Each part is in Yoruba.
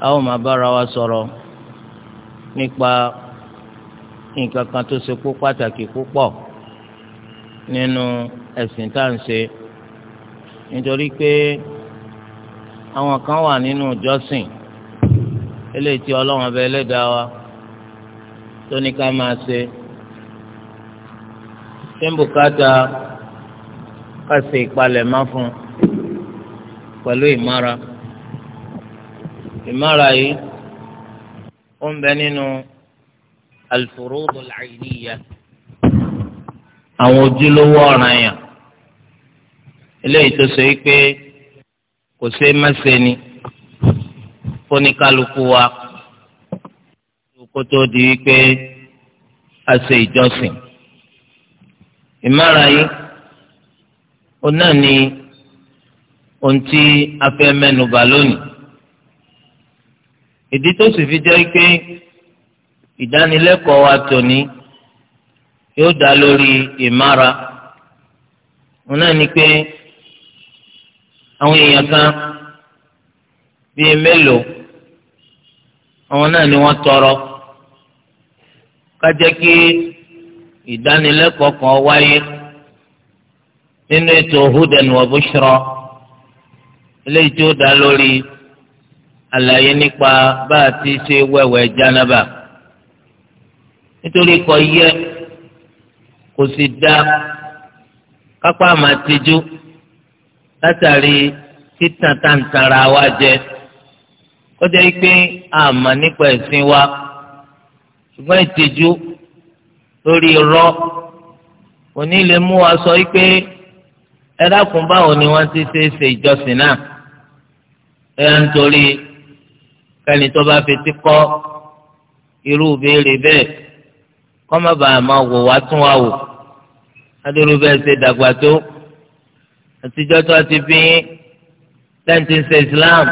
a ó máa bára wa sọ̀rọ̀ nípa nǹkan kan tó ṣe kó pàtàkì púpọ̀ nínú ẹ̀sìn tá à ń ṣe nítorí pé àwọn kan wà nínú ìjọsìn eléyìí tí ọlọ́run ọba ẹlẹ́dàá wa tó ní ká máa ṣe ṣé ń bùkátà ká ṣe ìpalẹ̀mọ́ fún un pẹ̀lú ìmára. ìmára yìí ó ń bẹ nínú alfurudu al-ainiya àwọn ojúlówó ọ̀ràn yẹn eléyìí tó so yìí pé kò ṣe é má wa kó tó di wípé a ṣe ìjọsìn ìmára yìí ó náà ni ohun tí a fẹ́ mẹ́nuba lónìí ìdí tó sì fi jẹ́ pé ìdánilẹ́kọ̀ọ́ wa tòní yóò dá lórí ìmára wọn náà ni pé àwọn èèyàn kan bíi mélòó àwọn náà ni wọ́n tọrọ ká jẹ́ kí ìdánilẹ́kọ̀ọ́ kan wáyé nínú ètò hudan wa bushra eléyìí tó dá lórí àlàyé nípa bá a ti ṣe wẹ̀wẹ̀ jánábà nítorí kò yẹ kò sì dá kápá máa tijú látàrí títàn tàǹtàrà wa jẹ ó jẹ́ pé àmà nípa ẹ̀sìn wa ṣùgbọ́n ìtìjú lórí irọ́ òní lè mú wa sọ pé ẹ dákun báwo ni wọ́n ti ṣe é ṣe ìjọsìn náà ẹ ń torí kẹ́ni tó bá fetí kọ́ irú béèrè bẹ́ẹ̀ kọ́mọ́bà máa wò wá tún wá wò adúlù bẹ́ẹ̀ ṣe dàgbà tó àtijọ́ tó ti bí tẹ́ǹtì ṣe Islam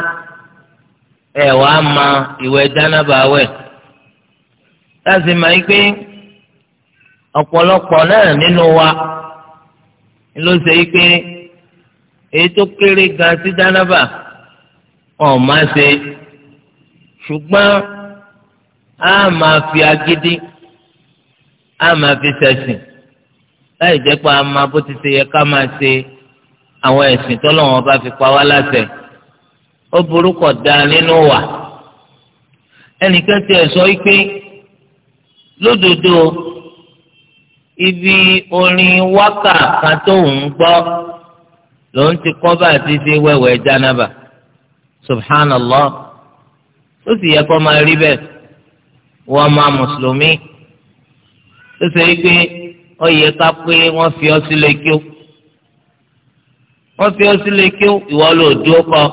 ẹ̀ wá ma ìwẹ̀ jánábà wẹ̀ láti máa pé ọ̀pọ̀lọpọ̀ náà nínú wa ló ṣe pé èyí tó kéré gan sí jánábà ọ̀ máa ṣe ṣùgbọ́n a máa fi agídí a máa fi ṣẹ̀sìn láì jẹ́ pé a máa bó ti ṣe yẹ ká máa ṣe àwọn ẹ̀sìn tọ́lọ́wọ́n bá fi pa wá láṣẹ ó burúkọ̀ da nínú wa ẹnìkan ti ẹ̀ sọ pé lódodo ibi orin wákà kan tó ń gbọ́ lòun ti kọ́ bá ti ṣe wẹ̀wẹ̀ jánábà subhanallah ó sì yẹ kó máa rí bẹ́ẹ̀ wọ́n máa mùsùlùmí ó ṣe é pé ó yẹ ká pé wọ́n fi ọ́ sílé kí ó wọ́n fi ọ́ sílé kí ó ìwọ ló dúró kọ́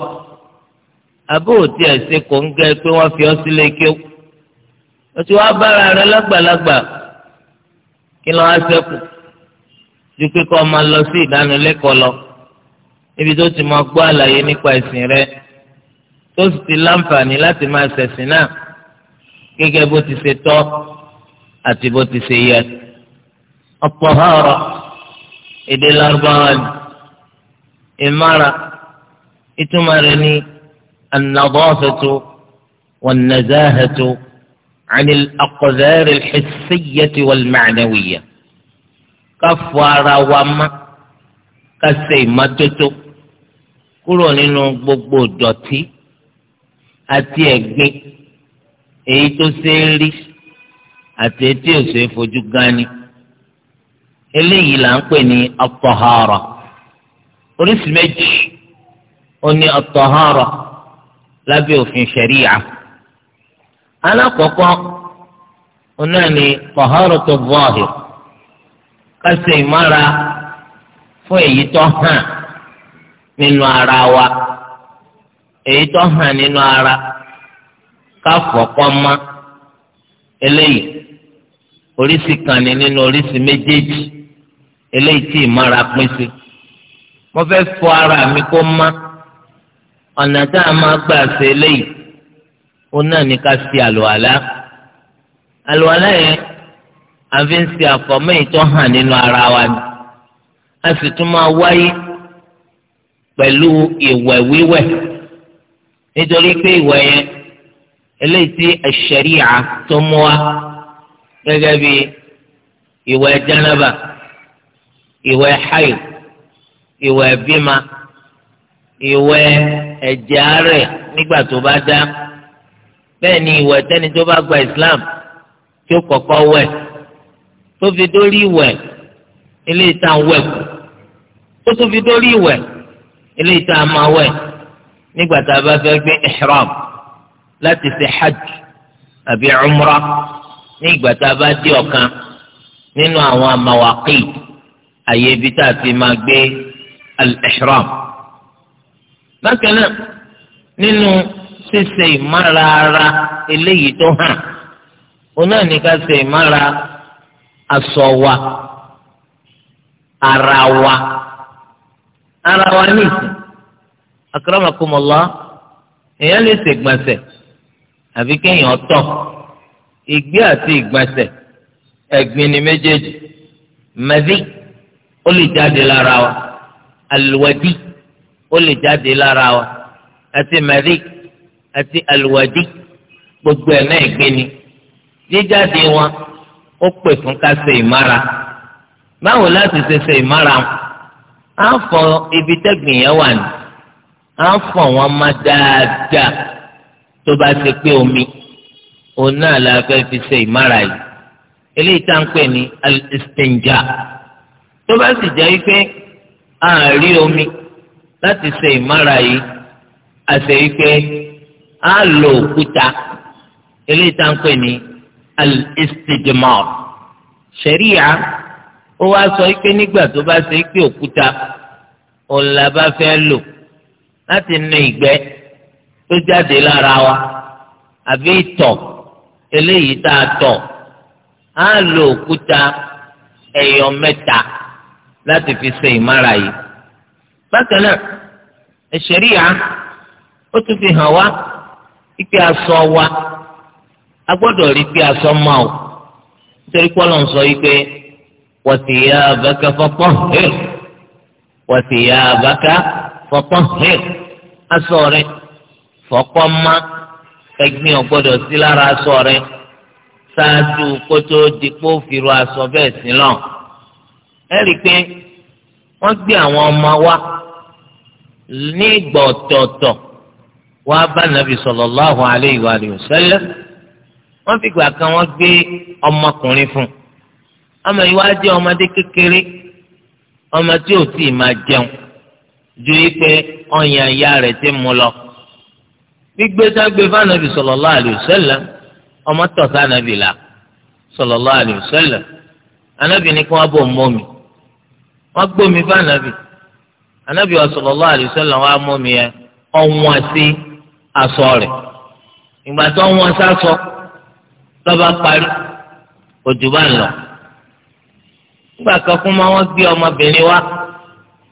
àbó òtí ẹ̀ ṣe kò ń gẹ́ pé wọ́n fi ọ́ sílé kí ó ti wá bára rẹ lágbàlagbà kí ló wá ju pé kó máa lọ sí ìdánilẹ́kọ̀ọ́ lọ níbi tó ti máa gbọ́ àlàyé nípa ẹ̀sìn rẹ̀ tó sì ti láǹfààní láti máa ṣẹ̀sìn náà gẹ́gẹ́ bó ti ṣe tọ́ àti bó ti ṣe yẹ. ọ̀pọ̀ ọ̀rọ̀ èdè lárúbáwá ni ìmára ìtumọ̀ rẹ̀ ní an-nadafatu wan-nazahatu an al-aqdar al-hissiyyati ara wa mọ́ ká ṣe ìmọ́tótó kúrò nínú gbogbo dọ̀tí. àti ẹ̀gbin èyí tó ṣe é rí àti etí gani eléyìí là ń pè ní at oríṣi méjì ó ní at lábẹ́ òfin ṣẹ̀ríyà alákọ̀ọ́kọ́ ọ̀nà ni taharatu zahir kásẹ̀ fún èyí tó ara wa. èyí tó hàn nínú ara káfọ̀kọ́ mọ́ eléyìí oríṣi kan nínú oríṣi méjèèjì eléyìí tí ìmọ̀ra pín sí mo fẹ́ fọ ara mi kó mọ́ ọ̀nà tá a máa gbà ṣe eléyìí ó náà ní ká ṣe àlùwàlá àlùwàlá yẹn a fi ń ṣe àfọ̀mọ́ èyí tó hàn nínú ara wa ni a sì tún máa wáyé pẹ̀lú ìwẹ̀ wíwẹ̀. nítorí pé ìwà yẹn eléyìí tí àṣẹríà tó mú wa gẹ́gẹ́ bí ìwà jánábà ìwà haid ìwà bímá ìwà ẹ̀jẹ̀ àárẹ̀ nígbà tó bá dá bẹ́ẹ̀ ni ìwà tẹ́ni tó bá gba islam tí ó kọ́kọ́ tó fi dórí ìwẹ̀ eléyìí tá à ń wẹ̀ kù tó tún fi dórí ìwẹ̀ eléyìí tá a máa wẹ̀ nígbà tá a bá fẹ́ gbé ihram láti ṣe hajj àbí umra nígbà tá a bá dé ọ̀kan nínú àwọn amáwákì àyè ibi tá a fi máa gbé al-ihram. bákan náà nínú ṣíṣe ìmárara eléyìí tó hàn òun náà ní ká ṣe ìmára aṣọ wa ara wa ara wa nìyí akramakumullah èèyàn lè ṣègbọ̀nsẹ̀ àbí kéèyàn tọ̀ ìgbé àti ìgbọ̀nsẹ̀ ẹ̀gbin ni méjèèjì mẹ́dí ó lè jáde lára wa àlùwẹ̀dí ó lè jáde lára wa àti mẹ́dí àti àlùwẹ̀dí gbogbo ẹ̀ náà ìgbé ni jíjáde wọn ó pè fún ká ṣe ìmára báwo láti ṣe ṣe ìmára wọn á fọ ibi tẹ́gbìn yẹn wà ní á fọ̀ wọ́n má dáadáa tó bá ti pé omi òun náà la fẹ́ fi ṣe ìmára yìí eléyìí tá à ń pè ní al-istinja tó bá sì jẹ́ pé a omi láti ṣe ìmára yìí a ṣe a lo òkúta eléyìí tá à pè ní al-istijmar ó wá sọ pé nígbà tó bá ṣe pé òkúta òun la bá fẹ́ lò. láti nu ìgbẹ́ tó jáde lára wa àbí ìtọ̀ eléyìí tá a tọ̀ á lo òkúta ẹyọ mẹ́ta láti fi ṣe ìmára yìí bákan náà ẹ̀ṣẹ̀ríyà ó tún fi hàn wá aṣọ wa a gbọ́dọ̀ rí ipe aṣọ mọ́ ọ nítorí pọ́lọ́ ń sọ yìí pé wa abaka. fọpọ́n hẹ́ aṣọ rẹ fọpọ́n má ẹ̀gbin ò gbọ́dọ̀ sí lára aṣọ rẹ ṣáájú kó tó di pé ó fi ro aṣọ bẹ́ẹ̀ sí lọ. ẹ rí i pé wọ́n gbé àwọn ọmọ wa ní ìgbà ọ̀tọ̀ọ̀tọ̀ wá bá nàbì sallallahu alayhi wa sallam wọ́n fìgbà kan wọ́n gbé ọmọkùnrin fún un ọmọ yìí wá jẹ́ ọmọdé kékeré ọmọ tí ò tí ì máa jẹun ju ikpe ọyàn ya rẹ̀ ti mú lọ gbígbé gbé fanabi sallallahu alaihi ọmọ tọ̀ sànàbì là sallallahu alaihi wasallam ànàbì ni kí wọ́n mi wọ́n gbómi fanabi anabi sallallahu alaihi wasallam wọ́n á mọ́ mi yẹn ọ̀wọ́n sí aṣọ rẹ̀ ìgbà tó sásọ parí òjò bá ń lọ nígbà wa.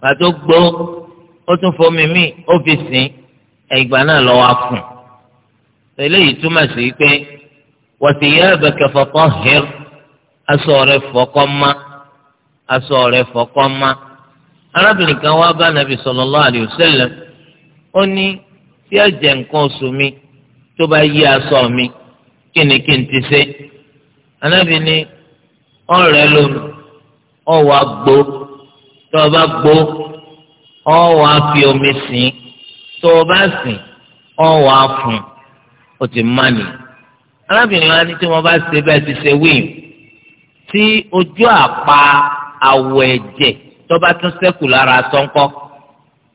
pàtó gbó ó tún fomi mí ó fi sìn ẹ̀gbà náà lọ́wọ́ fún un eléyìí túmọ̀ sí pé wasiyabaka fatahhir aṣọ rẹ fọkọ́ má aṣọ rẹ fọkọ́ má arábìnrin kan wá bá nàbì sallallahu alayhi wa sallam ó ní tí ẹ̀jẹ̀ nǹkan oṣù mi tó bá yí aṣọ mi kí ni kí n ti ṣe anábì ọ̀rẹ́ lónìí ọ̀wọ́ àgbò tó o bá gbó ọ wàá fi omi sìn tó o bá sìn ọ wàá fún o ti má nì. arábìnrin wa ní tí wọ́n bá ṣe bẹ́ẹ̀ ti ṣe wíìn tí ojú àpá àwọ̀ ẹ̀jẹ̀ tó bá tún ṣẹ́kù lára sọ́ńkọ́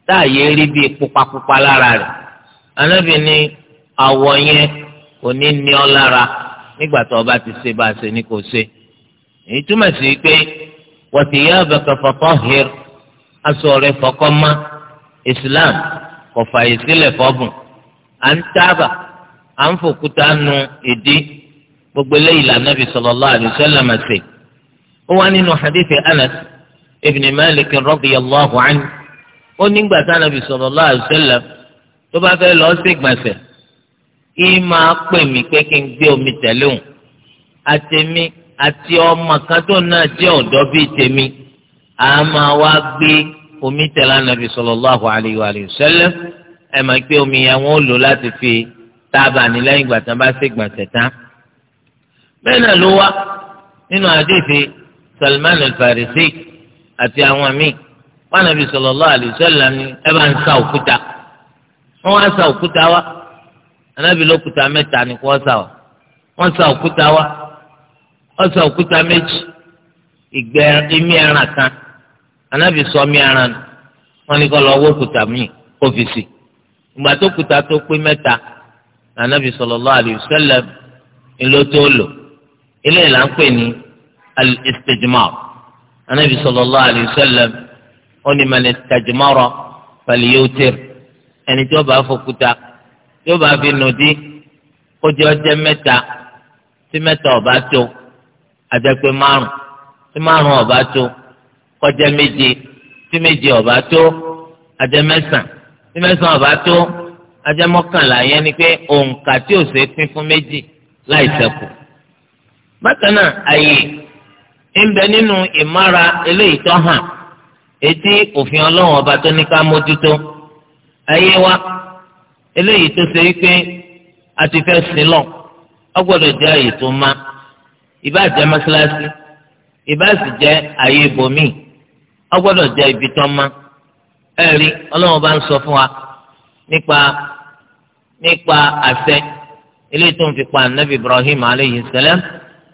táàyè rí bíi pupapupa lára rẹ̀ arábìnrin àwọ̀ yẹn kò ní ní ọ lára nígbà tó o bá ti ṣe bá a ṣe ni kò ṣe èyí túmọ̀ sí pé. وثيابك فطهر أسوري فقما إسلام وفايسل فبن أنت أبا أنفق تأنو إدي بقبل النبي صلى الله عليه وسلم سي هو أن حديث أنس ابن مالك رضي الله عنه ونقبع النبي صلى الله عليه وسلم تبع في الأسيق مثل ìmọ̀ apẹ̀ mi pé kí n gbé omi tẹ̀lé òun àtẹ̀mí àti ọmọ kan tó náà jẹ́ ọ̀dọ́ bíi tèmi a máa wá gbé omi tẹ̀lá nàbì sallallahu alayhi wa sallam ẹ̀ máa gbé omi yẹn wọ́n lò láti fi tábà ní lẹ́yìn ìgbà tán bá ṣe gbọ̀nsẹ̀ tán. bẹ́ẹ̀ náà ló wá nínú àdéhìí Salman al-Farisi àti àwọn míì wọn nàbì sallallahu alayhi wa sallam ni ẹ bá ń sa òkúta wọn wá sa òkúta wa anábì mẹ́ta ni kò wọ́n sa wa sa òkúta wa ọsẹ òkúta méjì ìgbẹ imí ẹran kan anábì sọ mí ẹran nù wọn ní kó lọ wó òkúta míì ọfíìsì ìgbà tó kúta tó pé mẹ́ta anábì sallallahu alayhi wa sallam ńlọ tó lò ilé ìlà ń pè ní al-istijmar anábì sallallahu alayhi wa sallam ó ní man istajmara falyutir ẹni tí ó bá fòkúta tí ó bá fi nù dí ó jẹ́ ọjẹ́ mẹ́ta tí mẹ́ta ò tó àjẹpẹ́ márùn tí márùn ọ̀bá tó kọjá méje tí méje ọ̀bá tó àjẹ mẹ́sàn tí mẹ́sàn ọ̀bá tó àjẹ mọ́kànlá yẹn ni pé òǹkà tí ò ṣe pín fún méjì láì ṣẹ́kù. bákan náà àyè ń bẹ nínú ìmára eléyìí tó hàn etí òfin ọlọ́run ọba tó ní ká mójútó ayé wa eléyìí tó ṣe wípé a ti fẹ́ sílọ̀ ọ gbọ́dọ̀ jẹ́ àyè tó máa ìbá jẹ́ mọ́ṣáláṣí ìbá sì jẹ́ àyè ibòmíì ó gbọ́dọ̀ jẹ́ ibi tán mọ́ ẹ̀rí ọlọ́run bá ń sọ fún wa nípa nípa àṣẹ ilé tó ń fi pa anabi ibrahim aleyhi salam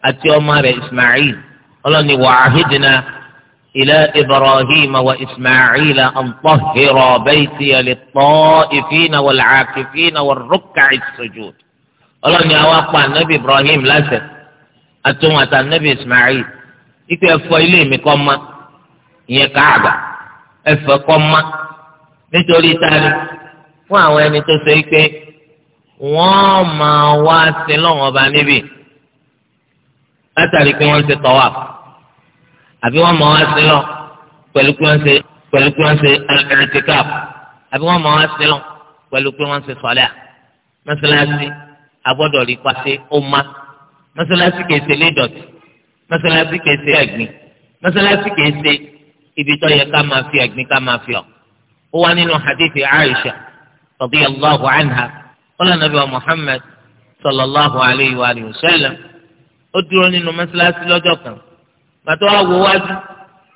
àti ọmọ rẹ̀ ismail ọlọ́run ni wa'ahidna ila ibrahim wa ismail an tahhira baytiya lit-ta'ifina wal-'akifina war-ruk'i as-sujud ọlọ́run ni àwa pa anabi ibrahim láṣẹ àtúnwò àtànẹ́bí Ismail ikú ẹ̀fọ́ ilé mi kọ́ ma ìyẹn káàbà ẹ̀fọ́ kọ́ ma nítorí tani fún àwọn ẹni tó ṣe pé wọ́n máa wá sí lọ́wọ́ ọba níbí látàrí pé wọ́n ń ṣe tọ́wà àbí wọ́n máa wá sí lọ pẹ̀lú pé wọ́n ṣe pẹ̀lú pé wọ́n ṣe ẹ̀rẹ́tìkáp àbí wọ́n máa wá sí lọ pẹ̀lú pé wọ́n ṣe sọ́lẹ̀ mọ́ṣáláṣí agbọ́dọ̀ rí pàṣẹ ó máa mọ́sálásí kìí ṣe lédọ̀tí mọ́sálásí kìí ṣe ẹ̀gbin mọ́sálásí kìí ṣe ibi tó yẹ ká máa fi ẹ̀gbin ká máa fi ọ̀. ó wá nínú hadithi aisha radiyallahu anha qala nabi muhammad sallallahu alayhi wa sallam ó dúró nínú mọ́sálásí lọ́jọ́ kan bàtọ́ wa wo wájú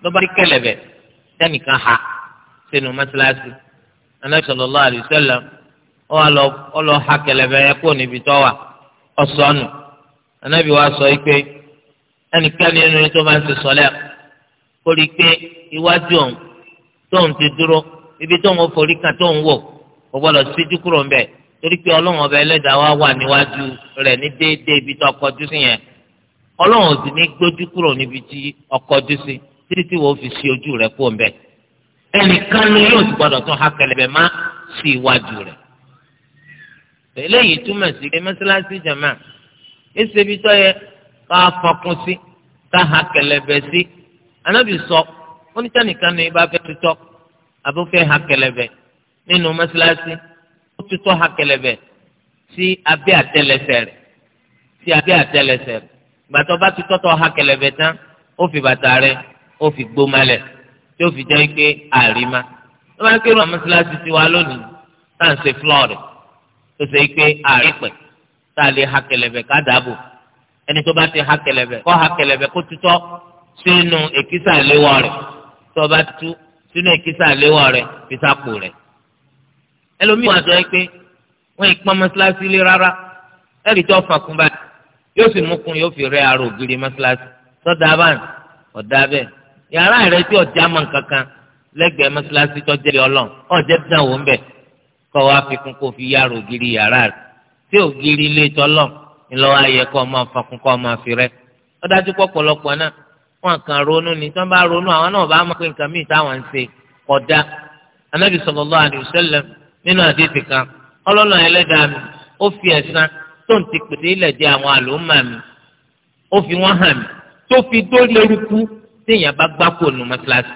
ló bá rí kẹlẹ̀bẹ̀ sẹ́nìkan ha sínú mọ́sálásí anabi sallallahu alayhi wa sallam ó wá lọ ha kẹlẹ̀bẹ̀ yẹ anábì wa sọ yìí pé ẹnikẹ́ni nínú ẹni tó máa ń ṣe sọlẹ̀ kó rí i pé iwájú òun tóun ti dúró ibi tóun ó forí kan tóun wò kò gbọdọ̀ síjú kúrò ń bẹ̀ torí pé ọlọ́run ọba ẹlẹ́dàá wa wà níwájú rẹ̀ ní déédéé ibi tó ọkọjú sí yẹn ọlọ́run ò sì ní gbójú kúrò níbi tí ọkọjú sí títí tí wọ́n fi sí ojú rẹ̀ kó ń bẹ̀ ẹnìkan ni yóò ti gbọdọ̀ tún ha kẹlẹ̀bẹ̀ má sí iwájú rẹ̀ eléyìí túmọ̀ sí pé mọ́sálásí esebi tọ yẹ ká fọkún sí ká ha kẹlẹbẹ sí anabi sọ onítànìkan ni bá fẹ́ tutọ́ àbó fẹ́ ha kẹlẹbẹ nínú mọ́sálásí ó tutọ́ ha kẹlẹbẹ sí abẹ́ àtẹ́lẹsẹ̀ rẹ̀ sí abẹ́ àtẹ́lẹsẹ̀ rẹ̀ gbàtọ bá tutọ́ tọ ha kẹlẹbẹ tán ó fi bàtà rẹ̀ ó fi gbómalẹ̀ tí ó fi jẹ́ pé àríma ló máa ń kérò àwọn mọ́sálásí tiwa lónìí tá à ń ṣe fúlọ́ọ̀rì tó ṣe pé àrípẹ̀ tá a lè ha kẹlẹbẹ ká dàbò ẹni tó bá ti ha kẹlẹbẹ kó ha kẹlẹbẹ kó tutọ́ sínú èkísà léwọ́ rẹ̀ tó bá tú sínú èkísà léwọ́ rẹ̀ fi sápò rẹ̀ ẹlòmíì wà sọ yẹ pé wọn ì pọn mọ́ṣáláṣí lé rárá ẹ̀rí tó fàkún báyìí yóò sì mú kun yóò fi rẹ́ ara ògiri mọ́ṣáláṣí sọ́dà abáàn ọ̀dà bẹ́ẹ̀ yàrá rẹ̀ tí ọ̀já mọ̀ kankan lẹ́gbẹ̀ẹ́ mọ́ṣáláṣí tó jẹ́ ọlọ́run ọ̀jẹ̀ dán wò ń bẹ̀ kọ́ wa fi kún kó fi yára ògiri yàrá rẹ̀ tí ògiri ilé tọ́lọ̀ ńlọ́wọ́ ayẹ kọ́ ọ máa fakun kọ́ ọ máa fi rẹ́ ó dájú pọ̀pọ̀lọpọ̀ náà wọn kàn ronú ni tí wọn bá ronú àwọn náà bá máa pé nǹkan míì táwọn ń ṣe kọjá anábì sallallahu alaihi wasallam nínú àdéhùn kan ọlọ́nà ẹlẹ́dàá mi ó fi ẹ̀san tó ń ti pèsè ilẹ̀ jẹ àwọn àlòmà mi ó fi wọ́n hàn mí tó fi dórí eruku téèyàn bá gbá kó nu mọ́sálásí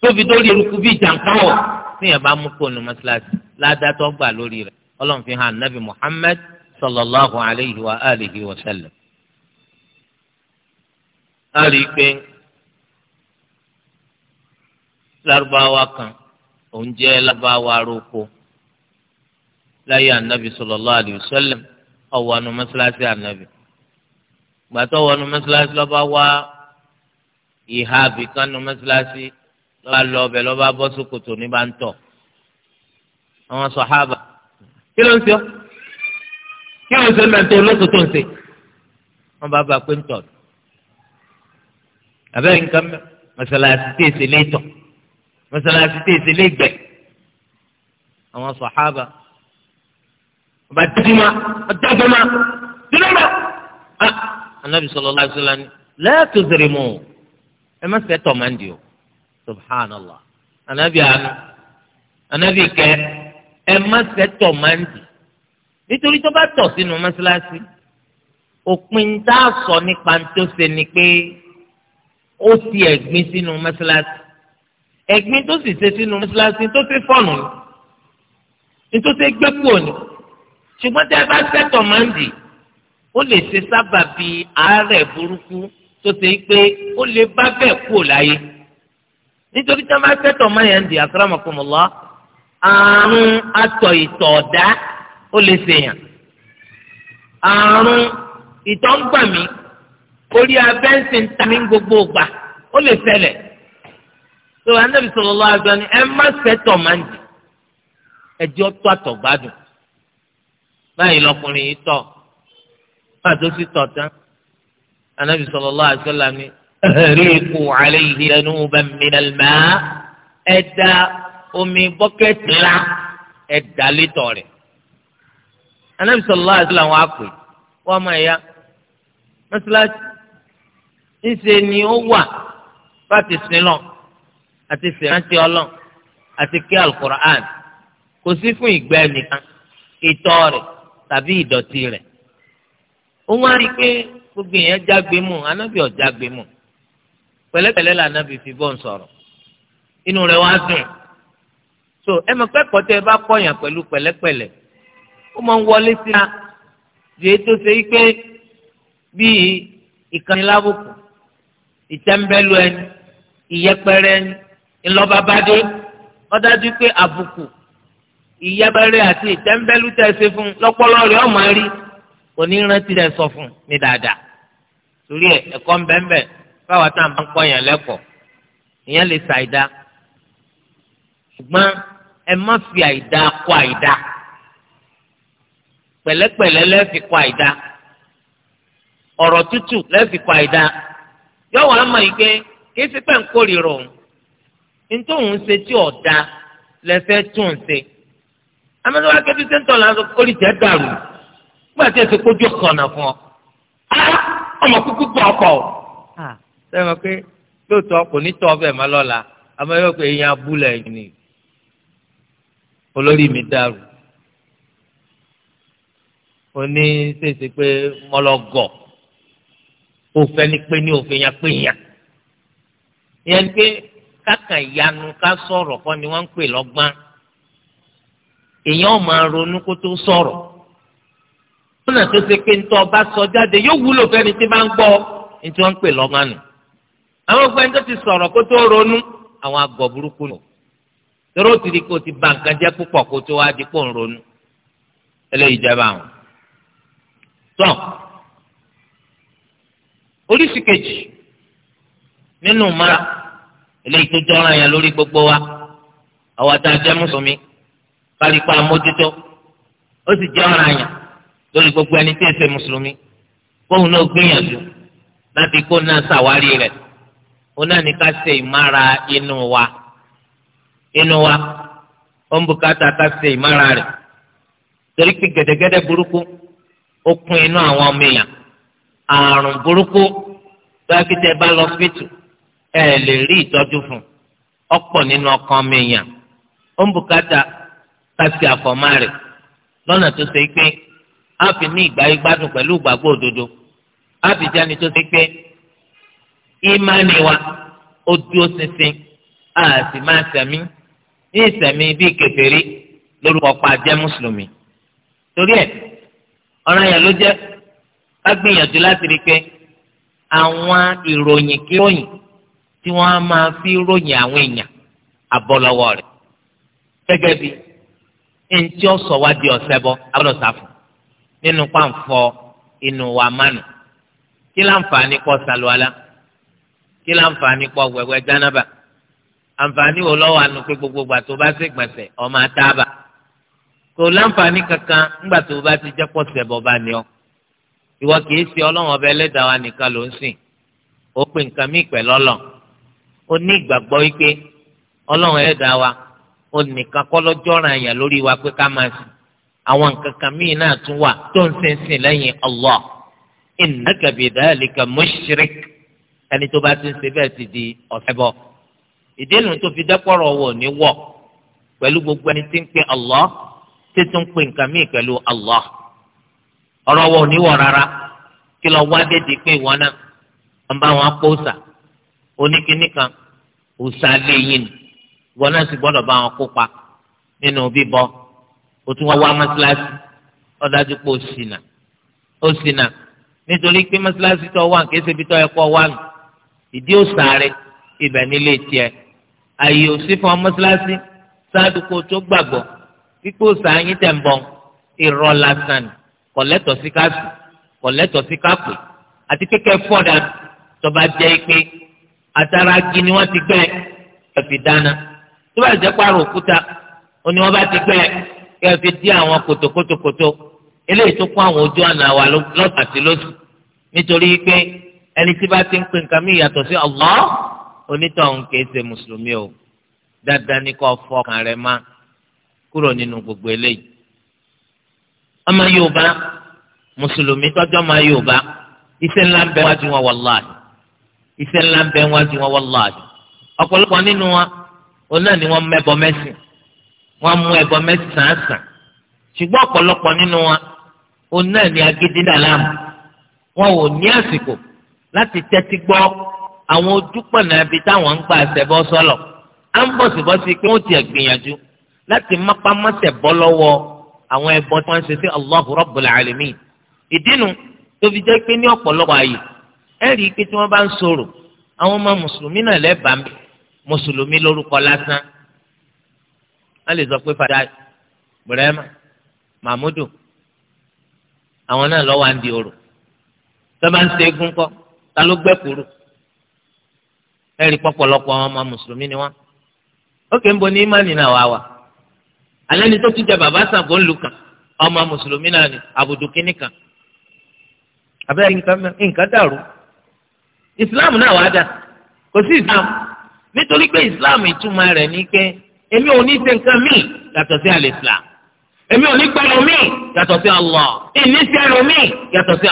tó fi dórí eruku bíi jàǹkáwọ̀ téèyàn bá mú kó nu mọ́sálásí ládàá tó gbà lórí rẹ̀ ọlọ́run fi hàn nabi muhammed sallallahu alayhi wa alihi wa sallam. a rí i pé lárúbáwá kan òun jẹ́ lárúbáwá aróko láyé ànábì sallallahu alayhi wa sallam ọ̀wọ́ àánú mọ́ṣáláṣí ànábì gbàtọ́ wọnú mọ́ṣáláṣí lọ́ba wá ìhà àbíkánú mọ́ṣáláṣí lọ́ba lọ lọ́ba bọ́ sókòtò ń tọ̀ àwọn sọ̀hábà kí ló ń sọ kí ló ń ṣe mẹ́tò olóṣù tó ń ṣe wọ́n bá bá a pé ń tọ̀ àbẹ́rẹ́ nǹkan mọ́sálásí tí èsì lè tọ̀ mọ́sálásí tí èsì lè gbẹ̀ àwọn sàhábà wọ́n bá dájú ma wọ́n dájú ma dúró ma anabi sallallahu alaihi wasallam la tuzrimu ẹ má fẹ́ tọ̀ máa ń di o subhanallah anabi àánú anabi kẹ́ẹ́. ẹ má sẹ́tọ̀ máa ń dì nítorí tó bá tọ̀ sínú mọ́ṣáláṣí òpin tá a sọ nípa tó ṣe ni pé ó ti ẹ̀gbin sínú mọ́ṣáláṣí ẹ̀gbin tó sì ṣe sínú mọ́ṣáláṣí tó ṣe fọ̀nù ni tó ṣe gbé kúrò ni ṣùgbọ́n tẹ́ ẹ bá sẹ́tọ̀ máa ń dì ó lè ṣe sábàbí àárẹ̀ burúkú tó ṣe pé ó lè bá bẹ́ẹ̀ kúrò láyé nítorí tí wọ́n bá sẹ́tọ̀ máa yẹn ń dì àkàràmọ̀kọ̀mọ̀lá àrùn atọ̀ ìtọ̀ ọ̀dá ó lè ṣèyàn àrùn ìtọ̀ ń gbà mí orí abẹ́ǹsì ń ta mí gbogbo ògbà ó lè ṣẹlẹ̀ tó anábì sallallahu alaihi wasallam ẹ má sẹ́tọ̀ máa ń jì ẹjọ́ tó àtọ̀ gbádùn báyìí lọkùnrin yìí tọ̀ pàtó sì tọ̀ tán anábì sallallahu alaihi wasallam ni ẹ̀rí ikú àlẹ́ yìí ẹnu bẹ́ẹ̀ mi nà lẹ́ẹ̀ dá omi bọ́kẹ́tì ńlá ẹ̀dá létọ̀ rẹ̀ anabi sọlá àti làwọn àpè wọn máa ya mọ́sálásí ńṣe ni ó wà láti sinlọ àti sèrántí ọlọ àti kí alukur'an kò sí fún ìgbẹ́ nìkan ìtọ̀ rẹ̀ tàbí ìdọ̀tí rẹ̀ ó wá rí i pé gbogbo èèyàn jágbe mú anábì ọ̀jágbe mú pẹ̀lẹ́pẹ̀lẹ́ là anábì fi bọ́ ń sọ̀rọ̀ inú rẹ̀ wá dùn so ẹ mọ̀ kẹ́kọ̀ọ́ tẹ́ ẹ bá kọ̀yàn pẹ̀lú pẹ̀lẹ́pẹ̀lẹ́ ó máa ń wọlé sí a dèé tó ṣe pé bíi ìkànnì lábùkù ìtẹ́ńbẹ́lú ẹni ìyẹpẹrẹ ẹni ńlọ́bàbádé ó dájú pé àbùkù ìyẹpẹrẹ àti ìtẹ́ńbẹ́lú tẹ̀ ṣe fún lọ́pọlọ rẹ̀ ọ̀mọ̀ rí onírántí rẹ̀ sọ fún ní dáadáa torí ẹ̀ ẹ̀kọ́ ń bẹ́ńbẹ́ báwa tá à ń bá lẹ́kọ̀ọ́ ìyẹn lè ṣàìdá ṣùgbọ́n ẹ má fi àìdá kọ àìdá pẹ̀lẹ́pẹ̀lẹ́ lẹ́ẹ̀fi kọ àìdá ọ̀rọ̀ tútù lẹ́ẹ̀fi kọ àìdá yọ̀wọ̀ á mọ̀ yìí pé kí sí pẹ̀ ń kórìíra òun nítòhún ṣe tí ọ̀dà lẹ́fẹ́ tún ṣe amẹ́tọ́ wa kẹ́tù sẹ́ńtọ̀ là ń sọ kórì jẹ́ dàrú nígbà tí èsì kójú ọ̀nà fún ọ ọmọ kúkú gbọ́ ọkọ̀ ọ. sẹ́wọ̀n pé lóòótọ́ kò ní tọ́ ọbẹ̀ má lọ́la àmọ́ pé èèyàn abúlé ni olórí mi dàrú ó ní sèse pé mọlọgọ òfẹ ni pé ní òfin yẹn pé yẹn yẹn ni pé kákan ìyanu ká sọ̀rọ̀ kọ́ ni wọ́n ń pè lọ́gbọ́n èèyàn máa ronú kó tó sọ̀rọ̀ lọ́nà tó ṣe pé ntọ́ ọba sọ jáde yóò wúlò fẹ́ni tí bá ń gbọ́ ní tí wọ́n ń pè lọ́gbọ́n nù àwọn ọgbẹ́ni tó ti sọ̀rọ̀ kó tó ronú àwọn àgọ̀ burúkú nù tóró ti di kó ti ba nǹkan jẹ́ púpọ̀ kó tó wá di kó ń ronú eléyìí jẹ́ báwọn. tọ́ oríṣi kejì nínú mara eléyìí tó jọra yẹn lórí gbogbo wa àwọn àtàjẹ́ mùsùlùmí kárípà mójútó ó sì jẹ́ yẹn lórí gbogbo ẹni tí èsè mùsùlùmí kóun náà gbìyànjú láti kó náà ṣàwárí rẹ̀ ó náà ní ká ṣe ìmára inú wa inú wa ó ń bùkátà ká ṣe ìmára rẹ̀ torí pé gẹ̀dẹ̀gẹ̀dẹ̀ burúkú ó kún inú àwọn ọmọ èèyàn àrùn burúkú dókítà bá lọ fìtù ẹ lè rí ìtọ́jú fún ọ̀pọ̀ nínú ọkàn ọmọ èèyàn ó ń bùkátà ká ṣe àfọ̀mọ́ rẹ̀ lọ́nà tó ṣe pé a fi ní ìgbà ìgbádùn pẹ̀lú ìgbàgbọ́ òdodo a fi jáni tó ṣe pé ìmánìí ó dúró ṣinṣin a sì máa tẹ̀mí ní ìsẹ̀mí bíi kèfèrí lórúkọ pa jẹ́ mùsùlùmí torí ẹ̀ ọ̀ràn yẹn ló jẹ́ ká gbìyànjú láti rí i pé àwọn ìròyìn kíròyìn tí wọ́n á máa fi ròyìn àwọn èèyàn abọ́lọ́wọ́ rẹ̀ gẹ́gẹ́ bí eŋti ọsọ wa di ọsẹ bọ abọdọ sáfù nínú pàǹfọ inú wa mánu kí láǹfààní kọ sàlùwalá kí láǹfààní kọ wẹwẹ jánábà àǹfààní wo lọ́wọ́ àánú pé gbogbo ìgbà tó bá ṣègbọ̀nsẹ̀ ọmọ àtàbà kò láǹfààní kankan ńgbà tó bá ti jẹ́pọ̀ sẹ̀bọ̀ bá ní ọ. ìwọ kìí ṣe ọlọ́run ọba ẹlẹ́dàá wa nìkan ló ń sìn ó pè nǹkan mí pẹ̀ lọ́lọ̀ ó ní ìgbàgbọ́ wípé ọlọ́run ẹlẹ́dàá wa ó nìkan kọ́ lọ́jọ́ràn àyàn lórí wa pé ká máa sìn àwọn nǹkan míì náà tún wà tó ń sìn sìn lẹ́yìn Allah ẹni tó bá ti ń ṣe bẹ́ẹ̀ ti di ọ̀sẹ̀ bọ́. ìdénú tó fi dẹ́pọ̀rọ̀ wọ̀ ní pẹ̀lú gbogbo ẹni tí ń pe Allah tí tún pe nǹkan pẹ̀lú Allah ọ̀rọ̀ wọ̀ ní wọ̀ rárá kí lọ wá pé náà wọn bá wọn kó sà oníkíní kan léyìn náà sì bá wọn kópa nínú bíbọ o tún wá wá ọ̀dájú pé o sì kí ẹsẹ̀ bí tó yẹ kó àyè òsì fún ọmọsíláṣí ṣáàdù kó tó gbàgbọ́ pípò sàáyín tẹ̀m̀bọ̀ irọ́ lásán kọ̀lẹ́tọ̀ sí káàsì kọ̀lẹ́tọ̀ sí káàpè àti kékeré fọ́dà tọba jẹ́ ipe àtàrà igi ni wọ́n ti gbẹ́ ẹ̀fì dáná tó bá jẹ́ pààrọ̀ òkúta ó ní wọ́n bá ti gbẹ́ kẹfì dí àwọn kòtòkòtòkòtò eléyìí tó kún àwọn ojú ọ̀nà wa lọ́sàtì lóṣù nítorí pé ẹni tí bá ti ń pè nǹkan mí ìyàtọ̀ sí Allah onítọ̀hún kìí ṣe mùsùlùmí o dáadáa ní kó fọkàn rẹ̀ má kúrò nínú gbogbo eléyìí ọmọ yorùbá mùsùlùmí tọjọ́ ọmọ yorùbá iṣẹ́ ńlá ń bẹ wájú wọn wàláhì iṣẹ́ ńlá ń bẹ wájú wọn wàláhì ọ̀pọ̀lọpọ̀ nínú wa òun náà ni wọ́n mẹ́bọ mẹ́sìn wọ́n mú ẹbọ mẹ́sìn sàǹsàn ṣùgbọ́n ọ̀pọ̀lọpọ̀ nínú wa òun náà ni agídí dàlámù wọn ò ní àsìkò láti tẹ́tí gbọ́ àwọn ojúpọ̀nà ibi táwọn ń gbà ṣẹbọ́ sọ́lọ̀ á ń bọ̀sibọ́sí pé wọ́n ti ẹ̀ gbìyànjú láti mápá mọ́sẹ̀ bọ́ lọ́wọ́ àwọn ẹbọ tí wọ́n ń ṣe sí Allahu Rabbul Alamin ìdínú tó fi jẹ́ pé ní ọ̀pọ̀lọpọ̀ ààyè ẹ rí i pé tí wọ́n bá ń sọ̀rọ̀ àwọn ọmọ mùsùlùmí náà lẹ́bàá mùsùlùmí lórúkọ lásán wọ́n lè sọ pé fada Burema Mahmudu àwọn náà lọ́wọ́ à ń di orò tó bá ń ṣe egun kọ́ ta ló gbẹ́kùrú ẹ̀rí pọ̀pọ̀lọpọ̀ àwọn ọmọ mùsùlùmí ni wọn ókè ń bo ní imáni náà wá alẹ́ ni tó ti jẹ bàbá ń lu ọmọ mùsùlùmí náà ni nǹkan dàrú islam náà wá dà kò islam nítorí pé islam ìtumọ̀ rẹ̀ ni pé èmi ò ní ṣe nǹkan míì yàtọ̀ sí al-islam èmi ò ní yàtọ̀ sí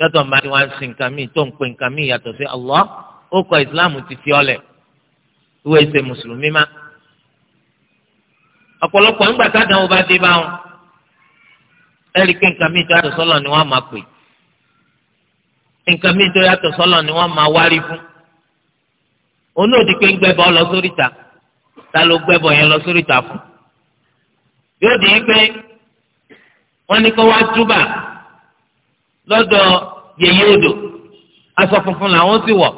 yàtọ̀ máa ní wá sin nǹkan míì tó ń pe nǹkan míì yàtọ̀ sí Allah ó kọ islam ti fi ọlẹ̀ ìwé ṣe mùsùlùmí má. ọ̀pọ̀lọpọ̀ ńgbà sádàn ọba dé bá wọn ẹ̀rí pé nǹkan míì tó yàtọ̀ sọ́lọ̀ ni wọ́n máa pè nǹkan míì tó yàtọ̀ sọ́lọ̀ ni wọ́n máa wárí fún. onóòdì pé ń gbẹ́bọ lọ sórí ta ta ló gbẹ́bọ yẹn lọ sórí ta fún. yóò dì í pé wọ́n ní kó wá túbà lọ́dọ̀ yèyé odò aṣọ funfun làwọn sì wọ̀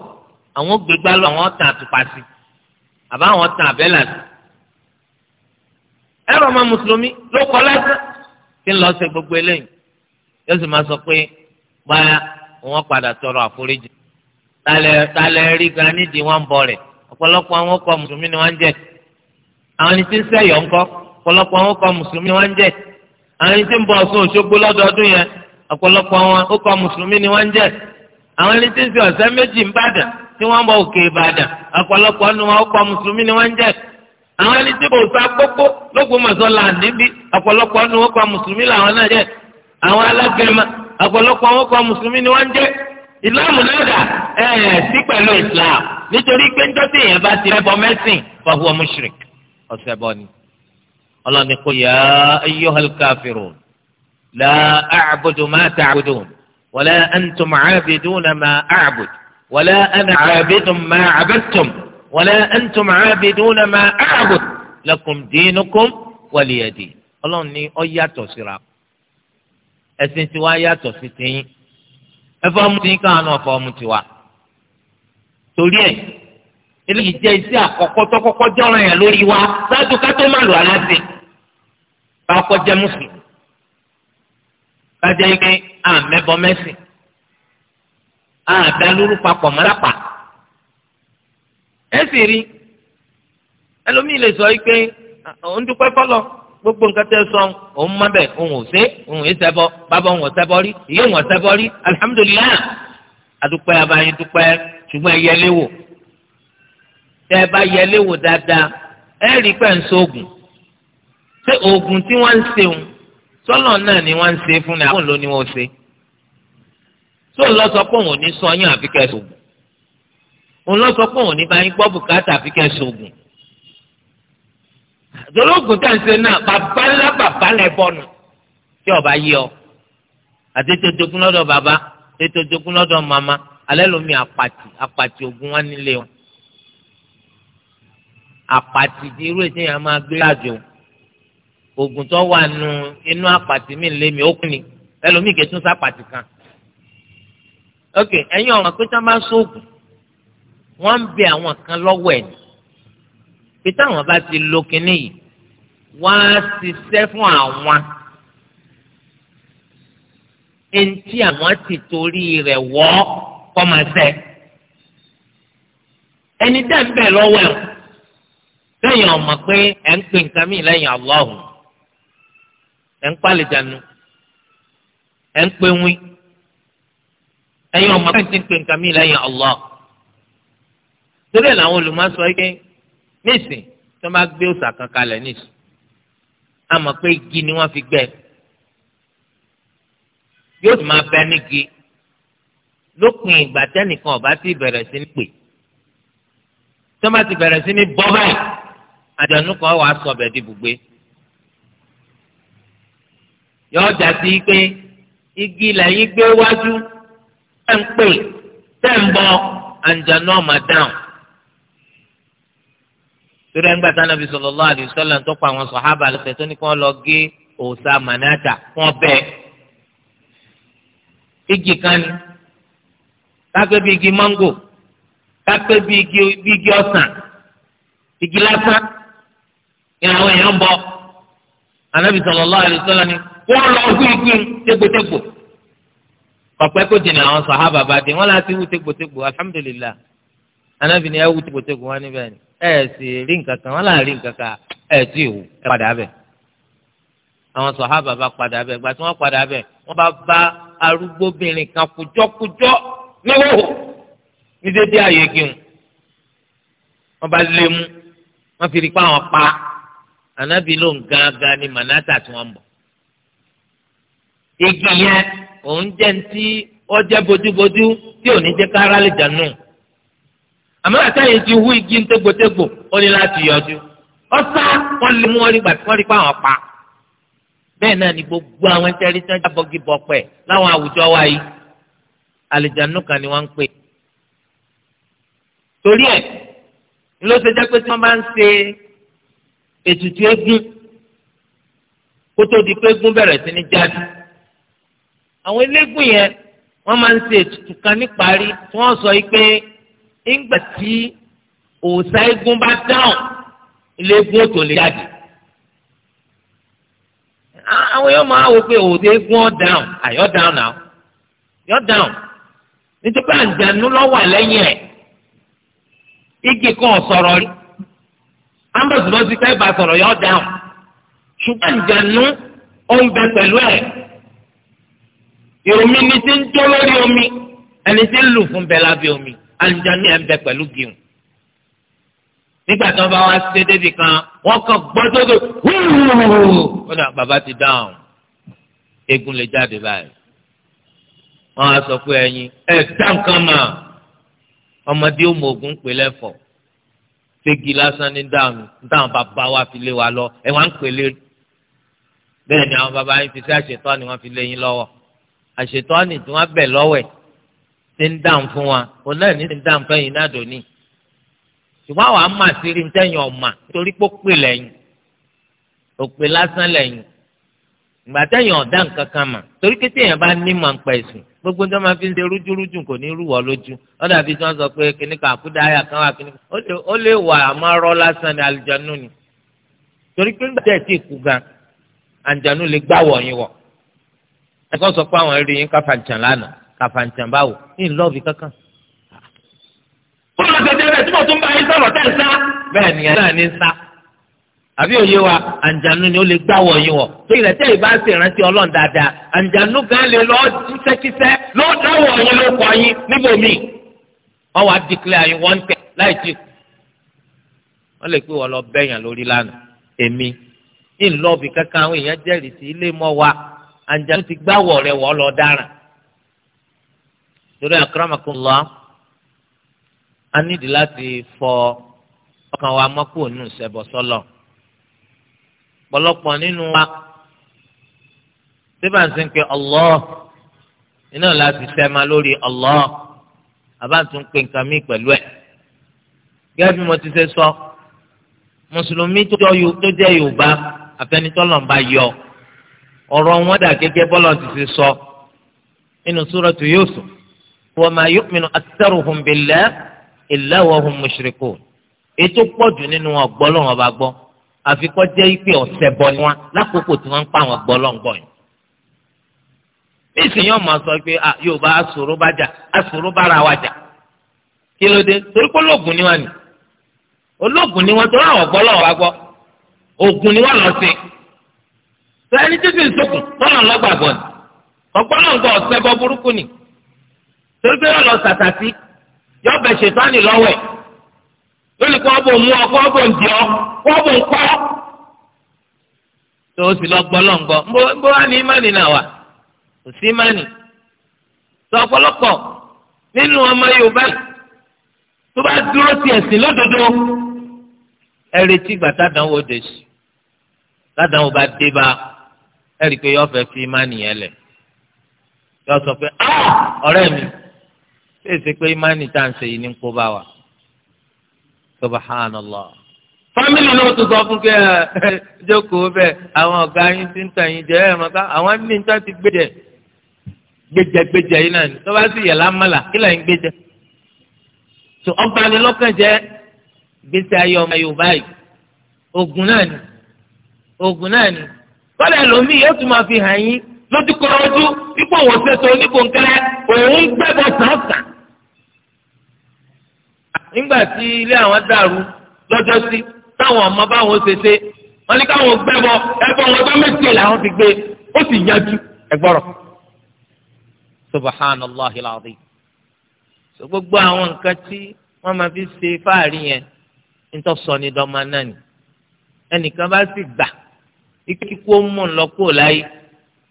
àwọn gbégbá lọ àwọn tàn àtùpà sí àbá àwọn tàn àbẹ́là sí. ẹ̀rọ ọmọ mùsùlùmí ló kọ́ lẹ́sẹ̀ kí n lọ ṣe gbogbo eléyìí yóò sì máa sọ pé báyà wọn padà tọrọ àforíjì talẹ rí gan nídìí wọn bọ rẹ ọ̀pọ̀lọpọ̀ àwọn ọkọ mùsùlùmí ni wọn jẹ àwọn ẹni tí ń ṣẹ̀yọ ńkọ́ ọ̀pọ̀lọpọ̀ àwọn ọkọ mùsùlùmí ni wọn jẹ àwọn ẹni tí ń bọ Ọ̀ṣun Òṣogbo lọ́dọọdún yẹn ọ̀pọ̀lọpọ̀ wọn ó kọ mùsùlùmí ni wọ́n ń jẹ́ àwọn ẹni tí ń sin ọ̀sẹ̀ méjì ń bàdàn tí wọ́n bọ òkè ìbàdàn ọ̀pọ̀lọpọ̀ ni wọ́n ń jẹ́ àwọn ẹni tí kò sá gbogbo lókùnmọ̀sọ là níbí ọ̀pọ̀lọpọ̀ wọn mùsùlùmí làwọn náà jẹ́ ni wọ́n ń jẹ́ ìsìláàmù náà dà ẹ̀ sí pẹ̀lú ìsìláàmù nítorí pé ń tọ́sí bá ti rẹ́bọ mẹ́sìn mushrik ọ̀sẹ̀ لا أعبد ما تعبدون ولا أنتم عابدون ما أعبد ولا أنا عابد ما عبدتم ولا أنتم عابدون ما أعبد لكم دينكم ولي دين Ọlọ́run ní ọ yàtọ̀ síra ẹ̀sìn tiwa yàtọ̀ sí tiyín ẹfọ ọmú tiyín káwọn náà fọ ọmú tiwa torí ẹ̀ eléyìí jẹ́ iṣẹ́ àkọ́kọ́ tọkọkọ jọrọ yẹn lórí wa ṣáájú ká tó má lò aláṣẹ bá kọjá mùsùlùmí a ike àmẹ́bọ mẹ́sìn àdálórú papọ̀ mọ́lápà ẹ sì rí ẹlòmíì lè sọ ike òun dúpẹ́ fọlọ́ gbogbo nǹkan tẹ sọ òun má bẹ òun ò sé òun èé ṣẹbọ bàbá òun ò ṣẹbọ rí ìyá òun ò ṣẹbọ rí alihamudulilayi adúpẹ́ abayín dúpẹ́ ṣùgbọ́n ẹ yẹlé wò tẹ ẹ bá yẹlé wò dáadáa ẹ rí pẹ́ ń sọ oògùn ṣé oògùn tí wọ́n ń ṣe òun sọlọ náà ni wọ́n ń ṣe fún ni àwọn ló ni wọ́n ṣe tó ń lọ sọ pé òun ò ní sọ yín àfi kẹsògùn òun lọ sọ pé òun ní bá yín gbọ́ bùkátà àfi kẹsògùn dológun tá à ń ṣe náà bàbá ńlá bàbá lẹ bọnu tí ọba yí ọ àti ètò ìjogún lọ́dọ̀ bàbá ètò ìjogún lọ́dọ̀ màmá alẹ́ lomi àpàtì àpàtì ogun wọn nílé wọn àpàtì irú ètò yẹn máa gbé láàjò oògùn tó wà nù inú àpàtì mi lé mi ó ni ẹlòmíì kì í tún sápàtì kan. ok ẹ̀yin ọ̀ràn pé táwọn bá sóògùn wọ́n ń bẹ àwọn kan lọ́wọ́ ẹ̀ ní pé táwọn bá ti lo kinní yìí wọ́n á ṣiṣẹ́ fún àwọn ẹni tí àwọn ti torí rẹ̀ wọ́ kọ́ ẹni dẹ́ ń bẹ̀ lọ́wọ́ ẹ̀ lẹ́yìn ọmọ pé ẹ̀ ń pè nǹkan mí lẹ́yìn Ọlọ́hun ẹ̀ ń pàlẹ̀ dànù ẹ̀ ń pé wín ẹ̀yin ọmọ akẹ́kọ̀ọ́ ti ń pè nǹkan mí lẹ́yìn Allah torí ẹ̀ làwọn olùmọ̀sọ yìí nísìn tí wọ́n bá gbé òòsà kan kalẹ̀ nísìn a mọ̀ pé igi ni wọ́n fi gbẹ́ yóò sì máa bẹ nígi lópin ìgbà tẹ́nìkan ọba ti bẹ̀rẹ̀ sí ní pè tí wọ́n bá ti bẹ̀rẹ̀ sí ní bọ́ báyìí àjọ̀nù kan wàá sọ di bùgbé yọọ jásí pé igi lẹ́yìn gbé wájú tẹ́ ń pè tẹ́ ń bọ àǹjànú ọ̀mà dáhùn. torí ẹ̀ ń gbà tánàbí sallallahu alaihi wasallam tó pa àwọn sọ̀hábà lọ́sẹ̀ tó ní kí wọ́n lọ gé òòṣà mànáta fún ọbẹ̀. igi kan ni kápẹ́ bí igi máńgò kápẹ́ bí igi ọ̀sán igi lásán ìràwọ̀ èèyàn bọ̀ ànábì sallallahu alaihi ni wọ́n lọ gbìngbìn tégbòtégbò ọ̀pẹ́ kò jìnnà àwọn sàhábà bá dé wọ́n láti wú tégbòtégbò alhamdulillah anábìíní ẹ wú tégbòtégbò wọn níbẹ̀ ni ẹ sì rí nǹkan kan wọ́n láà rí nǹkan kan ẹ tí ì wù ẹ padà bẹ̀ àwọn sàhábà bá padà bẹ̀ gbà tí wọ́n padà bẹ̀ wọ́n bá bá arúgbóbìnrin kan kújọ́kújọ́ níwòhò ní dédé àyè gíun wọ́n bá lé mú wọ́n fi rí pa àwọn pa anábìíní lòun gángan ni manata tí wọ́n bọ̀ igi yẹn òun jẹ́ ntí ọjẹ́ bójúbójú tí ò ní jẹ́ kára lè dànù àmọ́ àtẹ̀yìn ti hu igi ńtégbòtégbò ó ní láti yọjú ọ̀sá wọ́n lè mú wọn rí gbàtí wọ́n rí pa pa bẹ́ẹ̀ náà ni gbogbo àwọn ẹ̀ńtẹ́rì tí wọ́n jábọ́gi láwọn àwùjọ wa yìí àlìjánu kan ni wọ́n ń pè torí ẹ̀ ló ṣe jẹ́ pé tí wọ́n bá ń ṣe ètùtù eégún kó tó di pé eégún bẹ̀rẹ̀ sí ní jáde àwọn eléégún yẹn wọ́n máa ń ṣe ètùtù kan níparí tí wọ́n sọ yìí pé ńgbà tí òòṣà eégún bá dáhùn iléégún òtò lè jáde àwọn yóò máa wò pé òòṣà eégún ọ̀ dáhùn àyọ̀ dáhùn náà yọ̀ dáhùn nítorí pé àǹjànú lọ́wọ́ àlẹ́yìn ẹ̀ igi kan sọ̀rọ̀ rí ambos lọ sí pé bá sọ̀rọ̀ yọ̀ dáhùn ṣùgbọ́n àǹjànú ó ń bẹ pẹ̀lú ẹ̀ omi ni ti ń jó lórí omi ẹni tí ń lù fún bẹ́ẹ̀ lábẹ́ omi alùjáde ẹ̀ ń bẹ pẹ̀lú gíun nígbà tí wọ́n bá wá sí débi kan wọ́n kàn gbọ́dọ̀ tó húúúú ó dà bàbá ti dáhùn egun lè jáde báyìí wọ́n á sọ pé ẹ̀yin ẹ dá nǹkan mà ọmọdé ó mọ ogun pè lẹ́fọ̀ọ́ ségi lásán ní dáhùn dáhùn bàbá wa fi lé wa lọ ẹ wá ń pèlè bẹ́ẹ̀ ni àwọn bàbá yín fi sí àṣetọ́ ni wọ́n fi lé yín lọ́wọ́ àṣetọ́ni tí wọ́n bẹ̀ lọ́wẹ̀ ti ń dáhùn fún wa òun náà ní ti ń dáhùn fẹ́yìn náà dòní. ṣùgbọ́n àwọn àmà sí rí tẹ́yìn ọ̀mà torí pé ó pè lẹ́yìn òpè lásán lẹ́yìn ìgbà tẹ́yìn ọ̀dá nǹkan kan mà torí pé téèyàn bá ní mà ń pa ẹ̀sùn gbogbo tó máa fi ń ṣe rújúrújú kò ní rúwọ́ lójú ó dàbí tí wọ́n sọ pé kíní kan àkúdá ayà kan wà kíní ó lè wà àmọ́ rọ́ lásán ni àlùjánu ni torí pé ńgbà tẹ̀ tí ì kú gan àlùjánu lè gbá wọ̀nyí wọ̀ ẹ̀kọ́ sọ pé àwọn eré yín káfàǹtàn lánàá káfàǹtàn báwo ní ìlọ́ọ̀bì kankan. ó lọ gẹ̀dẹ̀ rẹ̀ tí mo tún bá yín sọ̀rọ̀ tẹ̀ ń sá. bẹ́ẹ̀ ni ẹ̀rọ ní sá àbí òye wa àǹjànú ni ó lè gbá wọ̀ yín wọ̀ tó ilẹ̀ tẹ́ ìbá ṣe ìrántí ọlọ́run dáadáa àǹjànú gan lè lọ ṣiṣẹ́kíṣẹ́ ló dáwọ̀ yín ló kọ́ yín níbo mi. wọ́n wá dìklẹ́ àyín wọ́n ń tẹ̀ láì tí kù. wọ́n lè pé wọ́n lọ bẹ́yàn lórí lánàá èmi ìlọ́ọ̀bì kankan àǹjànú ti gbáwọ̀ rẹ̀ wọ́ lọ dáràn torí akramakumullah a nídi láti fọ ọkàn wa mọ́kò nù sẹ́bọ̀ sọ́lọ̀ pọ̀lọpọ̀ nínú wa síbà ń sìn pé Allah iná láti sẹ́ma lórí Allah àbáǹtún pé nǹkan mí pẹ̀lú ẹ̀ gẹ́gẹ́ bí mo ti ṣe sọ mùsùlùmí tó jẹ́ Yorùbá àfẹnitọ́lọ́mbà yọ ọ̀rọ̀ wọn dà gẹ́gẹ́ bọ́lá ti ti sọ nínú suratu Yusuf wa ma yu'minu aktharuhum billahi illa wa hum mushrikun ètò pọ̀jù nínú ọ̀gbọ́ lọ́wọ́ bá gbọ́ àfikọ́ jẹ́ ipe ọ̀sẹ̀ bọ̀ ni wọn lákòókò tí wọ́n ń pa àwọn ọ̀gbọ́ lọ́ngbọ̀n yìí. nísìnyí ọmọ sọ pé yóò bá aṣòro bá jà aṣòro bára wa jà kí ló dé torí pé olóògùn ni wọn ni olóògùn ni wọn torí àwọn ọ̀gbọ́ lọ́wọ́ bá gbọ́ sẹ́ni títí ìsokùn tọ́nà lọ́gbàgbọ́ ni ọgbọ́n náà ń gbọ́ ọ̀sẹ̀ bọ́ burúkú ni torí pé yọ lọ sàtàtì yọ bẹ̀ ṣètánì lọ́wẹ̀ lórí kọ́ bò mú ọ kọ́ bò ń di ọ kọ́ bò ń kọ́ tó o sì lọ gbọ́ lọ́ngbọ́ nbó wá ní ìmánì náà wà kò sí ìmánì tó ọ̀pọ̀lọpọ̀ nínú ọmọ Yorùbá tó bá dúró ti ẹ̀sìn lódodo ẹ retí gbàtàdánwò dé sí gbàtàdánwò bá dé bá ẹ rí i pé yọ fẹ́ fi ìmánì yẹn lẹ̀ yọ sọ pé ah, ọ̀rẹ́ mi ṣé èsì pé ìmánì tá à ń ṣe yìí ní kó bá wa subhanallah fámìlì náà tó sọ fún kí ẹ jókòó bẹ́ẹ̀ àwọn ọ̀gá yín ti ń tàn yín jẹ ẹ mọ ká àwọn ní níta ti gbé jẹ gbẹjẹgbẹjẹ yìí náà ni tó bá sì yẹ lámàlà kí lẹ́yìn gbẹjẹ tó ọba ni lọ́kàn jẹ́ gbèsè ayé ọmọ Yorùbá yìí ogun náà ni ogun náà ni kọ́lá ẹlòmíì yóò tún máa fi hàn yín lójú kọ́ ojú ipò wò sẹ́sọ oníkòǹkẹ́lẹ́ òun gbẹ́bọ̀ sàn-sàn. nígbà tí ilé àwọn dàrú lọ́jọ́ sí táwọn ọmọ báwọn ṣe ṣe wọ́n ní káwọn gbẹ́bọ̀ ẹ̀bọ̀ wọn bá méje làwọn ti gbé ó sì yanjú ẹ̀gbọ́rọ̀. subhanallahi alazim. sọ gbogbo àwọn nǹkan tí wọ́n máa fi ṣe fáàrí yẹn ń tọ́ sọ ní dọ́mọ náà ni ẹnìkan bá sì gbà ikú ó mú un lọ kúrò láyé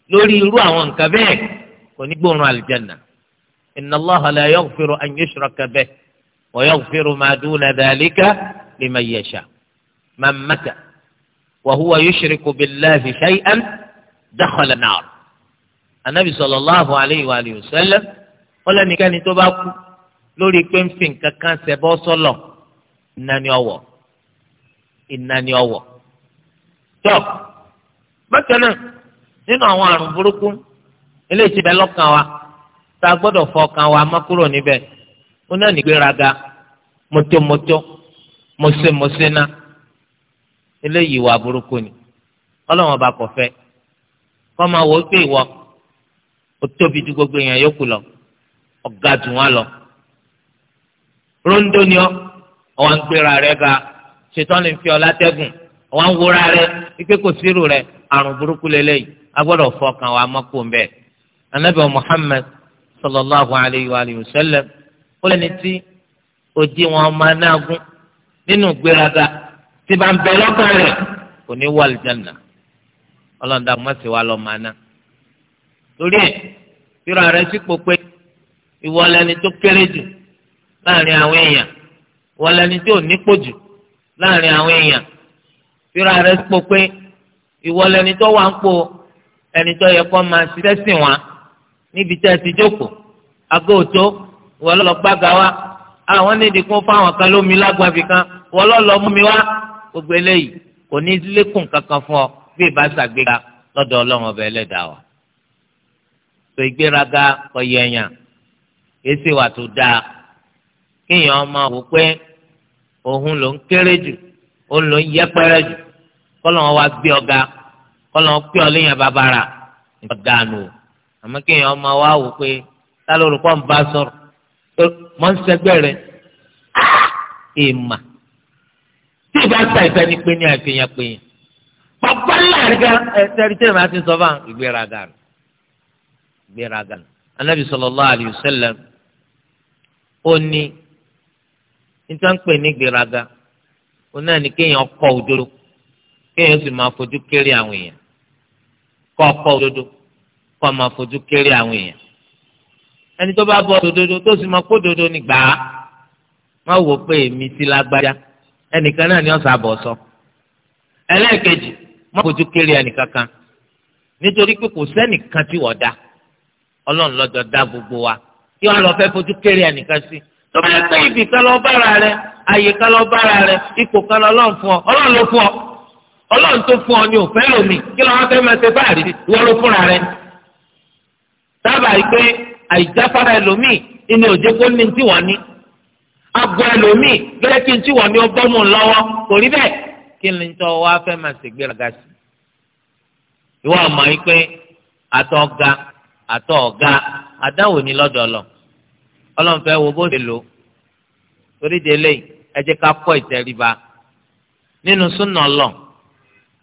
lórí irú àwọn nǹkan bẹ́ẹ̀ kò ní gbóòórùn àlùjánnà inna Allaha la yaghfiru an yushraka bihi wa yaghfiru ma duna dhalika liman yasha man mata wa huwa yushriku billahi shay'an dakhala an-nar anabi sallallahu wa alihi wa sallam wala nìkan tó bá kú lórí pé ń fi sọlọ ìnáni ọwọ ìnáni ọwọ tọ. bákan náà nínú àwọn àrùn burúkú ilé ti bẹ lọ́kàn wa tá a gbọ́dọ̀ fọkàn wa má kúrò níbẹ̀ ó náà nígbéraga mọ́tòmọ́tò mọ́sẹ́mọ́sẹ́ náà ìwà burúkú ni ọlọ́run ọba kò fẹ́ kọ́ máa wọ pé ìwọ ó tóbi ju gbogbo èèyàn yòókù lọ ọ̀gá lọ. rẹ ga ṣètọ́ wọn ń wúra rẹ ike kò sírù rẹ àrùn burúkú lélẹyìí agbọ́dọ̀ fọkàn wa mọkò mbẹ anabi muhammed sallallahu alayhi wa sallam ó lẹni tí òdi wọn ma nágún nínú gbéraga tí bá ń bẹ lọ́kàn rẹ̀ kò ní wà lìjànà ọlọ́dà mọ́sí wa lọ́ ná. torí pé tó kéré jù láàrin àwọn èèyàn fíra rẹ̀ pò pé ìwọ lẹni tó wà ń pò ẹni tó yẹ kó máa ṣiṣẹ́ sìn wá níbi tẹ́ ẹ ti jókòó agóòtó ìwọ lọ́ọ́ gbága wa àwọn nídìí kún fáwọn kan lómi lágbàbí kan ìwọ lọ́ọ́ mú mi wá gbogbo eléyìí kò ní lékùn kankan fún ọ bí ìbá ṣàgbéga lọ́dọ̀ ọlọ́run ọba ẹlẹ́dàá wa tó ìgbéraga ọ̀yẹ̀yàn èsì wà tó dáa kéèyàn máa wò pé òun ló ń kéré jù ó lọ yẹpẹrẹ jù kọlọ wọn wá gbé ọga kọlọ wọn pé ọlẹyìn bàbàrà nǹkan dànù àmọ́ kéèyàn ọmọ wa wò pé sálọ olùkọ́ ń bá sọ̀rọ̀ mọ ń sẹgbẹ́ rẹ èèmà ah! tí ìbá ta ìfẹ́ ní pé ní àfihàn pé yẹn bàbá làrúgà ẹsẹrí tí èèmà ti sọ fún àwọn ìgbéraga rẹ ìgbéraga rẹ anabi sallallahu alayhi ó ní nítorí pé ní ìgbéraga òun náà ni kéèyàn kọ òdodo kéèyàn sì máa fojú kéré àwọn èèyàn kọ́ kọ òdodo kọ́ máa fojú kéré àwọn èèyàn ẹni tó bá bọ òdodo tó sì máa kó òdodo ní gbàá má wò pé èmi ti lágbájá ẹnìkan náà ni ọ̀sà bọ̀ sọ ẹlẹ́ẹ̀kejì má fojú kéré ẹnìkankan nítorí pé kò sẹ́nìkan tí wọ́n dá ọlọ́run lọ́jọ́ dá gbogbo wa kí wọ́n lọ fẹ́ fojú kéré ẹnìkan sí tó bá yẹ pé ibìkan lọ bára rẹ àyè kan lọ bára rẹ ipò kan lọ lọ́n fún ọ ọlọ́run ló fún ọ ọlọ́run tó fún ọ ni òfẹ́ lomi kí lọ́wọ́ fẹ́ máa ṣe báàrí wọ́n ló fúnra rẹ. dábàá yìí pé àìjáfara ẹlòmíì inú òjé kó ní tí wọ́n ní agbo ẹlòmíì gẹ́gẹ́ kí n tí wọ́n ní ọgbọ́n mu lọ́wọ́ kò rí bẹ́ẹ̀ kí ni tọ́ wá fẹ́ máa ṣe gbéraga sí. ìwọ ọmọ yìí pé àtọ̀ ga àtọ̀ ní lọ́dọ̀ ọlọ́run fẹ́ wo bó ṣe lò torí de ẹ jẹ́ ká kọ́ nínú súnà Ọlọ́run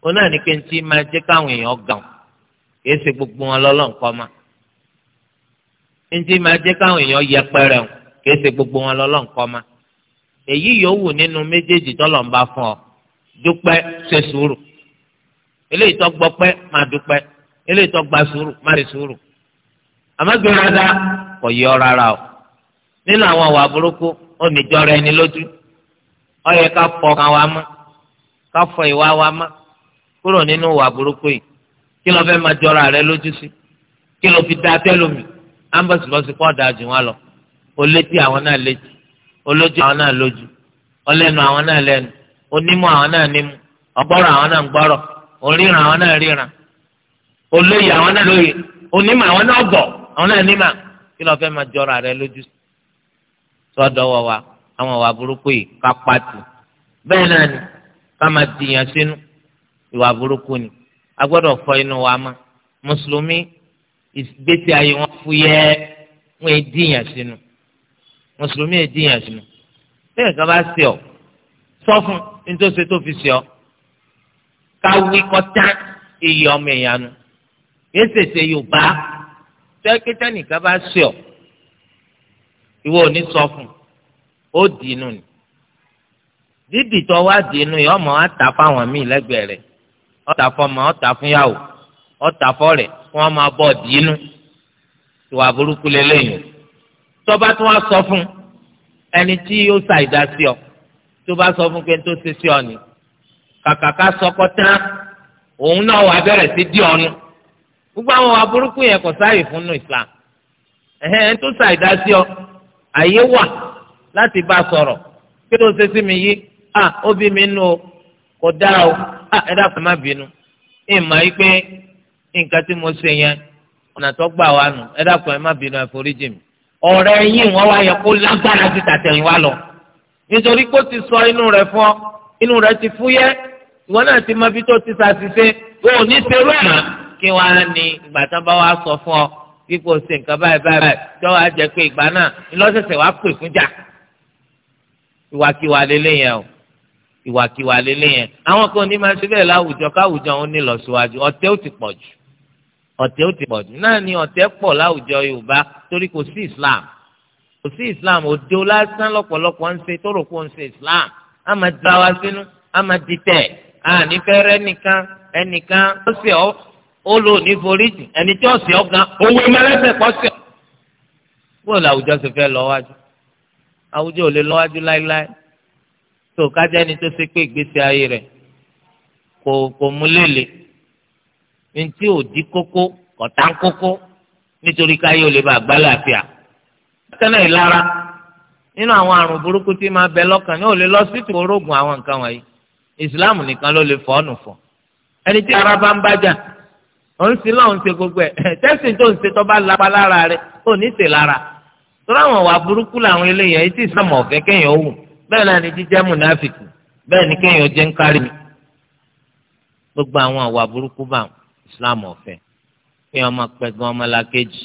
ó ní máa jẹ́ káwọn èèyàn gàn gbogbo wọn ma kéńtì máa jẹ́ káwọn èèyàn yẹpẹrẹ wọn kìí ṣe gbogbo wọn lọ́lọ́run ma èyí yòówù nínú méjèèjì tọ́lọ̀ ń bá fún ọ dúpẹ́ ṣe sùúrù eléyìí tó máa dúpẹ́ o nínú àwọn Ọ yẹ ká fọ kan wa ma, ká fọ ìwà wa ma kúrò nínú ìwà burúkú yìí kí ló fẹ́ jọra rẹ lójú sí kí fi da lọ da jù wọn lọ olétí àwọn náà létí olójú àwọn náà lójú ọlẹ́nu àwọn náà lẹ́nu onímọ̀ àwọn náà àwọn náà oríran àwọn náà ríran jọra rẹ lójú sí wa. àwọn ìwà burúkú yìí ká pàtì bẹ́ẹ̀ náà ni ká máa dìyàn sínú ìwà burúkú ni a gbọ́dọ̀ fọ inú wa mọ́ mùsùlùmí ìgbésí ayé wọn fúyẹ́ wọn è dìyàn sínú mùsùlùmí è dìyàn sínú bẹ́ẹ̀ ká bá sí ọ sọ fún nítòsí tó fi sí ọ ká wí kọjá iyì ọmọ ìyanu yéé Yorùbá tẹ́kítẹ́ nìkan bá sí ọ ìwọ ò ní sọ fún ó dìínú ni dídì tó wá dìínú yìí ọmọ wa ta fáwọn míì lẹ́gbẹ̀ẹ́ rẹ̀ ọ̀tà fọmọ ọ̀tà fúnyàwó ọ̀tà fọ́rẹ̀ fún ọmọ abọ́ dìínú ìwà burúkú lélẹ́yìn tọ́ba tí wọ́n sọ fún ẹni tí ó ṣàìdá sí ọ tó bá sọ fún pé tó ṣe sí ọ ni kàkàkà sọkọ tán òun náà wà bẹ̀rẹ̀ sí dí ọnu gbogbo àwọn wà burúkú yẹn kò sáàyè fún nù Islam ẹ̀hẹ́n tó ṣàìdá sí ọ àyè wà. láti bá a sọ̀rọ̀ kí ló ṣe sí mi yí à ó bí mi nù ó, kò o à ẹ dákun má bínú ẹ mà pé nǹkan tí mo ṣe yẹn ọ̀nà tó gbà wá nù ẹ dákun ẹ má bínú ẹ mi ọ̀rẹ́ yín wọ́n wá yẹ kó lágbára ti tàtẹ̀yìn wá lọ nítorí ti sọ inú rẹ̀ inú ti fúyẹ́ ìwọ náà ti mọ ibi tó ti o ni ní ṣerú ẹ̀ kí wọ́n á sọ fún ọ bí kò nǹkan báyìí ìwàkiwà lélẹ́yìn o ìwàkiwà lélẹ́yìn àwọn kan ní máa ṣe bẹ́ẹ̀ láwùjọ káwùjọ òun ní lọ́síwájú ọ̀tẹ̀ ó ti pọ̀ jù ọ̀tẹ̀ ó ti pọ̀ jù náà ni ọ̀tẹ̀ pọ̀ láwùjọ Yorùbá torí kò sí Islam kò sí Islam òdo lásán lọ́pọ̀lọpọ̀ ń ṣe tó rò kó ń ṣe Islam á máa dá wa sínú á máa di tẹ̀ á nífẹ̀ẹ́ rẹ nìkan ẹnìkan ó sì ọ́ ó lò ní foríjì ẹni tí ó sì ọ́ gan owó àwùjọ ò lè lọ wájú láéláé tó kájá ẹni tó ṣe pé ìgbésí ayé rẹ̀ kò kò mú lélẹ ntí ò di kókó kọ̀tà ń kókó nítorí káyé ò lè bá àgbálẹ̀ àfíà tẹ́lẹ̀ ìlara nínú àwọn àrùn burúkú tí máa bẹ lọ́kàn ní ò lè lọ sí ìtò orógùn àwọn nǹkan wọ̀nyí ìsìláàmù nìkan ló lè fọ́ọ̀nù fọ́ ẹni tí ara bá ń bájà òun sì lọ́hùn ṣe gbogbo ẹ̀ tẹ́sìn tó ń ṣe tó bá lapa lára rẹ̀ ò ní ṣe lára tọ́lá àwọn wà burúkú làwọn eléyàn etí islam ọ̀fẹ́ kéèyàn ó wù bẹ́ẹ̀ náà ni jíjẹ́ mùnáfìkù bẹ́ẹ̀ ni kéèyàn jẹ́ ń kárí mi. gbogbo àwọn àwà burúkú bá islam ọ̀fẹ́ kéèyàn máa pẹ̀gàn ọmọlàkejì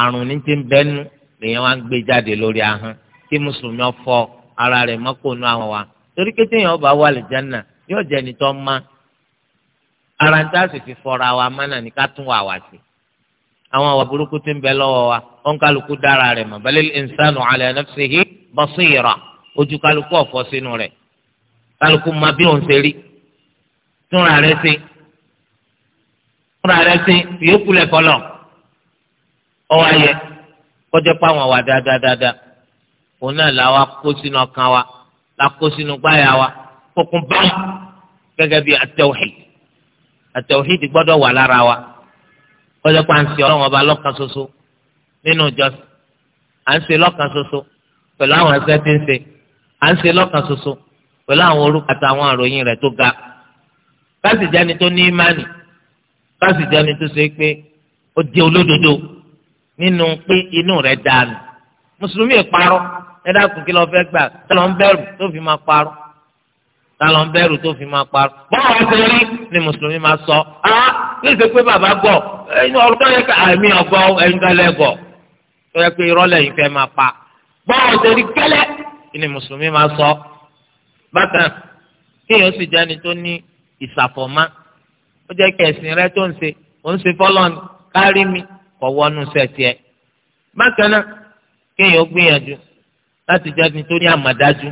àrùn ní ti ń bẹ́nu lèèyàn wá ń gbé jáde lórí ahọ́n kí mùsùlùmí ọ̀fọ́ ara rẹ̀ mọ́kànnú àwọn wa torí kétéèyàn ọba wà lè jẹ́ wa mánà àwọn àwa burúkú tí ń bẹ lọ́wọ́ wa wọn kálukú dára rẹ̀ mọ̀ balil insanu ala nafsihi basira ojú kálukú ọ̀fọ́ sínú rẹ̀ kálukú ma bí òun ṣe rí túnra rẹ̀ sí túnra rẹ̀ sí fìyókù lẹ̀ fọlọ́ ọwọ́ ayẹ kọjá pa àwọn àwa dáadáa òun náà làwa kó sínú ọkàn wa la kó sínú gbáyà wa kókun bá gẹ́gẹ́ bí at-tawhid at-tawhid wà lára wa kọjá pé à ń ṣe ọlọ́run ọba lọ́kan ṣoṣo nínú ìjọsìn à ń ṣe lọ́kan ṣoṣo pẹ̀lú àwọn ẹsẹ̀ tí ń ṣe à ń ṣe lọ́kan ṣoṣo pẹ̀lú àwọn orúkọ àtàwọn àròyìn rẹ̀ tó ga káàsì jẹ́ni tó ní ìmánì káàsì jẹ́ni tó ṣe pé ó di olódodo nínú pé inú rẹ̀ dànù mùsùlùmí ìparọ́ ẹ̀dá kùkì lọ fẹ́ gbà tá ń bẹ̀rù tó fi máa parọ́ tá ń bẹ̀rù tó fi máa parọ́ bọ́ọ̀ wá sí rí ni mùsùlùmí máa sọ á kí ṣe bàbá gbọ́ ẹni ọlọ́dọ̀ yẹ ká àmì ọgbọ́ ẹ̀ńgálẹ́gọ̀ tó yẹ pé irọ́lẹ̀ yìí fẹ́ máa pa bọ́ọ̀ torí gẹ́lẹ́ ni mùsùlùmí máa sọ bákan kéèyàn sì jẹ́ni tó ní ìsàfọ̀má ó jẹ́ kí ẹ̀sìn rẹ tó ń ṣe ó ń ṣe fọ́lọ́n kárí mi kọ̀ wọnú sẹ̀tìẹ̀ bákan náà kéèyàn gbìyànjú láti jẹ́ni tó ní àmàdájú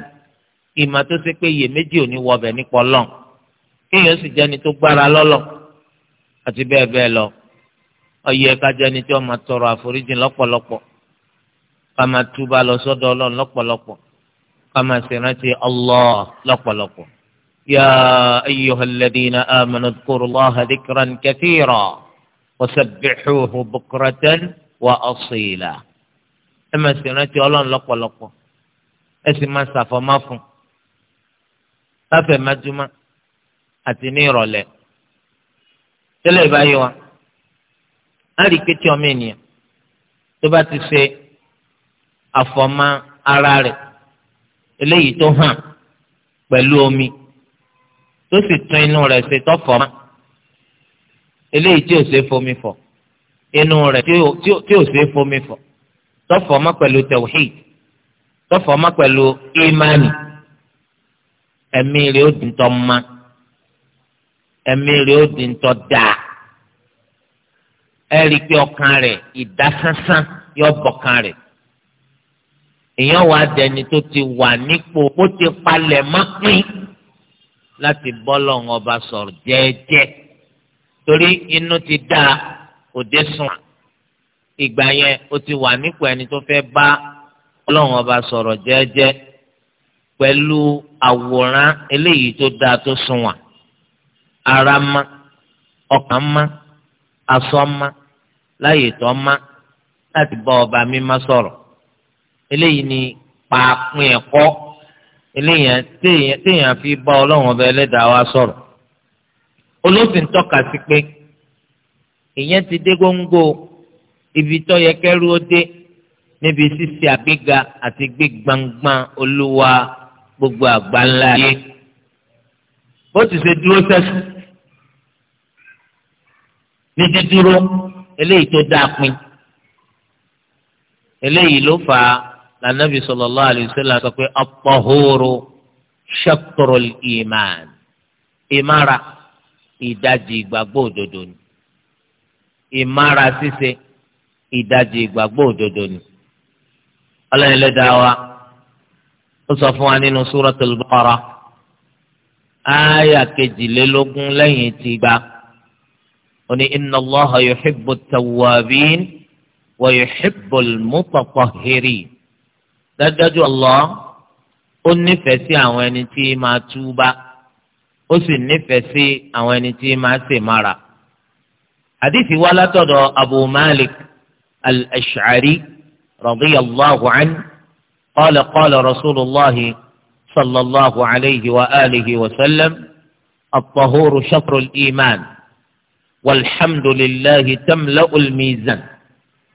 ìmọ̀ tó ṣe pé iyèméjì ò ní wọbẹ̀ nípa ọlọ́run kéèyàn sì jẹ́ni tó gbára lọ́lọ́ àti bẹ́ẹ̀ bẹ́ẹ̀ lọ ọyẹ kájẹ ni tí wọn máa tọrọ àforíjì lọ́pọ̀lọpọ̀ ká máa túbà lọ sọ́dọ̀ Ọlọ́run lọ́pọ̀lọpọ̀ ká máa ṣèrántí Allah lọ́pọ̀lọpọ̀. يا أيها الذين آمنوا اذكروا الله ذكرا كثيرا وسبحوه بكرة وأصيلا ẹ máa ṣèrántí Ọlọ́run lọ́pọ̀lọpọ̀ ẹ sì máa ṣàfọ̀mọ́ fún láfẹ̀ẹ́ májúmọ́ àti ní ìrọ̀lẹ́ tẹ́lẹ̀ báyìí wa á rí i pé tí ọmọ ènìyàn tó bá ti ṣe àfọ̀mọ́ ara rẹ̀ eléyìí tó hàn pẹ̀lú omi tó sì tún inú rẹ̀ ṣe tọ́fọ̀mọ́ eléyìí tí ò ṣe fomi fọ̀ inú rẹ̀ tí ò ṣe fomi fọ̀ tọ́fọ̀mọ́ pẹ̀lú tawhid tọ́fọ̀mọ́ pẹ̀lú imani ẹ̀mí rẹ̀ ó di ntọ́ ma ẹ̀mí rẹ̀ ó di ntọ́ dáa ẹ rí i pé ọkàn rẹ̀ ìdásánsán yọ bọ̀kan rẹ̀ èèyàn wà dẹni tó ti wà nípò ó ti palẹ̀ mọ́ pín láti bọ́lọ̀ ọba sọ̀rọ̀ jẹ́ẹ́jẹ́ torí inú ti dá òde sùn ìgbà yẹn ó ti wà nípò ẹni tó fẹ́ bá ọlọ́run ọba sọ̀rọ̀ jẹ́ẹ́jẹ́ pẹ̀lú àwòrán eléyìí tó dáa tó sunwọ̀n ara mọ́ ọkàn mọ́ aṣọ mọ́ láyè tó má láti bá ọba mímá sọ̀rọ̀ eléyìí ni pàápín ẹ̀kọ́ eléyìí téèyàn fi bá ọlọ́run ọba ẹlẹ́dàá wa sọ̀rọ̀ olófin tọ́ka sí pé ìyẹn ti dé góńgó ibi tó yẹ kẹ́rú ó dé níbi ṣíṣe àgbéga àti gbígbàngbàn olúwa gbogbo àgbáńlá yìí bó ti ṣe dúró sẹ́sùn ní dídúró eléyìí tó dáa pin eléyìí ló fà á lànàbì sallallahu alaihi wasallam sọ pé at-tahuru shatrul iman ìmára ìdajì ìgbàgbọ́ òdodo ni ìmára ṣíṣe ìdajì ìgbàgbọ́ òdodo ni ọlọ́run ló dá wa ó sọ fún wa nínú Suratul Baqarah ááyà kejìlélógún lẹ́yìn tí gba. ó ní inna Allaha yuhibbu at-tawwabin wa yuhibbu al-mutatahhirin dájúdájú Allah ó nífẹ̀ẹ́ sí àwọn ẹni tí máa túbá ó sì nífẹ̀ẹ́ sí àwọn ẹni tí máa ṣèmára. àdìsí wa látọ̀dọ̀ Abu Malik al-Ash'ari radiyallahu anhu qala qala rasulullahi sallallahu alayhi wa alihi wa sallam الطهور شطر الإيمان walhamdulillahi tamla'u al-mizan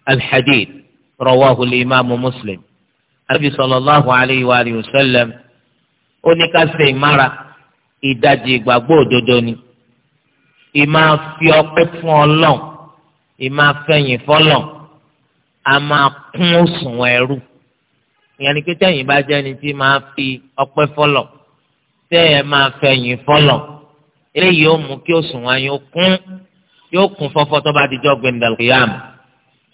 al-hadid rawahu al-imaamu muslim anabi sallallahu alayhi wa alihi wa sallam ó ní ká ṣe ìmára ìdajì ìgbàgbọ́ òdodo ni ìmá fi ọpẹ́ fún Ọlọ́run ìmá fẹ̀yìn fọ́lọ́run a máa kún òsùn ẹrú ìyẹn ni pé tẹ̀yìn bá jẹ́ ni tí máa fi ọpẹ́ fọ́lọ́run tẹ̀yìn máa fẹ̀yìn fọ́lọ́run eléyìí ó mú kí òsùn wa yín ó kún yóò kún fọ́fọ́ tó bá dijọ́ gbẹndàlùkìyàmù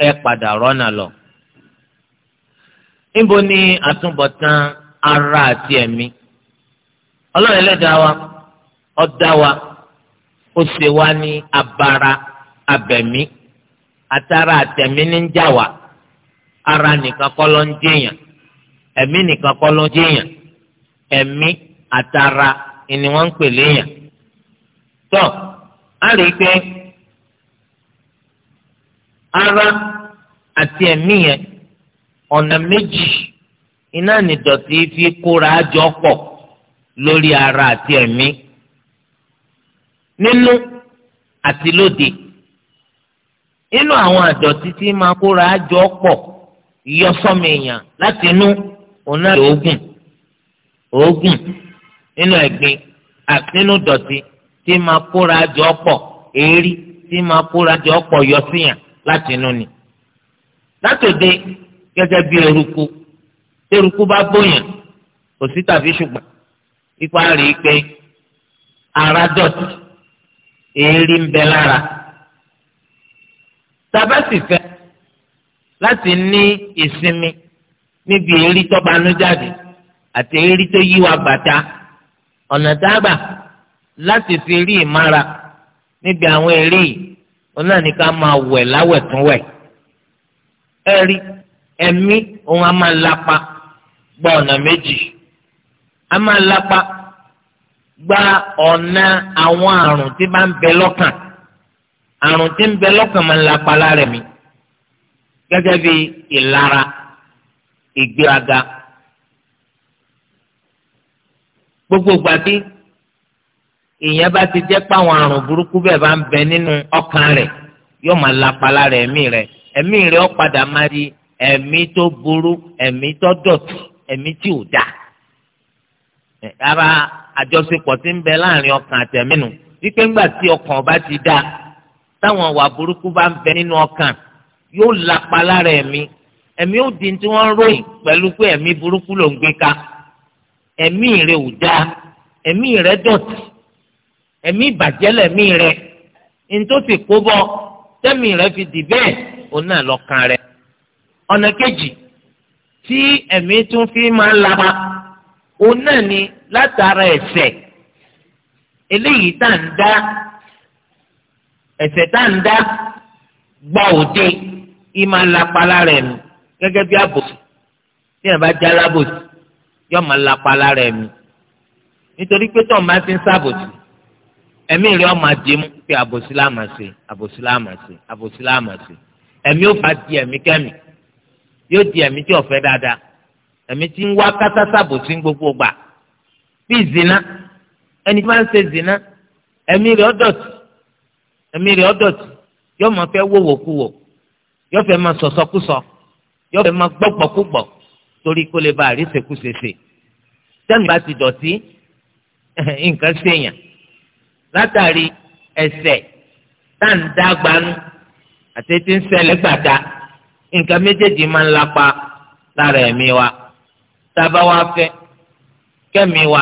ẹ padà rọ́nà lọ. níbo ni àtúbọ̀tán ara àti ẹ̀mí ọlọ́run ẹlẹ́dàá wa ó dá wa ó ṣe wá ní abara abẹ̀mí àtàrà àtẹ̀mí ní ń jà wá ara nìkan kọ́ ló ń jẹ̀yàn ẹ̀mí nìkan kọ́ ló ń jẹ̀yàn ẹ̀mí àtàrà ni wọ́n ń pè léyàn. tó a rí i pé. ara àti ẹ̀mí yẹn ọ̀nà méjì iná nìdọ̀tí fi kóra jọ pọ̀ lórí ara àti ẹ̀mí nínú àti lóde nínú àwọn àdọ̀tí tí máa kóra jọ pọ̀ yọ sọ́mi èèyàn láti inú òun náà oògùn oògùn nínú ẹ̀gbin àti nínú dọ̀tí tí máa kóra jọ pọ̀ èérí tí máa kóra jọ pọ̀ yọ síyàn láti inú ni látòde gẹ́gẹ́ bí eruku eruku bá bóyàn kò sí tàbí ṣùgbọ́n ipa rí i pé ara dọ̀tí èérí ń bẹ lára tàbá sì fẹ́ láti ní ìsinmi níbi èérí tó banú jáde àti èérí tó yíwa bàtà ọ̀nà dábà láti fi rí ìmára níbi àwọn èérí yìí òun náà ní ká máa wẹ̀ láwẹ̀ tún wẹ̀ ẹ rí ẹ̀mí òun á máa lápa gba ọ̀nà méjì á máa lápa gba ọ̀nà àwọn àrùn tí bá ń bẹ lọ́kàn àrùn tí ń bẹ lọ́kàn máa ń lápa lára ẹ̀mí gẹ́gẹ́ bí ìlara ìgbéraga gbogbo gbàdé ìyẹn bá ti jẹ́ páwọn àrùn burúkú bẹ́ẹ̀ bá ń bẹ nínú ọkàn rẹ̀ yóò máa lapala rẹ̀ ẹ̀mí rẹ̀ ẹ̀mí rẹ̀ ó padà máa di ẹ̀mí tó burú ẹ̀mí tó dọ̀tí ẹ̀mí tí ò dáa. ara àjọṣepọ̀ ti ń bẹ láàrin ọkàn àtẹ̀mínú wípé ńgbà tí ọkàn bá ti dáa táwọn ìwà burúkú bá ń bẹ nínú ọkàn yóò lapala rẹ̀ ẹ̀mí ẹ̀mí ò di tí wọ́n ròyìn pẹ̀lú pé ẹ̀mí burúkú ló ń gbé ká ẹ̀mí rẹ̀ ò dáa ẹ̀mí rẹ̀ dọ̀tí ẹ̀mí ìbàjẹ́ lẹ̀mí rẹ ntòsí kó bọ tẹ́mi rẹ fi dì bẹ́ẹ̀ òun náà lọ́kàn rẹ. ọ̀nà kejì tí ẹ̀mí tún fi máa ń laba òun náà ni látara ẹ̀ṣẹ̀ eléyìí tá à ń dá ẹ̀ṣẹ̀ tá à ń dá gba òde ìmọ̀ lápalá rẹ̀ nù gẹ́gẹ́ bí àbòsí tí ẹ̀ bá já lábòsí yọ̀ọ́ máa rẹ̀ nù nítorí pé tọ́ọ̀ máa ti ń sábòsí ẹ̀mí rẹ̀ ọmọ àdìmú pé àbòsíláàmà sí àbòsíláàmà sí àbòsíláàmà sí ẹ̀mí ó bá di ẹ̀mí kẹ́mi yóò di ẹ̀mí tí ọ̀fẹ́ dáadáa ẹ̀mí tí ń wá kátásàbòsí gbogbo gbà bí zina ẹni tí wọ́n ń ṣe zina ẹ̀mí rẹ̀ ọ̀dọ̀tì ẹ̀mí rẹ̀ ọ̀dọ̀tì yóò máa fẹ́ wò wòkúwò yóò fẹ́ máa sọ̀sọ́kúsọ yóò fẹ́ máa gbọ́gbọ́kúgbọ̀ torí kó àríṣekúṣeṣe tẹ́nu bá ti dọ̀tí nǹkan ṣèyàn látàrí ẹ̀ṣẹ̀ táǹdà gbanú àti tí ń ṣẹlẹ̀ gbàdá nǹkan méjèèjì máa ń lapa lára ẹ̀mí wa tábà wá fẹ́ kẹ́mi wa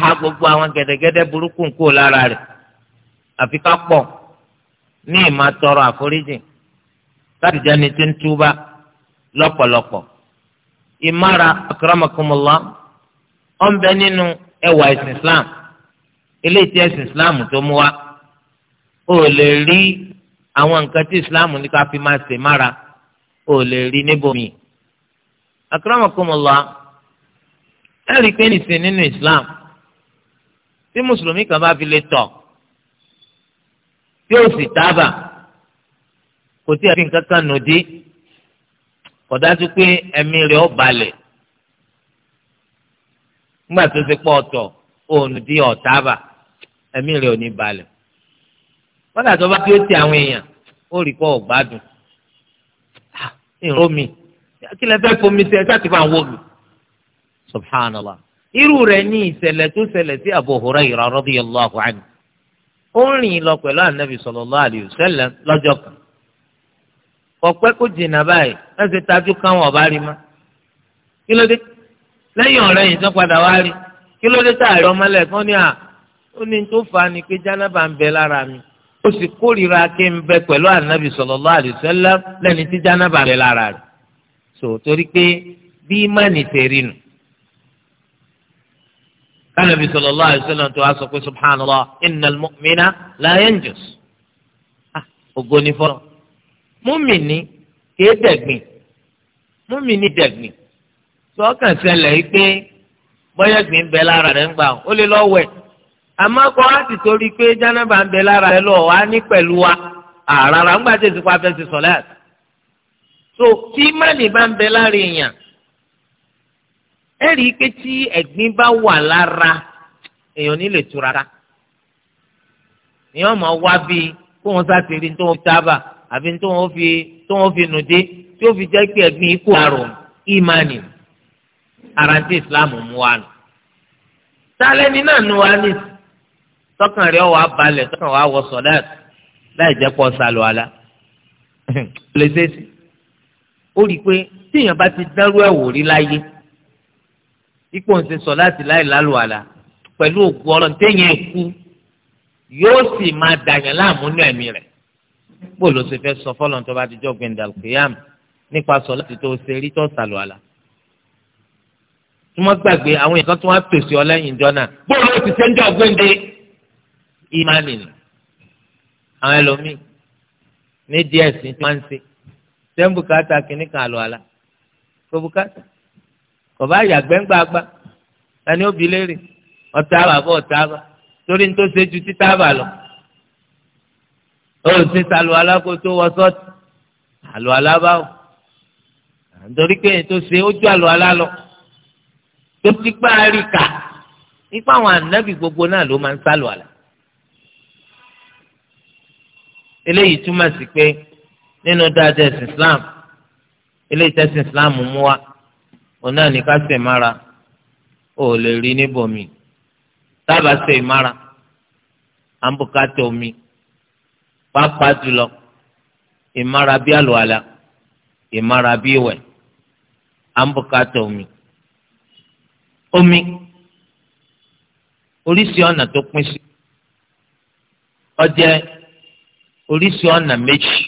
ha gbogbo àwọn gẹ́dẹ́gẹ́dẹ́ burúkú kó lára rẹ àfi ká pọ̀ ní ìmá tọrọ àforíjì láti jẹ́ni tí ń túbà lọ́pọ̀lọpọ̀ ìmára akramakumullah ọ̀nbẹ nínú ẹwà ìsìn Islam. eléyìí tí ẹ̀sìn islam tó mú wa ó lè rí àwọn nǹkan tí islam ní ká fi máa ṣe mára ó lè rí níbòmí. akramakumullah ẹ rí i pé nìsín nínú islam tí mùsùlùmí kan bá fi lè tọ̀ tí ó sì tábà kò tí a fi nǹkan kan nù kò dájú pé ẹ̀mí rẹ̀ ó balẹ̀ nígbà tó ti pọ̀ ọ̀tọ̀ òun di ọ̀tábà ẹ̀mí rẹ̀ ò ní balẹ̀ wọ́n dàtọ́ bá dúró ti àwọn èèyàn ó rí kọ́ ọ̀gbádùn ah, ìró mi kí lẹ fẹ́ fomi sí ẹ sáà ti mi subhanallah irú rẹ̀ ní ìṣẹ̀lẹ̀ tó ṣẹlẹ̀ sí Abu anhu ó ń rìn lọ pẹ̀lú lọ́jọ́ kan ọ̀pẹ́ kò jìnnà báyìí ti tajú káwọn rí ma kí ló dé lẹ́yìn ọ̀rẹ́ yìí tó padà wá rí kí ló dé tá àìrọ́mọlẹ̀ fún à ó ní tó fà á ni pé jánábà ń bẹ lára mi ó sì kórìíra kí n bẹ pẹ̀lú ànábì sallallahu alaihi wasallam lẹ́ni tí jánábà ń bẹ lára rẹ̀ so torí pé bí ìmánì tẹ̀rí nù. kánàbì sallallahu alaihi wasallam tó a sọ pé subhanallah innal mu'mina la yanjus ah, ògo ni fọlọ múmìnì kìí dẹ̀gbìn múmìnì dẹ̀gbìn sọ́kàn yìí pé bọ́yẹ̀gbìn bẹ lára rẹ̀ ń gbà ó lè lọ́wẹ̀ àmọ́ kọ́ láti torí pé jánábà ń bẹ lára ẹ lọ wá ní pẹ̀lú wa àràrà ńgbà tètè pa fẹ́ sọ̀lẹ́ àti. so tí mánì bá ń bẹ lára èèyàn ẹ rí i pé tí ẹ̀gbín bá wà lára èèyàn ní lè tura rárá èèyàn máa wá bíi kó wọn sá ti rí tó wọn tábà àbí tó wọn fi tó wọn fi nù tí ó fi jẹ́ pé ẹ̀gbin ikú àrùn ìmánì àrántí ìsìláàmù mú wa nù. sálẹ́ni náà nu wa ní tọkàn rẹ wà balẹ̀ tọkàn wà wọ sọ̀dá láì jẹ́ pọ̀ sálọ ala lè ṣe é sí. ó rí i pé tíyàn bá ti dárú ẹ̀ wò rí láyé ipò ń ṣe sọ láti láì lálù àlà pẹ̀lú òkú ọlọ́run téèyàn kú yóò sì máa dàyàn láàmú ní ẹ̀mí rẹ̀ bó ló ṣe fẹ́ sọ fọlọ́n tó bá ti jọ gbẹ̀ndàlù kéyàmù nípa sọ láti tó ṣe rí tó sálọ àlà tí wọ́n gbàgbé àwọn èèyàn kan tí wọ́n á pèsè ọ lẹ́yìn ìjọ náà bó ló ti ṣe ń gbẹ̀ndé. Imani, nù àwọn ẹlòmíì ní díẹ̀ sí ti máa ń ṣe ṣé ń bùkátà kìíní kan àlọ́ àlá kò bùkátà kò bá yàgbẹ́ ń gbàgbà ẹni ó bi léèrè ọ̀tá bà bọ̀ ọ̀tá bà torí ní tó ṣe ju títà bà lọ ó sì sàlù alákòótó wọ sọ́ọ̀tì àlù alábàwò nítorí pé tó ṣe ó ju àlù alá lọ tó ti gbá rí nípa àwọn ànábì gbogbo náà ló máa ń sàlù àlà eléyìí túmọ̀ sí pé nínú dáadáa ẹ̀sìn islam eléyìí tẹ̀sìn islam mú wa òun náà ní ká ṣe ìmára ò lè rí mi tábà ṣe ìmára à ń bùkátà omi pàápàá jùlọ ìmára bí àlùwàlà ìmára bí ìwẹ̀ à ń bùkátà omi omi oríṣi ọ̀nà tó pín sí ọjẹ́ oríṣi ọ̀nà méjì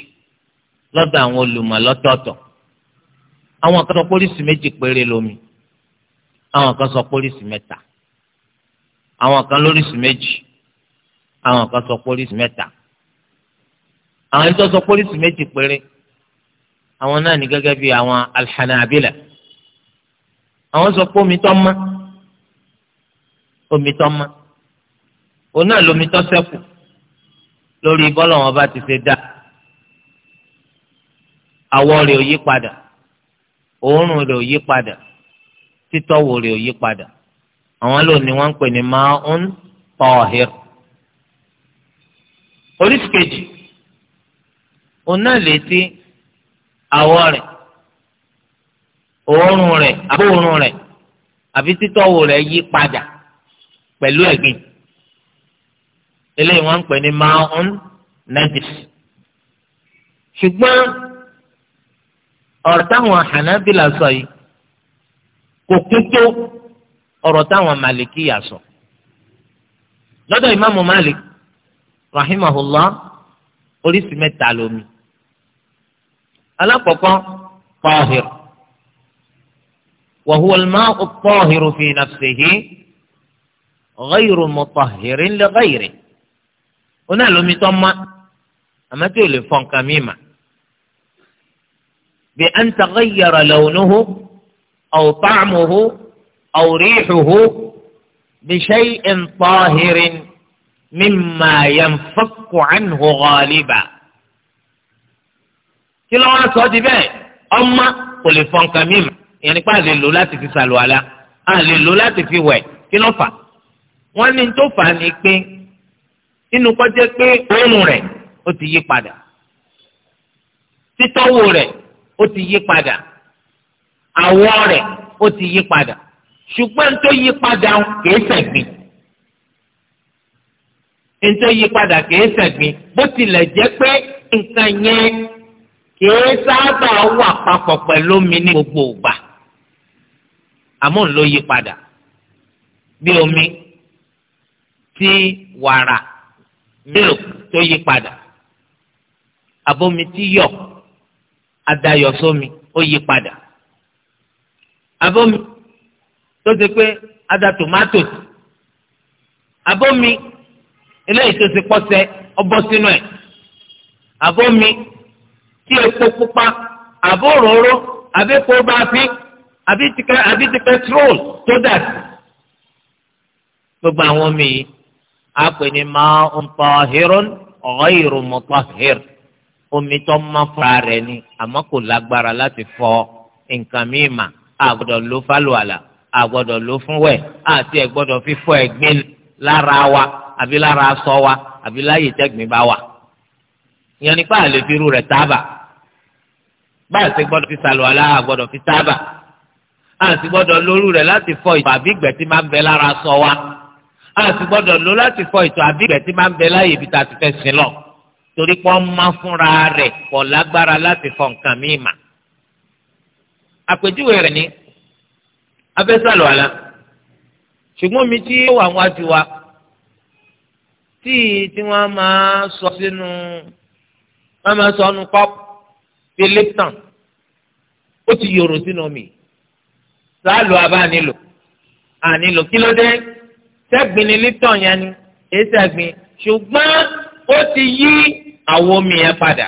lọ́dọ̀ àwọn olùmọ̀ lọ́tọ̀ọ̀tọ̀ àwọn kan sọ pólísì méjì péré lomi àwọn kan sọ pólísì mẹ́ta àwọn kan lóríṣi méjì àwọn kan sọ pólísì mẹ́ta àwọn ẹni tó sọ pólísì méjì péré àwọn náà ní gẹ́gẹ́ bíi àwọn alhanabila àwọn sọ pé omi tó mọ́ omi tó mọ́ òun náà lomi tó ṣẹ́kù lórí bọ́lọ̀ wọn bá ti ṣe dá àwọ̀ rẹ̀ ò yí padà òórùn rẹ̀ ò yí padà títọ́wò rẹ̀ ò yí padà àwọn lò ní wọ́n ń pè ní ma'un tahir oríṣi kejì òun náà létí àwọ̀ rẹ̀ òórùn rẹ̀ àbóòórùn rẹ̀ àbí títọ́wò rẹ̀ yí padà pẹ̀lú ẹ̀gbin. E ilé wọ́n ń pè ní maun najis ṣùgbọ́n ọ̀rọ̀ táwọn hanabila sọ yìí kò kú tó ọ̀rọ̀ táwọn maliki yà sọ lọ́dọ̀ ìmáàmù malik rahimahullah oríṣi mẹ́ta lomi alákọ̀ọ́kọ́ tahir wa huwa al-ma'u at-tahiru fi nafsihi ghayru mutahhirin li ghayrihi. ó náà lómi tó má àmọ́ tí ò lè fọ nǹkan mi mà bí an taghayyara lawnuhu aw ta'muhu aw rihuhu bi shay'in tahirin mimma yanfakku anhu ghaliba kí ló wá sọ di bẹ́ẹ̀ ọmọ kò lè fọ nǹkan mi mà ìyẹn nípa lè lò láti fi sàlùwàlà a lò láti fi wẹ̀ kí ló fà wọ́n ní tó fà ní pé inú kọ́ jẹ́ pé òórùn rẹ̀ ó ti yí padà títọ́wò rẹ̀ ó ti yí padà àwọ̀ rẹ̀ ó ti yí padà ṣùgbọ́n tó yí padà kìí ṣẹ̀gbin tó yí padà kìí ṣẹ̀gbin bó tilẹ̀ jẹ́ pé nǹkan yẹn kìí sábà wà papọ̀ pẹ̀lú omi ní gbogbo ìgbà àmọ́ ń ló yí padà bí omi tí wàrà milk tó yí padà abomi tí yọ adayọ sómi ó yí padà abomi tó ṣe pé ada tomato abomi eléyìí tó ṣe pọ́sẹ̀ ọbọ̀ sínú ẹ̀ abomi tí epo pupa àbóròró àbẹ́kọ̀ọ́ bá fi àbí ti pẹtrol tó dà sí gbogbo àwọn omi yìí á pè ní ma'un tahirun ghayru mutahhir omi tó mọ́ fúnra rẹ̀ ni àmọ́ kò lágbára láti fọ nǹkan míì mà á gbọ́dọ̀ ló fálùwàlà á gbọ́dọ̀ ló fún wẹ̀ àti ẹ̀ gbọ́dọ̀ fífọ ẹ̀gbin lára wa àbí lára aṣọ wa àbí láyè tẹ́gbìn bá wà ìyẹn nípa àlè fi irú rẹ̀ fi sàlùwàlà á fi tábà á sì gbọ́dọ̀ lórú rẹ̀ láti fọ ìfàbí ìgbẹ́ tí máa ń bẹ wa a sì gbọ́dọ̀ lò láti fọ ètò àbígbẹ̀ tí máa ń bẹ láàyè ibi tá a ti fẹ́ sin lọ torí pé máa fúnra rẹ̀ kọ̀ lágbára láti fọ nǹkan míì mà. àpèjúwe rẹ̀ ni abẹ́sàlọ̀ àlá ṣùgbọ́n mi tí ó wà wájú wa tíì tí wọ́n máa sọ sínú wọ́n máa sọ nu kọ́pù bíi lipton ó ti yòrò sínú mi sáà lò abá nílò ànílò kí ló dé sẹ́gbin ni lítàn yẹn ni èyí sẹ́gbin ṣùgbọ́n ó ti yí àwọn omi yẹn padà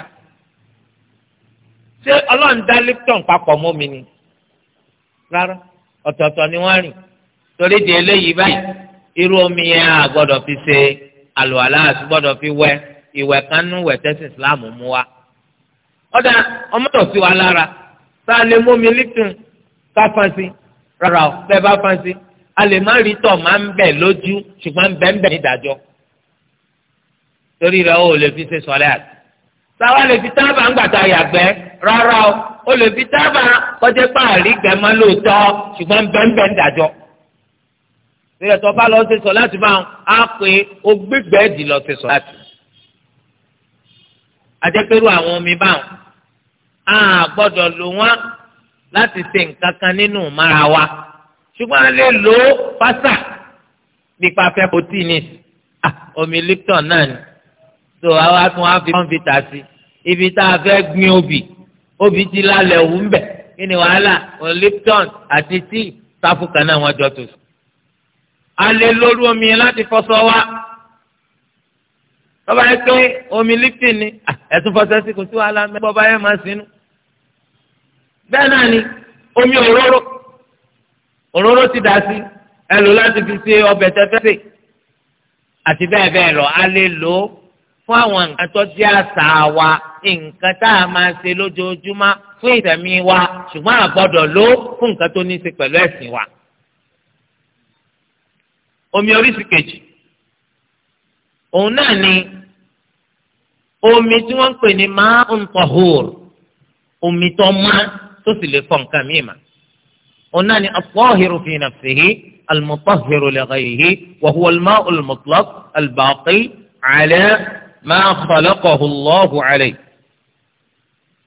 ṣé ọlọ́run dá lipton papọ̀ mọ́ mi ni rárá ọ̀tọ̀ọ̀tọ̀ ni wọ́n rìn torí di eléyìí báyìí irú omi yẹn a gbọ́dọ̀ fi ṣe àlùwàlá àti gbọ́dọ̀ fi wẹ ìwẹ̀ kan nú wẹ̀ tẹ́sán mú wa ọ̀dà ọmọdọ̀ sí wa lára tá lè mú mi lipton ká fansi rárá o bẹ́ẹ̀ bá fansi a lè má rí tọ̀ máa ń bẹ̀ lójú ṣùgbọ́n bẹ́ẹ̀ ń bẹ̀ nídàjọ́ torí rẹ̀ o lè fi ṣe sọ̀rẹ́ àti sáwa lè fi tábà ń gbàtà yàgbẹ́ rárá o o lè fi tábà kọjá páàrí gbẹ̀mọ́ lóòótọ́ ṣùgbọ́n bẹ́ẹ̀ ń bẹ̀ nídàjọ́ torí ẹ̀ tó bá lọ ṣe sọ láti máa á pé o gbígbẹ́ dì lọ ṣe sọ láti ajẹ́pẹ́rú àwọn omi báwọn á gbọ́dọ̀ lò wọ́n láti ṣe nǹkan kan nínú ìmára wa ṣùgbọ́n a lè lò ó pásà nípa afẹ́ potí ni ah, omi Lipton náà ni tó àwa tún wá fi kọ́ńfìtà sí ibi tá a fẹ́ gbin obì obì ti lálẹ́ òun bẹ̀ kí ni wàhálà òun Lipton àti tíì sáfù kan náà wọ́n jọ tó sùn. a lè lórí omi láti fọṣọ wa bọ́bá yẹn pé omi Lipton ni ah, ẹ̀sùn fọṣọ sí kò sí wàhálà bọ́bá yẹn máa sínú bẹ́ẹ̀ náà ni omi òróró òróró ti dà sí ẹ lò láti fi ṣe ọbẹ̀ tẹ́fẹ́ sè àti bẹ́ẹ̀ bẹ́ẹ̀ lọ a lè lò ó fún àwọn nǹkan tó jẹ́ àṣà wa nǹkan tá a máa ṣe lójoojúmọ́ fún ìtẹ̀mí wa ṣùgbọ́n a lò ó fún nǹkan tó ní í ṣe pẹ̀lú ẹ̀sìn wa. omi oríṣi kejì òun náà ni omi tí wọ́n ń pè ní máa ń tọ̀húr omi tó má tó sì lè fọ nǹkan míì mà ọ̀nà ni at-tahiru fi nafsihi al-mutahhiru li ghayrihi wa huwa al-ma'u al-mutlaq al-baqi ala ma khalaqahu Allahu alayhi.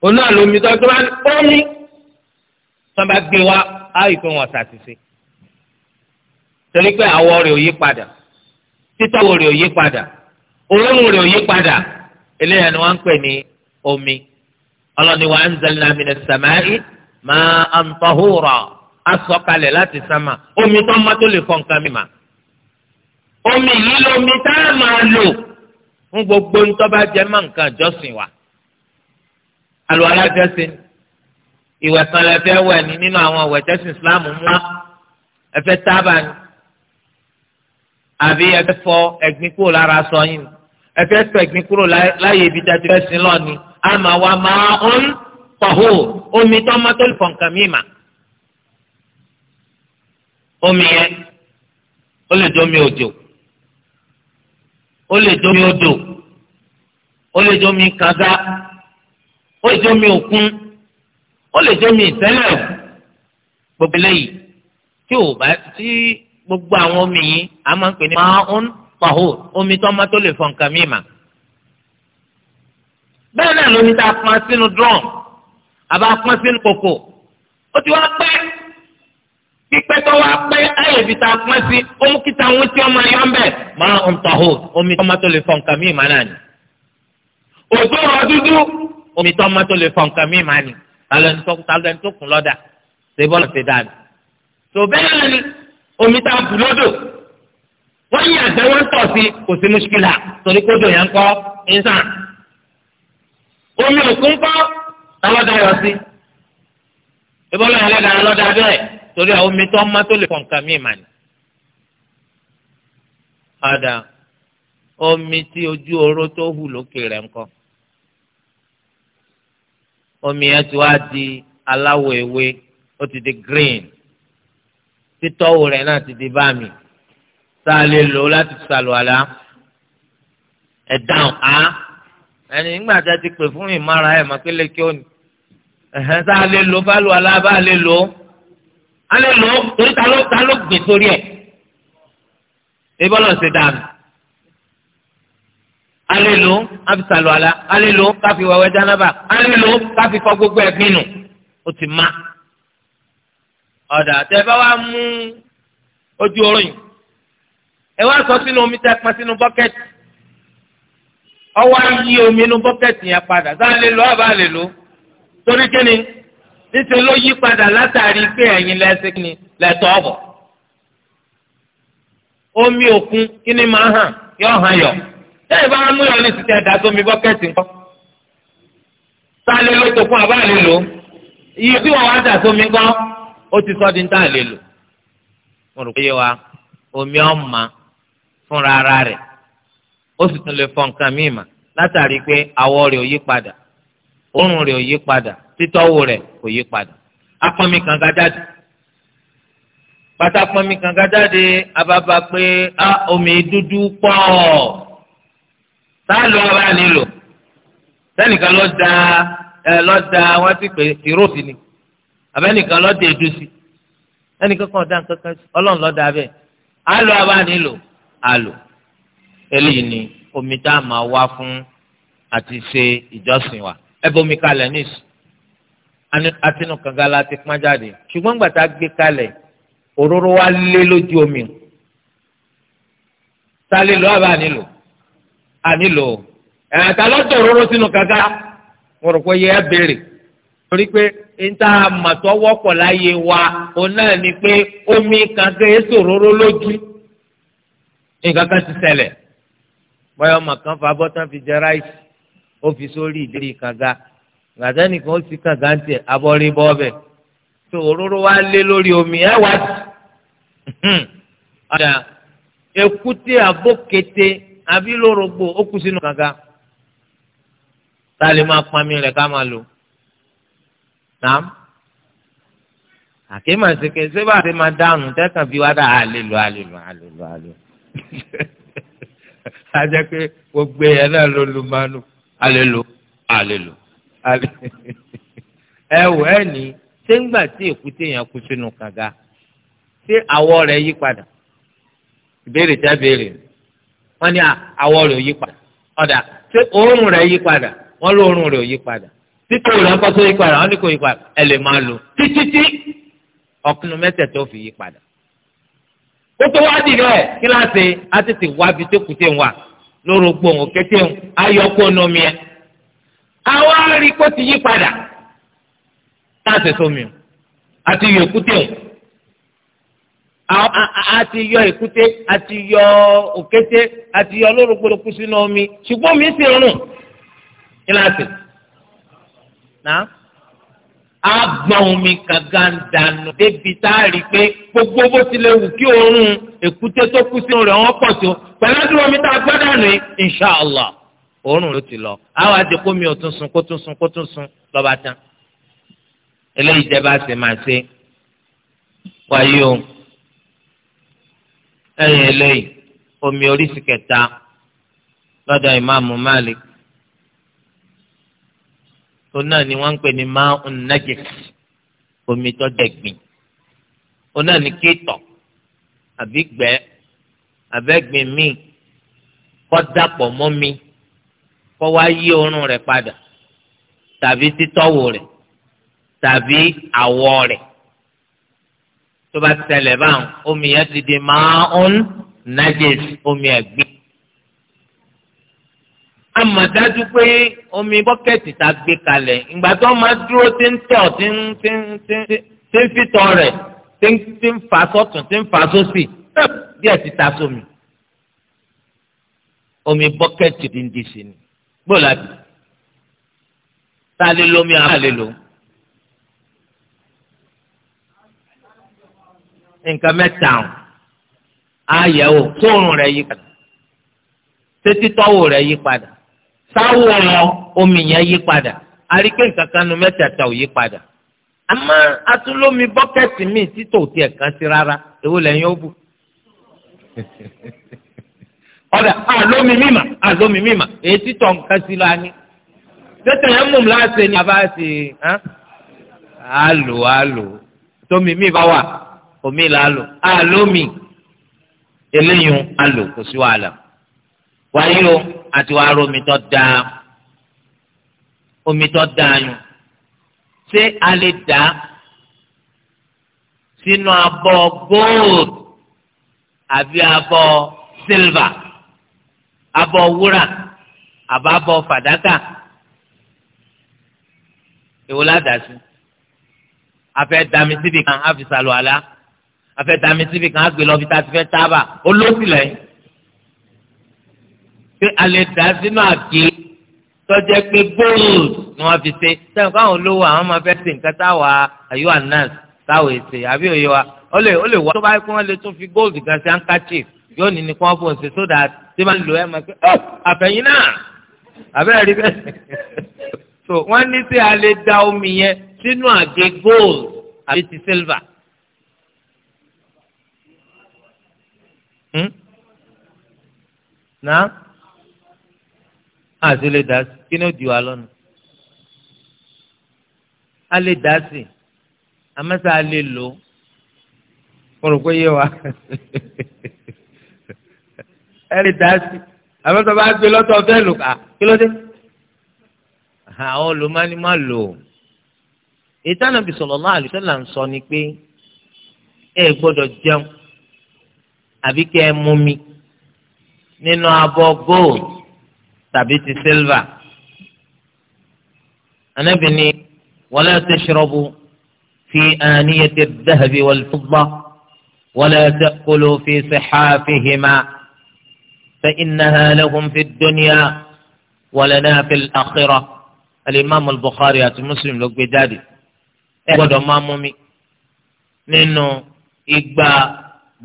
ọ̀nà lomi tó tó bá ń pọ́nmi tó bá gbé wa á yìí pé wọ́n ṣàtìṣe. torí rẹ̀ ò padà títọ́wò rẹ̀ ò padà òórùn rẹ̀ ò padà eléyà ni wọ́n ń pè ní omi ọlọ́ni wa anzalna minas samai ma'an tahura asọ̀kalẹ̀ láti sánmà omi tó má tó lè fọ nǹkan mi mà omi yìí lomi tá a máa lò ń gbogbo ń tọ́ba jẹ́ má nǹkan jọ́sìn wa àlùwàlá jẹ́sìn ìwẹ̀ kan lẹ wẹ̀ ni nínú àwọn ìwẹ̀ jẹ́sìn Islam mú wa ẹ fẹ́ tábà ni àbí ẹ fẹ́ fọ ẹ̀gbin kúrò lára aṣọ yín ẹ fẹ́ fọ ẹ̀gbin kúrò láyé ibi tá a ti fẹ́ sin lọ́ni àmà wa máa ń pàhó omi tó má tó lè fọ nǹkan mi mà omi yẹn ó lè jọ mi òjò ó lè jọ mi odò ó lè jọ mi kàga ó lè jọ mi òkun ó lè jọ mi ìtẹ́lẹ̀ gbogbo eléyìí tí ò bá tí gbogbo àwọn omi yìí a máa ń pè ní máa ń pàhó omi tó máa tó lè fọ nǹkan mi mà bẹ́ẹ̀ náà lómi tá pọn sínú drum àbá pọn sínú kòkò ó ti wá pẹ́ pípẹ́ wa wá pẹ́ ayẹ̀bi tá a pẹ́ sí ohun kíta ohun tí ọmọ yọ ń bẹ̀ máa ń tọ̀ hó omi tọ́mọ tó lè fọ nǹkan mí ìmọ̀ náà ni. òjò rọ̀ dúdú omi tọ́mọ tó lè fọ nǹkan mí ìmọ̀ ni tàlẹ́ tó kùn lọ́dà ṣe bọ́ọ̀lù ṣe dáa ni. tó bẹ́ẹ̀ ni omi tá bù lọ́dọ̀ wọ́n yà jẹ́ wọ́n tọ̀ sí kò sí mùṣkílà torí kó dòyàn kọ́ ìsàn. omi òkun kọ́ tọ́lọ́dà yọ sí. ìbọ́lọ́ torí àwọn omi tó má tó lè fọ nǹkan mí mà ní. ọ̀dà omi tí ojú oró tó hù lókè rẹ̀ ńkọ́ omi yẹn ti wá di aláwọ̀ ewé ó ti di green títọ́wò rẹ̀ náà ti di báàmì tá a lè lò láti ṣàlùwàlá ẹ̀ dáhùn á ẹni nígbà tí a ti pè fún ìmára ẹ̀ mọ̀ pé lè kí ó ní tá a lè lò bá lù aláàbá lè lò ó alẹ́ lọ torí ta ló ta ló gbìn sórí ẹ̀ ebi ọlọ́run ṣe dáa nù alẹ́ lọ abisalu ala alẹ́ lọ káfi wẹ̀wẹ̀ jánábà alẹ́ lọ káfi fọ gbogbo ẹ̀gbin nù ó ti má ọ̀dà tẹ́ bá wa mú ojú oorun yìí ẹ wá sọ sínú omi tẹ́ pọn sínú bọ́kẹ́tì ọwọ́ á omi inú bọ́kẹ́tì yẹn padà sáà lọ àbá lè lọ torí kíni. níṣẹ́ ló yí padà látàrí pé ẹ̀yin lẹ́sìn ni lẹ́tọ́ ọ̀bọ̀ omi òkun kí ni máa hàn yọ hàn yọ tẹ́lẹ̀ bá mú yọ ní sítẹ̀ ẹ̀dá sómi bọ́kẹ́tì ńkọ́ sálẹ̀ ló tó fún abá lè lò iye tí wọ́n wá dà sómi ó ti sọ di ńta lè lò mo rò pé yẹ wa omi ọ̀ma fúnra ara rẹ̀ ó sì tún lè fọ nǹkan míì mà látàrí pé àwọ̀ rẹ̀ ò títọ́wò rẹ̀ kò yí padà apọ́nmi kan ga jáde pátápọ́nmi kan ga jáde ababa pé a omi dúdú pọ̀ sáà lọ́ọ́ bá nílò sẹ́nìkan lọ́ọ́ da ẹ lọ́dà wọ́n ti pè tìrósì ni abẹ́nìkan lọ́dà èdùsì ẹnìkan kan ọ̀dà kankan ọlọ́run lọ́dà abẹ́ alò abá nílò alò eléyìí ni omi tá a máa wá fún àti ṣe ìjọsìn wa ẹ bomi kalẹ̀ nísì àtinú kanga la ti pọ́n jáde ṣùgbọ́n gbàtà gbé kalẹ̀ òróró wa lé lójú omi sálẹ lọ àbá nílò ànílò ẹ̀ẹ́dá lọ́tọ̀ òróró sínú kànga mo rò pé yẹ ẹ béèrè torí pé níta màtọ́ wọ́pọ̀ láyé wa òun náà ni pé omi kànga èso òróró lójú nǹkan kan ti ṣẹlẹ̀ bọ́yọ̀ màkàn fà bọ́tán fi jẹ ráìsì ó fi sórí ìdérí kànga gbàtẹ́ nìkan ó sì kàn gàǹtì abọ́rí bọ́ọ̀bẹ̀ tó òróró wa lé lórí omi ẹ̀ wá jù. Hmm. ọ̀dà èkúté àbókété àbí lórógbò ó kú sínú kànga tá a lè máa pami rẹ̀ ká máa lò. nàám àkémàsíkè ṣé bá a ti máa dànù tẹ́kàn bí wàá dà á lè lò á lè lò á lè lò á lè lò. a jẹ́ pé gbogbo ẹ̀yẹ náà ló lu mánu a lè ẹ wò ẹ ní ṣé tí èkúté yẹn kú sínú kànga ṣé àwọ̀ rẹ̀ yí padà ìbéèrè tá béèrè wọ́n ní àwọ̀ rẹ̀ padà ọ̀dà ṣé òórùn rẹ̀ yí padà wọ́n ló òórùn rẹ̀ yí padà títò rẹ̀ ńkọ́ tó yí padà wọ́n ní kò yí padà ẹ lè máa lò títítí fi yí padà ó wá kíláàsì á wá tó wà àwa rí kó ti yí padà táàsì sómi o àti yọ èkúté o àti yọ èkúté àti yọ òkété àti yọ olórúkúrúkú sínú omi ṣùgbọ́n mi sì rún kíláàsì náà agbọn omi kankan dànù débi tá a rí i pé gbogbo bó tilẹ̀ wù kí oorun èkúté tó kú sínú rẹ̀ wọ́n pọ̀ tó pẹ̀lú àdúrà omi tá a gbọ́ dànù yìí inṣàlá òórùn ló ti lọ àwọn àti kómi ò tún sun kó tún sun kó tún sun lọ́ba tán eléyìí jẹ́ bá ṣe máa ṣe wáyé o ẹ̀yìn eléyìí omi oríṣi kẹta lọ́dọ̀ ìmáàmù Malik tó náà ni wọ́n ń pè ní máàún najis omi tó dẹ̀gbìn ó náà ní kéètọ̀ àbí gbẹ́ abẹ́gbin míì kọ́ dàpọ̀ mọ́ mi. Kodakwa, kọ́ wá yí oorun rẹ̀ padà tàbí títọ́wò rẹ̀ tàbí àwọ̀ rẹ̀ tó bá tẹlẹ̀ báwọn omi yẹn ti di máa ń najes omi ẹ̀gbin. a mọ̀ dájú pé omi bọ́kẹ́tì tá a gbé kalẹ̀ ìgbà tó máa dúró tí ń tọ̀ tí ń tí ń fìtọ̀ rẹ̀ tí ń tí ń fà sọ́tún tí ń fà sósì díẹ̀ ti ta sómi. omi bọ́kẹ́tì ti ń di sí ni gbọ́dọ̀ láti tá a lè lómi àwọn àlè lò. nǹkan mẹ́ta àyẹ̀wò tóorùn rẹ̀ yí padà sétítọ́wò rẹ̀ yí padà sáwòrán omi yẹn yí padà àríkè nǹkan kan nu mẹ́tẹ̀ẹ̀ta ò yí padà àmọ́ atúlómi bọ́kẹ́tì míì títò tiẹ̀ kan sí rárá èwo lẹ́yìn ó bù. ọ̀dà àlómi mímà àlómi mímà èyí títọ̀ nǹkan sí la ní. tẹ́tẹ̀ ẹ̀ mú mi láṣẹ ni àbá ṣe àlò àlò tómi mi bá wà omi là á lò àlómi eléyìí àlò kò sí wàhálà. wáyé o àti wàá ro omi tó dáa omi tó dáa yùn ṣé a lè dá sínú abọ́ gold àbí abọ́ silver abọ́ wúrà àbábọ̀ fàdákà èwo ládàásí afẹ́ dami síbi kan àfi sàlù àlá afẹ́ dami síbi kan àgbè lọ́bi tá a ti fẹ́ tábà olóṣìlẹ̀ ṣé alẹ́ dà sínú àgé tọ́jẹ́ pé gold ni wọ́n fi ṣe sẹ́yìn fáwọn olówó àwọn máa fẹ́ ṣe nǹkan táwa àyọ̀ anas táwa èsè àbí òye wa ó lè wá tó bá yẹ kí wọ́n lè tún fi gold gan sí handkerchief yóò ní ní kí wọ́n bò sódà tí wọ́n lò ẹ́ máa pé ọ́ oh, àfẹ̀yìn náà àbẹ́rẹ́ rí bẹ́ẹ̀. so wọ́n ní sí a lè da omi yẹn sínú àgé gold àbí ti silver. Hmm? náà àti lè dá sí kí ni ó di wa lọ́nu. a lè dá sí àmọ́ sá a lè lò ó. mo rò pé yé wa. ẹni dá sí àbẹ́tọ̀ bá gbé lọ́tọ̀ fẹ́ lò ká kí ló dé. àwọn olùmọ́ni má lò ó. ìtànà bisalòlá àlùsọ́là ń sọ ni pé ẹ gbọ́dọ̀ jẹun àbí kẹ́ ẹ mú mi nínú abọ́ gold tàbí ti silver. Ànábì ní wala tashrabu fi aniyati adh-dhahabi wal-fidda wala ta'kulu fi sihafihima. فإنها لهم في الدنيا ولنا في الآخرة الإمام البخاري مسلم لو بدادي أقعد أمامي nínú igba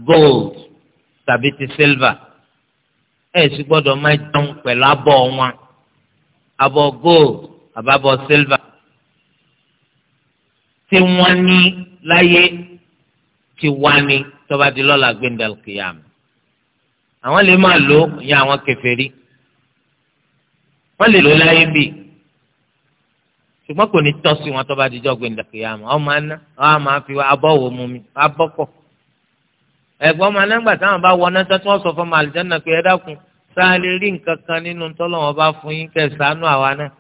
gold tàbí ti silver ẹ sì gbọ́dọ̀ máa jẹun pẹ̀lú abọ́ wọn abọ́ gold àbábọ̀ silver tí wọ́n ní láyé tí wọ́n ní tó di lọ́la gbẹndẹlkìyàmù àwọn lè máa lò ìyá àwọn kèfèrí wọ́n lè lò láyé bì ṣùgbọ́n kò ní tọ́ sí wọn tó bá dijọ́ gbẹ̀ndàkì yá mọ́ ọmọ aná ọmọ máa fi abọ́wò mu mi abọ́kọ̀ ẹ̀gbọ́n ọmọ aná gbà táwọn bá wọ náà tó wọ́n sọ fún ọmọ àlùjáná pé ẹ dákun sáà lè rí nǹkan kan nínú tọ́lọ́wọ́n bá fún yín kẹsànánú àwa náà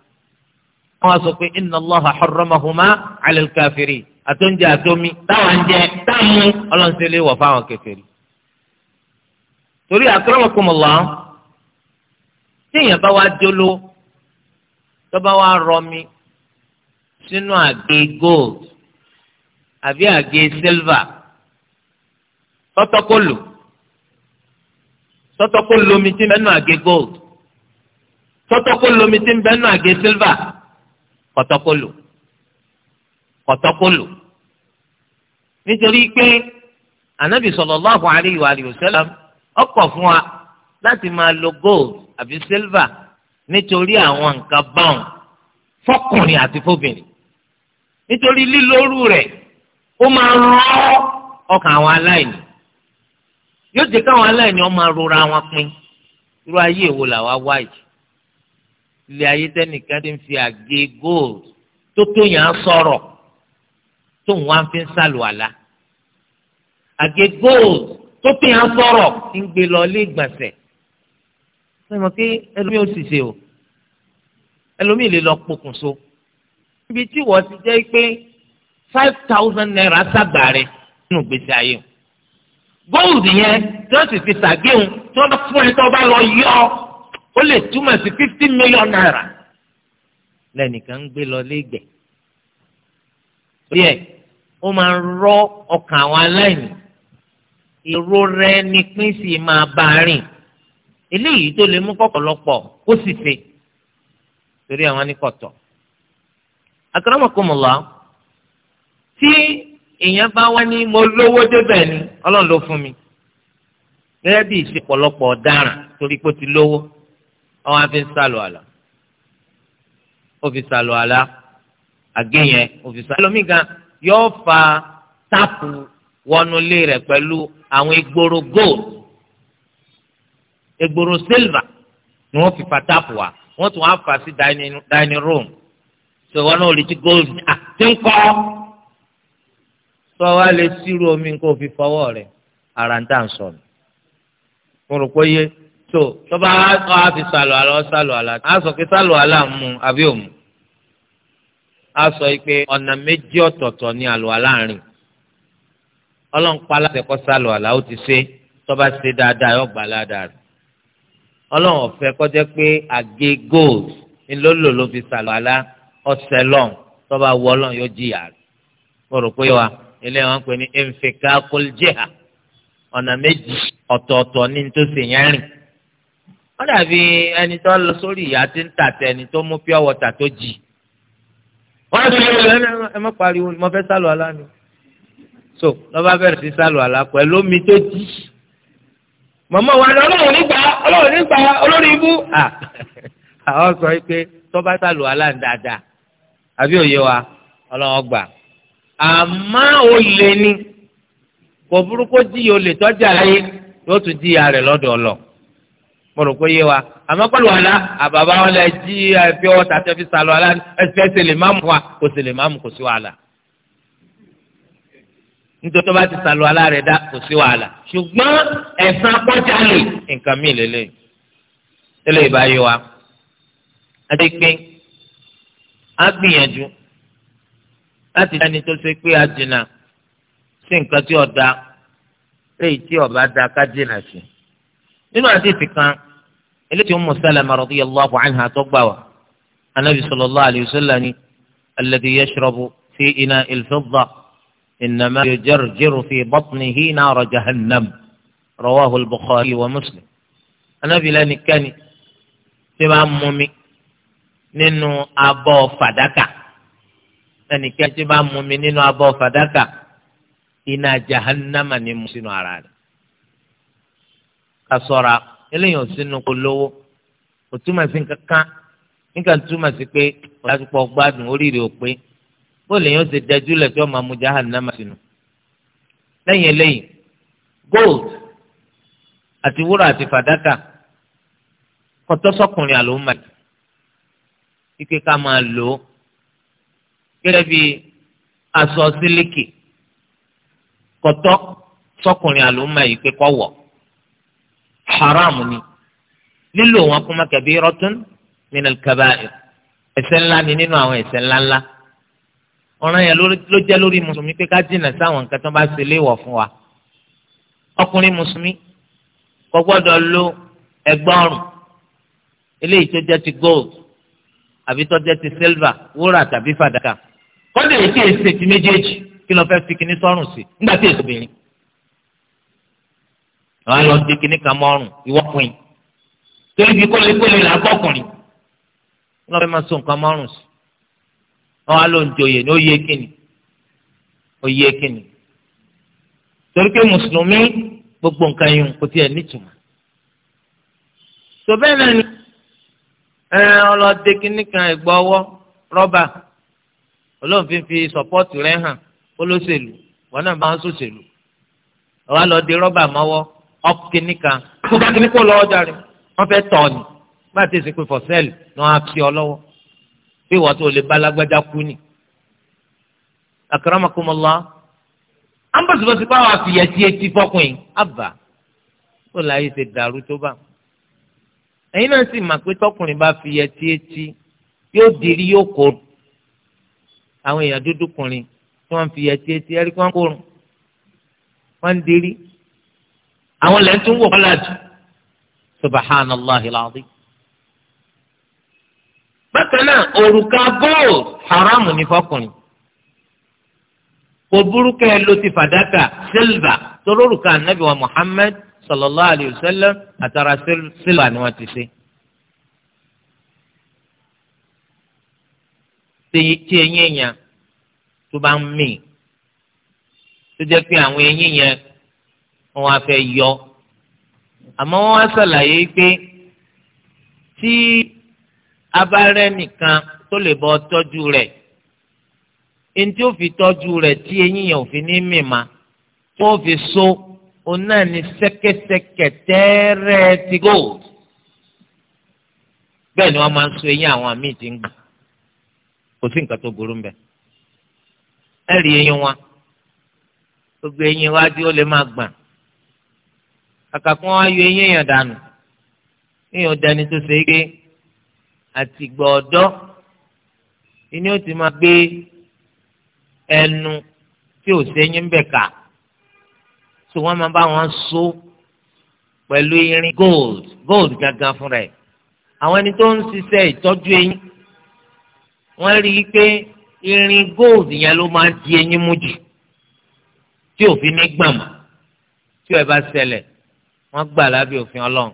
wọ́n sọ pé inna Allaha harramahuma ala al àtúnjẹ àtúnmi táwọn jẹ táwọn ọlọ́run wọ̀ fáwọn kèfèrí torí akramakumullah tí èèyàn bá wá jóló tó bá wá rọmi sínú àgé gold àbí àgé silver tọ́tọ́kọ́lù tọ́tọ́kọ́lù omi tí mẹ́nu àgé gold tọ́tọ́kọ́lù omi tí mẹ́nu àgé silver kọ́tọ́kọ́lù kọ́tọ́kọ́lù nítorí pé anabi sallallahu alayhi wa sallam ọkọ̀ fún wa láti máa lo gold àbí silver nítorí àwọn nǹkan báwọn fọkùnrin àti fóbìnrin nítorí lílórú rẹ̀ ó máa rán ọkàn àwọn aláìní yóò jẹ́ káwọn aláìní ọ máa rora wọn pin irú ayé èwo làwa wá yìí ilé ayé tẹnìkan ti ń fi àgé gold tó tó yàn án sọ̀rọ̀ tó ń wá fi ń sàlùwàlà àgé gold tó pè á sọ̀rọ̀ ń gbé lọ ilé ìgbọ̀nsẹ̀ ṣé mo kí ẹlòmíì ó sì ṣe o ẹlòmíì lè lọ pokùnso ibi tí wọ́n ti jẹ́ pé five thousand naira sábà rẹ̀ nínú gbèsè ayé o góòlù yẹn tí wọ́n sì fi ṣàgéhùn tí wọ́n bá fún ẹ tó bá lọ yọ ó lè túmọ̀ sí fifty million naira lẹ́nìkan ń gbé lọ lẹ́gbẹ̀ẹ́ ó máa ń rọ ọkàn àwọn aláìní ìrora ẹni pín sí máa bá a rìn eléyìí tó lè mú kọ̀pọ̀lọpọ̀ kó sì ṣe torí àwọn anìkọ̀tọ̀. akramakumullah tí èèyàn bá wá ní mo lówó débẹ̀ ni ọlọ́run ló fún mi gẹ́gẹ́ bí ìṣepọ̀lọpọ̀ ọ̀daràn torí pé ó ti lówó ọ̀hún á fi ń sálọ àlà ó fi sálọ àlà àgéyẹn ó fi sálọ mí gan yóò fa táàpù wọnú ilé rẹ̀ pẹ̀lú àwọn egboro gold egboro silver ni wọ́n fi fa táàpù wa wọ́n tún wá fà sí dining room tó wọn náà lè ti gold à ah, ti ń kọ́ tó wá lè sírò omi kó fi fọwọ́ rẹ̀ ara ń tà ń sọ̀rọ̀ mo rò pé yé tó tó bá wá fi sàlọ̀ àlọ́ sàlọ̀ àlá á sọ pé sàlọ̀ àlá ń mu àbí òmu á sọ pé ọ̀nà méjì ọ̀tọ̀ọ̀tọ̀ ni àlọ́ àlá rìn ọlọ́run pa aláṣẹ kọ́ sálọ àlá ó ti ṣe tọ́ba ṣe dáadáa yọ gbà ládàá rẹ̀ ọlọ́run ọ̀fẹ́ kọjá pé àgé gold ńlọ́lọ́ ló fi sálọ àlá ọ̀sẹ̀ lọ́n tọ́ba wọ ọlọ́run yóò jìyà rẹ̀ mo rò pé wa ilé wọn pè ní ẹnfẹ̀ká kọlíjẹ́hà ọ̀nà méjì ọ̀tọ̀ọ̀tọ̀ ní tó ṣe yẹn rìn wọ́n dàbí ẹni tó lọ sórí ìyá tí ń tàtẹ ẹni tó mú pure water tó jì wọ́n á fi ẹ mọ́ pariwo mo fẹ́ sálọ àlá ni so lọ́ba bẹ̀rẹ̀ sí sálù àlá pẹ̀lú omi tó jí màmá wa ni ọlọ́run nígbà ọlọ́run nígbà olórí ibú àwọn sọ pé tọ́ba sálù àlá ń dáadáa àbí òye wa ọlọ́run gbà àmọ́ olè ni kò burúkú jí olè tọ́jà láyé yóò tún jí ara rẹ̀ lọ́dọ̀ ọlọ́run mo rò pé yé wa àmọ́ pẹ̀lú àlá àbàbà wọn lè jí ẹbí ọ̀tà tẹ́fi sálù àlá ẹsẹ̀ ẹsẹ̀ lè má mú wa kò sì lè má mú kò sí wàhálà nítorí tó bá ti sàlù aláàrẹ̀ dá kò sí wàhálà ṣùgbọ́n ẹ̀sán pọ́jálì nǹkan mí lélẹ̀ tẹ́lẹ̀ ìbáyé wa àti pé a gbìyànjú láti dání tó ṣe pé a jìnnà sí nǹkan tí ọ̀dà léyìí tí ọ̀bá da ká jìnnà sí nínú àdéhùn kan eléyìí Ummu Salama radiyallahu anha tó gbà wá anabi sallallahu alayhi wa sallam ni alladhi yashrabu fi ina'il fidda. إنما يجرجر في بطنه نار جهنم رواه البخاري ومسلم Ànábì lẹ́nikẹ́ni tí bá ń mu mi nínú abọ́ fàdákà ẹnikẹ́ni tí bá ń mu mi nínú abọ́ fàdákà iná jahannama ni mu sínú ara rẹ̀ kasọra eléyìí ò sínú kó lówó ò túmọ̀ sí kankan nígbà túmọ̀ sí pé ọ̀dájú pọ̀ gbádùn oríire ò pé bó lè yàn ṣe dẹjú lẹ̀ tí wọ́n máa mú jahannama sínú. lẹ́yìn eléyìí gold àti wúrà àti fàdákà kọ́tọ́sọ́kùnrin àlòmà ike ká máa lò ó gẹ́gẹ́ bí aṣọ sílíkì kọ́tọ́ sọ́kùnrin àlòmà yìí pé wọ̀ haram ni lílo wọn kúmọ́ kẹ̀bí rọ́tún nínú kábàáyé ẹ̀ṣẹ̀ ńlá ni nínú àwọn ẹ̀ṣẹ̀ ńláńlá ọ̀ràn yẹn ló jẹ́ lórí mùsùlùmí pé ká jìnnà sáwọn nǹkan tó bá ṣe léèwọ̀ fún wa ọkùnrin mùsùlùmí kò gbọ́dọ̀ lo ẹ̀gbọ́n ọrùn eléyìí tó jẹ́ ti gold àbí tó jẹ́ ti silver wúrà tàbí fàdákà kọ́dà èyí tí èyí ṣe ti méjèèjì kí lọ́ọ́ fẹ́ fi kinní sọ́rùn sí nígbà tí èso bìnrin àwọn lọ di kinní kan mọ́rùn ìwọ́pin torí bí kọ́lé kọ́lé làá gbọ́kùnrin lọ́ọ́ fẹ́ wọn á ló ń joyè ní oyè kìnnì oyè kìnnì torí pé mùsùlùmí gbogbo nǹkan yìí kò tiẹ̀ nítumọ̀ tó bẹ́ẹ̀ náà ni ẹ ọlọ́dẹ kìnnì kan ẹ̀gbọ́ ọwọ́ rọ́bà olóòfin fi sọ́pọ́ọ̀tì rẹ̀ hàn olóṣèlú wọn náà máa ń sòṣèlú ọwọ́ àlọ́dẹ rọ́bà mọ́wọ́ ọ́p kìnnì kan kó bá kìnnì kó lọ́wọ́ darí wọ́n fẹ́ tọ̀ ni gbàtẹ́sí pé fọ̀sẹ́ẹ̀lì ni wọ́n á fi ọ lọ́wọ́ bí ìwà tó lè bá lágbájá kú ni. akramakumullah á ń bọ̀sibọ̀sí báwa fìyà tí etí fọkùnrin àbá ó láyé ṣe dàrú tó bá. ẹ̀yin náà sì mà pé tọkùnrin bá fìyà tí etí yóò dirí yóò kó àwọn èèyàn dúdú kùnrin tí wọ́n fìyà tí etí ẹ̀rí kan kórun wọ́n ń dirí àwọn lẹ́ńtún wò kọ́lá jù subhanallah ilaahi bákan náà òrùka gold haramu ní fọkùnrin kò burúkú ẹ ló ti fàdákà sílvà tóró òrùka anabi wa Muhammad sallallahu alayhi wa sallam àtàrà sílvà ni wọ́n ti ṣe. tí eyín èèyàn tó bá ń mì tó jẹ́ pé àwọn eyín yẹn wọ́n á fẹ́ yọ àmọ́ wọ́n á ṣàlàyé pé tí abárẹ́ nìkan tó lè bọ́ tọ́jú rẹ̀ ẹni tí ó fi tọ́jú rẹ̀ tí eyín yẹn ò fi ní mìma tó fi so òun náà ni sẹ́kẹ́sẹ́kẹ́ tẹ́ẹ́rẹ́ ti gold bẹ́ẹ̀ ni wọ́n máa ń so eyín àwọn míì ti ń gbà kò sí nǹkan tó burú mbẹ́ ẹ rí eyín wa gbogbo eyín iwájú ó lè máa gbà kàkà kí wọ́n á yọ eyín èèyàn dànù èèyàn dání tó ṣe é gbé àti gbọ̀ọ́dọ́ ìní ó ti máa gbé ẹnu tí ò sẹ́yìn ń bẹ̀ ká tí wọ́n máa bá wọn so pẹ̀lú irin gold gold gangan fúnra ẹ̀ àwọn ẹni tó ń ṣiṣẹ́ ìtọ́jú eyín wọ́n rí i pé irin gold yẹn ló máa ń di eyín mú jù tí òfin ní gbàmà tí ẹ bá ṣẹlẹ̀ wọ́n gbà lábẹ́ òfin ọlọ́run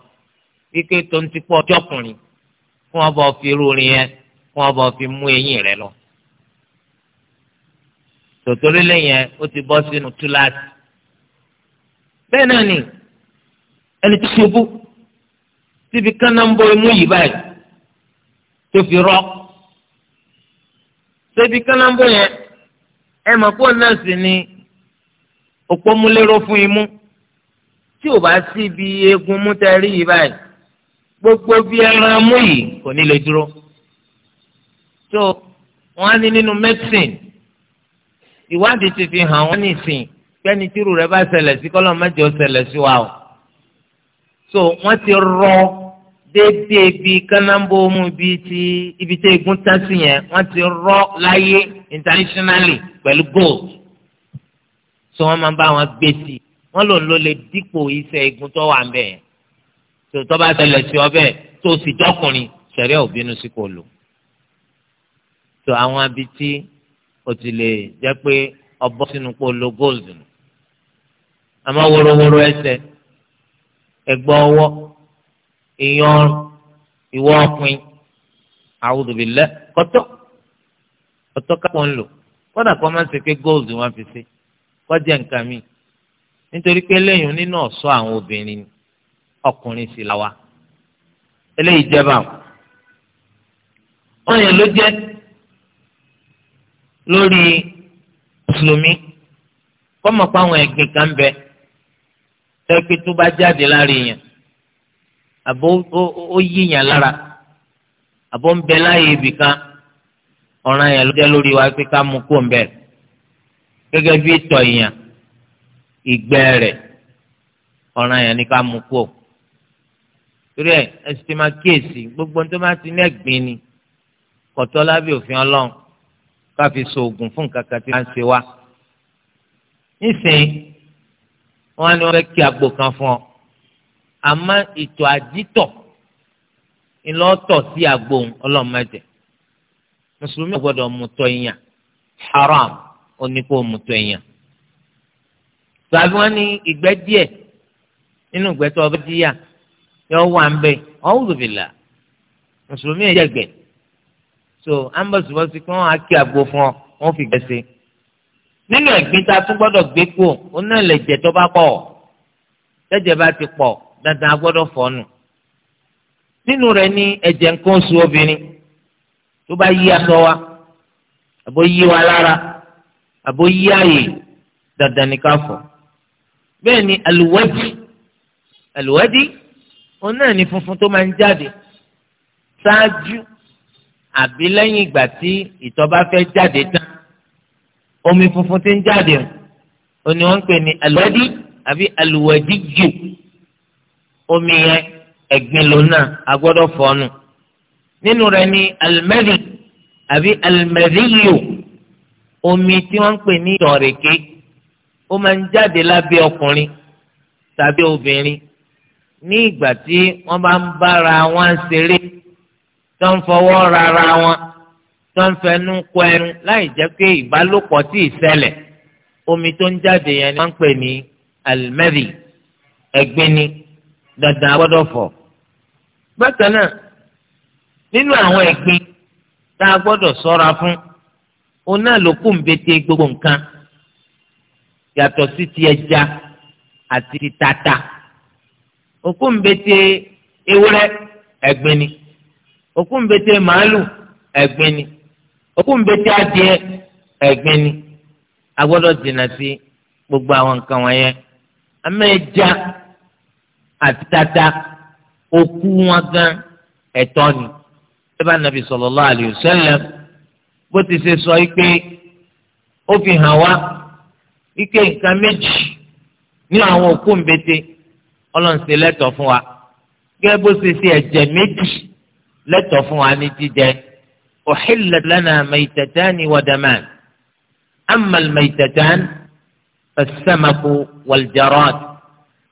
wípé tó ń ti pọ̀ ọjọ́ ọkùnrin fún ọba òfin rúurin yẹn fún ọba òfin mú eyín rẹ lọ tòtòrí lẹ́yìn ó ti bọ́ sínú túláàsì bẹ́ẹ̀ náà ni ẹni tó ṣubú síbi kánná ń bọ imú yìí báyìí tó fi rọ síbi kánná ń bọ yẹn ẹ mọ̀ pé náà sì ni òpómúlérò fún imú tí ò bá síbi eegun mú tẹ rí yìí báyìí gbogbo bí ẹran mú yìí kò ní lè dúró tó wọn á ní nínú medicine ìwádìí ti fi hàn wọn nìsín pẹ́ni tírù rẹ bá ṣẹlẹ̀ sí kọ́lọ́ mẹ́jọ ṣẹlẹ̀ sí wa o so wọ́n ti rọ déédéé bíi kánábó mú bíi ti ibi tí egun tán sí yẹn wọ́n ti rọ láyé internationally pẹ̀lú gold so wọ́n máa bá wọn gbé sí i wọ́n lòun ló lè dípò iṣẹ́ egun tó wà ń bẹ̀ yẹn tòótọ́ bá tẹlẹ̀ sí ọbẹ̀ tó sì jọkùnrin sẹ̀rí òbínú sí kò lò. tó àwọn abi tí o ti lè jẹ́ pé ọbọ̀ sínú pò lo gold nù. àmọ́ worowóró ẹsẹ̀ ẹgbọ́ ọwọ́ ìyan ìwọ́ ọ̀pin àwùjọbìlẹ̀ kọ́tọ́ kọ́tọ́ kápọ̀ ń lò kódà kó má ṣe pé gold wọn fi ṣe kó nǹkan mi nítorí pé lẹ́yìn nínú ọ̀ṣọ́ àwọn obìnrin ni ọkùnrin sì la wa eléyìí jẹba wọn yẹn ló jẹ lórí mùsùlùmí kọ́mọ̀ pa àwọn ẹ̀gbìn kan bẹ tẹ́kí tó bá jáde lára èèyàn àbọ̀ ó yíyàn lára àbọ̀ ń bẹ láàyè ibì kan ọ̀ràn yẹn ló jẹ́ lórí wa pé ká mú kó ń bẹ̀ gẹ́gẹ́ bí ìtọ̀ èèyàn ìgbẹ́ rẹ̀ ọ̀ràn yẹn ni ká mú kó torí ẹ ẹsì ti máa kíyèsí gbogbo tó bá ti ní ẹ̀gbin ni kọtọ lábẹ́ òfin Ọlọ́run ká fi ṣoògùn fún nǹkan kan tí wọn ṣe wá nísìnyí wọn ni wọn fẹ́ kí agbo kan fún ọ àmọ́ ìtọ̀ àdítọ̀ ńlọtọ sí agbo ọlọmọdé mùsùlùmí gbọ́dọ̀ mutọ ìyàn haram oníkó mutọ ìyàn tàbí wọn ní ìgbẹ́ díẹ̀ nínú ìgbẹ́ tó ọbẹ díyà yọ wà ń bẹ ọ̀húnzù bìlà mùsùlùmí ẹ̀yẹ gbẹ so ambọ̀sibọ́sí kí wọ́n á kí àgbo fún ọ wọ́n fi gbẹ̀sẹ̀ nínú ẹ̀gbin tá a tún gbọ́dọ̀ gbé kú òun náà lè jẹ́ tó bá pọ̀ tẹ́jẹ̀ bá ti pọ̀ dandan a gbọ́dọ̀ nínú rẹ̀ ní ẹ̀jẹ̀ nǹkan oṣù obìnrin tó bá yí aṣọ wa àbó yí wa lára àbó yí ààyè dandan ní ká fọ̀ ni àlùwẹ́dì àlùwẹ́dì òun náà ni funfun tó máa ń jáde ṣáájú àbí lẹ́yìn ìgbà tí ìtọ̀ bá fẹ́ jáde tán omi funfun ti ń jáde o ni wọ́n ń pè ní àlùwẹ́dì àbí àlùwẹ́dì jù omi yẹn ẹ̀gbin ló náà a fọ́ọ̀nù nínú rẹ̀ ni alimẹ́rì àbí alimẹ́rìlò omi tí wọ́n ń pè ní ìtọ̀rẹ̀kẹ́ ó máa ń jáde lábẹ́ ọkùnrin tàbí obìnrin ní ìgbà tí wọ́n bá ń bára wọn ṣeré tó ń fọwọ́ rara wọn tó ń fẹnu kọ ẹnu láì jẹ́ pé ìbálòpọ̀ tí ì ṣẹlẹ̀ omi tó ń jáde yẹn ni wọ́n ń pè ní alimẹ́rì ẹ̀gbin ni dandan gbọ́dọ̀ fọ̀. bákan náà nínú àwọn ẹ̀gbin tá a gbọ́dọ̀ ṣọ́ra fún òun náà ló kún bété gbogbo nǹkan yàtọ̀ sí ti ẹja àti ti tata. Okumbete ńbete ewúrẹ́ okumbete maalu òkú okumbete màálù ẹ̀gbin ni òkú ńbete adìẹ gbogbo àwọn nǹkan wọ̀nyẹn amẹ́ja àti tata òkú wọn gan ẹ̀tọ́ ni ẹ̀bá nàbì sallallahu alayhi wa bó ti se sọ ikpe ó fi hàn wá ike nǹkan méjì ní àwọn òkú ọlọ́run ṣe lẹ́tọ̀ fún wa gẹ́gẹ́ bó ṣe ṣe ẹ̀jẹ̀ méjì lẹ́tọ̀ fún wa ní jíjẹ uhillat lana maytatani wa daman amma al-maytatan fas-samaku wal-jarad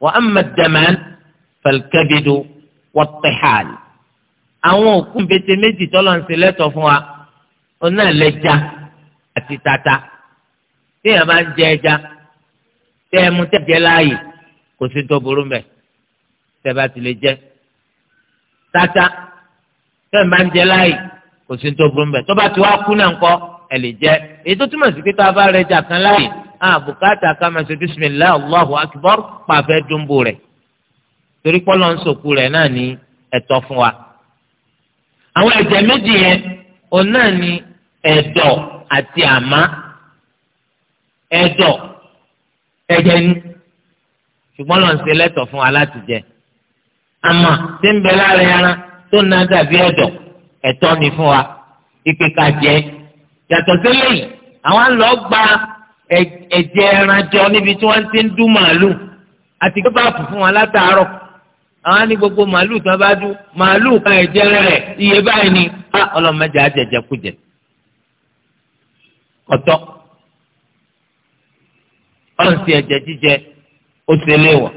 wa amma ad-daman fal-kabidu wat àwọn òkú bètè méjì tọ́lọ́run lẹ́tọ̀ fún wa ọ̀nà lẹ́ja àti tata bí ẹ̀ máa ń jẹ ẹja tẹ́ ẹ mú tẹ́ jẹ láàyè kò sí tó burú mbẹ tẹ́ bá ti jẹ tata tẹ́ máa ń jẹ láàyè kò sí tó burú mbẹ tó bá ti wá kú náà ńkọ́ ẹ lè jẹ èyí tó túmọ̀ sí pé tá a bá rẹ jà kan láàyè a bùkátà ká máa ṣe bisimilahi allahu akbar pàfẹ́ dùnbò rẹ̀ torí pọ́lọ́ ń sòkú rẹ̀ náà ní ẹ̀tọ́ fún wa. àwọn ẹ̀jẹ̀ méjì yẹn òun náà ní ẹ̀dọ̀ àti àmá ẹ̀dọ̀ ẹ̀jẹ̀ ní ṣùgbọ́n lọ́n ṣe lẹ́tọ̀ fún wa láti jẹ àmọ́ tí ń bẹ lára ẹran tó ná dàbí ẹ̀dọ̀ ẹ̀tọ́ ni fún wa ìpè ká jẹ yàtọ̀ sílẹ̀ yìí àwọn àlọ́ gba ẹ̀jẹ̀ ẹran jọ níbi tí wọ́n ti ń dú màálù àti gbé báàfù fún wa látàárọ̀ àwọn ní gbogbo màálù tó bá dú màálù kan ẹ̀jẹ̀ rẹ̀ iye báyìí ni ọlọ́mọdé àjẹjẹkújẹ ọ̀tọ̀ ọ̀rùn sí ẹ̀jẹ̀ ó ti wọ̀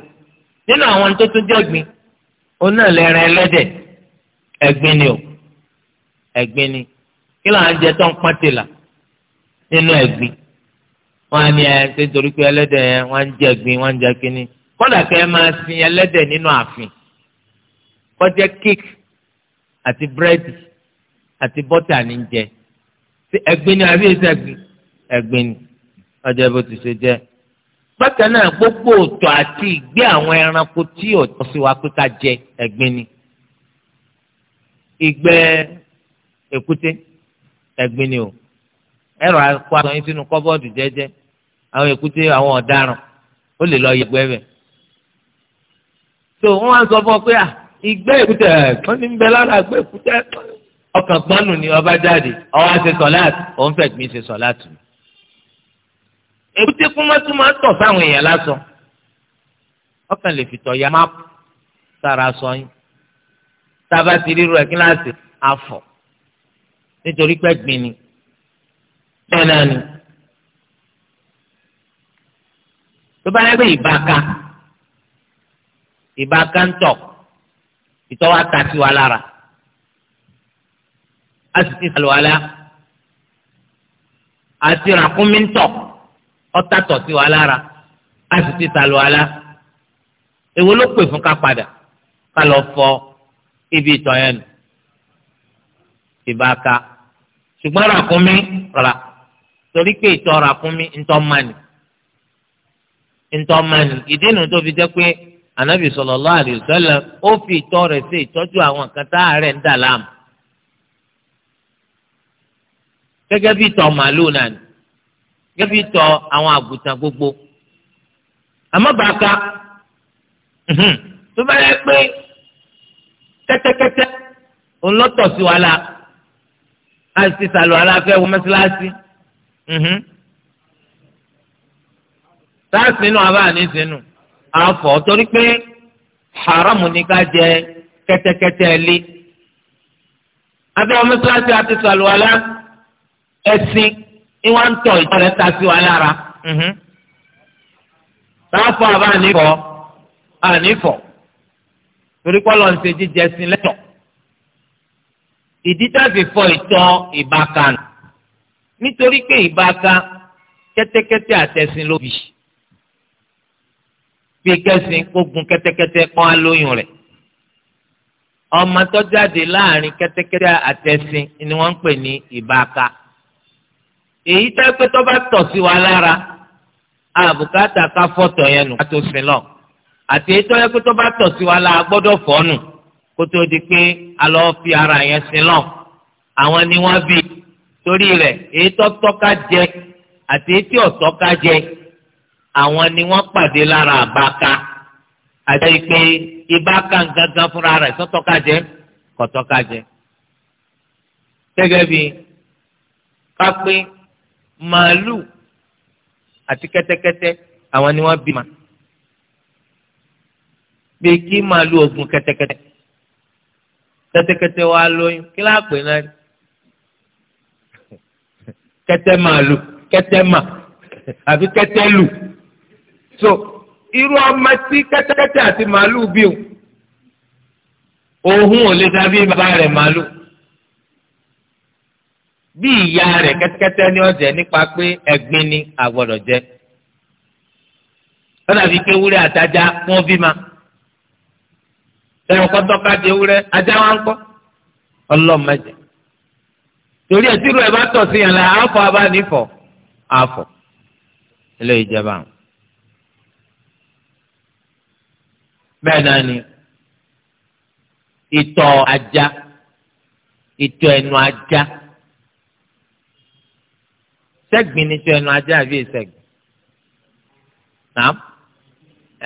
nínú àwọn tó tún O òun náà lẹ́ran ẹlẹ́dẹ̀ ẹ̀gbin ni o ẹ̀gbin ni kí ló ń jẹ tó ń pọ́n tìlà nínú ẹ̀gbin wọ́n á ní ẹ ṣe torí pé ẹlẹ́dẹ̀ wọ́n jẹ ẹ̀gbin wọ́n jẹ kínní kódà kẹ́ ẹ máa sin ẹlẹ́dẹ̀ nínú ààfin kéèkì àti búrẹ́dì àti bọ́tà ní jẹ ni àbí ẹ̀sẹ̀ ẹ̀gbin ni ọjọ́ ti ṣe bákan náà gbogbo òtò àti ìgbé àwọn ẹranko tí ọ̀tọ̀ sí wa pé ká jẹ ẹ̀gbin ni ìgbẹ́ èkúté ẹ̀gbin ni o ẹ̀rọ akọ àwọn yín sínú kọ́bọ́ọ̀dù jẹ́jẹ́ àwọn èkúté àwọn ọ̀daràn ó lè lọ yẹgbẹ́ bẹ̀. tó wọ́n sọ fún ọ pé ìgbẹ́ èkúté ẹ̀kan ní bẹ lára àgbẹ̀ èkúté ọkàn gbọ́nù ni ọba jáde ọwọ́ àti sọ̀láàtì òun fẹ̀gbìn ṣe sọ̀láàtì mi èbúté kún mọ́ tún máa ń tọ̀ sáwọn èèyàn lásán ọkàn lè fi tọ̀ ya máàpù sára sọ yín tába ti ríru ẹ̀ kíláàsì afọ̀ nítorí pé gbìn ni bẹ́ẹ̀ náà ni tó bá yẹ pé ìbáka ìbáka ń tọ̀ ìtọ̀ wa ta sí wa lára a sì ti sàlùwalá àti ràkúnmí ń tọ̀ ọ̀tá tọ̀ sí wa lára a sì ti ta lọ ala èwo ló pè fún ká padà ká lọ fọ ibi ìtọ̀ yẹn nù ìbá ka ṣùgbọ́n ràkúnmí rà torí pé ìtọ̀ ràkúnmí ńtọ́ mánì ńtọ́ mánì ìdí nu tó fi jẹ́ pé anabi sallallahu alaihi wasallam ó fi ìtọ̀ rẹ̀ ṣe ìtọ́jú àwọn kan tá àárẹ̀ ń dà láàmú gẹ́gẹ́ bí ìtọ̀ màlúù náà ni gẹ́gẹ́ bí tọ́ àwọn àgùntàn gbogbo àmọ́ bàákà tó bá yẹ pé kẹ́tẹ́kẹ́tẹ́ òun ló tọ̀ sí wàhálà àti sàlù aláfẹ́ wọ mẹ́sàlásì sáàsì nù abá ní sínú àfọ̀ torí pé haramu ni ká jẹ kẹ́tẹ́kẹ́tẹ́ lé abẹ́ wọ mẹ́sàlásì àti sàlù alá ẹ̀sìn ìwà ń tọ̀ ìtọ̀ rẹ̀ ta sí wa lára. Sáfọ̀ mm-hmm. àbá ànífọ̀ ànífọ̀ torí kọ́lọ̀ ń ṣe jíjẹ sí lẹ́tọ̀. Ìdí táfi fọ ìtọ̀ ìbáka nù. Nítorí pé ìbáka kẹ́tẹ́kẹ́tẹ́ àtẹ̀sìn ló bì. Bí kẹ́sìn kó gun kẹ́tẹ́kẹ́tẹ́ pọ́n á lóyún rẹ̀. Ọmọ tó jáde láàrin kẹ́tẹ́kẹ́tẹ́ àtẹ̀sìn ni wọ́n ń pè ní ìbáka èyí tẹ́ pé tó bá tọ̀ sí wa lára àbùkátà ká fọ́tọ̀ yẹn nù kátó sin lọ àti èyí tó yẹ pé tó bá tọ̀ sí wa lára gbọ́dọ̀ fọ́ nù kó tó di pé a lọ fi ara yẹn sin lọ àwọn ni wọ́n bí torí rẹ̀ èyí tó tọ́ka jẹ àti èyí tí ò jẹ àwọn ni wọ́n pàdé lára àbáka àti èyí pé ìbáka gangan fúnra rẹ̀ sọ́tọ́ka jẹ kọ̀tọ́ka jẹ gẹ́gẹ́ bí kápẹ́ màálù àti kẹ́tẹ́kẹ́tẹ́ àwọn ni wọ́n bí ma bí kí màálù ogun kẹ́tẹ́kẹ́tẹ́ kẹ́tẹ́kẹ́tẹ́ wa lóyún kí láà pè náà kẹ́tẹ́ màálù kẹ́tẹ́ mà àbí kẹ́tẹ́ lù so irú ọmọ tí kẹ́tẹ́kẹ́tẹ́ àti màálù bí o òhun ò lè dàbí bàbá rẹ̀ màálù. bí ìyá rẹ̀ kẹ́tẹ́kẹ́tẹ́ ni ọ̀jẹ̀ nípa pé ẹ̀gbin ni àgbọ̀dọ̀ jẹ. ó dàbí pé ewúrẹ́ àtajá wọ́n bí ma. di ewúrẹ́ ajá wa ń kọ́ ọlọ́mọdé. torí ẹ̀ tírú ẹ̀ bá tọ̀ sí yàn àfọ̀ abánífọ̀ àfọ̀ bẹ́ẹ̀ náà ni ìtọ̀ ajá ìtọ̀ ẹnu sẹ́gbìn ní tí ẹnu ajá àbí ìsẹ̀gbìn. nàám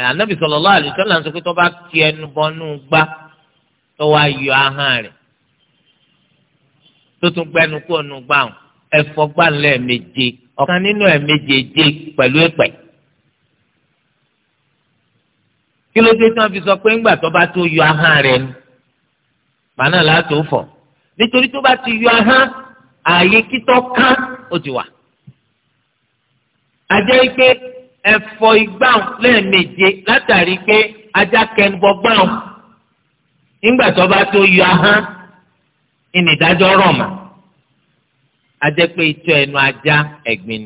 ànábì sallallahu alaihi wasallam sọ pé tó bá kí ẹnu bọnú gbá tó wá yọ ahọ́n rẹ̀ tó tún gbẹnu kó nu gbà hàn ẹ̀fọ́ gbà ńlẹ̀ méje ọ̀kan nínú ẹ̀ pẹ̀lú ẹ̀pẹ̀. kí ló dé tí wọ́n fi sọ pé ńgbà tó bá tó ajá je pé ẹ̀fọ́ igbá lẹ́ẹ̀méje látàrí ike ajá kẹnubọ gbáhùn nígbà tó bá tó yọ ahọ́n ìnìdájọ́ rọ̀ mà ajá pé itọ́ ẹnu ajá ni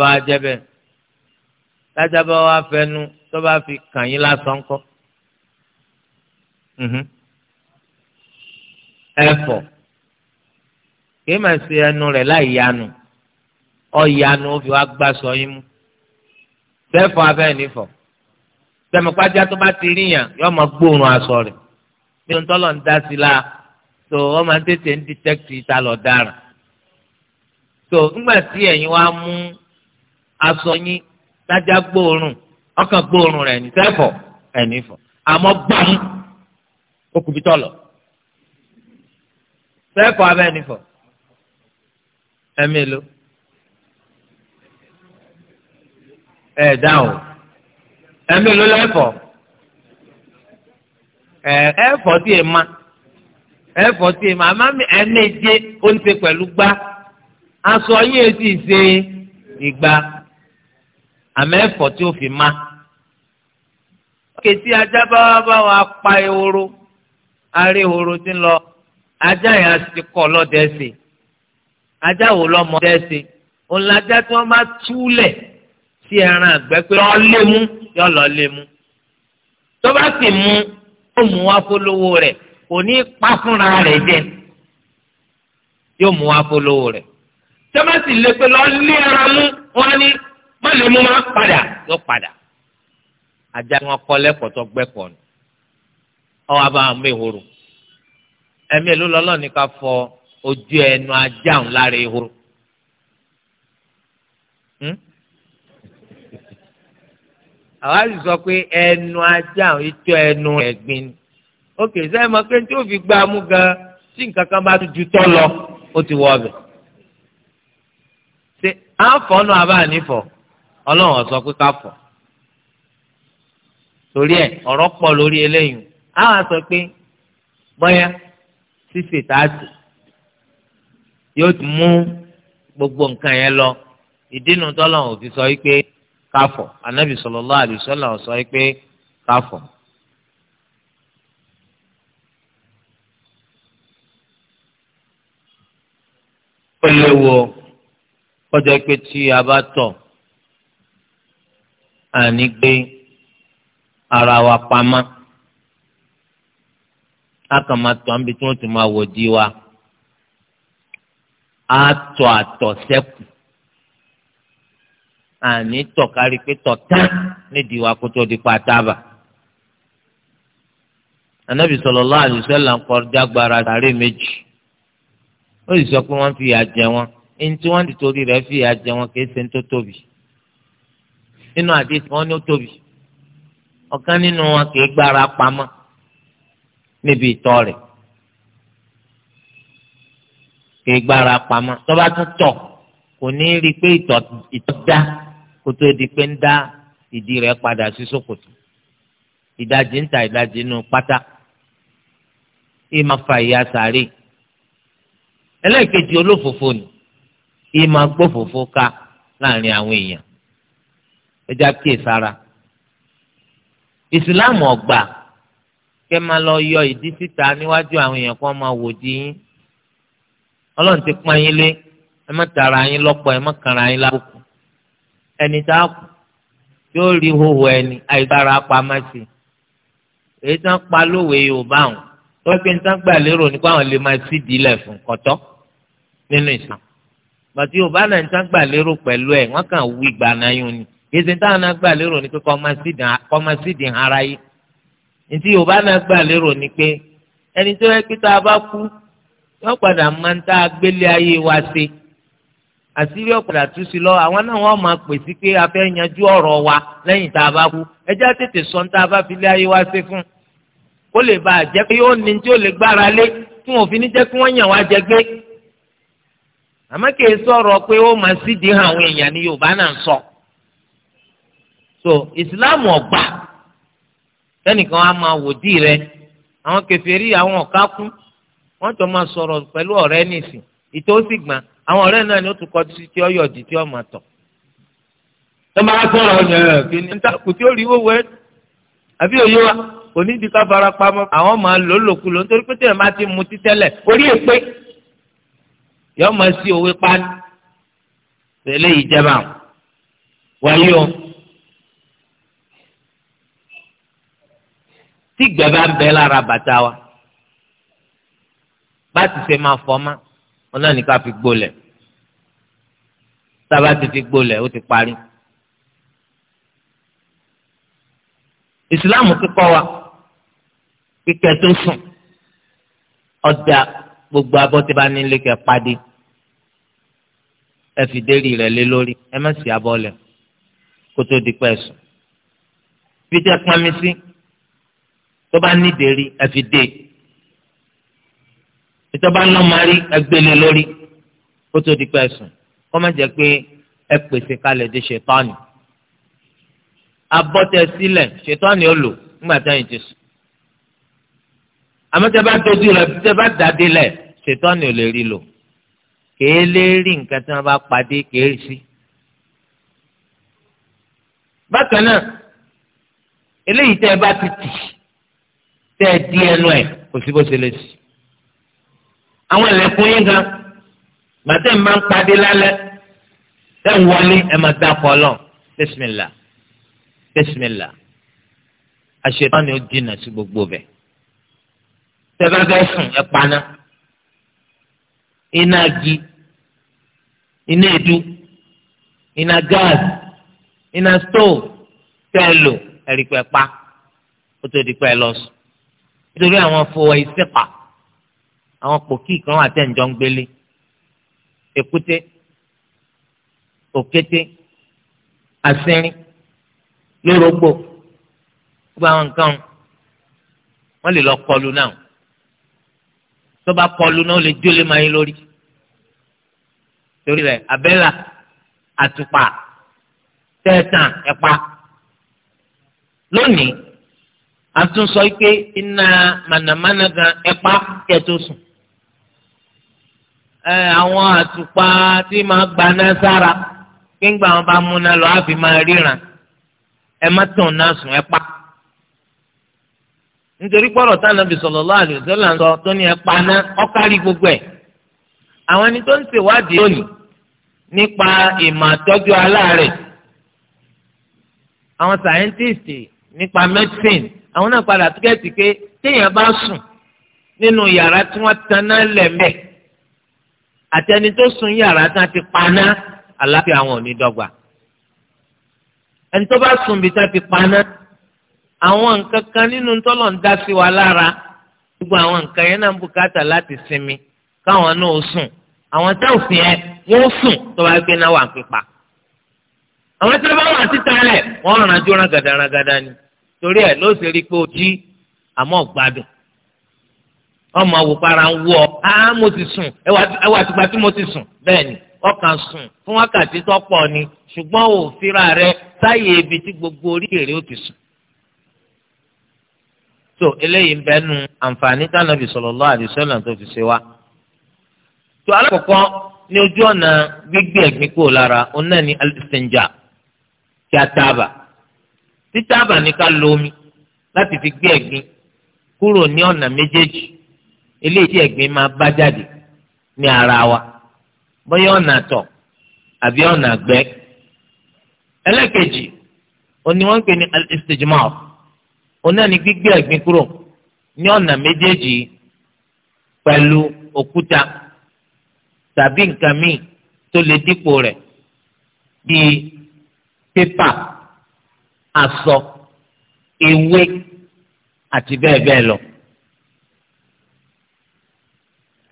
wa jẹ́ tájà bá fẹnu tó fi kàn yín lásán kọ́ mhm. ẹ̀fọ́ kì ẹnu rẹ̀ láì yanu. ọ̀yanu ó fi wá gbà sọ yín mú sẹ́fọ̀ abẹ́ nífọ̀ sẹ́mupájá tó bá ti rí yàn yọ máa gbóòórùn aṣọ rẹ̀ bí ohun tọ́lọ̀ ń dá sí la tó wọ́n máa tètè ń dítẹ́kìtì ta lọ dára tó ńgbà tí ẹ̀yin wá mú aṣọ yín tájá gbóòórùn ọkàn gbóòórùn rẹ̀ ní sẹ́fọ̀ ẹ̀ nífọ̀ àmọ́ gbàm ó kùbí tọ̀lọ̀ sẹ́fọ̀ abẹ́ nífọ̀ ẹ̀mí ló. ẹ dáhùn ẹmí ló lẹfọ ẹ ẹfọ tí ẹ ma ẹfọ tí ẹ ma àmọ́ ẹnẹjẹ ó ń ṣe pẹ̀lú gbá aṣọ yín ẹ ṣe ìgbà ẹfọ tí ó fi ma kètí ajá bá wá pa ehoro arí ehoro ti ń lọ ajá yẹn ti kọ lọdẹ sí ajá wò lọmọdé sí òun lajá tí wọn bá sí ẹran àgbẹ̀ pé ọ lé mú yọ lọ́ọ́ lé mú tó bá sì mú ó mú wá fólówó rẹ̀ kò ní pa fúnra rẹ̀ jẹ yóò mú wá fólówó rẹ̀ tó bá sì lé pé lọ́ọ́ lé ẹran mú wọn ní má lè mú má padà yóò padà ajá wọn kọ́ lẹ́kọ̀ọ́ tó gbẹ́kọ̀ọ́ ni ọ wá bá wọn mú ẹ̀mí ìlú lọ́lọ́ ní ká fọ ojú ẹnu ajá òun lára ehoro. Hmm? àwa sì sọ pé ẹnu ajá ìtọ́ ẹnu ẹ̀gbin ni ókè sẹ́yìn mọ̀ pé tí ó fi gbá mú gan tí nǹkan kan bá tún ju tọ́ lọ ó ti wọ ọbẹ̀ ṣe à ń fọ́ náà àbá nífọ̀ ọlọ́run ọ̀sọ́ pé ká fọ̀ torí ẹ̀ ọ̀rọ̀ pọ̀ lórí eléyìí àwa sọ pé bọ́yá ṣíṣe tààtì yóò ti mú gbogbo nǹkan yẹn lọ ìdí nu tọ́lọ́run ò fi sọ wípé káfọ̀ anabi sallallahu alaihi wasallam sọ pé káfọ̀. ó léwu o kọjá pé tí a bá tọ̀ àní gbé ara wa pamọ́ a kàn máa tọ̀ níbi tí wọ́n ti máa wò di wa a tọ̀ àtọ̀ sẹ́kù àní tọ̀kárí pé tọ̀tán nídìí wa kó tó di pa tábà. Ànábì sallallahu alaihi wasallam ń kọjá gbára sàárè méjì ó sì sọ pé wọ́n fi ìyà jẹ wọn ẹni tí wọ́n ti torí rẹ̀ fi ìyà jẹ wọn kìí ṣe ń tó tóbi nínú àdéhùn wọn ni ó tóbi ọ̀kan nínú wọn kìí gbára pamọ́ níbi ìtọ̀ rẹ̀ kìí gbára pamọ́ tó tọ̀ kò ní rí i pé ìtọ̀ dá kó tó di pé ń dá ìdí rẹ̀ padà sí ṣòkòtò ìdajì ń ta ìdajì nù pátá ìmà fa ìyá sàárè ẹlẹ́ẹ̀kejì olófòfò ni ìmà gbófòfò ká láàrin àwọn èèyàn ẹja kíyè sára ìsìláàmù ọgbà kẹ máa lọ yọ ìdí síta níwájú àwọn èèyàn kan máa wò di yín ọlọ́run ti pọ́n yín lé ẹ má tara yín lọ́pọ̀ ẹ má kanra yín lábùkù ẹni tá a kù yóò rí hóhó ẹni àìbára pamọ́ sí i èyí tán pa lówe yorùbá àwọn tó wọ́n gbé ní tán gbà lérò nípa àwọn lè máa sí ìdílẹ̀ fún kọ́tọ́ nínú ìsàn bàtí yorùbá náà ní tán gbà lérò pẹ̀lú ẹ̀ wọ́n kàn náà yún ni èsì táwọn náà gbà lérò ni pé kọ́ máa sí ìdí ara yìí yorùbá náà gbà lérò ni pé ẹni tó yẹ kí tá a bá kú wa àṣírí ọ̀padà tú lọ àwọn náà wọ́n máa pè sí pé a fẹ́ yanjú ọ̀rọ̀ wa lẹ́yìn tá a kú ẹjẹ́ tètè sọ ní tá a bá fún o lè bá a jẹ́ pé ní tí ó lè gbára lé tí wọn fi ní wọ́n yàn wá jẹ gbé àmọ́ kì pé ó máa sídìí àwọn èèyàn ní Yorùbá náà sọ so ìsìláàmù ọ̀gbà tẹ́nìkan á máa wò dí rẹ àwọn àwọn àwọn ọ̀rẹ́ náà ni ó tún kọ sí tí ọyọ di tí ọmọ tọ. ẹ máa sọ̀rọ̀ ọ̀nà ẹ̀ kí ni. kò tí ó rí owó ẹ àbí òye wa kò ní di ká fara pamọ́. àwọn máa lò lòkù lò nítorí pé tẹ̀lé máa ti mu ti tẹ́lẹ̀ orí èpè yọ máa sí òwe pani. tẹ̀lé ìjẹba wáyé o. tí gbẹ bá ń bẹ lára bàtà wa bá ti ṣe máa fọ́ máa wọn náà ní ká fi gbolẹ̀ tá a bá ti fi gbolẹ̀ ó ti parí. ìsìláàmù ti kọ́ wa kíkẹ́ tó sùn ọ̀dà gbogbo abọ́ tí bá nílé kẹ́ padì ẹ fi dérí rẹ̀ lé lórí ẹ má sì abọ́ lẹ̀ kó tó di pẹ́ sùn. fi jẹ́ pamí sí tó bá ní ẹ fi dé ìtọ́ba ńlá máa rí ẹgbẹ́lé lórí ó tó di pẹ́sùn kọ́ má jẹ́ pé ẹ pèsè kalẹ̀ de ṣètọ́ni abọ́tẹ sílẹ̀ ṣètọ́ni ó lò nígbà táyìn ti sùn àmọ́ tẹ́ bá dojú rẹ̀ tẹ́ bá dàdé lẹ̀ ṣètọ́ni ò lè rí lò kèé lè rí nǹkan tí wọ́n bá pàdé kèé sí. bákan náà eléyìí tẹ́ ẹ bá ti tì tẹ́ di ẹnu ẹ̀ kò sí bó ṣe lè sí àwọn ẹlẹ́kùn yín gan màtẹ́ ń máa ń padì lálẹ́ ẹ̀ ń wọlé ẹ̀ máa dákọ̀ ọlọ́run bísímìlà bísímìlà àṣetán ni ó dínà sí gbogbo bẹ̀ tẹ́fẹ́ fẹ́ sùn ẹ̀ paná iná agi iná èédú iná gáàsì iná stóòv tẹ́ ẹ lò ẹ̀rí pẹ́ pa ó tó di pẹ́ lọ sùn nítorí àwọn afọwọ́ ìsẹ́pà àwọn pòkì kan wà tẹ̀njọ́ ń gbélé èkúté òkété asẹ́rin lórógbò gbogbo àwọn nǹkan wọ́n lè lọ kọlu náà tó bá kọlu náà ó lè jólè máa yín lórí torí rẹ̀ abẹ́là àtùpà tẹ́ẹ̀tàn ẹ̀pa lónìí a tún sọ pé iná mànàmáná gan ẹ̀pa kẹ́ẹ̀ sùn àwọn àtùpà tí máa gbaná sára gbígbà wọn bá múná lọ àfi máa ríran ẹ má tàn náà sùn ẹ pa. nítorí pọ́rọ̀ tá nàbì sallallahu alaihi wasallam sọ tó ní ẹ paná ọ́kárí gbogbo ẹ̀. àwọn ẹni tó ń ṣèwádìí lónìí nípa ìmọ̀ àtọ́jú aláàárẹ̀ àwọn sáyẹ́ntìsì nípa mẹ́dísìn àwọn náà padà tó kẹ́ẹ̀tì pé téèyàn bá sùn nínú yàrá tí wọ́n taná lẹ̀ mẹ́ẹ̀ àti ẹni tó sùn yàrá tán ti paná àlàáfíà àwọn ò ní dọ́gba ẹni tó bá sùn bí tán ti paná àwọn nǹkan kan nínú tọ́lọ̀ ń dá sí wa lára gbogbo àwọn nǹkan yẹn náà ń bùkátà láti sinmi káwọn náà sùn àwọn táwùsì yẹn wọ́n sùn tó bá gbé náà wà ń pípa àwọn tí wọ́n bá wà síta rẹ̀ wọ́n rànjú rán gàdàrán ni torí ẹ̀ ló ṣe rí pé o jí àmọ́ gbádùn ọmọ àwòkọ ara ń wú á mo ti sùn ẹwà àtìgbà tí mo ti sùn bẹ́ẹ̀ ni ọkàn sùn fún wákàtí tó pọ̀ ni ṣùgbọ́n ò fira rẹ sáyè ibi tí gbogbo oríkèrè ó ti sùn. tó eléyìí ń bẹ nu àǹfààní tánàbì sallallahu alaihi wasallam tó fi ṣe wá. tó alákọ̀ọ́kọ́ ní ojú ọ̀nà gbígbé ẹ̀gbin kúrò lára òun náà ni al-istinja kí a tábà títábà ni ká lo omi láti fi gbé ẹ̀gbin kúrò ní ọ̀nà méjèèjì eléyìí tí ẹ̀gbin máa bá jáde ní ara wa bóyá ọ̀nà àtọ̀ àbí ọ̀nà àgbẹ́. ẹlẹ́kẹ̀jì òní wọ́n ń pè ní al-istijmar òun náà ní gbígbé ẹ̀gbin kúrò ní ọ̀nà méjèèjì pẹ̀lú òkúta tàbí nǹkan míì tó lè dípò rẹ̀ bíi pépà aṣọ ewé àti bẹ́ẹ̀ bẹ́ẹ̀ lọ.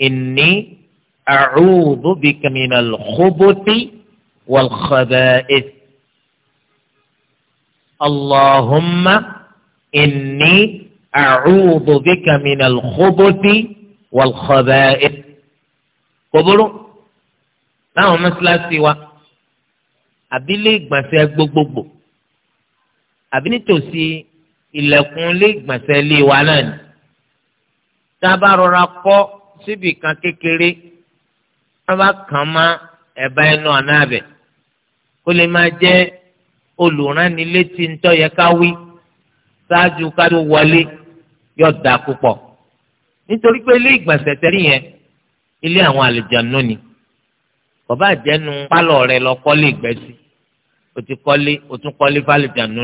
inni a'udhu bika minal khubuthi wal khaba'ith allahumma inni a'udhu bika minal khubuthi wal khaba'ith kòbóró láwọn mọ́sálásí wa àbí ilé ìgbọ̀nsẹ̀ gbogbogbò àbí nítòsí ilẹ̀kùn ilé ìgbọ̀nsẹ̀ ilé wa náà ni tá rọra kọ́ síbi kan kékeré wọn bá kàn má ẹnu àná abẹ kó lè máa jẹ olùránilétí ńtọ́ yẹ ká wí ṣáájú ká tó yọ da púpọ nítorí pé ilé ìgbọ̀nsẹ̀ tẹ́lẹ̀ yẹn ilé àwọn àlùjànnú ni bàbá àjẹnu pálọ̀ rẹ lọ kọ́lé ìgbẹ́sí o ti kọ́lé o tún kọ́lé fálùjànnú.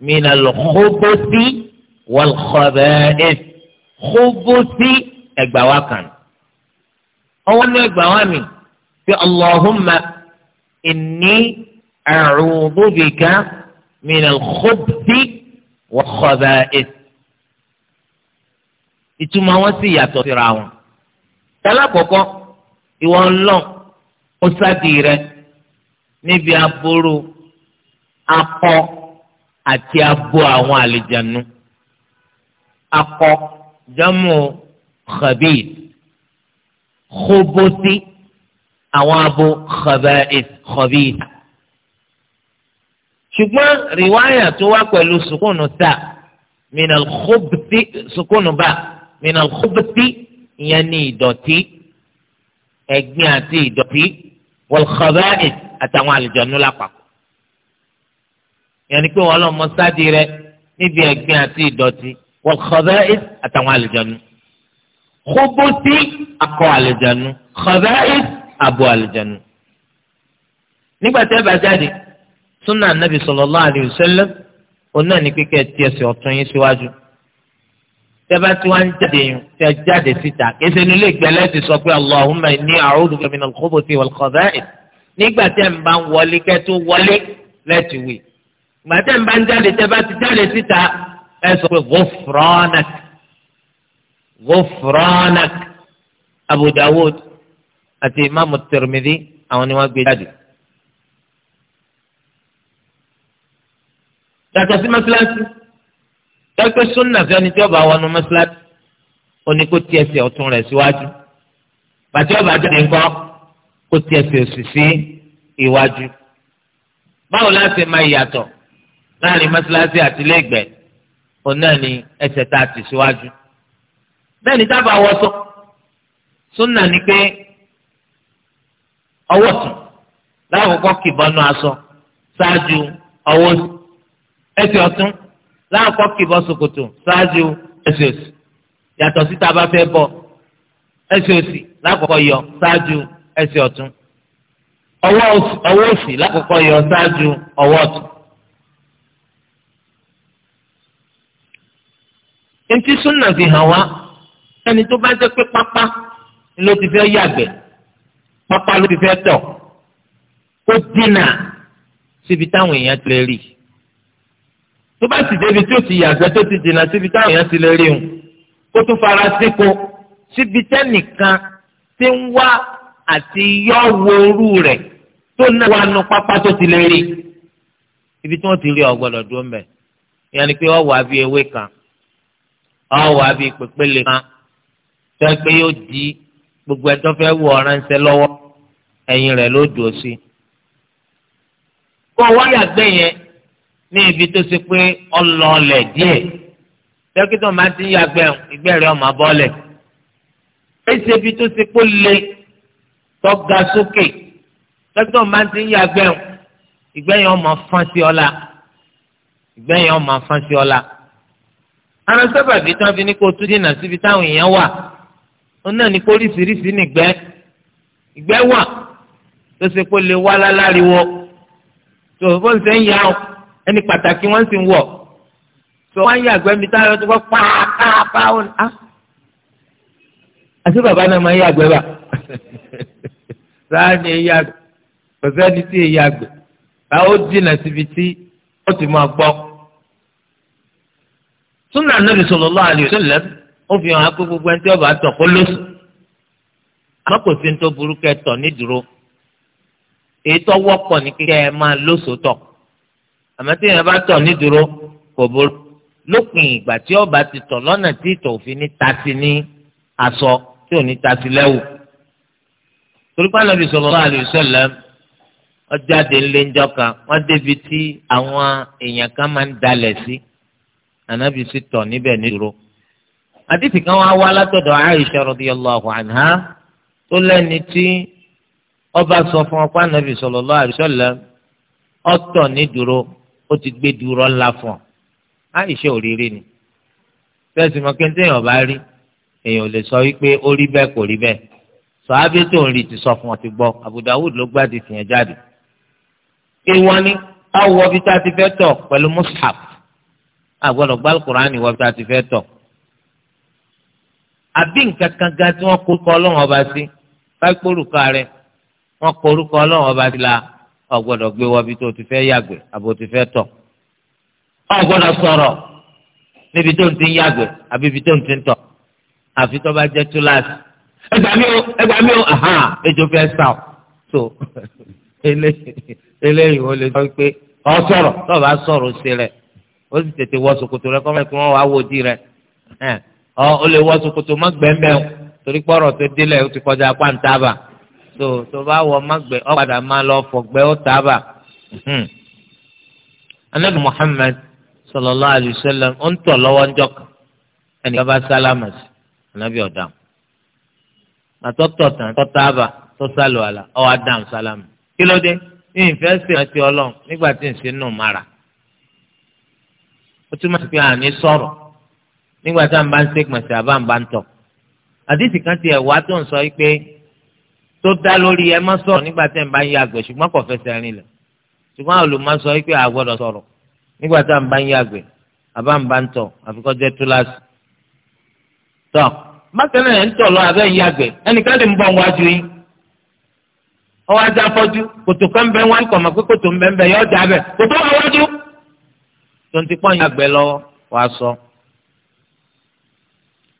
من الخبث والخبائث خبث أجواكا أول أجوامي في اللهم إني أعوذ بك من الخبث والخبائث ìtumọ̀ wọn sì yàtọ̀ síra wọn. tẹ́lákọ̀ọ́kọ́ ìwọ ńlọ́n ó sáàdì rẹ níbi aburú akọ àti abo àwọn àlejànú akọ jamu khabith kóbótì àwọn abo khaba'ith khabith ṣùgbọ́n rìwáyà tó wá pẹ̀lú sukùnù ta minal khubti sukùnù bá minal khubti ìyẹn ní ìdọ̀tí ẹ̀gbin àti ìdọ̀tí wal khaba'ith àtàwọn àlejànú lápapọ̀ yẹn ni pé wọn lọ́mọ sáàdì rẹ níbi ẹ̀gbin àti ìdọ̀tí wọ́n khaba'ith àtàwọn àlùjànnú khubuthi akọ àlùjànnú khaba'ith àbọ̀ àlùjànnú. nígbà tẹ́ bá jáde súnà nàbì sallallahu alayhi wa sallam òun náà ní kíkẹ́ tiẹ̀ sí ọ̀tún yín síwájú tẹ́bá tí wọ́n ń jáde yìí tẹ́ jáde síta ẹsẹ̀ nílé ìgbẹ́lẹ́ ti sọ pé allahumma inni a'udhu bika minal khubuthi wal khaba'ith nígbà tẹ́ ń bá wọlé kẹ́ tó wọlé lẹ́tì gbàtẹ́ ń bá ń jáde tẹ́ bá ti jáde síta ẹ sọ pé gufranak gufranak Abu Dawud àti imaamu Tirmidhi àwọn ni wọ́n gbé jáde. yàtọ̀ sí mọ́sálásí tẹ́gbẹ́ súnà fẹ́ ni tí ọba wọnú mọ́sálásí oní kó tiẹ̀ sí ọ̀tún rẹ̀ síwájú bàtí ọba jáde ńkọ́ kó tiẹ̀ sí òsì iwájú. báwo la máa yàtọ̀? láàrin mọ́sálásí àti lẹ́gbẹ̀ẹ́ òun náà ni ẹsẹ̀ tá a ti síwájú. bẹ́ẹ̀ ni dábàá wọ́sọ súnà ni pé ọwọ́ tún láàkókò kìbọnú aṣọ ṣáájú ọwọ́ ẹsẹ̀ ọ̀tún láàkókò kìbọ ṣòkòtò ṣáájú ẹsẹ̀ òsì yàtọ̀ síta bá fẹ́ bọ̀ ẹsẹ̀ òsì láàkókò yọ ṣáájú ẹsẹ̀ ọ̀tún ọwọ́ òsì láàkókò yọ ṣáájú ọwọ́ ọ̀tún ntí súnà fi hàn wá ẹni tó bá jẹ́ pé pápá ló ti fẹ́ yàgbẹ́ pápá ló ti fẹ́ tọ̀ ó dínà síbi táwọn èèyàn ti lè rí tó bá sì débi tí ó ti yàgbẹ́ tó ti dínà síbi táwọn èèyàn ti lè rí òun kó tó fara síko síbi tẹ́nìkan ti ń wá àti yọ wooru rẹ̀ tó náà wà nù pápá tó ti lè rí ibi tí wọ́n ti rí ọ̀gbọ́dọ̀ dúró mbẹ̀ yẹn ni pé wọ́n wà á bí ewé kan ọwọ́ àbí pèpele kan tó ẹ pé yóò di gbogbo ẹ tó fẹ́ wọ ọ̀ránṣẹ́ lọ́wọ́ ẹ̀yìn rẹ̀ ló dùn sí. kó wáyà gbẹ yẹn ní ibi tó ṣe pé ọlọ́ọ̀lẹ̀ díẹ̀ dókítà máa ti ń yàgbẹ́ ìgbẹ́ rẹ̀ ọmọ abọ́lẹ̀ ẹsẹ̀ ibi tó ṣe pé le tó ga sókè dókítà máa ti ń yàgbẹ́ ìgbẹ́ yẹn ọmọ fọ́n sí ọ̀la ìgbẹ́ yẹn ọmọ fọ́n sí ọ̀la ara sábàbí tí wọ́n fi ní kó tún dènà síbi táwọn èèyàn wà wọn náà ní kó oríṣiríṣi nìgbẹ́ ìgbẹ́ wà tó ṣe kó lè wá láláriwo tó fọ́n ṣe ń yà ó ẹni pàtàkì wọ́n sì ń wọ̀ tó wọ́n ń mi táwọn tó kọ́ pàápàá ó ní. Ah. àti bàbá náà máa ń yàgbẹ́ bà sáà ni èyí àgbẹ̀ kò sẹ́ni tí èyí àgbẹ̀ táwọn ó síbi tí wọ́n ti máa gbọ́ súnà nàbì sallallahu alaihi wasallam ó fi hàn ákó gbogbo ẹni tí ọba tọ̀ kó lóṣù àmọ́ kò sí ní tó burú kẹ́ tọ̀ nídùúró èyí tó wọ́pọ̀ ní kíkẹ́ ẹ máa lóṣù tọ̀ àmọ́ tí èèyàn bá tọ̀ nídùúró kò burú lópin ìgbà tí ọba ti tọ̀ lọ́nà tí ìtọ̀ òfin ní tasi ní aṣọ tí ò ní tasi lẹ́wù torí pé nàbì sallallahu alaihi wasallam ọjáde ńlẹ́njọ́ kan wọ́n débi tí àwọn èèyàn kan máa ń dalẹ̀ sí. Si anabi sì tọ̀ níbẹ̀ nídúró. àdìsí kan wá wá látọ̀dọ̀ Aisha radiyallahu anha tó lẹ́ni tí ọba sọ fún ọpá anabi sallallahu alaihi wasallam ọtọ̀ nídúró ó ti gbé dúró ńlá fún ọ Aisha òrírí ni fẹsí mọ kéńté èèyàn bá rí èèyàn ò lè sọ wípé ó rí bẹ́ẹ̀ kò rí bẹ́ẹ̀ sọ tó ń rí ti sọ fún ọ ti gbọ́ Abu ló gbá di jáde. ìwọ ni awọ bí tá a ti fẹ́ tọ̀ pẹ̀lú mushaf àgbọ̀dọ̀ gbá alukur'ani wọ́n bí a ti fẹ́ tọ̀ àbí nǹkan kan ga tí wọ́n kó kọ́ ọlọ́run ọba sí báyìí orúkọ rẹ̀ kó orúkọ ọlọ́run ọba sí la ọ̀gbọ́dọ̀ gbé wọ́n bí tó ti fẹ́ yàgbẹ́ àbò ti fẹ́ tọ̀ ọ̀gbọ́dọ̀ sọ̀rọ̀ níbi tó ń ti yàgbẹ́ àbí ibi tó ń ti tọ̀ àfi tó bá jẹ́ túláàsì ẹgbàá mi ò ẹgbàá mi ò hàn ejò fẹ́ sà ọ́ so eléyìí wọ́n lè sọ pé ọ sọ̀rọ̀ tó o bá sọ̀rọ̀ sí rẹ̀ ó sì tètè wọ rẹ kọ́ mẹ́kún wọn wá di rẹ ọ ó lè wọ ṣòkòtò má gbẹ́mbẹ́ o torí pọ́rọ̀ tó délẹ̀ ó ti kọjá apá tó tó bá wọ má gbẹ́ ọ padà máa lọ fọ̀gbẹ́ ó tábà. anabi sallallahu alayhi ó ń tọ̀ lọ́wọ́ ń jọkàn bá sálámà sí anabi ọ̀dàm àtọ́tọ̀ tọ sálọ àlà sálámà ní ó túmọ̀ sí pé àní sọ̀rọ̀ nígbà tá à ń bá ń ṣègbọ̀n sí àbá ń bá ń tọ̀ àdìsí kan tiẹ̀ wá tó ń sọ yìí pé tó dá lórí ẹ má sọ̀rọ̀ nígbà tá à ń bá ń yàgbẹ́ ṣùgbọ́n kò fẹsẹ̀ rìn lẹ̀ ṣùgbọ́n àwọn olùmọ̀ sọ yìí pé a gbọ́dọ̀ sọ̀rọ̀ nígbà tá à bá ń yàgbẹ́ àbá ń bá ń tọ̀ àfikọ́ jẹ́ túláàsì tọ́ bákan náà ń tọ̀ lọ tonti pọ́n yàgbẹ́ lọ́wọ́ wàá sọ.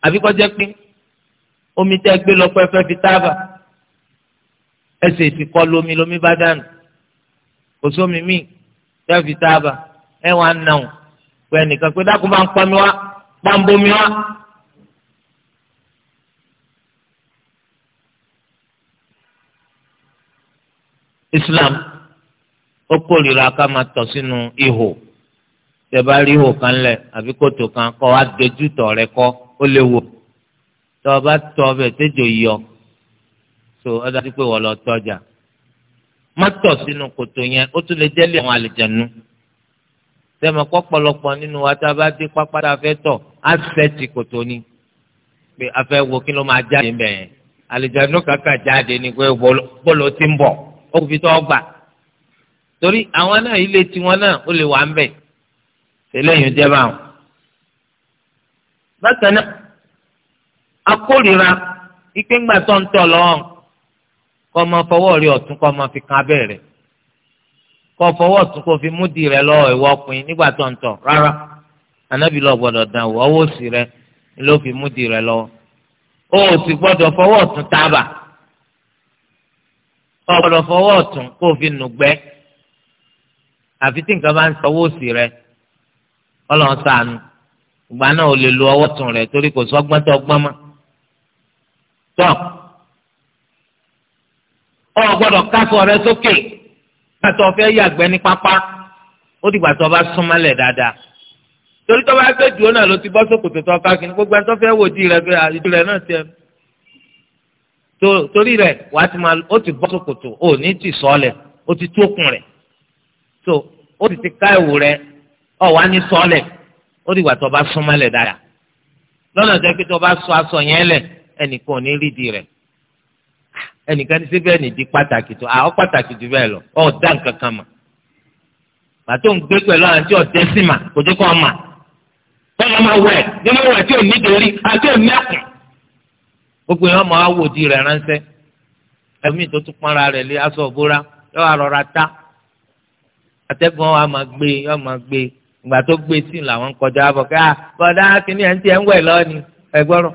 àbí kó jẹ́ pé omi tẹ́ gbé lọ pé fẹ́ fi tábà ẹsẹ̀ ìsìnkọ́ lomi lomi bá dànù kò sómi míì fẹ́ fi tábà ẹ wàá nàù pé pé dákun bá ń pọ́n mi wá pàǹbó mi wá. Islam ó kórìíra ká máa tọ̀ sínú ihò tẹ bá rí ihò kan lẹ àbí kòtò kan kọ wá dojú tọ rẹ kọ ó lè wò tọ ọba tọ ọbẹ tẹjọ yọ so ọ dájú pé wọ́n lọ tọjà mọtò sínú kòtò yẹn ó tún lè jẹlé àwọn àlejànú tẹmọ pọpọlọpọ nínú wa tá a bá dé pápátá fẹ́ tọ̀ á fẹ́ ti kòtò ni pé a fẹ́ wo kí ló máa jáde mbẹ yẹn àlejànú kàkà jáde ni pé bọlọ ti ń bọ̀ ó kò fi tọ́ gbà torí àwọn náà ilé tiwọn náà ó lè wà ń bẹ̀ eléyìí jẹ́ báwọn. bákan náà akórira ike tó ń tọ̀ lọ́wọ́ kọ́ máa fọwọ́ rí fi kan abẹ́ kọ́ fọwọ́ ọ̀tún kó fi múdi rẹ̀ lọ́wọ́ ìwọ ọkùnrin nígbà tó ń tọ̀ rárá anábì lọ gbọdọ dàn wọ́ ọwọ́ ló fi múdi o ò sì fọwọ́ ọ̀tún tábà o fọwọ́ ọ̀tún fi nùgbẹ́ àfi tí nǹkan bá ń Ọlọ́run ṣàánú ìgbà náà ò lè lo ọwọ́ tún rẹ̀ torí kò sọ́gbọ́n tó gbọ́n mọ́ tọ ọ gbọ́dọ̀ kásọ rẹ sókè kátó ọfẹ yàgbẹ́ ní pápá ó dìgbà tó bá súnmọ́lẹ̀ dáadáa torí tó bá gbé dùn náà ló ti bọ́ sókòtò tó ká kínní gbogbo ẹtọ́ fẹ́ wò di rẹ pé àdìdì rẹ náà tiẹ̀ torí rẹ wàá ti máa ó ti bọ́ sókòtò ó ní ti sọ́ọ̀lẹ̀ ó ti tókun rẹ̀ so ó sì ti ká ẹ̀wù rẹ̀ ọ̀ wá ní sọ́ọ̀lẹ̀ ó dìgbà tó bá súnmọ́lẹ̀ dára lọ́nà tó yẹ tó bá sọ aṣọ yẹn lẹ̀ ẹnìkan ní rí di ẹnìkan ní síbẹ̀ pàtàkì tó àwọn pàtàkì bẹ́ẹ̀ lọ nǹkan kan mà ń gbé pẹ̀lú àwọn tí ọ̀dẹ́ sì mà kò jẹ́ kó ọ mà máa wẹ̀ ní máa wẹ̀ tí ò ní dorí àti ò ní gbogbo yẹn máa wò di tó tún lé aṣọ yọ ìgbà tó gbé sí làwọn kọjá bọ̀ ká bọ̀dá kìíní ẹ̀ ń tiẹ̀ ń wẹ̀ lọ́ni ẹgbọ́rọ̀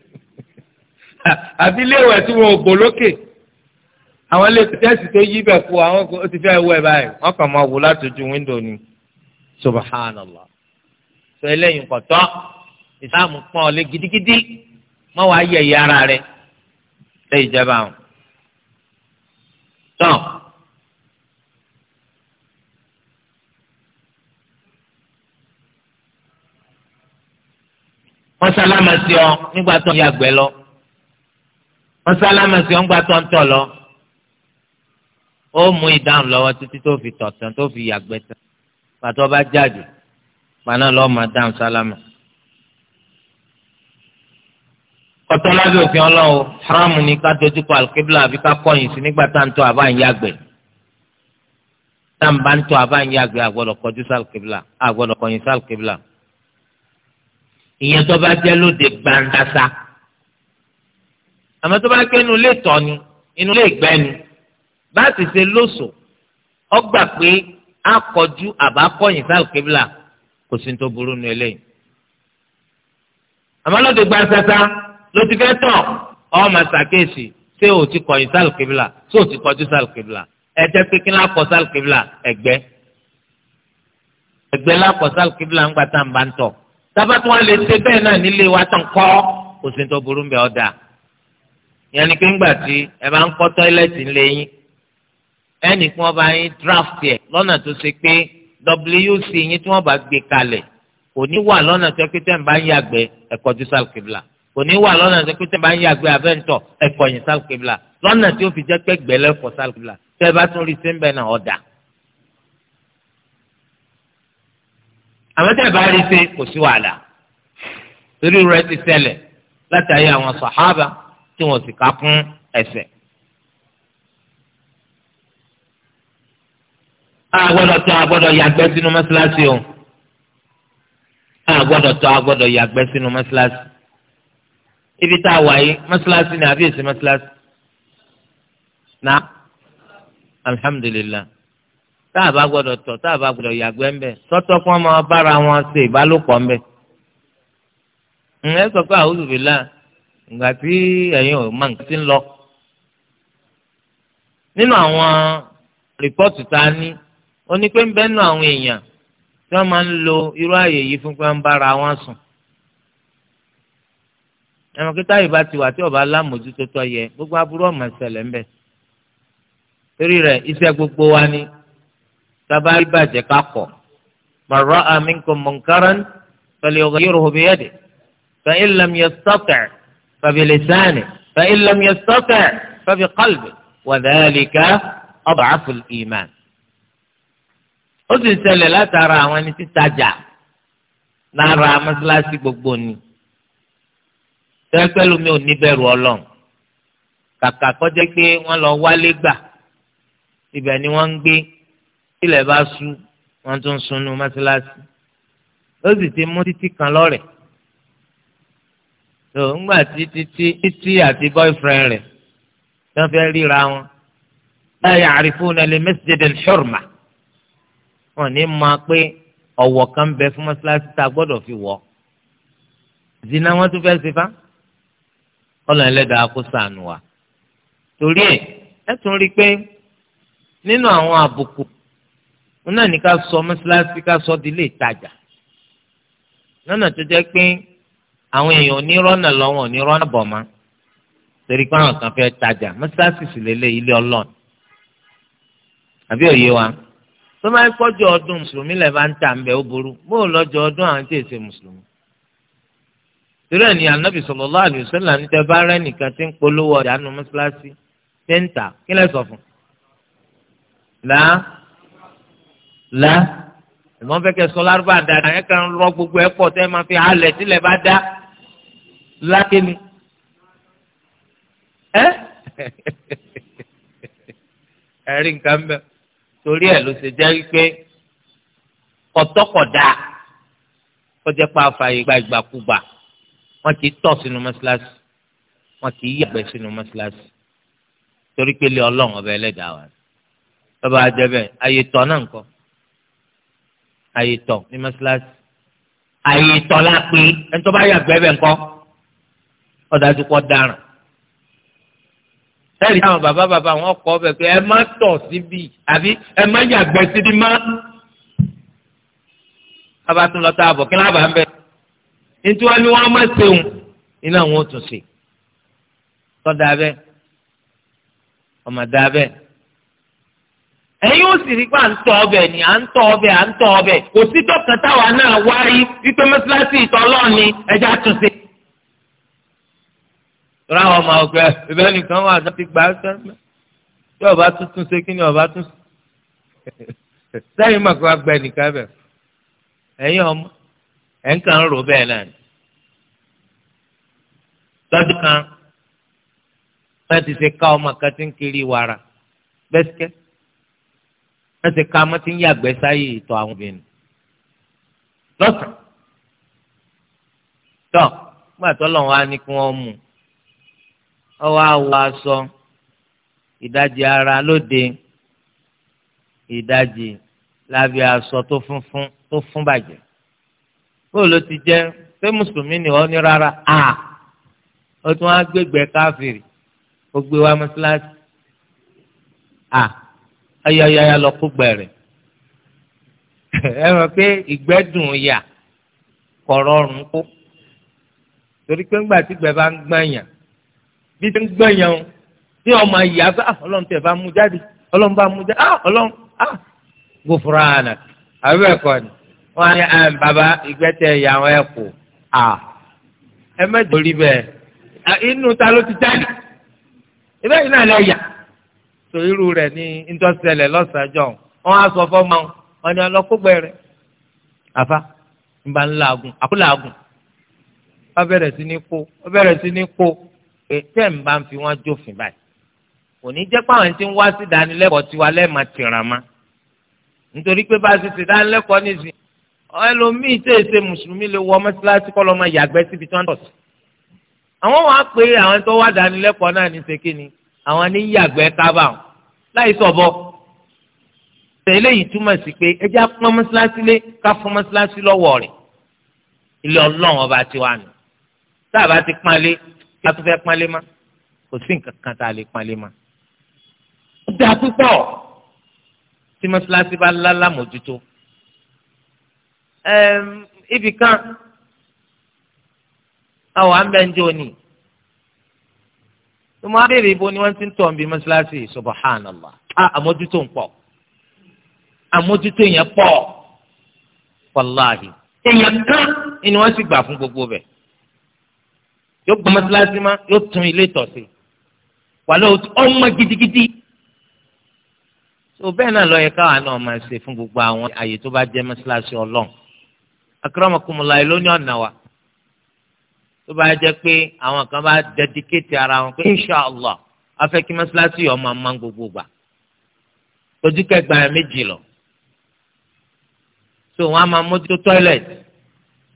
àbí ilé ìwẹ̀ tí wọn ò bò lókè àwọn ilé tẹ́sì tó yí bẹ̀ fún àwọn ó ti fẹ́ wẹ̀ báyìí wọ́n kàn máa wò látòjú wíńdò ni subhanallah sọ eléyìí kò tọ́ ìsáàmù pọ́n ọ̀lẹ́ gidigidi mọ́ wàá yẹ̀yẹ́ ara rẹ̀ lẹ́yìn ìjẹba àwọn. wọ́n sálámà sí ọ nígbà tó ń yàgbẹ́ lọ wọ́n sálámà sí ọ nígbà tó ń tọ̀ lọ ó mú ìdáhùn lọ́wọ́ títí tó fi tọ̀tàn tó fi yàgbẹ́ tán pàtó bá jáde paná lọ́ọ́ máa dáhùn sálámà. ọ̀tọ́ lábẹ́ òfin ọlọ́wọ́ haram ni ká dojúkọ alùkébílà àbí ká kọ̀yìn sí nígbà tá à ń tọ́ àbá ń yàgbẹ́ tá à ń bá ń tọ́ àbá ń yàgbẹ́ àgbọ̀dọ̀ kọjú sálùkébílà àgbọ̀dọ̀ kọ̀yìn sálùkébílà ìyẹn tó bá jẹ́ lóde gbandasa àmọ́ tó bá gbé inú ilé tọ́ ni inú ilé ìgbẹ́ ni bá ti ṣe lóṣù ọgbà pé akọjú àbákọyìn sáà kébìlà kò sí tó burú nu eléyìí àmọ́ lóde gbandasa ló ti fẹ́ tọ̀ ọ́ máa ṣàkíyèsí ṣé o ti kọ̀yìn sáà kébìlà ṣé o ti kọjú sáà kébìlà ẹ jẹ́ pé kí n lákọ̀ sáà kébìlà ẹ̀gbẹ́ ẹ̀gbẹ́ lákọ̀ sáà kébìlà ń gbà tá à bá ń tọ̀ sábà tí wọ́n lè ṣe bẹ́ẹ̀ náà nílé wa tán kọ́ kò sí tó burú bẹ́ẹ̀ ọ̀dà yẹn ni pé ńgbà tí ẹ bá ń kọ́ tọ́ílẹ̀tì ńlẹ̀ yín ẹnì kí wọ́n bá yín draft ẹ̀ lọ́nà tó ṣe pé WC yín tí wọ́n bá gbé kalẹ̀ kò ní wà lọ́nà tó pé tẹ́ ń bá ń yàgbẹ́ ẹ̀kọ́jú sálùkìbìlà kò ní wà lọ́nà tó pé tẹ́ ń bá ń yàgbẹ́ abẹ́ǹtọ̀ ẹ̀kọ́yìn sálùkìbìlà lọ́nà tí ó fi jẹ́ pẹ́gbẹ́lẹ́kọ̀ sálùkìbìlà tẹ́ bá tún rí sẹ́ńbẹ́ náà ọ̀dà àmọ́ tẹ́ ẹ bá rí i pé kò sí wàhálà torí rẹ̀ ti ṣẹlẹ̀ látàrí àwọn sàhábà tí wọ́n sì ká kún ẹsẹ̀. àgbọ́dọ̀ tó àgbọ́dọ̀ yàgbẹ́ sínú mọ́ṣáláṣí o àgbọ́dọ̀ tó àgbọ́dọ̀ yàgbẹ́ sínú mọ́ṣáláṣí ibi tá a wà yìí mọ́ṣáláṣí ni àbí èsì mọ́ṣáláṣí na alhamdulilayi tá a bá gbọ́dọ̀ tọ̀ tá a bá gbọ́dọ̀ yàgbẹ́ ńbẹ sọ́tọ̀ kí wọ́n máa bára wọn ṣe ìbálòpọ̀ ńbẹ. ẹ sọ pé àwùjọ bìlà ìgbà tí ẹ̀yin ò máa nǹkan ti ń lọ. nínú àwọn rìpọ́ọ̀tù tá a ní ó ní pé ń bẹ́ẹ̀ nù àwọn èèyàn tí wọ́n máa ń lo irú àyè yìí fún pé ń bára wọn sùn. ẹ̀wọ̀n kí táyì bá ti wà tí ọba alámòjútó yẹ gbogbo aburú ọ̀mọ̀ tábà rí bàjẹ́ ká kọ̀ man ra'a minkum munkaran falyughayyirhu biyadihi fa in lam yastati' fa bilisanihi fa in lam yastati' fa biqalbihi wa dhalika ad'afu al-iman. ó sì ṣẹlẹ̀ látara àwọn ẹni títajà lára mọ́sálásí gbogbo ni tẹ́pẹ́lú mi ò ní bẹ̀rù ọlọ́run kàkà kọjá pé wọ́n lọ wálé gbà ibẹ̀ ni wọ́n ń gbé ilẹ̀ bá sú wọ́n tún sunú mọ́ṣáláṣí ó sì ti mú títí kan lọ́rẹ̀ tó ńgbà tí títí títí àti boyfriend rẹ̀ tí wọ́n fẹ́ ríra wọn láyé àrífúnà lè mẹ́sídẹ̀ẹ́dẹ̀ ṣọ́ọ̀mà wọn ní máa pé ọ̀wọ̀ kan bẹ fún mọ́ṣáláṣí tá a gbọ́dọ̀ fi wọ̀ zina wọn tún fẹ́ sefa ọlọ́run ẹlẹ́dàá kó ṣàánú wa torí ẹ̀ ẹ̀ tún rí i pé nínú àwọn àbùkù wọn náà ní ká sọ mọ́ṣáláṣí ká sọ di ilé ìtajà lọ́nà tó jẹ́ pé àwọn èèyàn onírọ́nà lọ́wọ́ onírọ́nà bọ̀ mọ́ torí pé àwọn kan fẹ́ tajà mọ́ṣáláṣí sì lélẹ̀ ilé ọlọ́run àbí òye wa tó máa ń kọjú ọdún mùsùlùmí lẹ̀ bá ń tà ń bẹ̀ ó burú bóò lọ́jọ́ ọdún àwọn tí èsè mùsùlùmí torí ẹni anabi sallallahu alaihi wasallam ní tẹ bá nìkan tí ń polówó ọjà nu mọ́ṣáláṣí tẹ́ńtà kí lẹ fún la ìmọ̀ fẹ́ kẹ́ sọ lárúbá dáadáa ẹ̀ kàn rọ gbogbo ẹ̀ pọ̀ tẹ́ máa fi halẹ̀ sílẹ̀ bá dá lákéni ẹ́ ẹ̀rí nǹkan bẹ́ẹ̀ torí ẹ̀ ló ṣe jẹ́ wípé kọ̀tọ́kọ̀dá kọjá pa àfààyè gba ìgbàkúgbà wọn kì í tọ̀ sínú mọ́ṣáláṣí wọn kì í yàgbẹ́ sínú mọ́ṣáláṣí torí pé lé ọlọ́run ọba ẹlẹ́dàá wa lọ́ba àjẹbẹ́ ayé tọ́ náà nǹkan àyè tọ̀ ní mọ́ṣáláṣí àyè tọ̀ la pé ẹni tó bá yàgbẹ́ bẹ̀ ńkọ́ ọ̀dájú kọ́ dáràn sẹ́ẹ̀lì táwọn bàbá bàbá wọn kọ́ ọbẹ̀ pé ẹ má tọ̀ síbi àbí ẹ má yàgbẹ́ síbi má bàbá tún lọ tá a bọ̀ kí lábàá ń bẹ̀ nítorí wọn ni wọn má ṣeun iná wọn ò tún ṣe tọ́ da bẹ́ẹ̀ ọmọ da bẹ́ẹ̀ ẹ̀yin ó sì rí pé à ń tọ́ ọbẹ̀ ni à ń tọ́ ọbẹ̀ à ń tọ́ ọbẹ̀ kò sí dọ́kítà táwa náà wárí wípé mọ́sálásí ìtọ́lọ́ọ̀ni ẹja tún ṣe. rárá àwọn ọmọ ọgbẹ ìbẹ́ nìkan wà tó ti gbà sẹ́ńtẹ́ tí ọba tuntun ṣe kí ni ọba tún sẹ́yìn mọ̀ kó wá gbẹ nìkan bẹ̀ ẹ̀yin ọmọ ẹ̀ ń kàn ń rò bẹ́ẹ̀ náà ni. lọ́dún kan wọ́n ti ṣe ká ọmọ kan ti ń kiri wàrà wọ́n ti ka ọmọ tí ń yàgbẹ́ sáyé ìtọ̀ àwọn obìnrin lọ́sàn-án tọ́ nígbà tó lọ́wọ́ á ní kí wọ́n mú ọ wá wọ aṣọ ìdajì ara lóde ìdajì lábẹ́ aṣọ tó funfun tó fún bàjẹ́ bóò ló ti jẹ́ pé mùsùlùmí ni wọ́n ní rárá a ó tún á gbégbé káfíìrì ó gbé wá mọ́sálásí a. Ah ayayaya lọ kó gbẹ̀rẹ̀ ẹ mọ̀ pé ìgbẹ́dùn yà kọ̀rọ̀ ọ̀run kó torí pé ńgbà tí gbẹ̀ bá ń gbẹ̀yàn bí ti ń gbẹ̀yàn o tí ọmọ ìyá bá ah, ọlọ́run tẹ̀ bá mú jáde ọlọ́run bá mú jáde ah ọlọ́run ah gbòfúra àná àbí ẹ̀kọ́ ni wọ́n á ní bàbá ìgbẹ́ tẹ̀ yà kù ah ẹ mẹ́jọ rí bẹ́ẹ̀ ah, inú ta ló ti jáde ìbẹ́yìn náà lẹ́yà tó irú rẹ̀ ní ntọ́sẹ̀lẹ̀ lọ́sàájọ́ wọn á sọ fọ́mọ wọn ni ọlọ́kùgbẹ́ rẹ̀ àfa ìgbà ńláàgùn àkúlàgùn wọn bẹ̀rẹ̀ sí ní kó wọn bẹ̀rẹ̀ sí ní kó ètè ń bá ń fi wọn jófin báyìí kò ní jẹ́ pé àwọn tí ń wá sí ìdánilẹ́kọ̀ọ́ tiwa lẹ́ẹ̀ma tìrànmá nítorí pé bá a ti ti dánilẹ́kọ̀ọ́ nísìnyí ẹlòmíì tẹ̀ ṣe mùsùlùmí lè wọ mọ́sálásí kọ́ lọ́mọ yàgbẹ́ síbi tí wọ́n tọ̀ sí. àwọn wàá pé àwọn tó wá dánilẹ́kọ̀ọ́ náà ní ṣe àwọn ní yàgbẹ́ kábà láì sọ̀bọ tẹ́lẹ̀ yìí túmọ̀ sí pé ẹ jẹ́ apọ́n mọ́sálásí lé ká fún mọ́sálásí lọ́wọ́ rẹ̀ ilé ọlọ́run ọba tiwa nù tá a bá ti pọ́nlé a tún fẹ́ pọ́nlé má kò sí nǹkan kan tá a lè pọ́nlé má. ó dáa púpọ̀ tí mọ́sálásí bá lálàmójútó ibì kan àwọn àmbẹ́njọ́ ni ni mo á béèrè ibo ni wọ́n ti ń tọ̀ ń bi mọ́ṣáláṣí subhanallah a ah, àmójútó ń pọ̀ àmójútó yẹn pọ̀ wàláhì èèyàn kan ni wọ́n sì gbà fún gbogbo bẹ̀ yóò gba mọ́ṣáláṣí má yóò tún ilé tọ̀ sí wàlẹ́ ọmọ gidigidi tó bẹ́ẹ̀ náà lọ́ọ́ yẹ káwa náà máa ṣe fún gbogbo àwọn àyè tó bá jẹ́ mọ́ṣáláṣí ọlọ́run akérèmọkùnmọ́lá ẹ̀ ló ní ọ̀nà wa tó bá jẹ́ pé àwọn kan bá dẹdikéètì ara wọn pé inshàlá afẹ́ kí mọ́ṣáláṣí ọmọ ọmọ ń gbogbo gbà ojú kẹgbà ẹ̀ méjì lọ so wọ́n á máa mójútó toilet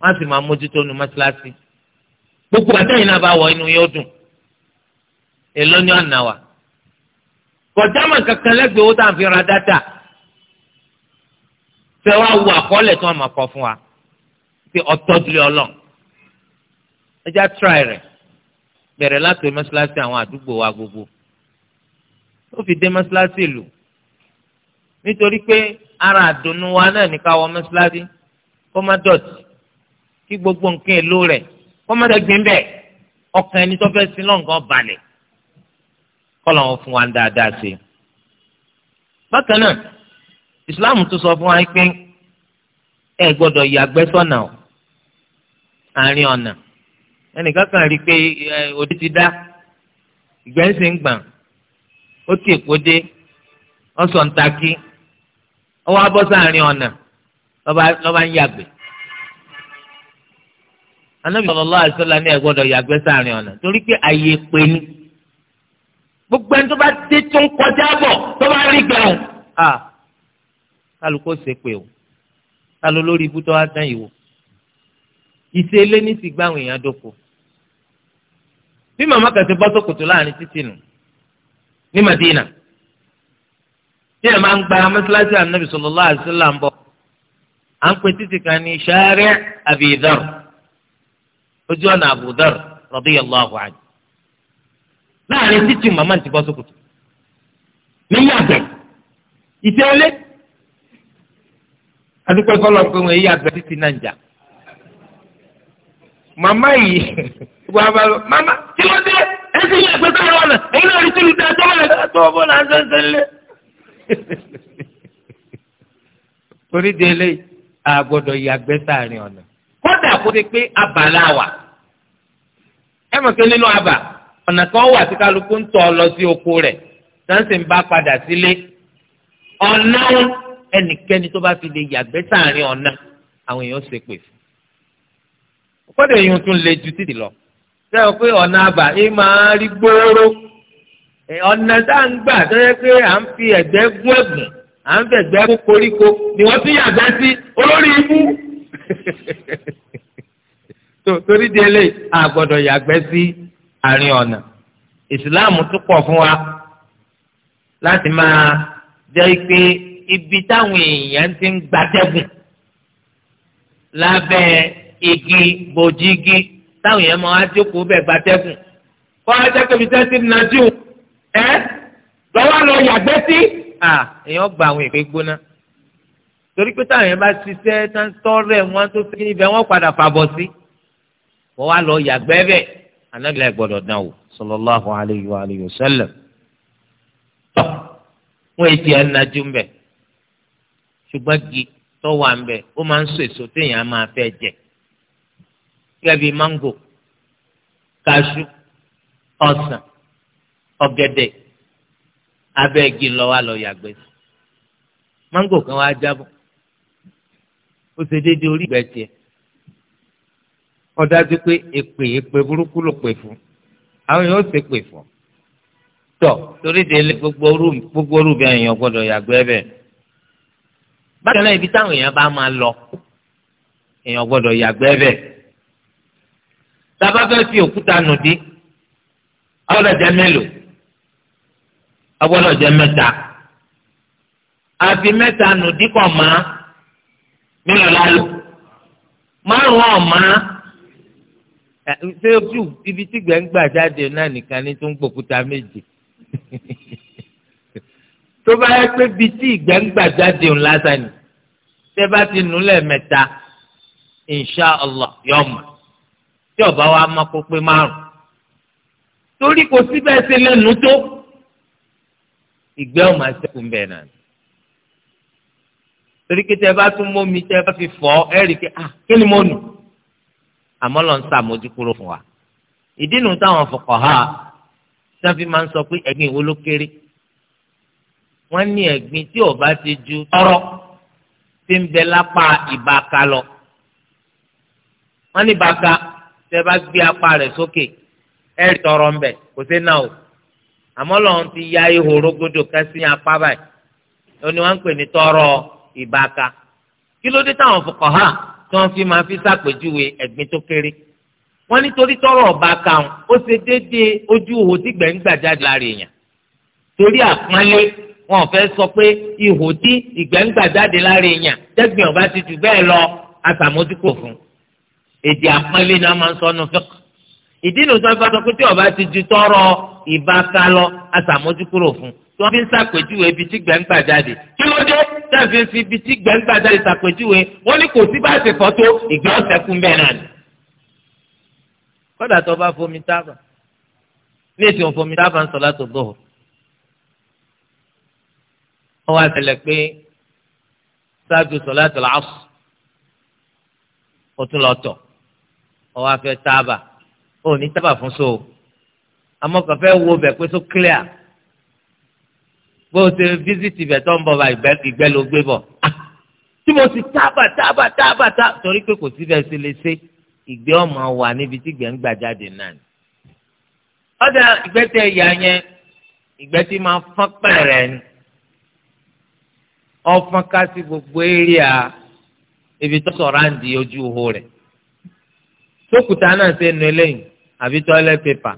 wọ́n á sì máa mójútó nu mọ́ṣáláṣí gbogbo àtẹ̀yìn náà bá wọ inú yóò dùn èló ni ọ̀nà wa kọjáma kankan lẹ́gbẹ̀ẹ́ owó tá à ń fi ra dátà fẹ́ wá wo àkọọ́lẹ̀ tí wọ́n máa kọ fún wa pé ọ̀tọ́jú ọlọ́run ẹjá tíráì rẹ̀ bẹ̀rẹ̀ láti mọ́ṣáláṣí àwọn àdúgbò wa gbogbo ó fi dé mọ́ṣáláṣí ìlú nítorí pé ara àdùnnú wa náà ní ká wọ mọ́ṣáláṣí kó má dọ̀tí kí gbogbo nǹkan èlò rẹ̀ kó má dọ̀gbìn bẹ́ẹ̀ ọkàn ẹni tó fẹ́ sí lọ́ngàn balẹ̀ kọ́lọ̀ wọn fún wa dáadáa sí bákan náà ìsìláàmù tún sọ fún wa pé ẹ gbọ́dọ̀ yàgbẹ́ sọ́nà àárín ọ̀nà ẹnìkan kan rí i pé òde ti dá ìgbẹ́ ń sìn gbọ̀n ó ti èkó dé ọ̀sọ̀ ń takí ọwọ́ abọ́ sáàrin ọ̀nà lọ́ba ń yàgbẹ́ anabi sallallahu alaihi wasallam ní ẹ gbọ́dọ̀ yàgbẹ́ sáàrin ọ̀nà torí pé àyè pé ní gbogbo ẹni tó bá dé tó ń kọjá bọ̀ tó bá rí gbẹ̀rún kálukó ṣe pé o kálu lórí ibú tó wá tán yìí wò ìṣe ilé ní ti gbáwọn èèyàn dóko bí màmá kan ṣe bọ́ sókòtò láàrin títì nù ní Madina tí ẹ̀ máa ń gba mọ́sálásí ànábì sallallahu alaihi wasallam ń bọ̀ à ń pè títì kan ní sáré Abi ojú ọ̀nà Abu Dhar radiyallahu anhu láàrin títì màmá ti bọ́ sókòtò ní yàgbẹ́ ìtẹ́ ọlẹ́ adúpẹ́ kọ́lọ́ pé wọ́n yàgbẹ́ títì náà ń jà màmá yìí. ìgbà bá lọ mama kí ló dé ẹsẹ yẹn pé sọ̀rọ̀ ọ̀nà èyí náà rí tìlù dá tó wọn lọ tó bọ́ náà sẹ́sẹ́ lé. torí délé a gbọ́dọ̀ yàgbẹ́ sáàrin ọ̀nà kódà kó dé pé abàlá wà ẹ mọ̀ pé nínú abà ọ̀nà kan wà tí kálukú ń tọ̀ lọ sí oko rẹ̀ sáǹsì bá padà sílé ọ̀nà ẹnikẹ́ni tó bá fi lè yàgbẹ́ sáàrin ọ̀nà àwọn èèyàn ṣe pè fún èèyàn tún le ju títì lọ sẹ́wọ̀n pé ọ̀nà àbà ẹ máa rí gbóòrò ọ̀nà tá à ń gbà tó yẹ pé à ń fi ẹ̀gbẹ́ gún ẹ̀gbìn à ń fẹ̀gbẹ́ kó koríko ni wọ́n ti yàgbẹ́ sí olórí ibú torí délé a gbọ́dọ̀ yàgbẹ́ sí àárín ọ̀nà ìsìláàmù tún pọ̀ fún wa láti máa jẹ́ pé ibi táwọn èèyàn ti ń gbatẹ́gùn lábẹ́ igi bòjì táwọn èèyàn máa wá jókòó bẹ́ẹ̀ gbatẹ́gùn kọ́ ajẹ́kẹ́bi tẹ́sí nàjú ẹ́ lọ́wọ́ lọ yàgbẹ́ sí. èèyàn gba àwọn èpè gbóná torí pé táwọn èèyàn bá ṣiṣẹ́ tọ́rẹ̀ wọn tó fi ibẹ̀ wọn padà fàbọ̀ sí wọ́n wá lọ yàgbẹ́ bẹ́ẹ̀ anábìlẹ̀ gbọ́dọ̀ dán o sallallahu alayhi wa alihi wa sallam wọn ètí ẹ̀ nàjú ń bẹ̀ ṣùgbọ́n gi tọ́wọ́ à ń bẹ̀ ó máa ń sọ èso téèyàn máa fẹ́ jẹ gẹ́bí mángò kaṣú ọsàn ọ̀gẹ̀dẹ̀ abẹ́ igi lọ́wọ́ lọ yàgbẹ́ mángò kan wá jábọ̀ ó ṣe déédéé orí ìgbẹ́ tiẹ̀ ọ̀dájú pé èpè èpè burúkú ló pè fún àwọn yóò ṣe pè fún tọ torí délé gbogbo orú gbogbo orú bí èèyàn gbọ́dọ̀ yàgbẹ́ bẹ́ẹ̀ bákan náà ibi táwọn èèyàn bá máa lọ èèyàn gbọ́dọ̀ yàgbẹ́ bẹ́ẹ̀ sábà fẹ́ fi òkúta nù dí ọgbọ́dọ̀ jẹ́ mélòó ọgbọ́dọ̀ jẹ́ mẹ́ta àfi mẹ́ta nù dí kọ̀ mọ́ mélòó lálò márùn-ún ọ̀mọ́ ṣé ojú ibi tí gbẹ̀ngbà jáde náà nìkan ni tó ń gbòkúta méje tó bá yẹ pé bíi tí ìgbẹ́ngbà jáde ńlá sani tẹ́ bá ti nù lẹ́ẹ̀mẹ́ta insha Allah yọ̀ọ́ tí ọba wa má kó pé márùn torí kò síbẹ̀ ṣe lẹ́nu tó ìgbẹ́ ọ̀ma ṣẹ́kù ń bẹ̀ náà torí pé tẹ bá tún mómi tẹ bá fi fọ́ ẹ rí i pé ah kí ni mo nù àmọ́ lọ́n sàmójú kúrò fún wa ìdí nu táwọn fọkànhá sáfi máa ń sọ pé ẹ̀gbin wo ló kéré wọ́n ní ẹ̀gbin tí ọba ti ju tọrọ tí ń bẹ lápá ìbáka lọ wọ́n ní bàka tẹ́ bá gbé apá rẹ̀ sókè ẹ̀ tọrọ ńbẹ kò sí náà o àmọ́ lọ́n ti ya ihò rógódò kẹ́sí apá báyìí ó ní wọ́n ń pè ní tọrọ ìbáka kí ló dé táwọn fuqaha tí wọ́n fi máa fi sàpèjúwe ẹ̀gbin tó kéré wọ́n nítorí tọrọ ìbáka wọn ó ṣe déédéé ojú ihò tí gbẹ̀ngbà jáde èèyàn torí àpọ́nlé wọn fẹ́ sọ pé ihò tí ìgbẹ̀ngbà jáde èèyàn tẹ́gbìn ọ̀bá ti jù bẹ́ẹ̀ lọ àtàmójúkò fún un èdè àpọ́nlé ni wọ́n máa ń sọ ọ́nù fẹ́k ìdí nu sọ fẹ́ sọ pé tí ọba ti ju tọrọ ìbáta lọ aṣàmójúkúrò fún tí wọ́n fi ń ṣàpèjúwe ibi tí gbẹ̀ngbà jáde kí ló dé tẹ̀sí fi ibi tí gbẹ̀ngbà jáde ṣàpèjúwe wọ́n ní kò sí bá ṣe fọ́ tó ìgbẹ́ ọ̀sẹ̀ kún bẹ́ẹ̀ náà ni. kódà tó bá fomi tábà ní èsì òfomi tábà ń sọ láti bọ̀ wọ́n wá ṣẹlẹ̀ pé ṣáájú sọ̀láàtì làásù ó tún lọ tọ̀ ọwọ́ afẹ́ tábà ó ní tábà fún so amọ́kànfẹ́ wo bẹ̀ pé so clear bó o ṣe fíṣítì bẹ̀ tó ń bọ̀ bá ìgbẹ́ ìgbẹ́ ló gbé bọ̀ ah! tí mo sì tábà tábà tábà tá torí pé kò síbẹ̀ ṣe lè ṣe ìgbẹ́ ọmọ wà níbi tí ìgbẹ́ ń gbà jáde náà ni. ọ̀dà ìgbẹ́ tẹ ìyá yẹn ìgbẹ́ tí máa fọ́n pẹ̀rẹ̀ ni ọ̀fọ́n ká sí gbogbo éríà ibi tó sọ̀rọ̀ àǹdí ojú ihò rẹ̀ sókùtà náà ṣe nu eléyìí àbí toilet paper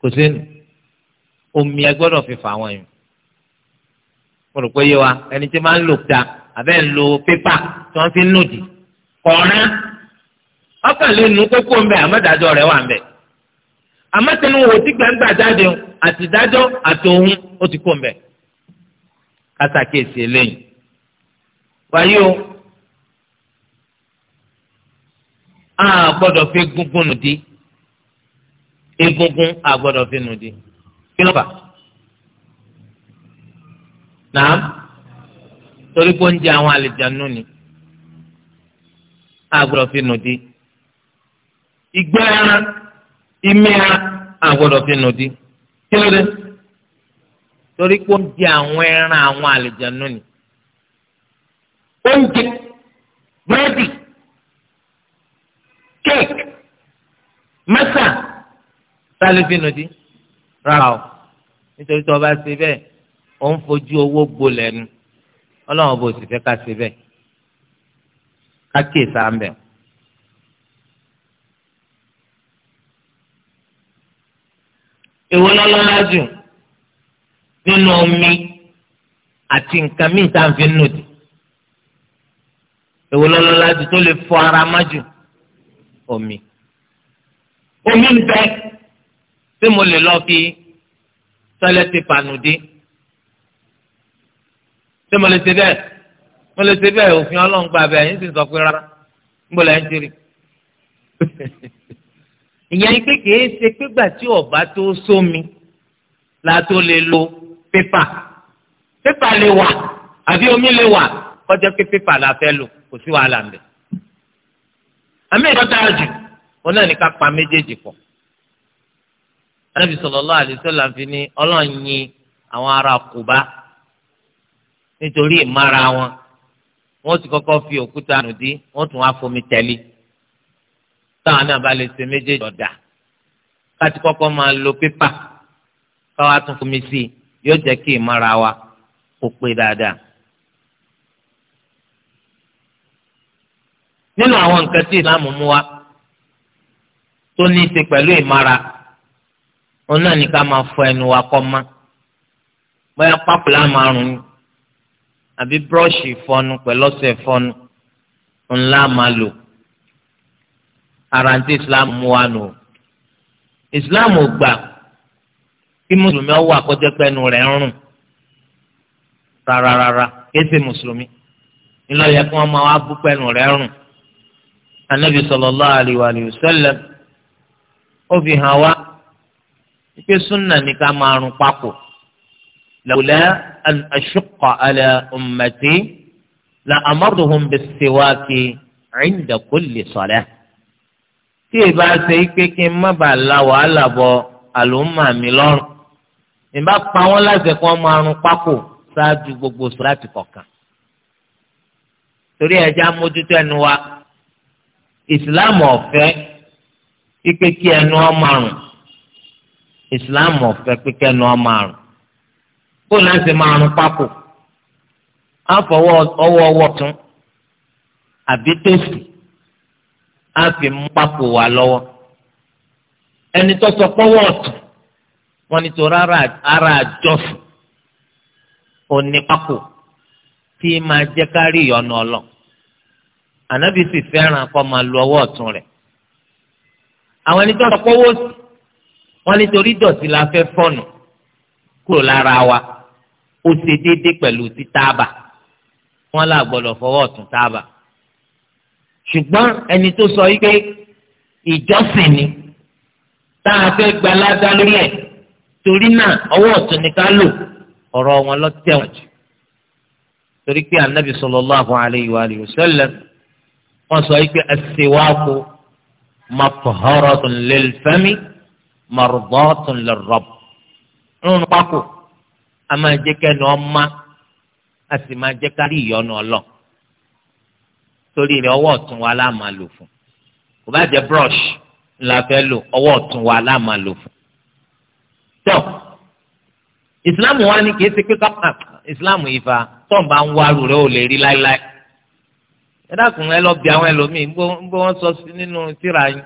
kò sínú omi ẹ gbọ́dọ̀ fi fà wọ́n yìí mo rò pé yé wa ẹni tí máa ń lò ta àbẹ́ ń lo paper, tí wọ́n fi ń nù dì kọ̀ọ̀rán ọkàn lè nu kókó ń bẹ àmọ́dájọ́ rẹ̀ wà ń bẹ àmọ́ tẹnu wò gbàgbà jáde àtìdájọ́ àtòhun ó ti kó ń bẹ kásákèsì eléyìí wáyé o a gbọ́dọ̀ fi egungun nù di egungun a gbọ́dọ̀ fi nù di kí ló fà náà torí pé oúnjẹ àwọn àlejànú ni a gbọ́dọ̀ fi nù di ìgbẹ́ ara ìmí ara a gbọ́dọ̀ fi nù di kí ló dé torí pé oúnjẹ àwọn ẹran àwọn àlejànú ni oúnjẹ búrẹ́dì. mẹ́ta sálẹ̀ fínú di rárá o nítorí tí wọ́n bá ṣe bẹ́ẹ̀ ó ń fojú owó gbolẹ̀ nu ọlọ́run bò sì fẹ́ ká ṣe bẹ́ẹ̀ ká kíyè sáà ń bẹ̀. èwo lọ́lọ́lá jù nínú omi àti nǹkan míì tá à ń fi nù dì èwo lọ́lọ́lá jù tó lè fọ ara má jù omi omi ń bẹ tí mo lè lọ fi tọ́lẹ́tì panudé tí mo lè ṣe bẹ́ẹ̀ mo lè ṣe bẹ́ẹ̀ òfin ọlọ́run gba bẹ́ẹ̀ yín sì sọ pé rárá níbo la ń ṣe rí ìyẹn pé kìí ṣe pégbà tí ọba tó sómi la tó lè lo pépà pépà lè wà àbí omi lè wà kọjá pé pépà la fẹ́ lò kò sí wàhálà ń bẹ àmì ìdọ́ta jù wọn náà ní ká pa méjèèjì pọ̀ anabi sallallahu alaihi wasallam fi ní Ọlọ́run yin àwọn ará Kùbá nítorí ìmára wọn wọ́n ti kọ́kọ́ fi òkúta nù dí wọ́n tún wá fomi tẹ̀lé táwọn náà bá lè ṣe méjèèjì ọ̀dà káti kọ́kọ́ máa lo pépà káwá tún fomi sí i yóò jẹ́ kí ìmára wa kó pé dáadáa. nínú àwọn nǹkan tí ìsìláàmù mú wa tó ní í ṣe pẹ̀lú ìmara òun náà ní ká máa fọ ẹnu wa kọ́ ma bóyá pápálá márùn ni àbí búrọ́ọ̀ṣì ìfọnu pẹ̀lú ọṣẹ ìfọnu ńlá máa lò ara ń tí Islam mú wa nù Islam ò gbà kí mùsùlùmí ọwọ́ àkọ́jẹ́pẹ́ ẹnu rẹ̀ ń rùn rárára kìí mùsùlùmí ńlọ yẹ kí wọ́n máa wá bú pẹ́nu rẹ̀ rùn Ànábì sallallahu alaihi wa sallam ó fi hàn wá pé súnà ní ká máa rún pákò lawla an ashqa ala ummati la amartuhum bis-siwaki inda kulli salah tí ì bá ṣe pé kí n má bàa la wàhálà bọ àlùmọ̀ mi lọ́rùn ìbá pa wọ́n láti kọ́ máa rún pákò ṣáájú gbogbo sùláàtì kọ̀ọ̀kan torí ẹja mójútó ẹnu wa ìsìláàmù ọ̀fẹ́ pípé kí ẹnu ọmọ àrùn islam ọ̀fẹ́ pípé ẹnu ọmọ àrùn kó láti máa rún pákó á fọwọ́ ọwọ́ ọwọ́ tún àbí tòsì á fi mú pákó wà lọ́wọ́ ẹni tó sọ pọ́wọ́ ọ̀tún wọn ni torí ara àjọsìn onípákó tí máa jẹ́ kárí ìyọnu ọlọ́ ànábì sì fẹ́ràn kó máa lu ọwọ́ ọ̀tún rẹ̀ àwọn ẹni tó ń sọpọ́ wọ́ọ̀sì wọ́n nítorí dọ̀tí la fẹ́ fọ́nù kúrò lára wa ó ṣe déédéé pẹ̀lú ti táàbà wọ́n là gbọ́dọ̀ fọwọ́ ọ̀tún táàbà ṣùgbọ́n ẹni tó sọ yìí pé ìjọsìn ni tá a fẹ́ gbalada lórí ẹ̀ torí náà ọwọ́ ọ̀tún ni ká lò ọ̀rọ̀ wọn lọ tẹ̀wọ̀n jù torí pé anabi sallallahu alayhi wa sallam wọ́n sọ yìí pé as-siwaku mọ̀tòhóròtún lẹ́lfẹ́mi mọ̀rọ̀dọ́tún lẹ́rọ̀bù. nínú pákó a máa jẹ́ kẹ́nu ọmọ a sì máa jẹ́ kárí ìyọnu ọlọ́ torí rẹ̀ ọwọ́ ọ̀tún wa la máa lò fún kò bá jẹ́ brush la fẹ́ lò ọwọ́ ọ̀tún wa la máa lò fún. tọ́ ìsìláàmù wa ni kì í ṣe pé ká ìsìláàmù ìfà tọ́ǹba ń wá rú rẹ̀ ò lè rí láéláé ẹ dákun ẹ lọ bí àwọn ẹlòmíì ń bọ wọn sọ nínú tíra yín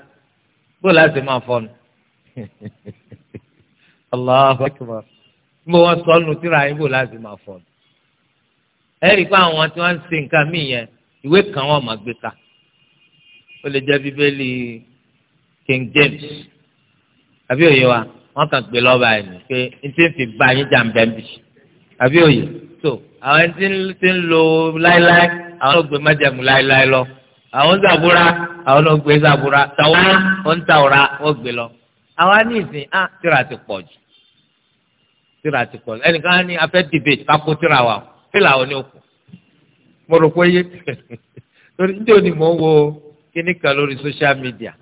bó láti máa fọnù Allahu Akbar ń bọ wọn sọ nínú tíra yín bó láti máa fọnù ẹ rí i pé àwọn tí wọn ń ṣe nǹkan míì yẹn ìwé kan wọn máa gbé ka ó lè jẹ bíbélì King James àbí òye wa wọn kàn gbé lọ́ba ẹ̀ ní pé n ti fi ba yín jà àbí òye so àwọn ẹni tí ń lo láéláé. àwọn náà gbé májẹ̀mú láéláé lọ àwọn zàbúrà àwọn náà zàbúrà tàwa wọn tàwọrà lọ àwa ní ìsìn á ah, tíra ti pọ̀ jù tíra ti pọ̀ jù ẹnìkan á ní afẹ́ dìbètì tíra wa fílà wọn ni ó kù mo rò pé yé torí níjẹ́ òní mò ń social media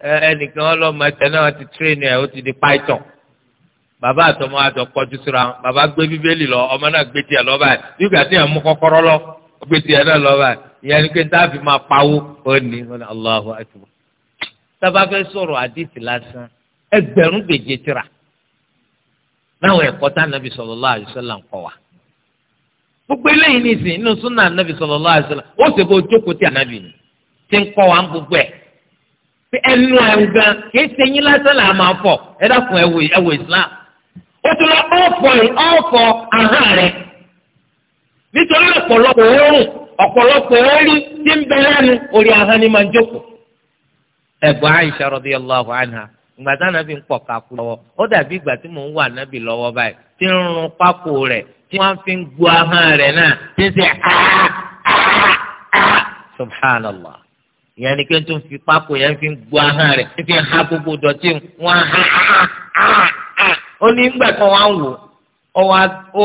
ẹnìkan ti ó ti di python bàbá àtọmọ àjọ síra lọ ọmọ náà gbé lọ báyìí yóò gbà tí lọ. gbèsè ẹ̀ náà lọ́wọ́ ìyẹn ni pé dáàbì máa pawó òní wọn ni Allahu akbar. sábà fẹ́ sọ̀rọ̀ àdìsí lásán ẹgbẹ̀rún gbèjè tira láwọn ẹ̀kọ́ tá nàbì sallallahu wa. gbogbo eléyìí inú súnà nàbì ó sì jókòó tí ni ń kọ́ wa ń gbogbo ẹ̀. ẹnu gan ṣe yín lásán là máa fọ̀ ẹ dákun ó tún nítorí ọ̀pọ̀lọpọ̀ oorun ọ̀pọ̀lọpọ̀ orí tí ń bẹ lẹ́nu orí ahọ́n ni máa jókòó. ẹ̀gbọ́n Aisha radiyallahu anha ìgbà tí anabi ń pọ̀ kakú lọ́wọ́ ó dàbí ìgbà tí mò ń wà nábì lọ́wọ́ báyìí tí ń rún pákó rẹ̀ tí wọ́n fi ń gbọ́ ahọ́n rẹ̀ náà tí ń sẹ́ subhanallah ìyẹn ni pé tó ń fi pákó yẹn fi ń gbọ́ ahọ́n rẹ̀ fi ń ha gbogbo dọ̀tí wọn ha ha ha ọwọ́ ó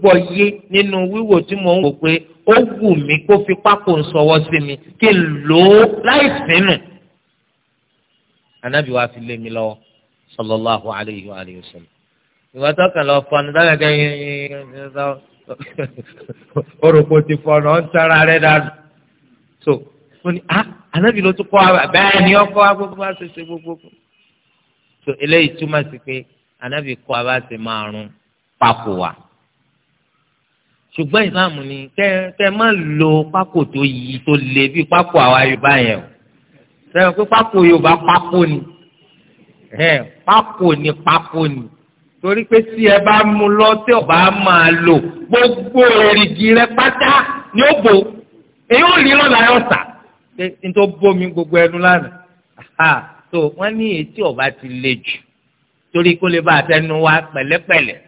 gbọ́ yé nínú wíwò tí mò ń wò pé ó wù mí kó fi pákó ń sọwọ́ sí mi kí n lò ó láì sínú. anábì wa fi lé mi lọ́wọ́ sallallahu alayhi wa alihi wa sallam. ìwà tó kàn lọ fọnù dáadáa gẹ́gẹ́ yín orúkọ ti fọnù ọ̀n tara rẹ̀ dànù. so mo ní ah anábì ló tún kọ́ bẹ́ẹ̀ ni ọkọ̀ agbègbè wa ṣe ṣe gbogbo. so eléyìí túmọ̀ sí pé anábì kọ́ abá ti máa rún pákó wa ṣùgbọ́n ìsìláàmù ni kẹ́ kẹ́ má lo pákó tó yí tó le bí pákó àwa yorùbá yẹn o sẹ́yìn pé pákó yorùbá pákó ni pákó ni pákó ni torí pé tí ẹ bá mú lọ tí ọba máa lò gbogbo èrìgì rẹ pátá ni ó bò èyí ò rí lọ́la yọ sà pé n tó bómi gbogbo ẹnu lánàá so wọ́n ní etí ọba ti le jù torí kó lè bá àtẹnu wa pẹ̀lẹ́pẹ̀lẹ́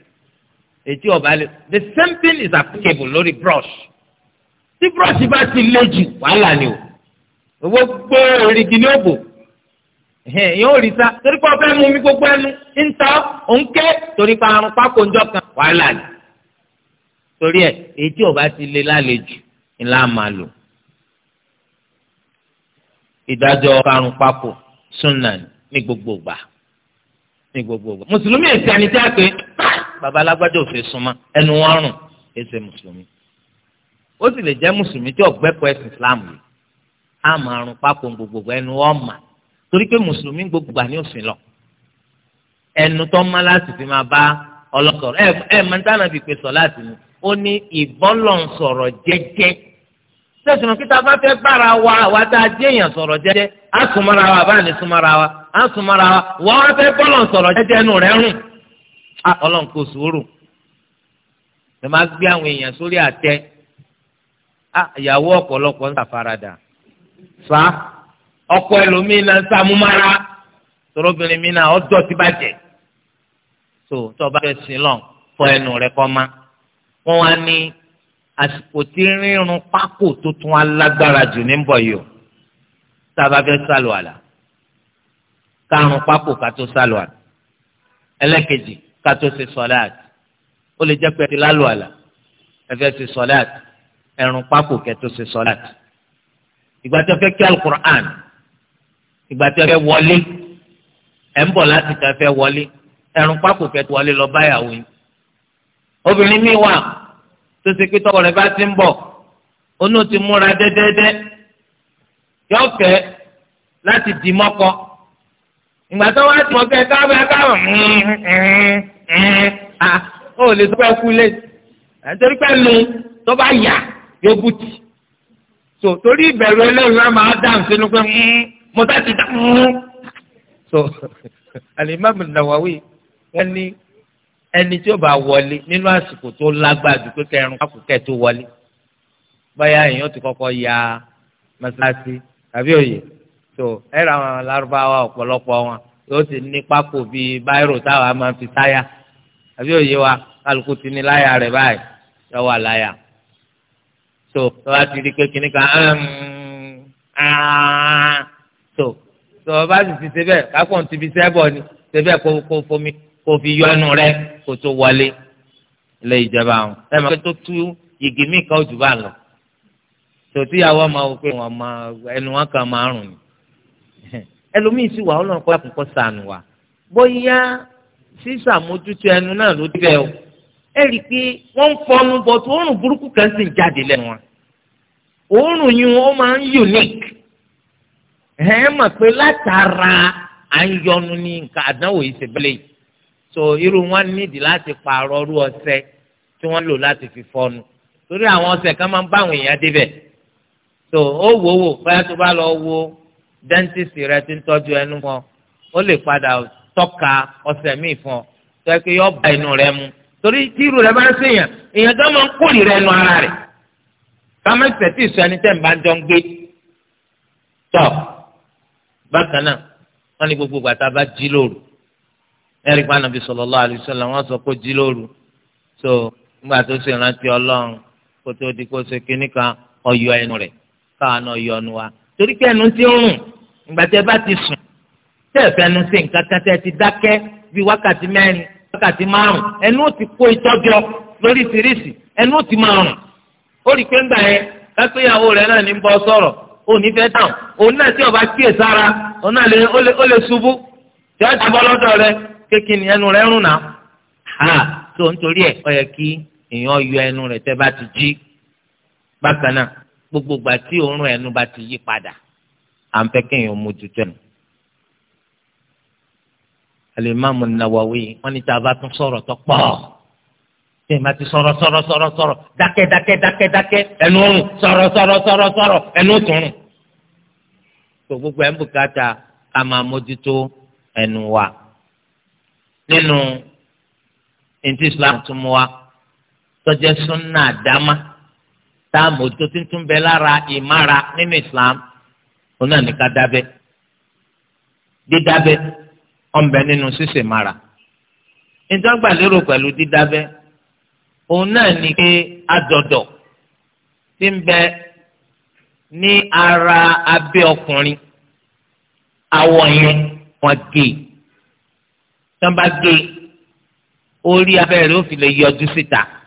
ètí ọba lè the same thing is applicable lórí brush tí brush bá ti lé jù wàhálà ni o owó gbó erigi ní òbò yóò rí sa torí pé ọbẹ̀ mú mi gbogbo ẹnu ń ta òǹkẹ́ torí pé àrùn pákó ńjọ kan wàhálà ni torí ẹ ètí ọba ti lé lálejò ńlá máa lò ìdájọ́ karùn pákó sunna ní gbogbo ìgbà ní gbogbo ìgbà mùsùlùmí a àníjà pé Baba alágbájá ò fẹ́ súnmọ́ ẹnu wọn rùn ẹsẹ mùsùlùmí ó sì lè jẹ́ mùsùlùmí tí ọ̀gbẹ́kọ̀ ẹ̀sìn islam yìí á máa rún pápọ̀ gbogbo ẹnu wọn mà torí pé mùsùlùmí gbogbo àní òfin lọ ẹnu tó má láti fi máa bá ọlọ́kọ̀ọ́ ẹ ẹ mọ̀ntánà fi pè láti ní ó ní ìbọ́lọ̀n sọ̀rọ̀ jẹ́jẹ́ sẹ́sìn kí tá a bá fẹ́ bára wa àwa tá a jẹ́ èèyàn sọ̀rọ̀ jẹ́jẹ́ á súnmọ́ra wa àbá ní súnmọ́ra wa á súnmọ́ra wa wọ́n á fẹ́ bọ́lọ̀n sọ̀rọ̀ jẹ́jẹ́ nù rẹ̀ rùn. Ah, ọlọ́run kò sùúrù ẹ máa gbé àwọn èèyàn sórí àtẹ ah, ìyàwó ọ̀pọ̀lọpọ̀ ń ṣàfaradà fa ọkọ ẹlòmíín náà ń sàmúmára torobìnrin mi náà ọjọ́ ti bàjẹ́ tó tó bá fẹ́ sin lọ fọ ẹnu rẹ kọ́ ma wọ́n wá ní àsìkò tí rírun pákó tuntun alágbára jù ní bọ̀ yìí o tá a bá fẹ́ sálọ àlà kárun pákó ká tó sálọ àlà ẹlẹ́kejì kátó ṣe sọláàtì ó lè jẹ́ pé ti lálù àlà ẹ̀fẹ́ ṣe sọláàtì ẹ̀rùn pákó kẹ́tó ṣe sọláàtì ìgbà tó fẹ́ kí alukur'an ìgbà tó fẹ́ wọlé ẹ̀ ń bọ̀ láti ká fẹ́ wọlé ẹ̀rùn pákó kẹ́tó wọlé lọ báyàwó yìí obìnrin mi wà tó ṣe pé tọkọ rẹ̀ bá ti ń bọ̀ onú ti múra dẹ́dẹ́dẹ́ yọ̀ọ̀fẹ́ láti dì mọ́kọ́ ìgbà tó wá tì mọ́ pé káàbọ̀ káàbọ̀ ó lè tó bẹ́ẹ̀ kú lé nítorí pé nu tó bá yà yóò bù tì so torí ìbẹ̀rù ẹlẹ́rìí wọn máa dáhùn sínú pé mm, mo sá ti dá mm. so alimami Nawawi wọn ní ẹni tí ó bá wọlé nínú àsìkò tó lágbára jù pé kẹrin kákùkẹ tó wọlé báyà èèyàn ti kọ́kọ́ ya mọ́sálásí àbí òye so ẹ̀rọ àwọn lárúbáwá ọ̀pọ̀lọpọ̀ wọn yóò ti ní pákó bíi báírò táwa máa fi táyà àbí òye wa kálukú ti ní láyà rẹ̀ báyìí yọ wà láyà so tọ́wá ti di pé kìnnì kan so so ọba sì ti ṣe bẹ́ẹ̀ kápọ̀ ti fi sẹ́bọ̀ ni ṣe bẹ́ẹ̀ kó kó fomi kó fi yọnu rẹ kó tó wọlé ilé ìjọba àwọn ẹ máa tó tú igi míì kan jù bá lọ tòtíyàwó máa wò pé wọn máa ẹnu wọn kàn máa rùn ni ẹlòmíì sì wà ọlọ́run kọ́ àkùkọ sànù wa bóyá sísàmójútó ẹnu náà ló débẹ̀ o ẹ rí i pé wọ́n ń fọnu bọ̀ tó òórùn burúkú kan sì ń jáde lẹ́nu wa òórùn yìí ó máa ń unique ẹ mọ̀ pé látara àyọnu ní nǹkan àdánwò yìí ṣe bẹ́lẹ̀ yìí so irú wọn nídìí láti pààrọ̀ ọrú ọṣẹ tí wọ́n lò láti fi fọnu torí àwọn ọṣẹ kan máa ń bá àwọn èèyàn débẹ̀ so ó wò wò báyà tó bá lọ wo dẹ́ńtìsì rẹ ti ń tọ́jú ẹnu fún ọ ó lè padà tọ́ka ọ̀sẹ̀ míì fún ọ tó yẹ kí yọ bá inú rẹ mu torí tí irú rẹ bá ń sèyàn èèyàn tó máa ń kórìíra ẹnu ara rẹ kámẹ́sẹ̀ tí ìsọ ẹni tẹ́ ń bá jọ ń gbé tọ̀ bákan náà wọ́n ní gbogbo gbàtà bá jí lóru ẹ̀rí pa nàbí sallallahu alaihi wọ́n sọ pé jí lóru so nígbà tó ṣe rántí ọlọ́run kó tó di kó ṣe kínní ọyọ ẹnu rẹ̀ káwọn náà yọ ọnu wa torí pé ẹnu ti ń rùn ìgbà tẹ́ bá ti sùn tẹ́ ẹ fẹnu sí nǹkan kan tẹ́ ti dákẹ́ bíi wákàtí mẹ́rin wákàtí márùn ẹnu ó ti kó ìtọ́jọ lóríṣiríṣi ẹnu ti máa rùn ó rí i pé ńgbà yẹn kápẹ́yàwó rẹ̀ náà ní bọ́ sọ̀rọ̀ ó ní fẹ́ dáhùn òun náà tí ọba kíyè sára òun náà ó lè ṣubú tí ó jábọ́ lọ́dọ̀ rẹ̀ kékin ẹnu rẹ̀ rùn náà ha tó nítorí ẹ̀ ó yẹ kí èèyàn yọ ẹnu rẹ̀ tẹ́ bá ti jí bákan náà gbogbo ìgbà tí òórùn ẹnu bá ti yí padà à ń fẹ́ kéèyàn mójútó ẹnu. alimami nawawi wọ́n ní tá a bá tún sọ̀rọ̀ tó pọ̀ tí èèyàn bá ti sọ̀rọ̀ sọ̀rọ̀ sọ̀rọ̀ sọ̀rọ̀ dákẹ́ dákẹ́ dákẹ́ dákẹ́ ẹnu òórùn sọ̀rọ̀ sọ̀rọ̀ sọ̀rọ̀ sọ̀rọ̀ ẹnu òtún. tó gbogbo ẹ̀ ń bùkátà ká máa mójútó ẹnu wa nínú ntí islam tún mú wa tọ́jẹ́ súnà dáma tá a mójútó tuntun bẹ lára ìmára nínú islam ó náà ní ká dábẹ́ dídábẹ́ ọ̀nbẹ nínú ṣíṣe mara ìjọba lérò pẹ̀lú dídábẹ́ òun náà ní pé adọ̀dọ̀ ti ń bẹ ní ara abẹ́ ọkùnrin awọ yẹn wọn gé e tí wọn bá gé orí abẹ́ rẹ̀ ó fi lè yọjú síta. Si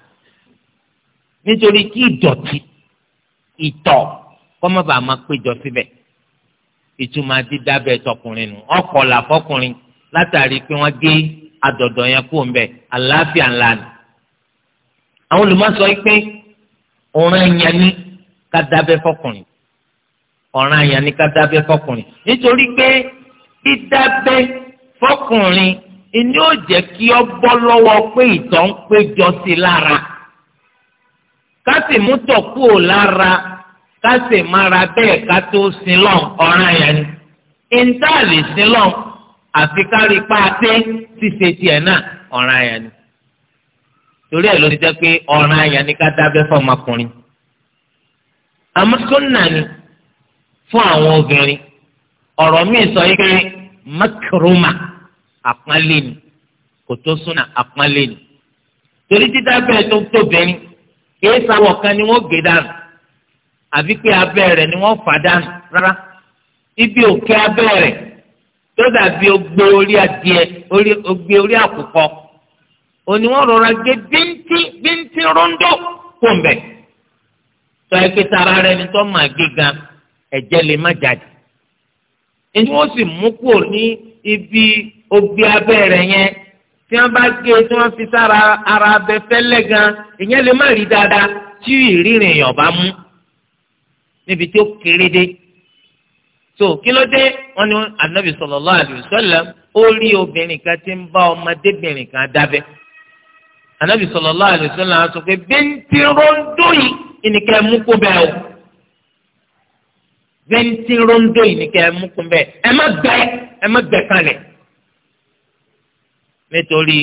nítorí kí ìdọ̀tí ìtọ̀ kọ́mọ́bà máa péjọ síbẹ̀ ìtumọ̀ dídábẹ́ tọkùnrin nù ọkọlà fọkùnrin látàrí pé wọ́n gé adọ̀dọ̀ yẹn kó ń bẹ̀ àlàáfíà ńlá ni. àwọn olùmọ̀sọ yìí pé ọ̀ràn ẹ̀yàn ni ká dábẹ́ fọkùnrin ọ̀ràn ẹ̀yàn ni ká dábẹ́ fọkùnrin nítorí pé dídábẹ́ fọkùnrin ni ó jẹ́ kí ọ bọ́ lọ́wọ́ pé ìtọ̀ ń péjọ sí lára ká sì mú tọ̀ kúrò lára ká sì mára bẹ́ẹ̀ ká tó sin lọ́n ọ̀ràn yẹn ni. ìńtà lè sin lọ́n àfi kárí pàṣẹ ṣíṣe tiẹ̀ náà ọ̀ràn yẹn ni. torí ẹ̀ ló ti jẹ́ pé ọ̀ràn yẹn ni ká dábẹ́ fọmọkùnrin. àmọ́ sọ́nà ni fún àwọn obìnrin ọ̀rọ̀ míì sọ yìí pé makroma àpọ́nlé ni kò tó súnà àpọ́nlé ni. torí dídábẹ́ tó tóbi ni kìí sáwọ̀ kan ni wọ́n gé dànù àbí pé abẹ́ rẹ̀ ni wọ́n fà dànù rárá ibi òkè abẹ́ rẹ̀ tó dàbí ogbe orí adìẹ ogbe orí àkùkọ òní wọ́n rọra gé bíntín bíntín rọ́ńdọ̀ kó ń bẹ̀ ẹ pé tara rẹ ni tọ́ máa gé gan lè má jáde sì mú kúrò ní ibi ogbe abẹ́ rẹ̀ yẹn tí wọ́n bá gé tí wọ́n fi sára ara abẹ fẹ́lẹ́ gan ìyẹn lè má rí dáadáa tí ìrírìn èèyàn bá mú níbi tí ó kéré dé so kí ló dé wọ́n ní anabi sallallahu alaihi wasallam ó rí obìnrin kan tí ń bá ọmọdébìnrin kan dábẹ́ anabi sallallahu alaihi wasallam á sọ pé bíntín ròǹdó yìí ìníkẹ́ mú kó bẹ́ẹ̀ o bíntín yìí ìníkẹ́ mú kó bẹ́ẹ̀ ẹ má gbẹ ẹ má gbẹ kalẹ̀ nítorí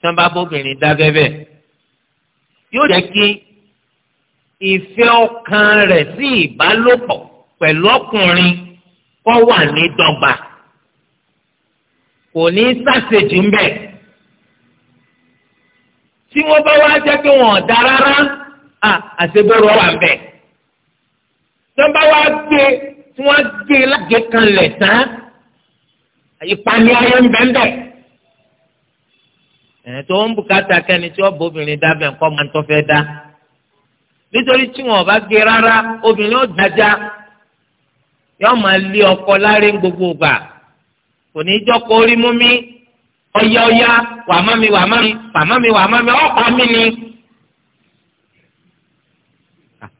tí wọ́n bá bóbìnrin dábẹ́bẹ́ yóò jẹ́ kí ìfẹ́ ọkàn rẹ̀ sí ìbálòpọ̀ pẹ̀lú ọkùnrin kó wà ní dọ́gba kò ní sàṣèjì ń bẹ̀ tí wọ́n bá wá jẹ́ pé wọ́n dá rárá àṣebọ̀rọ̀ wà ń bẹ̀ tí bá wá gbé tí wọ́n gbé lágé kan lẹ̀ tán ìpànìyàn ń bẹ̀ ń bẹ̀ ẹ̀ tó ń bùkátà kẹ́ni tí ọ̀bọ obìnrin dábẹ̀ ńkọ́ máa ń tọ́ fẹ́ dá nítorí tí wọn bá gé rárá obìnrin ó dájá yóò máa lé ọkọ láre ń gbogbo gbà kò ní í jọ́kọ́ orí mú mi ọ̀yá ọ̀yá wà má mi wà má mi wà má mi wà má mi ọ̀pá mi ni.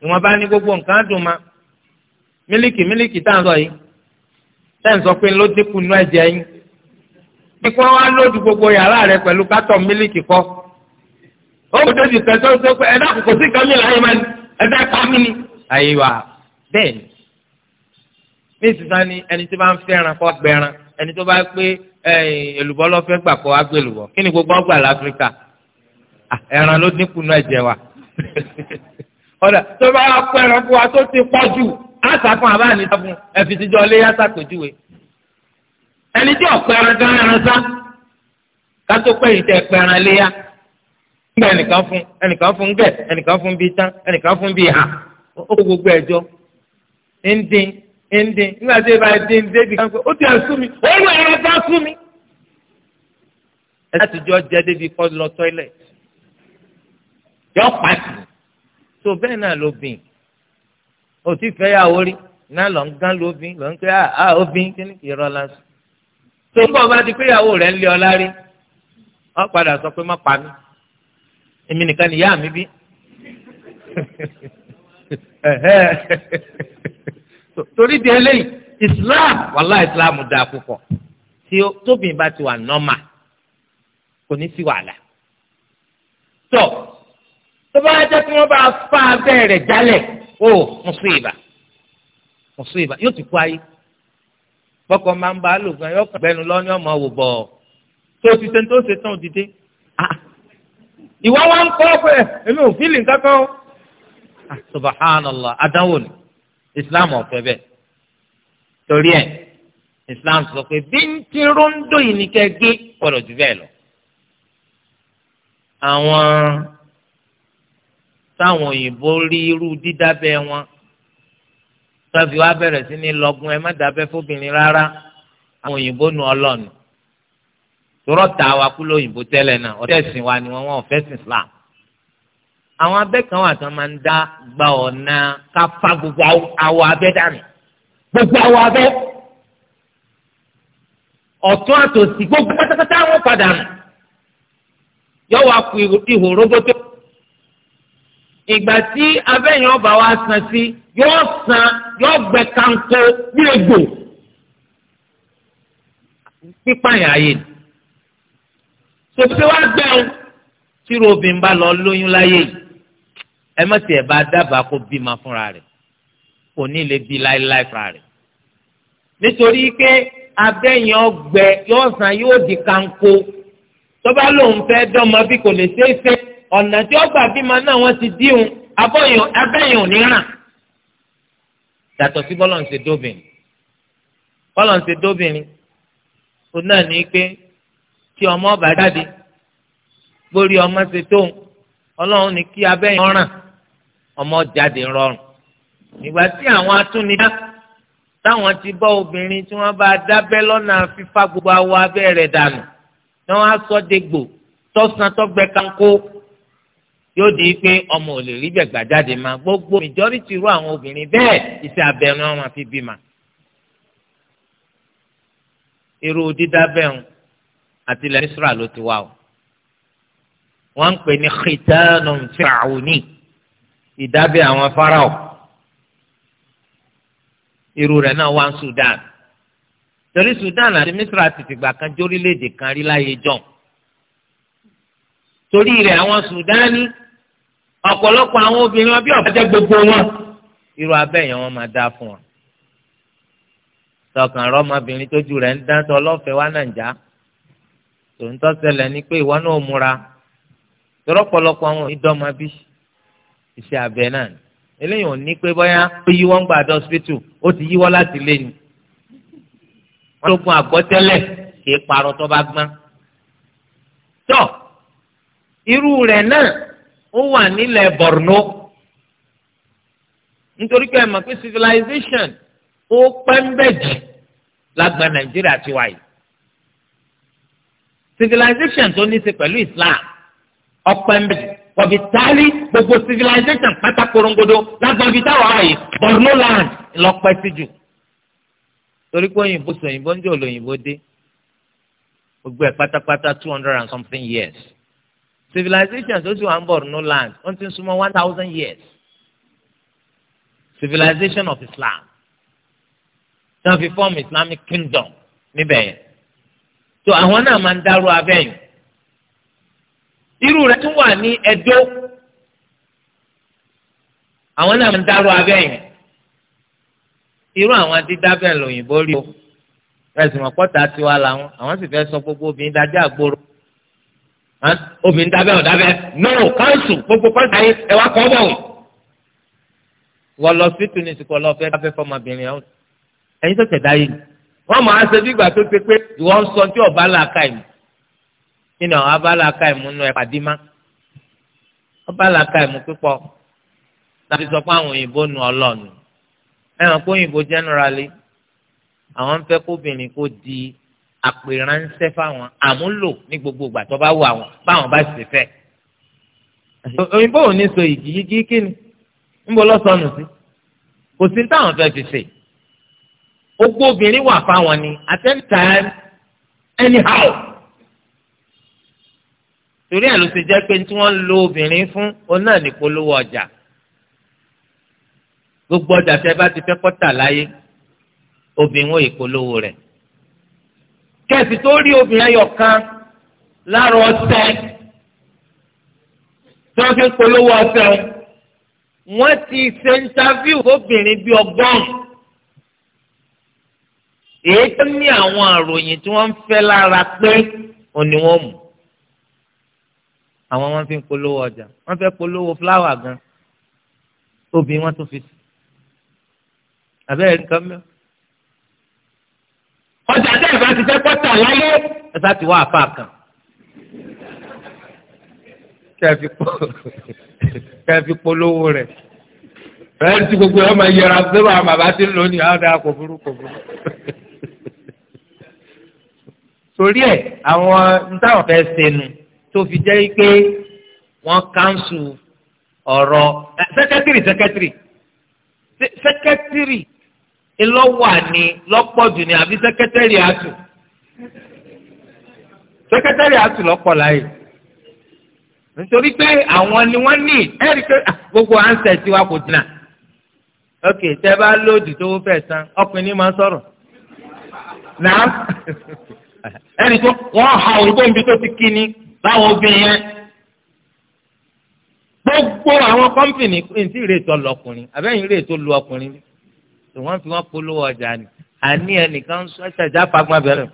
ìwọ̀n bá ní gbogbo nǹkan dùn ma mílíkì mílíkì tá à ń sọ yìí tẹ́ ń sọ pé ló dínkù nú ẹ̀jẹ̀ yín kíkọ́ wá lójú gbogbo yàrá rẹ pẹ̀lú kátọ̀ mílíkì kọ́ ó kò tó ti tẹ̀sọ́ tó pé ẹ̀dá kò sí kàmí láyé máa ní ẹ̀dá kàmí ni. àyíwá bẹ́ẹ̀ ni ní ìsúná ni ẹni tó bá ń fẹ́ràn kọ́ gbẹran ẹni tó bá pé èlùbọ́ lọ́fẹ́ gbà kọ́ agbélùbọ́ kí ni gbogbo ọgbà láfíríkà ẹran ló dínkù náà jẹ wa ọ̀dà tó bá pẹ̀ràn fún wa tó ti pọ̀ jù á sàkún àbáà ní sábùn ẹ̀fìsíjọ́ lé yá sàpèjúwe ẹni tí ọ̀pẹ ẹran gan ẹran sá kátó pé ìtẹ̀ ẹ̀pẹ ẹran léyà nígbà ẹnìkan fún ẹnìkan fún gẹ̀ ẹnìkan fún bíi tán ẹnìkan fún bíi hà ó kó gbogbo ẹ̀jọ́ ń dín nígbà tí ìbá dín débi kan pé ó ti àsú mi ó lọ ẹran sá sú mi. ẹ láti jọ jẹ débi kọ́ lọ tọ́ílẹ̀ yọ pàtì tó bẹ́ẹ̀ náà ló bìn ó ti fẹ́ yàwó rí náà lọ́n gán lóbin lọ́n kẹ́ àá obìn ah, ah, kí ni ìrọ̀lá sùn tó ń bọ̀ bá ti pé ìyàwó rẹ̀ ń lé ọ lárí wọ́n padà sọ pé má pa mí èmi nìkan ni ìyá mi bí torí di eléyìí Islam wàhálà Islam dáa púpọ̀ tí tóbìn bá ti wà nọ́mà kò ní sí wàhálà tọ́ tó bá jẹ́ kí wọ́n bá fa abẹ́ rẹ̀ jálẹ̀ ó mùsùlùmí mùsùlùmí yóò ti kú ayé bọ́kọ máa ń bá a lò gan yọkàn gbẹnu lọ ní ọmọ wò bọ̀ tó ti ṣe tó ṣe tán dìde. Ah, ìwọ wa ń kọ́ pé èmi ò fílì kankan o. Ah, subhanallah adáwò ni islam ọ̀fẹ́ bẹ́ẹ̀ torí ẹ̀ islam sọ pé bíntíróńdó yìí ni kẹ́ gé gbọ́dọ̀ jù bẹ́ẹ̀ lọ. àwọn táwọn òyìnbó rí irú dídábẹ́ wọn tọ́fi wá bẹ̀rẹ̀ sí ní lọ́gùn ẹ má dábẹ́ fóbìnrin rárá àwọn òyìnbó nu ọlọ́ọ̀nù tòrọ́ ta wa kú lóyìnbó tẹ́lẹ̀ náà ọ̀tẹ́ ẹ̀sìn wa ni wọ́n wọ́n fẹ́ sìn Islam àwọn abẹ́ kan wà tán máa ń dá gba ọ̀nà ká fa gbogbo awọ abẹ́ dànù gbogbo awọ abẹ́ ọ̀tún àtòsí gbogbo pátápátá wọn padà nù yọ wá ku ihò róbótó ìgbà tí abẹ́yìn ọba wa san sí yóò san yóò gbẹ kanko ní egbò pípààyàn ayé ni tòṣe wá gbẹ̀rún tí robin bá lọ lóyún láyé yìí ẹ má tiẹ̀ bá dábàá kó bímọ fúnra rẹ̀ kò ní lè bí láéláé fúnra rẹ̀ nítorí pé abẹ́yìn ọgbẹ yóò san yóò di kanko tó bá fẹ́ dánmọ́ bí kò lè ṣeé ṣe ọ̀nà tí ó gbà bímọ náà wọ́n ti díhun abọ́yìn abẹ́yìn ò ní ràn. yàtọ̀ sí bọ́lọ̀ ń ṣe dóbìnrin bọ́lọ̀ ń ṣe dóbìnrin ó náà ní pé tí ọmọ ọba jáde gbórí ọmọ ṣe tóun ọlọ́run ní kí abẹ́yìn ọ̀ràn ọmọ jáde rọrùn nígbà tí àwọn atúnidá táwọn ti bọ́ obìnrin tí wọ́n bá dábẹ́ lọ́nà fífa gbogbo awọ abẹ́ dànù ni wọ́n á sọ yóò di pé ọmọ ò lè rí bẹ̀ gbàjáde ma gbogbo majority ru àwọn obìnrin bẹ́ẹ̀ iṣẹ́ abẹnú wọn fi bímọ. irú dídábẹ́hùn àti ilẹ̀ Misra ló ti wá o. wọ́n ń pè ní khitanun fir'auni ìdábẹ́ àwọn Fáráò. irú rẹ̀ náà wá ń Sudan. torí Sudan àti Misra ti fìgbà kan jórílẹ̀-èdè kan rí láyé jọ̀ọ́ torí rẹ̀ àwọn Sudani ọ̀pọ̀lọpọ̀ àwọn obìnrin wọn bí ọ̀bájá gbogbo wọn irú abẹ́yẹn wọn máa dá fún wọn. sọkàn rọmọbìnrin tójú rẹ̀ ń dáńtọ́ ọlọ́fẹ́ wa nàìjá tòǹtọ́ ṣẹlẹ̀ ni pé ìwọ náà múra tọ́rọ̀pọ̀lọpọ̀ àwọn ìdọ́mọ bí iṣẹ́ abẹ náà ni eléyìí ò ní pé bóyá ó yíwọ́ ń gbà dọ́ hospital ó ti yíwọ́ láti lé ni wọ́n ló gun àgbọ́tẹ́lẹ̀ kì í parọ́ irú rẹ̀ náà ó wà nílẹ̀ Borno nítorí pé ẹ mọ̀ pé civilization ó pẹ́ńbẹ̀jì lágbà Nàìjíríà ti wáyé civilization tó ní í ṣe pẹ̀lú Islam ọ̀pẹ́ńbẹ̀jì kọ̀bí tálí gbogbo civilization pátákórógodo lágbà bíi táwọn ààyè Borno land lọ́pẹ́ sí jù torí pé òyìnbó sọ òyìnbó ń jẹ́ òlòyìnbó dé gbogbo ẹ̀ pátápátá two hundred and something years Civilizations tó sì wà ń bọ̀ nínú land wọ́n ti ń súnmọ́ one thousand years civilization of Islam náà fi form Islamic kingdom níbẹ̀ yẹn so àwọn náà máa ń dárú abẹ́yìn irú rẹ̀ tún wà ní Ẹdó àwọn náà máa ń dárú abẹ́yìn irú àwọn dídábẹ̀ lòyìnbó rí o ẹ̀sìn ọ̀pọ̀ta tiwa làwọn àwọn sì fẹ́ sọ gbogbo obìnrin dájú àgbòrò obìnrin dábẹ́ ọ̀dábẹ́ no council gbogbo pàṣẹ ayé ẹ wá kọ́ bọ̀. wọ́n lọ sí tunisi kọ́ lọ fẹ́ dábẹ́ fọmọbìnrin ọ̀hún ẹ̀yin tó tẹ̀dá yìí wọ́n máa ṣe bí ìgbà tó ṣe pé ìwọ ń sọ tí ọba làákà ìmú nínú àwọn abala àkà ìmú nù ẹ̀ pàdé má ọba làákà ìmú pípọ̀ tàbí sọ pé àwọn òyìnbó nu ọlọ́ọ̀nù ẹ̀wọ̀n kó òyìnbó generally àwọn ń fẹ́ kóbìnrin kó di àpèránṣẹ́ fáwọn àmúlò ní gbogbo ìgbà tó bá wù àwọn báwọn bá sì fẹ́. òyìnbó ò ní so ìjì yíkí kí ni ń lọ́sọ̀nù sí kò sí táwọn fẹ́ fi ṣe. ogbó obìnrin wà fáwọn ni at time anyhow. torí ẹ̀ ló ṣe jẹ́ pé tí wọ́n ń lo obìnrin fún òun náà ní polówó ọjà. gbogbo ọjà tẹ́ bá ti fẹ́ kọ́tà láyé obìnrin ò ìpolówó rẹ̀ kẹsì tó rí obìnrin ayọ̀ kan lára ọṣẹ tí wọ́n fi ń polówó ọṣẹ wọ́n ti ṣe ńtàfíù fóbìnrin bíi ọgọ́rùn-ún èyí tó ní àwọn àròyìn tí wọ́n ń fẹ́ lára pé òní wọ́n mú àwọn wọn fi ń polówó ọjà wọ́n fẹ́ polówó fúláwà gan obìnrin wọn tó fi sí abẹ́rẹ́ nǹkan mẹ́rin ọjà tẹ́ ìfẹ́ ti fẹ́ pọ́tà láyé ẹ̀sà ti wá àfa kan. kẹ́ẹ̀fì polówó rẹ̀ bẹ́ẹ̀ ti gbogbo ẹ̀ ọmọ yẹra pé wà bàbá ti ń lò ní àwọn ah, ọ̀dà kò burú kò burú. torí ẹ̀ àwọn ntáwọn fẹ́ sẹ́nu tó fi jẹ́ pé wọ́n kánṣu ọ̀rọ̀ sẹ́kẹ́tìrì sẹ́kẹ́tìrì sẹ́kẹ́tìrì ńlọ́wọ́ àní lọ́pọ̀jù ni àbí sẹ́kẹ́tẹ́rì àtù sẹ́kẹ́tẹ́rì àtù lọ́pọ̀ láyè nítorí pé àwọn ni wọ́n ní ẹ̀rí pé ah, gbogbo ansẹ̀ tiwa kò dínà ok tẹ́ bá lóòdù tó fẹ́ san ọkùnrin máa sọ̀rọ̀ náà ẹ̀rí tó wọ́n ha òrùkọ́ níbi tó ti kí ni báwọn obìnrin yẹn gbogbo àwọn kọ́mpìnì ní ti ìrètò ọlọkùnrin àbẹ́yìn ìrètò lu ọkùnrin tí wọ́n fi wọ́n polówó ọjà ni àní ẹnìkan ń sọ ẹsẹ̀ jáfa gbọ́n bẹ̀rẹ̀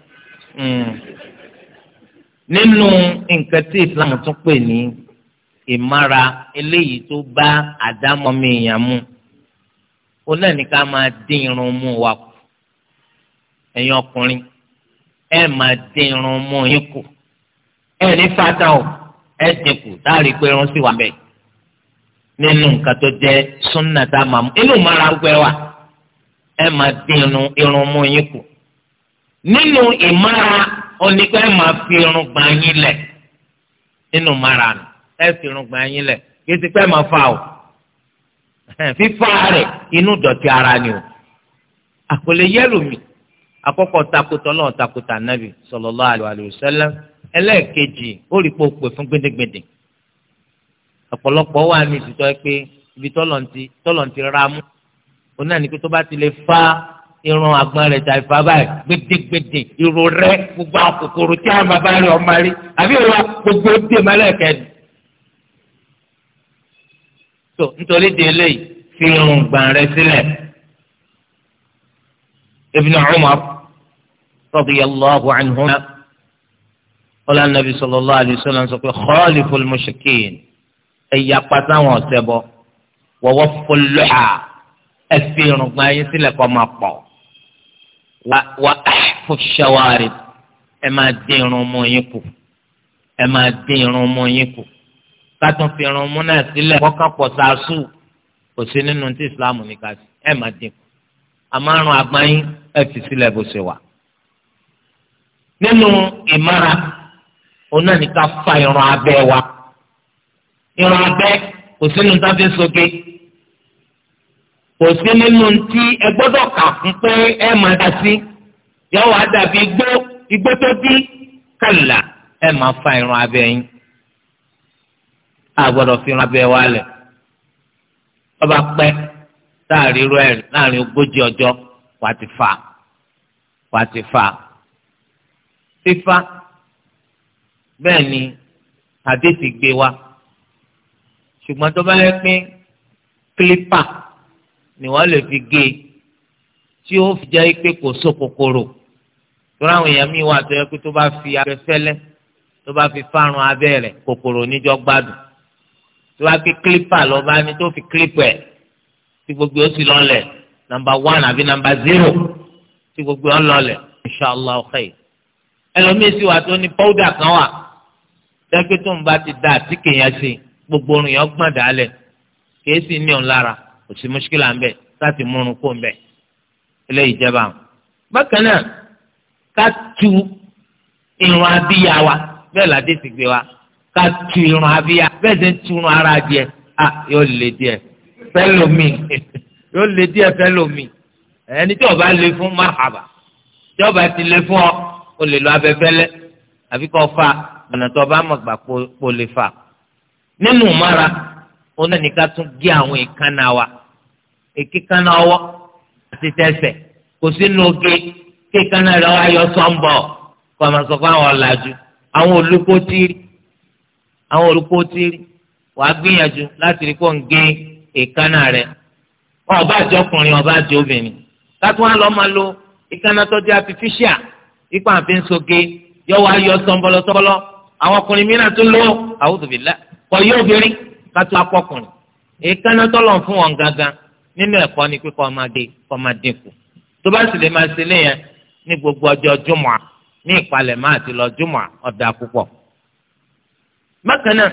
hmm. nínú nǹkan tí Islam tún pè ní ìmára eléyìí tó bá àdámọ́mí èèyàn mu ó náà ní ká máa dín irun mú wa kù ẹ̀yin ọkùnrin ẹ máa dín irun mú yín kù ẹ ní fata o ẹ dínkù táàrí pé irun sì wà bẹ́ẹ̀ nínú nǹkan tó jẹ́ súnnà tá inú ìmára gbẹ wa. ẹ máa dín irun mú yín kù nínú ìmára onígbà ẹ máa fi irun gbà yín lẹ̀ nínú ìmára nù ẹ fi irun gbà yín lẹ̀ kí esi pẹ́ máa fa o fífa rẹ̀ inú dọ̀tí ara ni o àkọlé yẹ́lò mi àkọ́kọ́ takotọ náà takotọ anabi sallallahu alaihi wasallam ẹlẹ́ẹ̀kejì ó rí pòpè fún gbẹdẹgbẹdẹ ọ̀pọ̀lọpọ̀ wà ní ìsìtọ́ pé ibi tọlọntì tọlọntì rámú òun náà ní pé tó bá ti lè fa irun agbọn rẹ̀ ta ìfà báyìí gbedegbede irun rẹ̀ gbogbo àkòkòrò tí a máa bá rí ọmọ rí àbí ìwà gbogbo dè e má lẹ́kẹ̀ẹ́ni. tó nítorí di eléyìí fi irun gbọ̀n rẹ̀ sílẹ̀. Ibn Umar radiyallahu anhuma ọlá nàbí sallallahu alaihi wasallam sọ pé khaliful mushrikin ẹ̀yà pátá wọn ọ̀sẹ̀ bọ̀ wọ́wọ́ fọlọ́ha ẹ̀fì irùngbọ̀n ayé sílẹ̀ kọ́ máa pọ̀ wà áfò ṣàwárí ẹ máa dín irun mú yín kù ẹ máa dín irun mú yín kù ká tún fi irun mú náà sílẹ̀ kọ́kàn pọ̀ sàásù kò sí nínú tí ìsìláàmù ní sí ẹ máa dín kù àmọ́ àrùn àgbáyín ẹ fi sílẹ̀ bó ṣe wà. nínú ìmára òun náà ní ká fa irun abẹ́ wa irun abẹ́ kò sínú tá a fi ń soge kò sí nínú tí ẹ gbọ́dọ̀ kà fún pé ẹ máa dá sí yọ wá dàbí igbó igbó tó dín kàlà ẹ máa fa irun abẹ́ yín a gbọ́dọ̀ fi irun abẹ́ wa lẹ̀ ọba pẹ́ láàrin irú ẹ̀rìn láàrin ogójì ọjọ́ wàá ti fa wàá ti fa fífa bẹ́ẹ̀ ni àdé ti gbé wa ṣùgbọ́n tó bá yẹ pé kílípà ni wọ́n lè fi gé e tí ó fi jẹ́ pé kò so kòkòrò tóra àwọn èèyàn míì wà tó yẹ pé tó bá fi abẹ́fẹ́lẹ́ tó bá fi fárun abẹ́ rẹ̀ kòkòrò níjọ́ gbádùn tó bá fi kílípà lọ bá ní tó fi kílípà ẹ̀ tí gbogbo ó sì lọlẹ̀ nàmbà wán àbí nàmbà zero tí gbogbo ó lọlẹ̀ inshàlá ọ̀hẹ́ ẹlòmíì sì wà tó ní pọ́ùdà kan wà tẹ́gbẹ́ ń bá ti da àtíkè yẹn sí gbogbo orun yẹn gbọ̀n dálẹ̀ kèé sì ní òun lára kò sí mọ́ṣíkìlà ńbẹ láti múrun kó ńbẹ eléyìí jẹba àwọn. bákan náà ká tu irun abíyá wa bẹ́ẹ̀ ládé ti gbé wa ká tu irun abíyá bẹ́ẹ̀ ti ń tu irun ara díẹ̀ a yóò lè díẹ̀ fẹ́lómi yóò lè díẹ̀ fẹ́lómi ẹni tí ó bá lè fún mahaba tí ó bá ti lè fún ọ o lè lo abẹ́fẹ́lẹ́ àfi kọ́ fa ọ̀nà tó bá mọ̀ gbà kó lè fa nínú mara ó náà ní ká tún gé àwọn ìkànnà wa. èkékaná ọwọ àti tẹsẹ̀ kò sínú oge kékaná rẹ̀ wá yọ sọ́ńbọ̀ kó a máa sọ fún àwọn ọ̀làjú àwọn olùkó tíìrì àwọn olùkó tíìrì wàá gbìyànjú láti rí kó ń gé èékánná rẹ̀ ọba àjọkùnrin ọba àjọbìnrin kátó wọn lọ máa lo èékánná tó di artificial ipa àfi soge yọwọ ayọ sọmbọlọ sọmbọlọ àwọn ọkùnrin mìíràn tó lọ àwùjọ bìlá kọ yọ obìnrin kátó akọkùnrin èékánná tó fún wọn gangan nínú ẹ̀kọ́ ni pé kọ́ máa dé kọ́ máa dínkù tó bá sì lè máa ṣe léyìn ní gbogbo ọjọ́ jùmọ̀ ní ìpalẹ̀ máa ti lọ jùmọ̀ ọ̀dà púpọ̀. bákan náà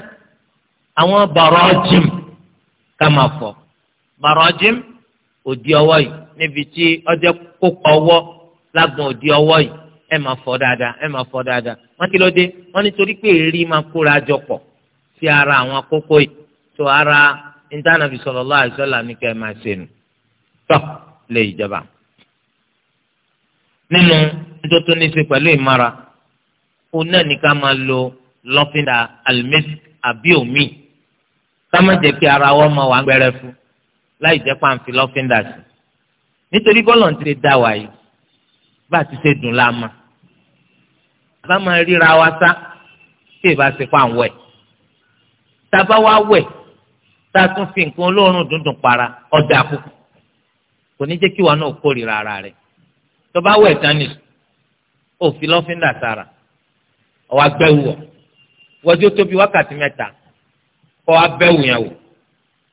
àwọn bàrọ́jìm ká máa fọ̀ bàrọ́jìm òdi ọwọ́ yìí níbi tí ọjọ́ kópa ọwọ́ lágbọ̀n òdi ọwọ́ yìí ẹ máa fọ̀ dáadáa ẹ máa fọ̀ dáadáa wọ́n kí ló dé wọ́n nítorí pé èrí máa kóra jọ sí ara àwọn kókó yìí tó ara ntànàbí sallallahu alaihi wasallam ní kẹ́ ẹ máa ṣe nù tọ́ lé ìjọba. nínú nítorí ní ṣe pẹ̀lú ìmara ó náà ní ká máa lo lọ́fíńdà alimẹ́sì àbí omi ká má jẹ́ kí ara wọn máa wà gbẹrẹ fún láì jẹ́ pàǹfì lọ́fíńdà sí. nítorí bọ́lọ̀ ti lè dá yìí bá ti ṣe dùn láàmà àbá máa ríra wa sá tí ì bá ṣe fún àwọn ẹ̀ tá a wẹ̀ tá a tún fi nǹkan olóòórùn dundun para ọ̀dà púpọ̀ kò ní jẹ́ kí wọn náà kórìíra ara rẹ̀ tó bá wẹ̀ tán ni òfin lọ́fíńdà sára ọwọ́ agbẹ́wò wọ̀ wọ́n tí ó tóbi wákàtí mẹ́ta kọ́ abẹ́wò yẹn wò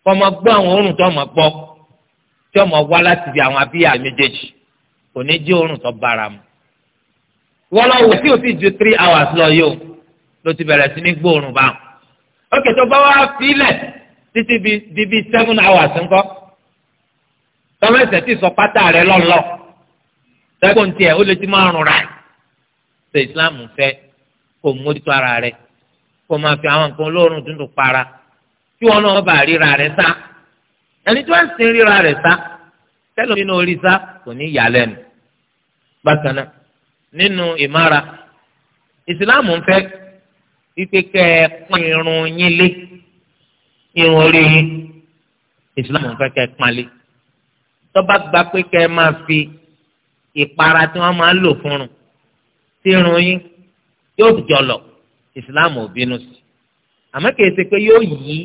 kọ́ ọmọ gbọ́ àwọn òórùn tó ọmọ gbọ́ tí ọmọ wá láti di àwọn abíyá méjèèjì kò ní jẹ́ òórùn tó bára mu wọ́n wò tí o ti ju three hours lọ yìí o ló ti bẹ̀rẹ̀ sí ní gbóòórùn báwọn ó kẹ́tọ́ bá wá sílẹ̀ títí di bíi seven hours ńkọ́ tọ́mẹ̀sẹ̀ tí sọ pátá rẹ lọ́lọ́ sẹ́kùn tiẹ̀ ó lè ti máa rùn rà ṣe Islam fẹ́ kó mójútó ara rẹ kó máa fi àwọn nǹkan olóòórùn dúndùn para kí wọn náà bá ríra rẹ sá ẹni tí wọ́n sì ń ríra rẹ sá tẹ́lẹ̀ nínú orí sá kò ní ìyàlẹ́nu bákan náà nínú ìmára Islam fẹ́ wípé kẹ́ ẹ pín irun yín lé irun orí yín ìsìlámù ń fẹ́ kẹ́ pálí tọ́ba gba pé kẹ́ ẹ máa fi ìpara tí wọ́n máa ń lò fún un sí irun yín yóò jọlọ̀ ìsìlámù ò bínú sí àmọ́ kìí ṣe pé yóò yí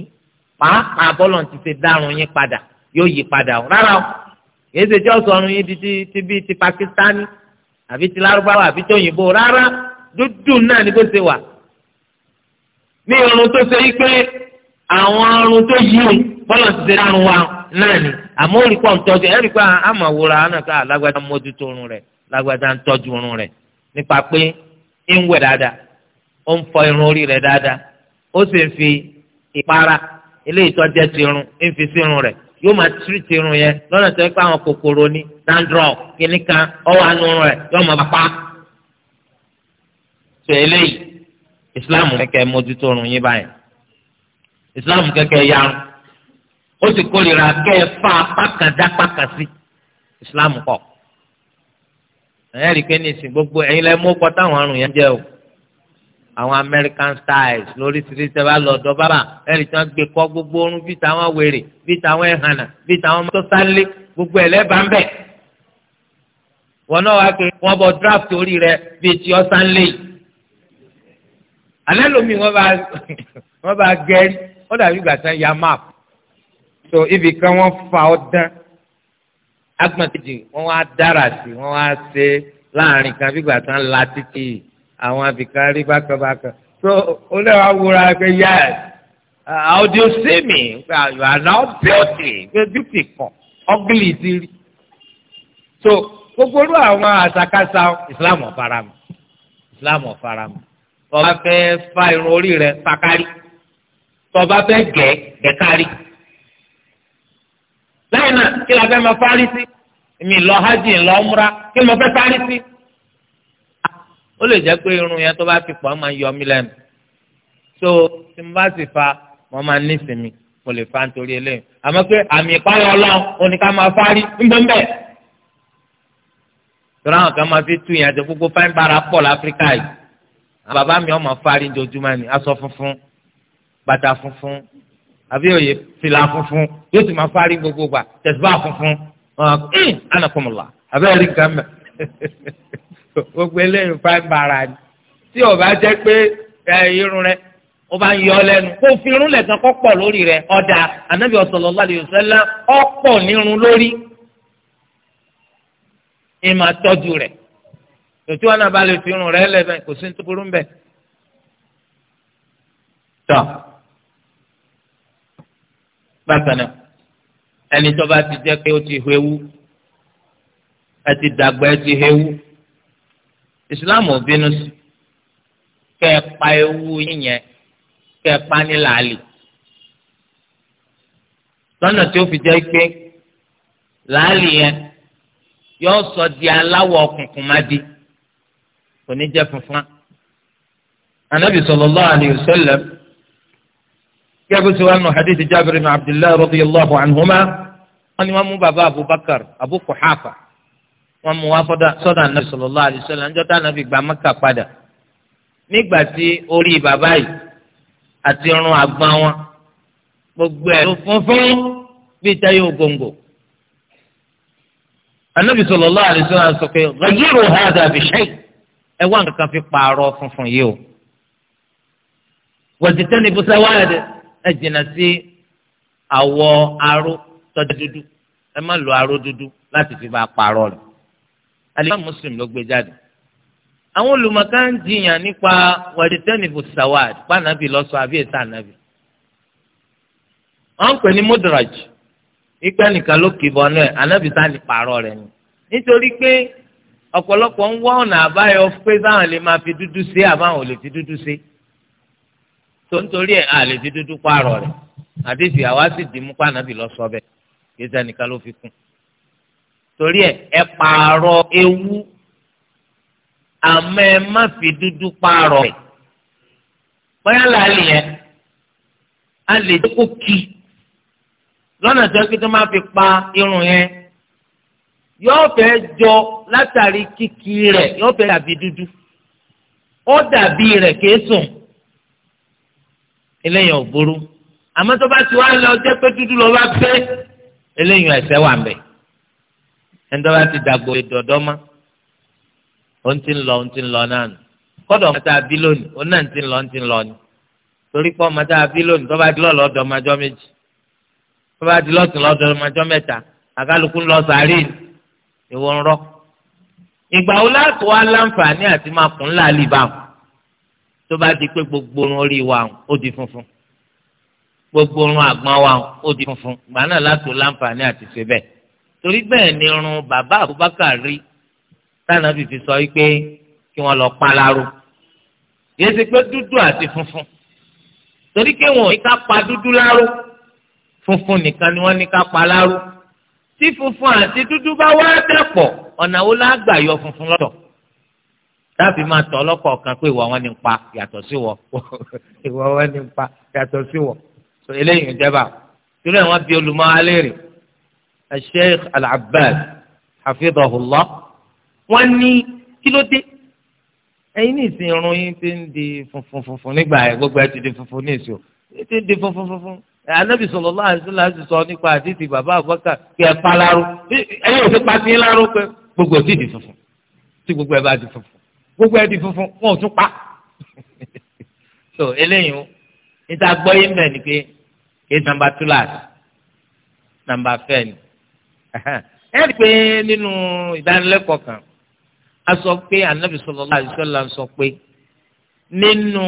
pàápàá bọ́lọ̀ ti ṣe dárun yín padà yóò yí padà o rárá o kìí ṣe jọ́ sọ̀run yín ti ti ti pakistani àbí ti lárúbáwá àbí ti òyìnbó rárá dúdú náà ni bó ṣe wà ní irun tó ṣe yí pé àwọn ọrụ tó yí o bọ́lá ti wa náà ni àmọ́ òrì pọ̀ tọ́jú ẹ̀rí pé àmọ̀ wòra àná ká oorun rẹ̀ lágbàdá ntọ́jú oorun rẹ̀ nípa pé ń wẹ̀ dáadáa ó ń fọ irun orí rẹ̀ dáadáa ó sì ń fi ìpara eléyìí tó jẹ́ ti irun ń fi sí irun rẹ̀ yóò máa irun yẹn lọ́nà tó yẹ pé Islam oorun yín báyìí islam kẹ̀kẹ́ ya ó sì kórìíra kẹ́ ẹ fa pákàdápákàsí islam kọ̀ ẹ̀yẹ́ rí i pé ní ìsìn gbogbo ẹ̀yin lẹ́ mú kọ́ táwọn àrùn yẹn jẹ́ o àwọn American styles lóríṣiríṣi bá lọ ọ̀dọ̀ bàbá ẹ̀rí tí wọ́n gbé kọ́ gbogbo orun bíi tàwọn wèrè bíi tàwọn ẹ̀hànà bíi tàwọn mọ́tò sálé gbogbo ẹ̀lẹ́bàá ń bẹ̀ wọn náà wá pé wọ́n bọ draft orí rẹ bíi tí ọ sálé yìí alẹ́ lomi wọ́n bá wọ́n bá gẹ́rí ó dàbí ìgbà tán ya map so ibì kan wọ́n fa ọ́ dán agbọ̀ntẹ́jì wọ́n wá dára sí wọ́n wá ṣe láàrin kan bí ìgbà tán la títì àwọn abìkan rí bákanbákan so ó lè wá wúra pé yes uh, how do you see me you are now beauty pé beauty kan ugly ti rí so gbogbo olú àwọn àṣàkáṣà Islam ọ̀farama Islam ọ̀farama ọba fẹ́ fa irun orí rẹ̀ fakari tọba fẹ́ gẹ̀ gẹ̀ kárí. lẹ́yìn náà kí la fẹ́ máa fárí sí èmi lọ hajj lọ múra kí mo fẹ́ fárí sí. ó lè jẹ́ pé irun yẹn tó bá ti pọ̀ máa yọ mí lẹ́nu. so tí mo bá sì fa mo máa ní ìsinmi mo lè fa nítorí eléyìí. àmọ́ pé àmì ìpáyọ̀ ọlọ́run oníkà máa fárí ńbẹ́ńbẹ́. tọ́lá àwọn kan máa fi tú ìyànjẹ gbogbo fáin bára pọ̀ láfíríkà yìí. bàbá mi ọmọ fárí ojoojúmọ́ ni aṣọ funfun bàtà funfun àbí òye fìlà funfun yóò sì máa fárí gbogbo gbà tẹ̀síbà funfun anakumula abẹ́rẹ́ rí nǹkan mẹ́ gbogbo eléyìí fáin bàrà ni tí o bá jẹ́ pé irun rẹ o bá ń yọ lẹ́nu kó fi irun lẹ̀ kan kọ́ pọ̀ lórí rẹ ọ̀dà anabi sallallahu alaihi wasallam ọ̀pọ̀ nírun lórí ìmọ̀ tọ́jú rẹ̀ tòtí wọn náà bá lè fi irun rẹ lẹ́bẹ̀ẹ́ kò sí ní tó burú ń bẹ̀ tọ́ bákan náà ẹni tó bá ti jẹ́ pé ó ti hu ewu ẹ ti dàgbà ẹ ti hu ewu ìsìláàmù ò bínú sí kẹ́ ẹ pa ewu yíyẹn kẹ́ ẹ pa ní làálì lọ́nà tí ó fi jẹ́ pé làálì yẹn yóò sọ di aláwọ̀ kùnkùn má di kò ní jẹ́ funfun. Ànábì sallallahu alayhi wa sallam kẹ́kọ̀ọ́ sí wàá nù hadith Jabir ibn Abdullah radiyallahu anhuma wọ́n ní wọ́n mú bàbá Abubakar Abu Quhafa wọ́n mú wá sọ́dọ̀ anabi sallallahu alayhi wa sallam níjọ́ tá anabi gba Mẹ́kà padà nígbà tí orí bàbá yìí àti irun àgbọn wọn gbogbo ẹ̀ ló funfun bíi táyé ògòǹgò anabi sallallahu alayhi wa sallam sọ pé ghayyiru hadha bi shay' ẹ wá nǹkan kan fi pààrọ̀ funfun yìí o wọ́n ti tẹ́ni bùsẹ̀ wáyà dẹ́ ẹ jìnnà sí àwọ̀ aró tọ́jú dúdú ẹ má lo aró dúdú láti fi bá a parọ́ rẹ̀ alimami muslim ló gbé jáde àwọn olùmọ̀ká ń jiyàn nípa wàdìtẹ́nìbù sawad pànàbì lọ́sọ̀ àbí ètò ànàbì wọ́n ń pè ní mudraj ìpè nìkan ló kì í bọ́nú ẹ̀ ànàbì tá ní pààrọ̀ ni nítorí pé ọ̀pọ̀lọpọ̀ ń wá ọ̀nà àbáyọ pé sáwọn lè máa fi dúdú ṣe àbáwọn ò lè fi dúdú ṣe tó nítorí ẹ̀ a lè fi dúdú pààrọ̀ rẹ̀ àdéhùn àwa sì dì mú pàànàbì lọ sọ bẹ́ẹ̀ kéésà nìkan ló fi kún torí ẹ̀ ẹ pààrọ̀ ewu àmọ́ ẹ má fi dúdú pààrọ̀ rẹ̀ bóyá làálì yẹn a lè dé kó kí lọ́nà tó kí tó má fi pa irun yẹn yóò fẹ́ jọ látàrí kíkí rẹ̀ yóò fẹ́ dàbí dúdú ó dàbí rẹ̀ kéésùn eléyìí ò burú àmọ́ tó bá ti wá lọ jẹ́ pé dúdú lọ bá pé eléyìí ẹ̀sẹ̀ wà mẹ́ ẹni tó bá ti dàgbò dọ̀dọ́ mọ́ ó ń ti ń lọ ó ń ti ń lọ náà nù kọ́dọ̀ ọmọ tá a bí lónìí ó náà ń ti ń lọ ń ti ń lọ ni torí pé ọmọ tá a bí lónìí tó bá di lọ́ọ̀lọ́ ọdọ ọmọjọ́ méjì tó bá di lọ́ọ̀tún lọ́ọ̀dọ̀ ọmọjọ́ mẹ́ta àkálukú lọ sàárì ìwọ ń rọ́ ìgbà wo láti wá láǹfààní àti máa kún láàlì báwọn tó bá di pé gbogbo orun orí wa ó di funfun gbogbo orun àgbọn wa ó di funfun gbà náà látò láǹfààní àti ṣe bẹ́ẹ̀ torí bẹ́ẹ̀ ni irun bàbá Abubakar rí táwọn fìfì sọ wípé kí wọ́n lọ palaro yìí ṣe pé dúdú àti funfun torí pé wọn ò ní ká pa dúdú láró funfun nìkan ni wọ́n ní ká pa láró tí funfun àti dúdú bá wá dẹ̀pọ̀ ọ̀nà wo la gbà yọ funfun lọ́tọ̀ láti máa tọ̀ ọlọ́kọ̀ kan pé ìwọ wọn ni ń pa yàtọ̀ sí wọ ìwọ wọn ni ń pa yàtọ̀ sí wọ so eléyìí ń jẹba torí àwọn bí olùmọ̀ alẹ́rìn Sheikh Al-Abbad hafidhahullah wọn ní kí ló dé ẹ̀yin ní ìsìn irun yín ti ń di funfun funfun nígbà yẹn gbogbo ẹ ti di funfun ní ìsìn o ti ń di funfun funfun anabi sallallahu alaihi wasallam ti sọ nípa àdìsí bàbá àbọkà kí ẹ pa láró ẹ̀yin ò ti pa sí láró pé gbogbo ti di funfun tí gbogbo ẹ bá di funfun gbogbo ẹ̀ di funfun wọn ò tún pa so eléyìí níta gbọ́ yín bẹ̀ ni pé kìí nàmbà túláàsì nàmbà fẹ́ ni ẹ rí i pé nínú ìdánilẹ́kọ̀ọ́ kan a sọ pé anabi sallallahu alaihi wasallam sọ pé nínú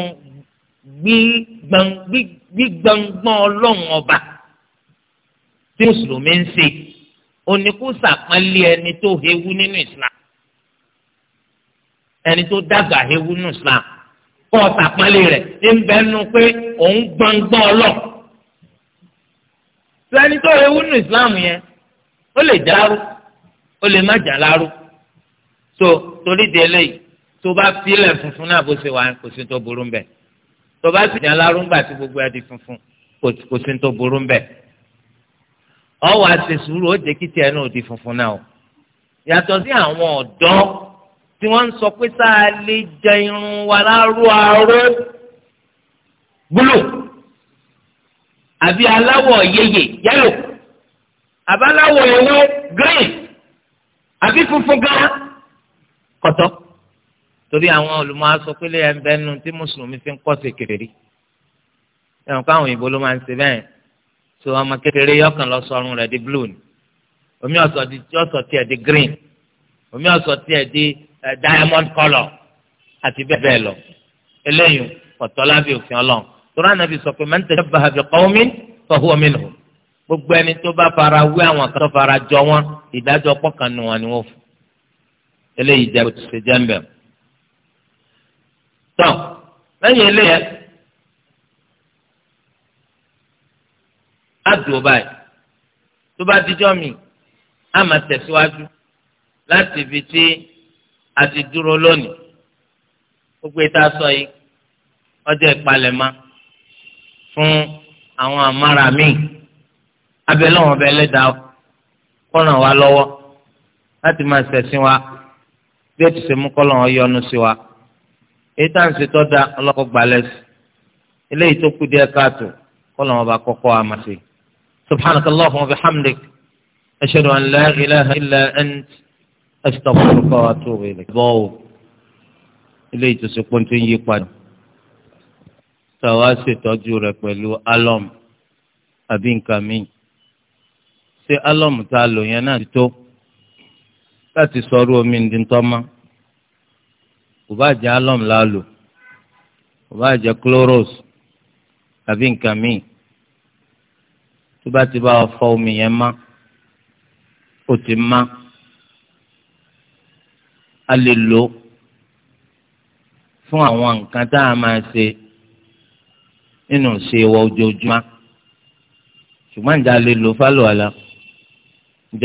gbígbàngbọ́n ọlọ́run ọba tí mùsùlùmí ń ṣe oníkùsà pálí ẹni tó hewu nínú ìsìlámù ẹni tó dàgbà hewu nù islam kọ́ ọ̀sàpọ̀lẹ̀ rẹ̀ ń bẹ́ nu pé òun gbọ̀ngbọ̀n ọlọ́ sẹ́ni tó hewu nù islam yẹn ó lè dárú ó lè má jà lárú so torí de eléyìí tó bá filẹ̀ funfun náà bó ṣe wà kò sí tó burú mbẹ tó bá sì jà lárú ńgbà tí gbogbo ẹ̀ di funfun kò sí tó burú mbẹ ọwọ́ àti sùúrù ó jẹ́ kí tiẹ̀ náà di funfun náà yàtọ̀ sí àwọn ọ̀dọ́ tí wọ́n ń sọ pé sáà lè jẹ irun wa láró aró búlù àbí aláwọ̀ yeye yẹ́lò àbáláwọ̀ ewé green àbí funfun gan kọ̀tọ́ torí àwọn olùmọ̀ aṣọ pélé ẹ̀ ń bẹ́ẹ̀ nu tí mùsùlùmí fi ń kọ́ sí kèrèrí ẹ̀wọ̀n káwọn òyìnbó ló máa ń ṣe bẹ́ẹ̀ so ọmọ kékeré yọkàn lọ sọrun rẹ̀ di blue ni omi ọ̀sọ̀ di ọ̀sọ̀ di green omi ọ̀sọ̀ tiẹ̀ di Eh, diamond colour àti bẹ́ẹ̀ bẹ́ẹ̀ lọ eléyìí ọ̀tọ̀ lábẹ́ òfin ọlọ́run torí ànábì sọ pé man tashabbaha bi qawmin fahuwa minhum gbogbo ẹni tó bá fara wé àwọn kan fara jọ wọn ìdájọ́ pọ̀kànnù wọn ni wọ́n fún eléyìí jẹ́ òtún ṣe jẹ́ńbẹ̀. tọ́ lẹ́yìn eléyẹ àdùn báyìí tó bá díjọ́ mi á máa tẹ̀síwájú láti ibi tí àti dúró lónìí gbogbo ìta sọ yìí ọjọ́ ìpalẹ̀mọ́ fún àwọn àmàrà míì abẹ́lẹ́wọ̀n ọbẹ̀ ẹlẹ́dàá kọ́ràn wa lọ́wọ́ láti máa ṣẹ̀sìn wa bí ètò ṣe mú kọ́lọ́wọ́ yọ́nú sí wa èyí tá à ń ṣe tọ́ da ọlọ́kọ̀ gbalẹ̀ eléyìí tó kú díẹ̀ káàtó kọ́lọ́wọ́ bá kọ́kọ́ wa máa ṣe subhanakallahumma wa bihamdik ashhadu an la ilaha illa ant astaghfiruka wa atubu ilayk. bọ́ o ilé ìtòsí pọ́ńtò ń yí padà tàwa ṣètọ́jú rẹ̀ pẹ̀lú alọ́m àbí nǹkan míì ṣé alọ́m tá a lò yẹn náà ti tó láti sọrú omi ndíntọ́mọ́ kò bá jẹ́ alọ́m la lò kò bá jẹ́ chloros àbí nǹkan míì tó bá ti bá fọ omi yẹn má ó ti má. a lè lò fún àwọn nǹkan tá a máa ṣe nínú ṣe wọ ojoojúmọ́ ṣùgbọ́n ǹjẹ́ a lè lò ǹjẹ́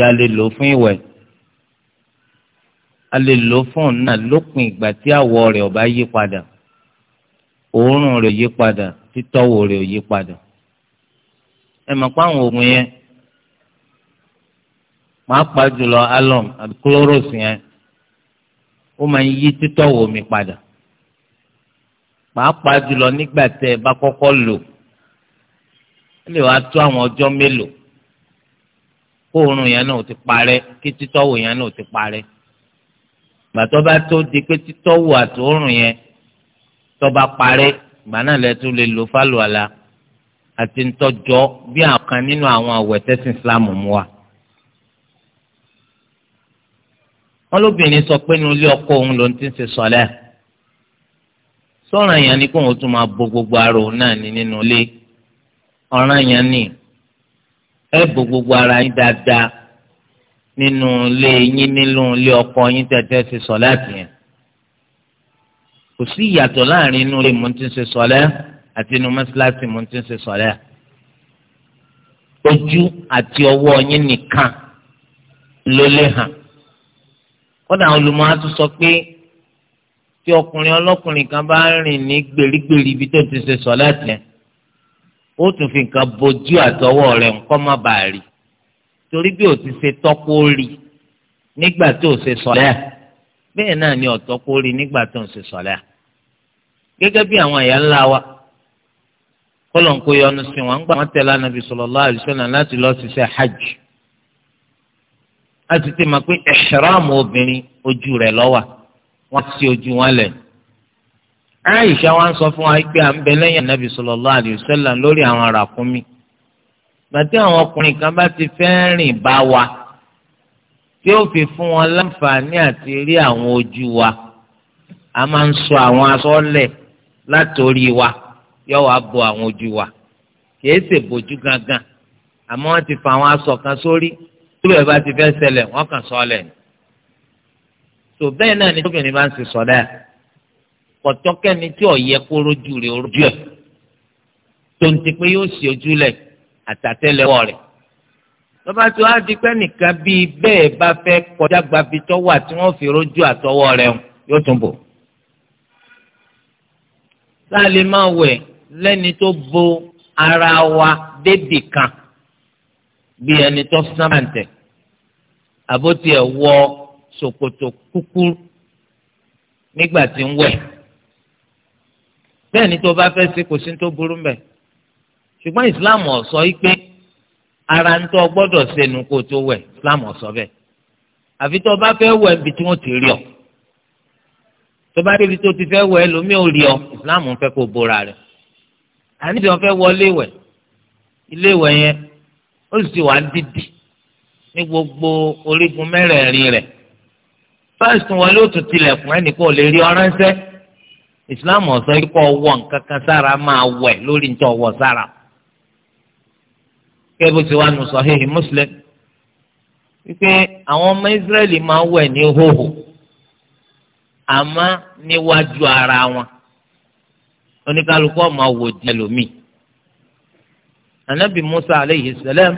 a lè lò fún ìwẹ̀ a lè lò fún ọ̀nà lópin ìgbà tí àwọ̀ rẹ̀ ò yí padà òórùn rẹ̀ yí padà títọ́wò rẹ̀ yí padà ẹ mọ̀ pé àwọn oògùn yẹn jùlọ alọ́m àbí ó máa ń yí títọ́ wò mí padà pàápàá jùlọ nígbà tẹ ẹ bá kọ́kọ́ lò ó lè wá tó àwọn ọjọ́ mélòó kó oorun yẹn náà ti parẹ́ kí títọ́ wò yẹn náà ti parẹ́ gbàtọ́ bá tó di pé títọ́ wò àti oorun yẹn tó bá parẹ́ ìgbà náà lẹ́tọ́ lè lò fálùwàlà àti ntọ́jọ́ bí àwọn kan nínú àwọn àwẹ̀ Islam mú wa. wọn lóbìnrin sọ pé inú ilé ọkọ òun ló ń ti ń ṣe sọlẹ sọ̀rọ̀ yẹn ni kó òun tún máa bo gbogbo ara òun náà ní nínú ilé ọ̀ràn yẹn ni ẹ bo gbogbo ara yín dáadáa nínú ilé yín nínú ilé ọkọ yín tẹ̀tẹ̀ ṣe sọlẹ tìyẹn kò sí ìyàtọ̀ láàrin inú ilé mo ti ń ṣe sọlẹ àti inú mọ́ṣáláṣí mo ti ń ṣe sọlẹ ojú àti ọwọ́ yín nìkan ló lè hàn kódà àwọn olùmọ̀ á tún sọ pé tí ọkùnrin ọlọ́kùnrin kan bá rìn ní gbèrígbèrí ibi tó ti ṣe sọ láti ẹ̀ ó tún fi nǹkan bojú àtọwọ́ rẹ̀ nǹkan má bàa rí torí bí ó ti ṣe tọ́kọ́ rí nígbà tó ṣe sọ̀lẹ́ bẹ́ẹ̀ náà ni ọ̀tọ́kọ́ rí nígbà tó ṣe sọ̀lẹ́ gẹ́gẹ́ bí àwọn ẹ̀yà ńlá wa kọ́lọ̀ yọnu sí wọn gbà wọ́n tẹ̀lé Ànábì sallallahu alaihi wasallam láti lọ́ọ́ ṣiṣẹ́ hajj a ti ti mọ̀ pé ihram obìnrin ojú rẹ̀ lọ́wà wọ́n ti ojú wọn lẹ̀. Aisha wa ń sọ fún wa pé à ń bẹ lẹ́yìn anabi sallallahu alayhi wa sallam lórí àwọn ràkúnmí. gbàtí àwọn ọkùnrin kan bá ti fẹ́ rìn bá wa tí ó fi fún wọn láǹfààní àti rí àwọn ojú wa a máa ń sọ àwọn asọ́lẹ̀ látòrí wa yọ wá bo àwọn ojú wa kìí ṣe bòjú gangan àmọ́ wọ́n ti fa àwọn aṣọ kan sórí tílò ẹ̀ bá ti fẹ́ ṣẹlẹ̀ wọ́n kàn sọ ọ́lẹ̀ ni. tó bẹ́ẹ̀ náà ni tóbìnrin máa ń ṣe sọ̀dá kọ̀tọ́kẹ́ni tí ọ̀yẹ kó rojú rẹ̀ ojú ẹ̀ tó ń ti pé yóò ṣe ojúlẹ̀ àtàtẹ́lẹwọ́ rẹ̀. lọ́ba tó á di pẹ́ nìkan bíi bẹ́ẹ̀ bá fẹ́ kọjá gbabi tọ́wọ́ àti wọ́n fi rojú àtọwọ́ rẹ̀ yóò tún bò. sáà máa wẹ̀ lẹ́ni tó bo ara wa débì kan bí ẹni tó sábà ń tẹ̀ àbótí ẹ̀ wọ ṣòkòtò kúkúrú nígbà tí ń wẹ̀ bẹ́ẹ̀ ni tó bá fẹ́ ṣe kò sí tó burú mbẹ̀ ṣùgbọ́n islam ò sọ yìí pé ara ń tọ́ gbọ́dọ̀ ṣẹnu kó tó wẹ̀ islam ò sọ bẹ́ẹ̀ àfi tó bá fẹ́ wẹ̀ ibi tí wọ́n ti rí ọ tó bá débi tó ti fẹ́ wẹ̀ lómi ò rí ọ islam ń kó bora rẹ̀ àníbi wọn fẹ́ wọlé wẹ̀ ilé wẹ̀ yẹn ó sì wà ń dídì ní gbogbo orígun mẹ́rẹ̀ẹ̀rin rẹ̀ fáṣítì wọn ló tún tilẹ̀kùn ẹnìkan ò lè rí ọ̀ránṣẹ́ ìsìláàmù ọ̀sán yìí kọ́ wọ nǹkan kan sára máa wẹ̀ lórí nítorí ọwọ́ sára kẹ́bù tí wàá nù Sahihi Muslim wípé àwọn ọmọ Ísírẹ́lì máa wẹ̀ ní hóhò àmọ́ níwájú ara wọn oníkálukú máa wò di ẹlòmíì anabi Musa aleyhi salam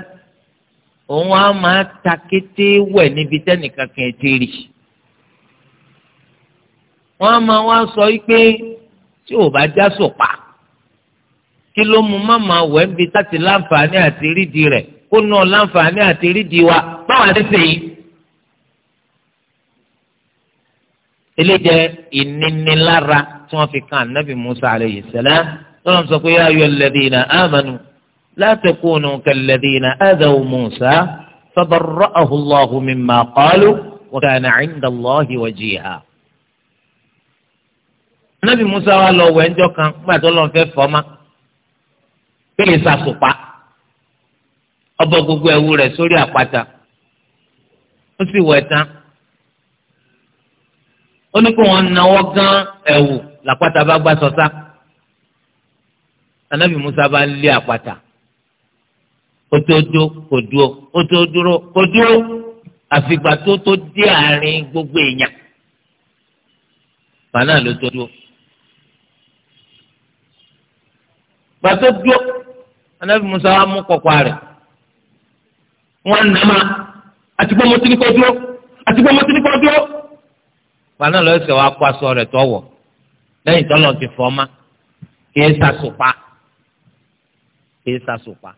òun á máa ta kété wẹ̀ níbi tẹ́nìkan kan ti rì wọ́n á máa wá sọ pé tí ò bá já sòpa kí ló mú màmá wẹ̀ níbi táti láǹfààní àti rídìí rẹ̀ kó náà láǹfààní àti rídìí wa báwa ti sè eléjẹ ìnínilára tí wọn fi kan anabi musa aleyhi sẹlẹ tọ́lọ́mù sọ pé yá ayọ̀ iná ámánu لا تكونوا كالذين أذوا موسى فبرأه الله مما قالوا وكان عند الله وجيها Musa wá lọ wẹ̀ ńjọ́ kan nígbà tó lọ́n fẹ́ fọ́mà pé lè sàṣùpá ọbọ gbogbo ẹ̀wù rẹ̀ sórí àpáta ó sì wẹ̀ tán ó ní kó wọn o tó dó kò dúró ó tó dúró kò dúró àfìgbà tó tó dé àárín gbogbo èèyàn bàánà ló tó dúró. gbà tó dúró anábì musa wa mú kọ̀kọ́ rẹ̀ wọ́n nà má àti pé mo ti ní kọ́ dúró àti pé mo ti ní kọ́ dúró. bàánà ló ṣe wàá kó aṣọ rẹ̀ tọ̀wọ̀ lẹ́yìn tọ́lọ̀ ti fọ́ ma kì í sàṣùpá kì í sàṣùpá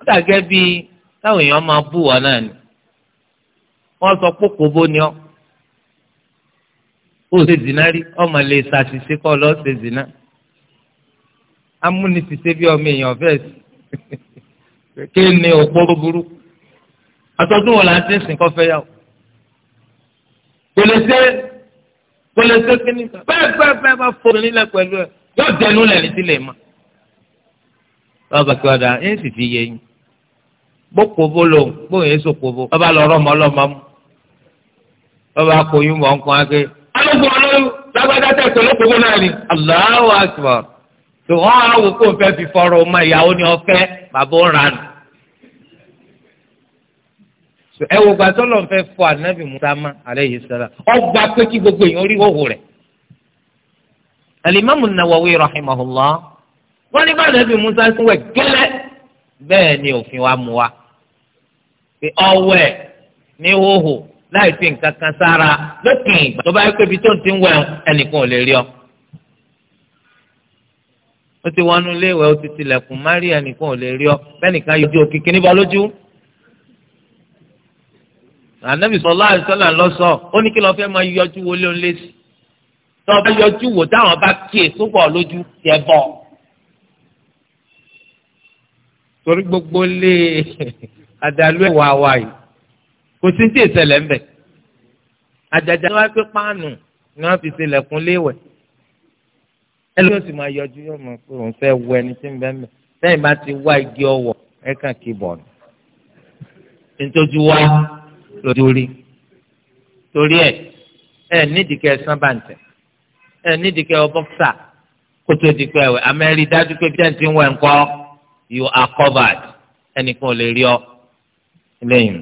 ó dàgẹ́ bíi táwọn èèyàn máa bú wọn náà ni wọ́n sọ pé kòbó ni ọ́ ó ṣe zina rí ọmọ lè ṣàṣìṣe kọ́ lọ́ ṣe zina amúnisìṣe bí ọmọ èèyàn fẹ́ sí kí ni òpóró burúkú àtọ́dún wọn là ń ti sìn kọ́ fẹ́ yà ó kò lè ṣe kò lè ṣe kí ni bẹ́ẹ̀ bẹ́ẹ̀ bẹ́ẹ̀ bá fòrò nílẹ̀ pẹ̀lú ẹ̀ yóò dẹnu lẹ̀ ní sílẹ̀ mọ́. báwo bá kí dà ẹ́ sì fi yé yín bó kóbó lòun bóun yẹn so kóbó bàbá lọ rọmọ ọlọmọ mu bàbá kóyún mọ nǹkan ake alóògùn ọlọ́run lágbájá tẹ̀ tó lókòwò náà ni Allahu Akbar tó wọn àwọn kò fẹ́ fi fọ̀rọ̀ ọmọ ìyàwó ni ọ̀fẹ́ bàbá ń ranù ẹ wo gbàtọ́ lọ́n fẹ́ fọ anabi mutama aleyhi sara ọgbà pé kí gbogbo èèyàn orí wò rẹ̀ alimami nawawi rahimahullah wọn ní bá anabi musa sí wẹ̀ gẹ́lẹ́ bẹ́ẹ̀ ni òfin wa mú wa pé ọwẹ́ ní hóhò láì fi nǹkan kan sára lókìn ìgbà tó bá yẹ pé ibi tó ń ti ń wẹ̀ ẹnìkan ò lè rí ọ. ó ti wọnú léèwẹ̀ ó ti tilẹ̀kùn má rí ẹnìkan ò lè rí ọ bẹ́ẹ̀nìkan yọjú òkìkí níbọ̀ lójú. ànábì sọ láàrin sọ́là lọ́sọ̀ ó ní kí lọ́ọ́ fẹ́ máa yọjú wọlé òun tọ́ bá yọjú wò táwọn bá kíyè sóbọ̀ lójú tiẹ̀ bọ̀ torí gbogbo lé àdàlú ẹ̀ wá wá yìí kò sí tí ìṣẹ̀lẹ̀ ń bẹ̀ àjàjà ni wọ́n pé páànù ni wọ́n fi ṣẹlẹ̀kùn léwẹ̀ ẹlẹ́yìn sì máa yọjú yóò mọ̀ pé òun fẹ́ wọ ẹni tí ń bẹ́ẹ̀ mẹ́ sẹ́yìn bá ti wá igi ọwọ́ ẹ̀ kàn kí bọ̀ ni nítorí wá lórí torí ẹ̀ ẹ̀ nídìí kẹ́ ẹ sán bàǹtẹ̀ ẹ̀ nídìí kẹ́ ọ bọ́ksà kótó di pẹ́ wẹ̀ amẹ́rí dájú pé bí ti ń wẹ̀ ńkọ́ you are covered ẹnìkan ò lè rí ọ lẹ́yìn.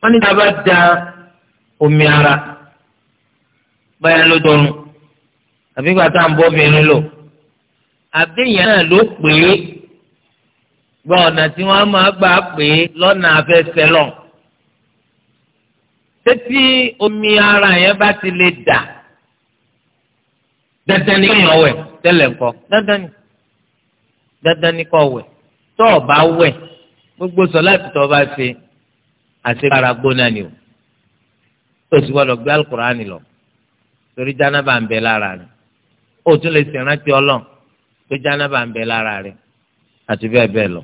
wọ́n ní tá a bá da omi ara báyà ló dọrùn àbí gbàtà ń bọ́ obìnrin lò àbẹ̀yẹn náà ló pè é gba ọ̀nà tí wọ́n máa gbà pé lọ́nà afẹ́fẹ́ lọ. Tẹ́tí omi ara yẹn bá ti lè dà. Dandan ni kéèyàn wẹ̀ tẹ́lẹ̀ ńkọ́. Dandan ni dandan ní kó wẹ̀ tó o bá wẹ̀ gbogbo sọláàtì tó o bá ṣe àṣekára gbóná ni o tó o sì gbọ́dọ̀ gbé alukur'ani lọ torí jánábà ń bẹ lára rẹ̀ o tún lè ṣèrántí Ọlọ́run pé jánábà ń bẹ lára rẹ̀ àti bẹ́ẹ̀ bẹ́ẹ̀ lọ.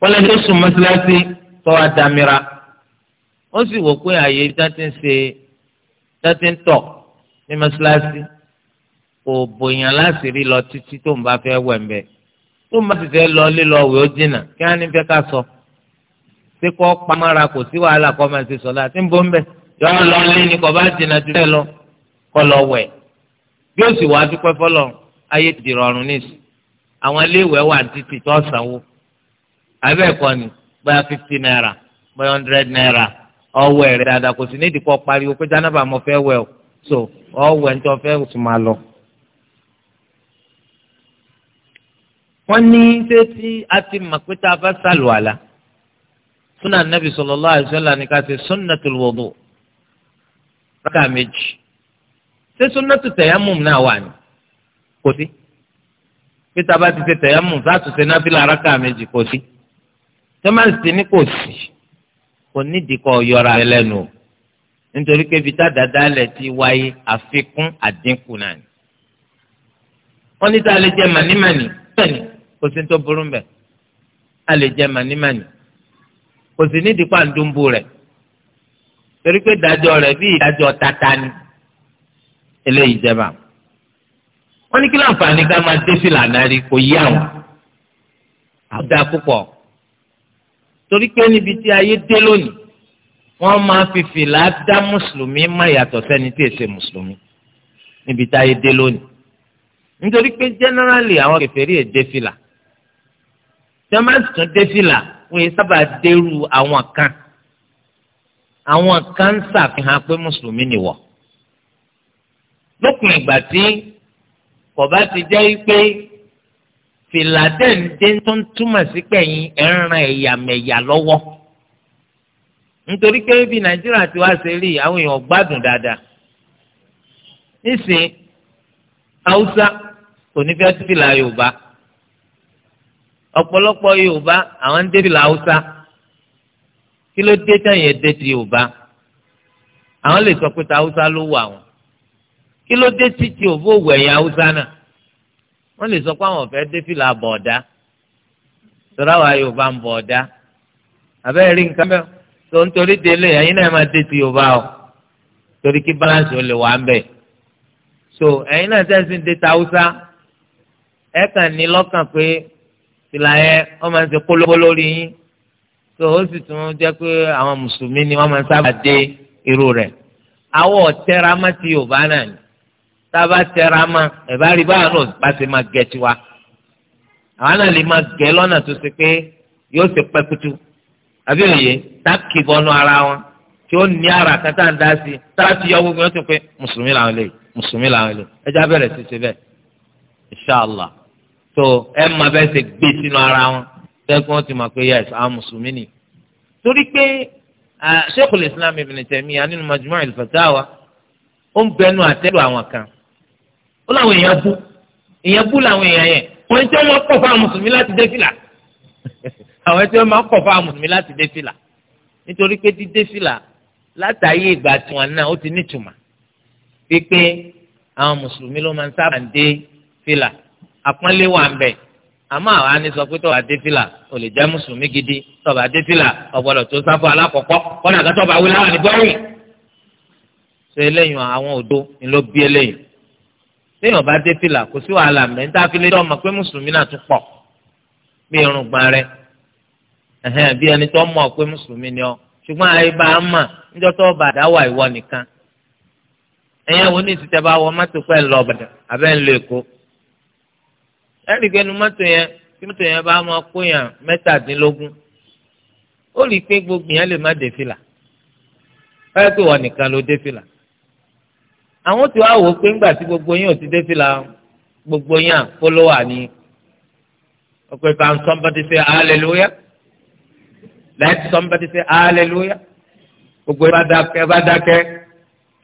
wọ́n lè tó sùn mọ́sálásí tó wá dámira ó sì wò pé àyè dátí ń ṣe dátí ń tọ̀ ní mọ́sálásí kò bòyàn láti rí lọ títí tó ń bá fẹ́ wẹ̀ ń bẹ́ẹ̀ tó má ti fẹ́ lọ l'ílọ lọ ó dínà kí ká sọ ṣé kọ́ pamọ́ra kò sí wàhálà kọ́ máa ṣe sọ̀lá àti ń bọ́ ń bẹ̀ yọ lọ lé ní bá dínà fẹ́ lọ kọ́ lọ wẹ̀ bí ó sì dúpẹ́ fọlọ́ ayé ti rọrùn àwọn wà títí tó sanwó ni naira hundred naira ọwọ́ ẹ̀rẹ́ pariwo pé jánábà mo fẹ́ wẹ̀ o so ọwọ́ ẹ̀ ń tọ́ wọ́n ní ṣé tí a ti mọ̀ pé tá a bá ṣàlùwàlà súnà nàbì sallallahu alaihi wasallam ní ká ṣe sunnatul wudu rákà méjì ṣé sunnatu tayammum náà wà ní kò sí pé tá a bá ti ṣe tayammum láti ṣe náfìlà rákà méjì kò sí tọ́másì ní kò sí kò nídìí kọ́ yọra rẹ lẹ́nu o nítorí pé ibi tá dáadáa lẹ̀ ti wáyé àfikún àdínkù náà ni wọ́n ní tá a lè jẹ mànímàní bẹ́ẹ̀ ni kò sí tó burú mbẹ a lè jẹ mànímàní kò sí nídìí pàǹdùnbù rẹ torí pé ìdájọ́ rẹ bí ìdájọ́ tata ni eléyìí jẹba wọn ní kí láǹfààní ká máa dé fìlànà rí kò yí àwọn àdá púpọ̀ torí pé níbi tí ayé dé lónìí wọn máa fi fìlà mùsùlùmí má yàtọ̀ sẹ́ni tí èsè mùsùlùmí níbi tí ayé dé lónìí nítorí pé generally àwọn kèfèrí èdè fìlà tí wọ́n bá tún dé fìlà wọ́n yìí sábà dérú àwọn kan àwọn kan ń ṣàfihàn pé mùsùlùmí nìwọ lópin ìgbà tí kò bá ti jẹ́ pé fìlà dẹ́ǹdé tó ń túmọ̀ sí pẹ̀yìn ẹ̀ràn ẹ̀yàmẹ̀yà lọ́wọ́ nítorí pé bí nàìjíríà ti wá ṣe rí àwọn èèyàn gbádùn dáadáa nísìnyí haúsá kò ní fẹ́ fìlà yorùbá ọ̀pọ̀lọpọ̀ yorùbá àwọn ń débi làwùsá kí ló dé tẹ̀yìn ẹ̀ débi yorùbá àwọn lè sọ pé tàwùsá ló wù àwọn kí ló dé tí tí òbó wù ẹ̀yìn haúsá náà wọ́n lè sọ pé àwọn ọ̀fẹ́ dé fìlà bọ̀ọ̀dá sọ̀rọ̀ àwọn yorùbá ń bọ̀ọ̀dá àbẹ́ rí nǹkan bẹ́ẹ̀ tó ń torí délé ẹ̀yin náà máa dé ti yorùbá o torí kí balance ó lè wà ń bẹ̀ so ẹ̀yin náà tẹ̀sí ń dé tàwùsá ẹ̀ kàn ní lọ́kàn pé fìlà yẹn wọ́n máa ń ṣe kólóbó lórí yín tó o sì tún jẹ́ pé àwọn mùsùlùmí ni wọ́n máa ń sábà dé irú rẹ̀ àwọ̀ tẹramá ti yorùbá náà ni sábà tẹramá ẹ̀bá rí báwa náà bá ṣe máa gẹ̀ tiwa àwọn náà lè máa gẹ̀ lọ́nà tó ṣe pé yóò ṣe pẹ́kutu àbí òye táàkì bọ́nú ara wọn tí ó ní ara kan ń dá sí tá ti yọ gbogbo yẹn tó pé mùsùlùmí làwọn lè mùsùlùmí làwọn lè ẹjá bẹ̀rẹ̀ sí ṣe bẹ́ẹ̀ inṣàlá so ẹ máa bẹ́ẹ̀ ṣe gbé sínú ara wọn tẹ́gbọ́n ti mọ̀ pé yes àwọn mùsùlùmí ni. torí pé Sheikhul Islam Ibn Taymiyyah nínú Majmu' al-Fatawa ó ń bẹnu àtẹ́lu àwọn kan ó láwọn èèyàn bú èèyàn bú làwọn èèyàn yẹn wọ́n jẹ́ wọn kọ̀ fáwọn mùsùlùmí láti dé fìlà àwọn tí wọ́n máa ń kọ̀ fáwọn mùsùlùmí láti dé fìlà nítorí pé dídé fìlà látàyè ìgbà tiwọn náà ó ti nítumọ̀ pé pé àwọn mùsùlùmí ló máa ń sábà ń dé fìlà àpọ́nlé wà ń bẹ̀ àmọ́ àwa ni sọ pé tọ́ba adéfìlà ò lè jẹ́ mùsùlùmí gidi tọ́ba adéfìlà ọ̀gbọ́dọ̀ tó sáfù alákọ̀ọ́kọ́ kọ́nà àti tọ́ba awé láwọn àdìgbọ́rìn. ṣé eléyìí àwọn òdo ni ló bí eléyìí téèyàn bá adéfìlà kò sí wàhálà mẹ́ níta fi lé tọ́ ọmọ pé mùsùlùmí náà tún pọ̀ bí irun gbọ́n rẹ bí ẹni tó mọ̀ pé mùsùlùmí ni ọ ṣùgbọ́n àyè bá a mọ̀ níjọ́ tó bá àdáwà ìwọ nìkan ẹ̀yẹ́ wo ní ìsìtẹ́ bá wọ mọ́tò pẹ́ ń lọ àbẹ́ ń èkó ẹnì kẹnu mọ́tò yẹn tí mọ́tò yẹn bá máa kó yàn mẹ́tàdínlógún ó rí i pé gbogbo yẹn lè má dé fìlà báyọ̀ pé wọ́n nìkan ló dé fìlà àwọn tí wàá wò ó pé ńgbà tí gbogbo yẹn ò ti dé fìlà gbogbo yẹn fọlọ́wà ni okay can somebody say hallelujah let somebody say hallelujah gbogbo yẹn bá dákẹ́ bá dákẹ́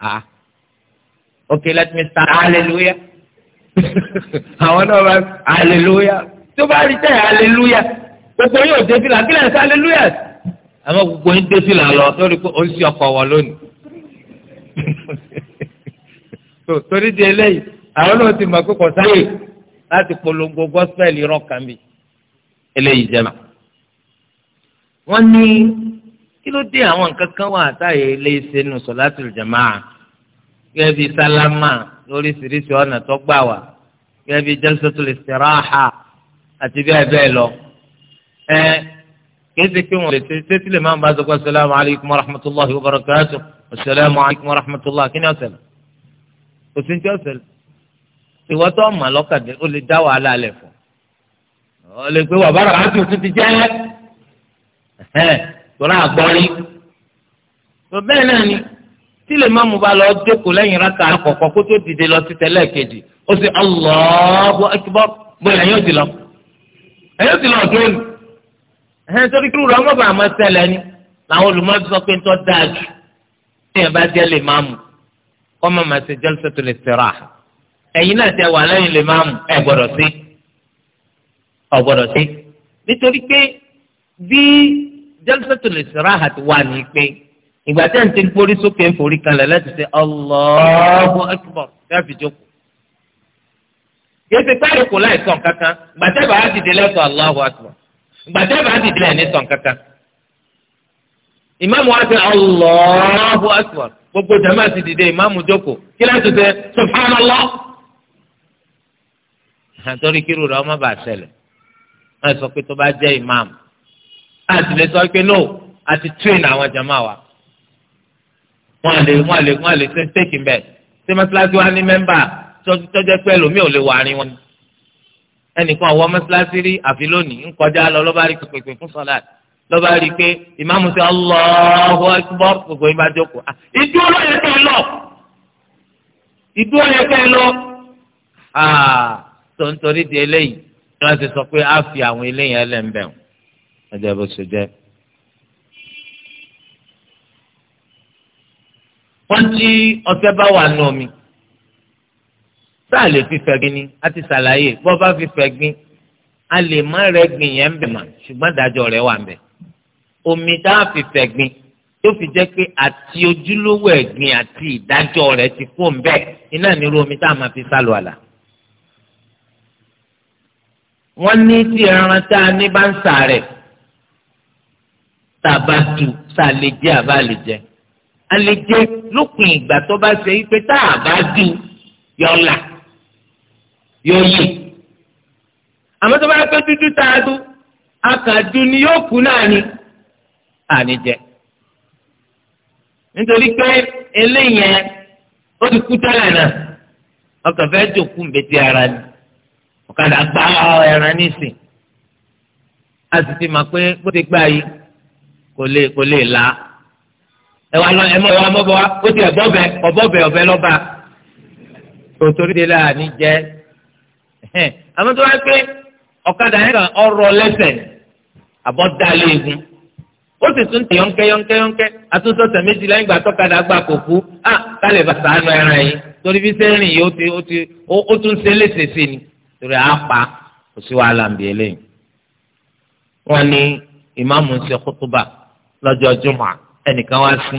ah okay let me start hallelujah àwọn náà bá aleluya tó bá rí sẹ́yìn aleluya gbogbo yóò dé fìlà kí lẹ́yìn sí aleluya àmọ́ gbogbo yín dé fìlà lọ lórí pé ó ń sí ọkọ̀ wọ̀ lónìí torí di eléyìí àwọn náà ti mọ̀ pé kò sáyè láti polongo gospel irọ́ kan bí eléyìí jẹ́ mà wọ́n ní kí ló dé àwọn nǹkan kan wà táyé ilé ìsẹ́nu sọ̀látùl jàmáà gẹ́gẹ́ bí sálámà lóríṣiríṣi ọ̀nà tó gbà wá gẹ́gẹ́ bí jalsatul istiraha àti bẹ́ẹ̀ bẹ́ẹ̀ lọ. ẹ kéde kí wọn lè ṣe tètè lè máa ń bá sọ pé asalaamu alaykum wa rahmatulahi wa barakatuh asalaamu alaykum wa rahmatulahi kí ni ọ̀sẹ̀ lọ. kò sí ní ọ̀sẹ̀ lọ. ìwọ tó ọmọ lọ́kàdé ó lè dá wàhálà alẹ̀ fún. ó lè pé wà bára àti òtún ti jẹ́ ẹ̀ tó náà gbọ́rí. tó bẹ́ẹ̀ náà ni tí lè má mu bá lọ jókòó lẹ́yìn rákà àkọ́kọ́ kó tó dìde lọ sí tẹ́lẹ̀ kejì ó sì Allahu akbar bóyá yóò ti lọ yóò ti lọ tó ní. ẹ̀hẹ́n torí kí rúra ọmọbà máa ṣẹlẹ̀ ni làwọn olùmọ̀ọ́bí sọ pé ń tọ́ dáa jù ní ẹ̀ bá jẹ́ lè má mu kọ́ máa máa ṣe jalsatul istiraha ẹ̀yin náà ti wà lẹ́yìn lè má mu ẹ̀ gbọ́dọ̀ sí ọ̀ ìgbà tẹ́ ń ti gbórí sókè ń forí kalẹ̀ láti ṣe Allahu Akbar káfí jókòó yéésì táyì kò láì sàn kankan gbàtẹ́ bàá dìde lẹ́sọ̀ Allahu Akbar dìde sàn kankan ìmáàmù wa ṣe Allahu gbogbo jama ti dìde ìmáàmù jókòó kí láti ṣe subhanallah àtọ́rí kírù wọn àlè wọn àlè wọn àlè ṣe ṣéèkì mbẹ ṣé mọ́ṣáláṣí wa ní mẹ́mbà tọ́jọ́ pẹ́ lómi ò lè wà rìn wọn. ẹnìkan wọ mọ́ṣáláṣí rí àfi lónìí ń kọjá lọ lọ́ba rí pèpè fún sọ́lá lọ́ba rí pé ìmáàmù sọ Allahu Akbar gbogbo yín bá jókòó. Ah, ìdúró ló yẹ kẹ́ ẹ lọ ìdúró yẹ kẹ́ ẹ lọ. Ah, tó ń torí di eléyìí wọ́n ti sọ pé á fi àwọn eléyìí ẹlẹ́ńbẹ̀ọ́ ẹjẹ́ bó ṣe jẹ́. wọ́n tí ọṣẹ bá wà nù omi sáà lè fi fẹ̀gbin ni a ti ṣàlàyé bó bá fi fẹ̀gbin a lè má rẹ gbìn yẹn ń bẹ̀ mà ṣùgbọ́n ìdájọ́ rẹ̀ wà ń bẹ̀ omi tá a fi fẹ̀gbin tó fi jẹ́ pé àti ojúlówó ẹ̀gbin àti ìdájọ́ rẹ̀ ti kó ń bẹ́ẹ̀ iná nírú omi tá a máa fi sálọ àlà. wọ́n ní tí ẹran tá a ní bá ń sà rẹ̀ tá a jẹ́ àbá lè jẹ́ a lè jẹ lópin ìgbà tó bá ṣe ipe tá a bá dù yọ là yọ tó bá pẹ́ dúdú tá a ni yóò kú náà ni àní nítorí pé eléyẹn ó ti kú tẹ́lẹ̀ náà ọkàn fẹ́ jòkú ara ni ọ̀kadà gbá ẹran nísìn a sì ti mọ̀ pé bó ti ẹ wà lọ ẹ mọ ọmọ bọ wa ó ti ẹgbọ bẹ ọbọ bẹ ọbẹ lọba tòtòrí de la ní jẹ àmọ́ tó wá pé ọ̀kadà yẹn kan ọ̀rọ̀ lẹ́sẹ̀ àbọ dalẹ egun ó sì tún tẹ yọnkẹ yọnkẹ yọnkẹ àtúntò ọ̀sẹ̀ méjì lẹ́yìn tọkadà gba kò kú á kálẹ bá sàánú ẹran yìí torí bí sẹrìn yìí ó ti ó ti ó tún ṣe sí ni torí à á pa kò sí wàhálà ń bí eléyìí. wọ́n ní ìmáàmù ń ṣe kútúbà lọ́jọ́ jùmọ̀ ẹnìkan wá sí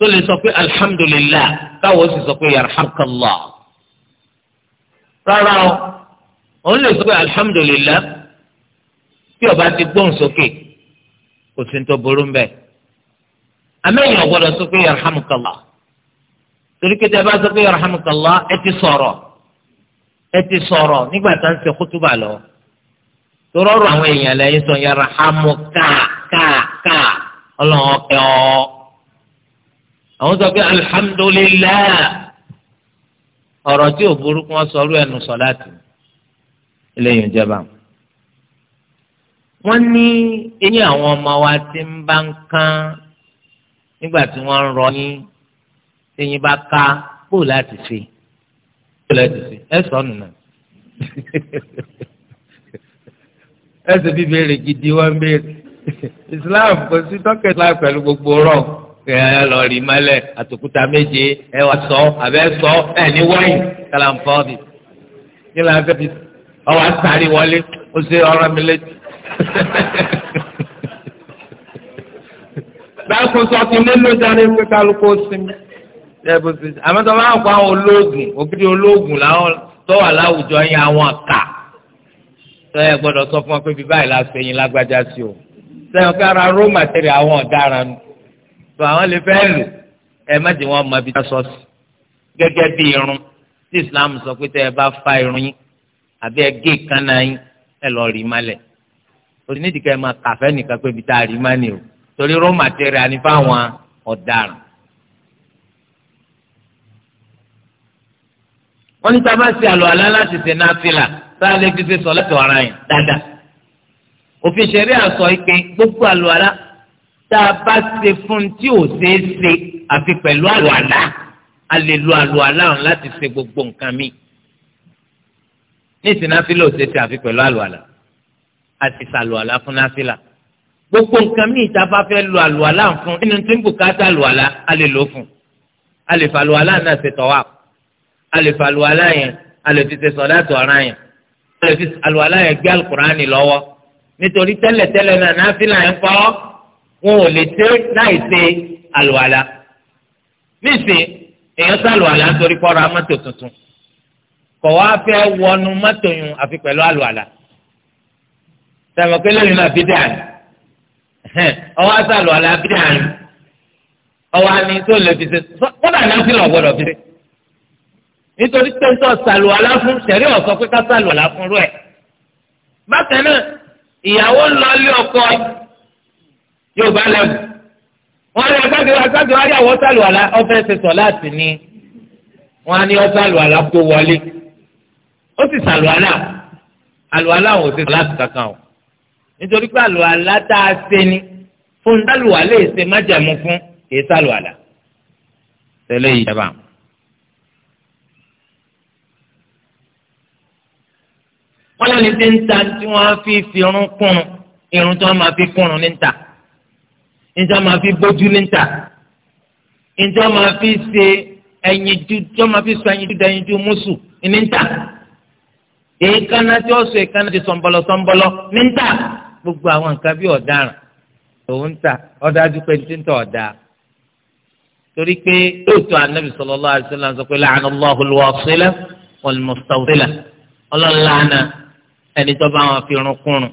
tó lè sọ pé alhamdulilah káwọn sì sọ pé yarhamkallah rárá o òun lè sọ pé alhamdulilah tí ọba ti gbóhùn sókè kò sí tó burú ń bẹ amẹ́yìn ọ̀gbọ́dọ̀ sọ pé yarhamkallah torí pé tẹ́ bá sọ pé yarhamkallah ẹ ti sọ̀rọ̀ ẹ ti sọ̀rọ̀ nígbà tá à ń ṣe kútúbà lọ torọ́rọ̀ àwọn èèyàn lẹ́yìn sọ yarhamuka ká ọlọ́run ọkẹ ọ àwọn sọ pé alihamudulilayi ọ̀rọ̀ tí ò burúkú wọn sọ ọrú ẹnu sọ láti eléyìí ń jẹba wọn ní eyín àwọn ọmọ wa ti ń bá ń kán nígbà tí wọn ń rọ yín eyín bá ká kó láti ṣe kó láti ṣe ẹ sọ nù náà ẹ sì bí béèrè gidi wọn béèrè islam kò sí tọ́kẹ̀ islam pẹ̀lú gbogbo rọ̀ ẹ lọ rí mọ́lẹ̀ àtòkúta méje ẹ wà sọ àbẹ sọ ẹ ní wáyìn kàlàǹfọ́ọ̀dì kí ló ń fẹ́ fi ọwọ́ àtàrí wọlé ó ṣe ọ̀rọ̀ mi létí. dákun sọ ti nílò jáde pé kálukú sinmi ẹbùsùn àmọ́ tó máa ń kó àwọn olóògùn ògidì olóògùn làwọn tó wà láwùjọ yẹn àwọn kà tó yẹ gbọ́dọ̀ sọ fún wọn pé bíbáyìí la ṣe yín lágbájá sí o sẹ́yìn pé ara raw material àwọn ọ̀daràn nù tó àwọn lè fẹ́ lò ẹ má jẹ́ wọn mọ ibi wọ́n sọ sí gẹ́gẹ́ bí irun tí Islam sọ pé tẹ́ ẹ bá fa irun yín àbí ẹ gé ìkànnà yín ẹ lọ rí malẹ̀ torí nídìí ká ẹ máa kàfẹ́ nìkan pé ibi tá a rí má ni o torí raw material ni fáwọn ọ̀daràn. wọ́n ní tá a bá ṣe àlọ́ àlá láti ṣe náà fìlà tá a lè fi ṣe sọ lẹ́tọ̀ọ́ ara yẹn dáadáa òfin ṣẹ̀rí àsọ ìpè gbogbo àlùwàlá tá a bá ṣe fún tí ò ṣeé ṣe àfi pẹ̀lú àlùwàlá a lè lo àlùwàlá ọ̀hún láti ṣe gbogbo nǹkan mi nísìnyí náfìlà ò ṣeé ṣe àfi pẹ̀lú àlùwàlá a ti ṣàlùwàlá fún náfìlà gbogbo nǹkan mi ìta bá fẹ́ lo àlùwàlá fún nínú tí ń bùkátà àlùwàlá a lè lò fún a lè fa àlùwàlá náà ṣe tọ́wà a lè fa àlùwàlá yẹn a lè fi ṣe sọ̀dá nítorí tẹ́lẹ̀tẹ́lẹ̀ náà náfìlà ń kọ́ wọn ò lè ṣe láì ṣe àlùwàlà nísìn èèyàn sàlùwàlà nítorí kọ́ra mọ́tò tuntun kọ̀ wá fẹ́ wọnú mọ́tò yun àfi pẹ̀lú àlùwàlà sàmọ̀ pé lóyún náà bídà ni ọwọ́ sàlùwàlà bídà ni ọwọ́ àní tó lè fi ṣe kódà náfìlà ọ̀gbọ́dọ̀ fi ṣe nítorí tẹ́ńtọ̀ sàlùwàlà fún sẹ̀rí ọ̀sọ́ pé ká sàlùwàlà fún rú ẹ̀ bákan náà ìyàwó ń lọ ilé ọkọ yóò bá lẹ́mù wọn lè agbájọba agbájọba yàwó sàlùwàlà ọfẹ́ ṣe sọ láti ní wọn á ní ọsàlùwàlà tó wọlé ó sì sàlùwàlà àlùwàlà wọn ò ṣe sọ láti kankan o nítorí pé àlùwàlà tá a ṣe ni fún sàlùwàlà èsè májàmú fún èsàlùwàlà tẹ́lẹ̀ yìí dábàá. wọ́n lẹ́ni tí ń ta tí wọ́n á fi fi irun kùnrùn irun tí wọ́n máa fi kùnrùn ní ta irun tí wọ́n máa fi bójú ní ta irun tí wọ́n máa fi ṣe ẹyin ju tí wọ́n máa fi sọ ẹyin ju dẹyin ju mùsù ní ta èékánná tí wọ́n sọ èékánná ti sọ̀nbọ̀lọ̀ sọ̀nbọ̀lọ̀ ní ta gbogbo àwọn nǹkan bí ọ̀daràn òun ta ọ̀dájú pé ti ń tọ̀ ọ̀dà torí pé lóòótọ́ anábì sallallahu alaihi wasallam sọ pé la'ana Allahu al-wasila wal ẹni tó bá wọn fi irun kúrun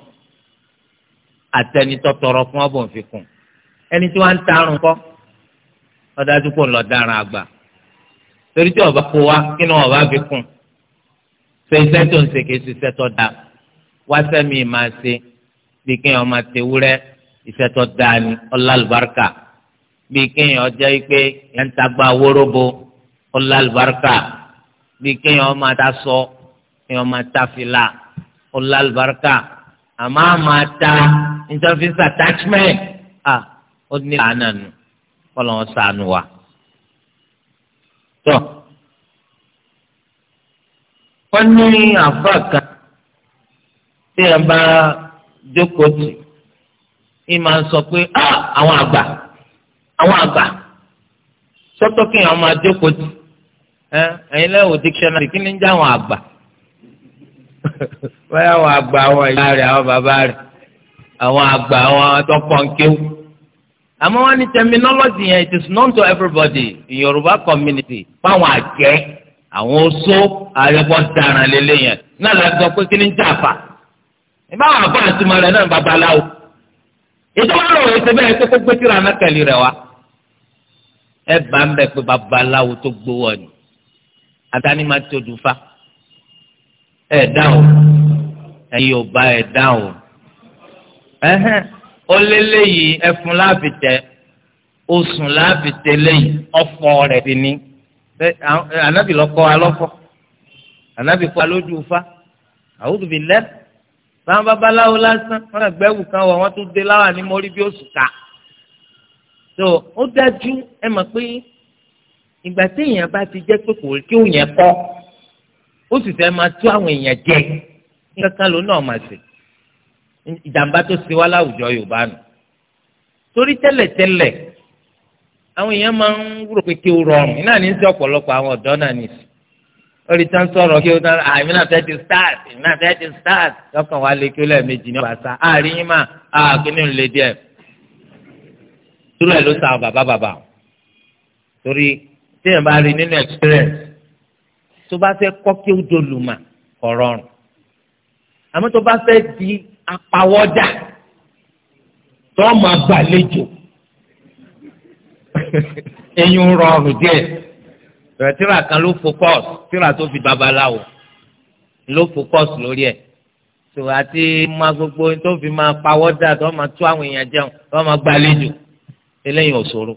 àtẹni tó tọrọ fún ọbọ ń fi kún ẹni tí wọn ń tarun kọ ọdájú kò ń lọ dáràn àgbà torí tí ọba kó wa kí ni wọn bá fi kún ṣe iṣẹ́ tó ń ṣe kì tó dáa wá sẹmi máa ṣe bí kéèyàn máa ṣe wúrẹ́ iṣẹ́ tó dáa ni ọlálùbáríkà bí kéèyàn jẹ́ pé yẹn ń tagbá bí kéèyàn máa ta sọ kéèyàn máa ta fìlà. So, ọlá àlùbáríkà àmọ́ àmọ́ ata interface attachment à ó ní làánà nù kọ́lọ́ wọn sànù wa. tọ́ wọ́n ní àfáà kan tí ẹ bá jókòó tì í máa ń sọ pé àwọn àgbà àwọn àgbà sọ́tọ́ kí àwọn máa jókòó tì ẹ̀yin lẹ́wọ̀ dictionary kí ń jẹ́ àwọn àgbà báyà àwọn àgbà àwọn ìyá rẹ̀ àwọn bàbá rẹ̀ àwọn àgbà àwọn tọkọ nkéwù àmọ́ wọ́n ní terminology yẹn it is known to everybody in Yorùbá community fáwọn àjẹ́ àwọn oṣó àrẹ́gbọ́n daran lélẹ̀ yẹn náà lọ́gbọ́n pé kí ni ń jàfà ìbáwọn àbọ̀ àtìmọ̀ rẹ̀ náà babaláwo ìjọba lọ́wọ́ ètò bẹ́ẹ̀ tó kó gbé tíra anákẹ́lì rẹ̀ wá ẹ bá ń bẹ pé babaláwo tó gbowó ni àtàní máa tó dùn fa ẹ dáhùn ẹ̀yin ò bá ẹ dáhùn ẹhẹn ó lé léyìí ẹfun láàfin tẹ ó sùn láàfin tẹ léyìí ọ̀fọ̀ rẹ̀ ti ní anabi lọkọ alọfọ anabi kọ alójú fa àwùjọ bíi lẹ báwọn babaláwo lásán wọn àgbẹwò kan wọ wọn tó dé láwà ní mọrí bí oṣù ká tó ó dájú ẹ mọ̀ pé ìgbà téèyàn bá ti jẹ́ pé kò kí òun yẹn kọ́ ó sì fẹ́ máa tú àwọn èèyàn jẹ kankan ló náà máa ṣe ìjàmbá tó ṣe wá láwùjọ yorùbá nù torí tẹ́lẹ̀tẹ́lẹ̀ àwọn èèyàn máa ń rò pé kí o rọrùn iná ní sí ọ̀pọ̀lọpọ̀ àwọn ọ̀dọ́ náà nìsí orí tí wọ́n sọ̀rọ̀ kí o náà à èmi náà fẹ́ ti start èmi náà fẹ́ ti start lọ́kàn wá lé kí o lẹ́ẹ̀mejì ní ọ̀bàṣà àárín ah, yín mà á ah, kíní ń lé díẹ̀ dúró ẹ̀ ló sa bàbá bàbá torí téèyàn bá rí nínú experience tó bá fẹ́ kọ́ kí ó dolùmọ̀ ọ̀rọ̀rùn àmọ́ tó bá fẹ́ di apawọ́dà tó máa gbàlejò eyín rọrùn díẹ̀ bẹ̀rẹ̀ tíra kan ló fokọ́s tíra tó fi babaláwo ló fokọ́s lórí ẹ̀ tó àti máa gbogbo tó fi máa pawọ́dà tó máa tó àwọn èèyàn jẹun tó máa gbàlejò eléyìí ò ṣòro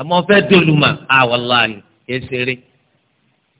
àmọ́ fẹ́ dolùmọ̀ àwọ̀láyé ah, kìí ṣeré.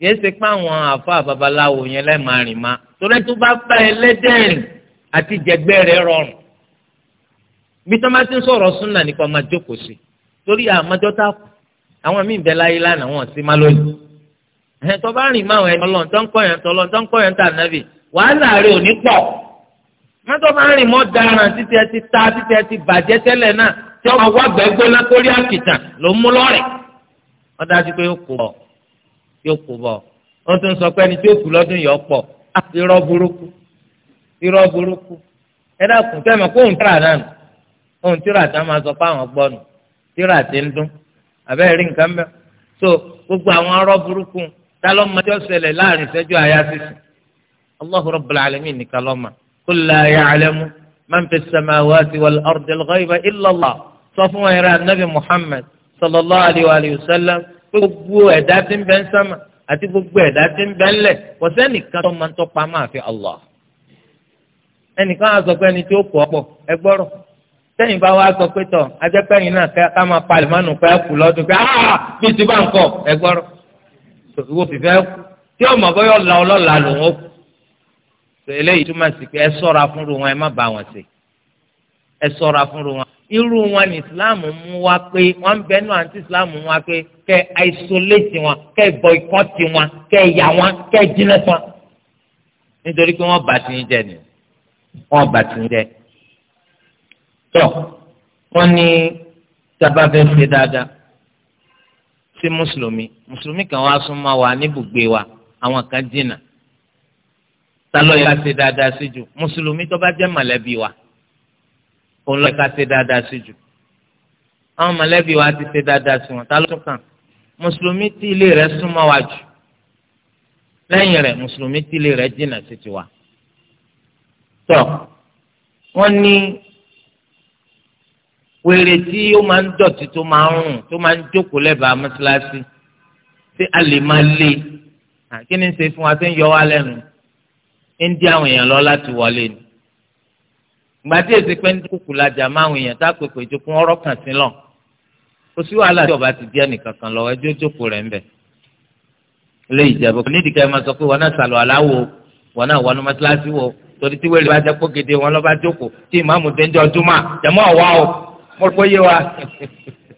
kìí ṣe pé àwọn àfa babaláwo yẹn lẹ́ẹ̀máa rìn ma torí tó bá bá àti jẹgbẹ́ rọrùn bí tó máa ti ń sọ̀rọ̀ súnà nípa máa jókòó sí torí àmọ́jọ́ tá kù àwọn míì bẹ láyé lánàá wọn sí má lónìí ẹ̀ tó bá rìn máa ẹ̀ tọ́lọ́ tó ń kọ́ yẹn tó ń kọ́ yẹn tà wàhálà ò ní pọ̀ bá rìn mọ́ títí ẹ ti ta yóò kú bọ̀ wọ́n tún sọ pé ẹni tí ó kú lọ́dún yìí ọ̀pọ̀ irọ́ burúkú irọ́ burúkú ẹ dákun tẹ́ mọ̀ kó òun tíra náà nù òun tíra tá a máa sọ pé àwọn gbọ́ nù tíra ti ń dún àbẹ́ rí nǹkan mẹ́ so gbogbo àwọn ọ̀rọ̀ burúkú ta máa jọ ṣẹlẹ̀ láàrin ìṣẹ́jú àyà sísìn Allahu Rabbul Alamin nìkan ló mọ̀ qul la ya'lamu man fi samawati wal ardi al-ghayba illa Allah sọ fún wa yẹrẹ anabi Muhammad sallallahu alayhi wa sallam gbogbo ẹ̀dá ti ń bẹ ń sánmà àti gbogbo ẹ̀dá ti ń bẹ ń lẹ̀ kò sẹ́nìkan tó máa fi ẹnìkan á sọ pé ẹni tí ó pọ̀ pọ̀ ẹ gbọ́rọ̀ sẹ́yìn bá wá sọ pé tọ̀ ajẹ́pẹ́yìn náà ká máa palẹ̀ pé kù lọ́dún pé áá bí ti bá ń ẹ gbọ́rọ̀ ìwọ fìfẹ́ tí ọmọ la ọlọ́la lòun ó kù eléyìí túmọ̀ sí pé ẹ sọ́ra fúnru wọn ẹ má wọn kẹ isolate wọn kẹ boycott wọn kẹ yà wọn kẹ jìnnà wọn nítorí pé wọn bá ń jẹ ni wọn bá ti ń jẹ tọ wọn ní tábàfẹ́ ṣe dáadáa sí mùsùlùmí mùsùlùmí kan wá súnmọ́ wa níbùgbé wa àwọn kan jìnnà tálọ́ yẹ ká ṣe dáadáa sí jù mùsùlùmí tó bá jẹ́ mọ̀lẹ́bí wa òun lọ́ọ́ ká ṣe dáadáa sí jù àwọn mọ̀lẹ́bí wa ti ṣe dáadáa sí wọn tá tún kàn mùsùlùmí tí ilé rẹ̀ súnmọ́ wa jù lẹ́yìn rẹ̀ mùsùlùmí tí ilé rẹ̀ jìnnà sí tiwa. tọ́ wọ́n ní wèrè tí ó máa ń dọ̀tí tó máa ń rùn tó máa ń jókòó lẹ́bàá mọ́ṣáláṣí tí a lè máa lé kí ni ń ṣe fún wa tí ń yọ wá lẹ́nu ń dí àwọn èèyàn lọ láti wọlé ni. ìgbà tí èsì pé ń dúkùú lajà máa àwọn èèyàn tá a pèpè jókòó ọ̀rọ̀ kàn sí lọ́n kò sí wàhálà tí ọba ti di ẹnìkan kan lọ ẹjọ́ jókòó rẹ̀ ń bẹ̀. ilé ìjẹ́bù kò nídìí kẹ́ẹ́ máa sọ pé wọn náà sàlọ̀ aláwo wọn náà wọnú mọ́tíláṣí wo torí tí wẹ́rẹ́ bá jẹ́ pọ́ gèdè wọn lọ́ba jókòó tí ìmáàmù dénjọ́ júmọ́ jẹ̀mọ́ ọ̀wá o mo rò yé wa.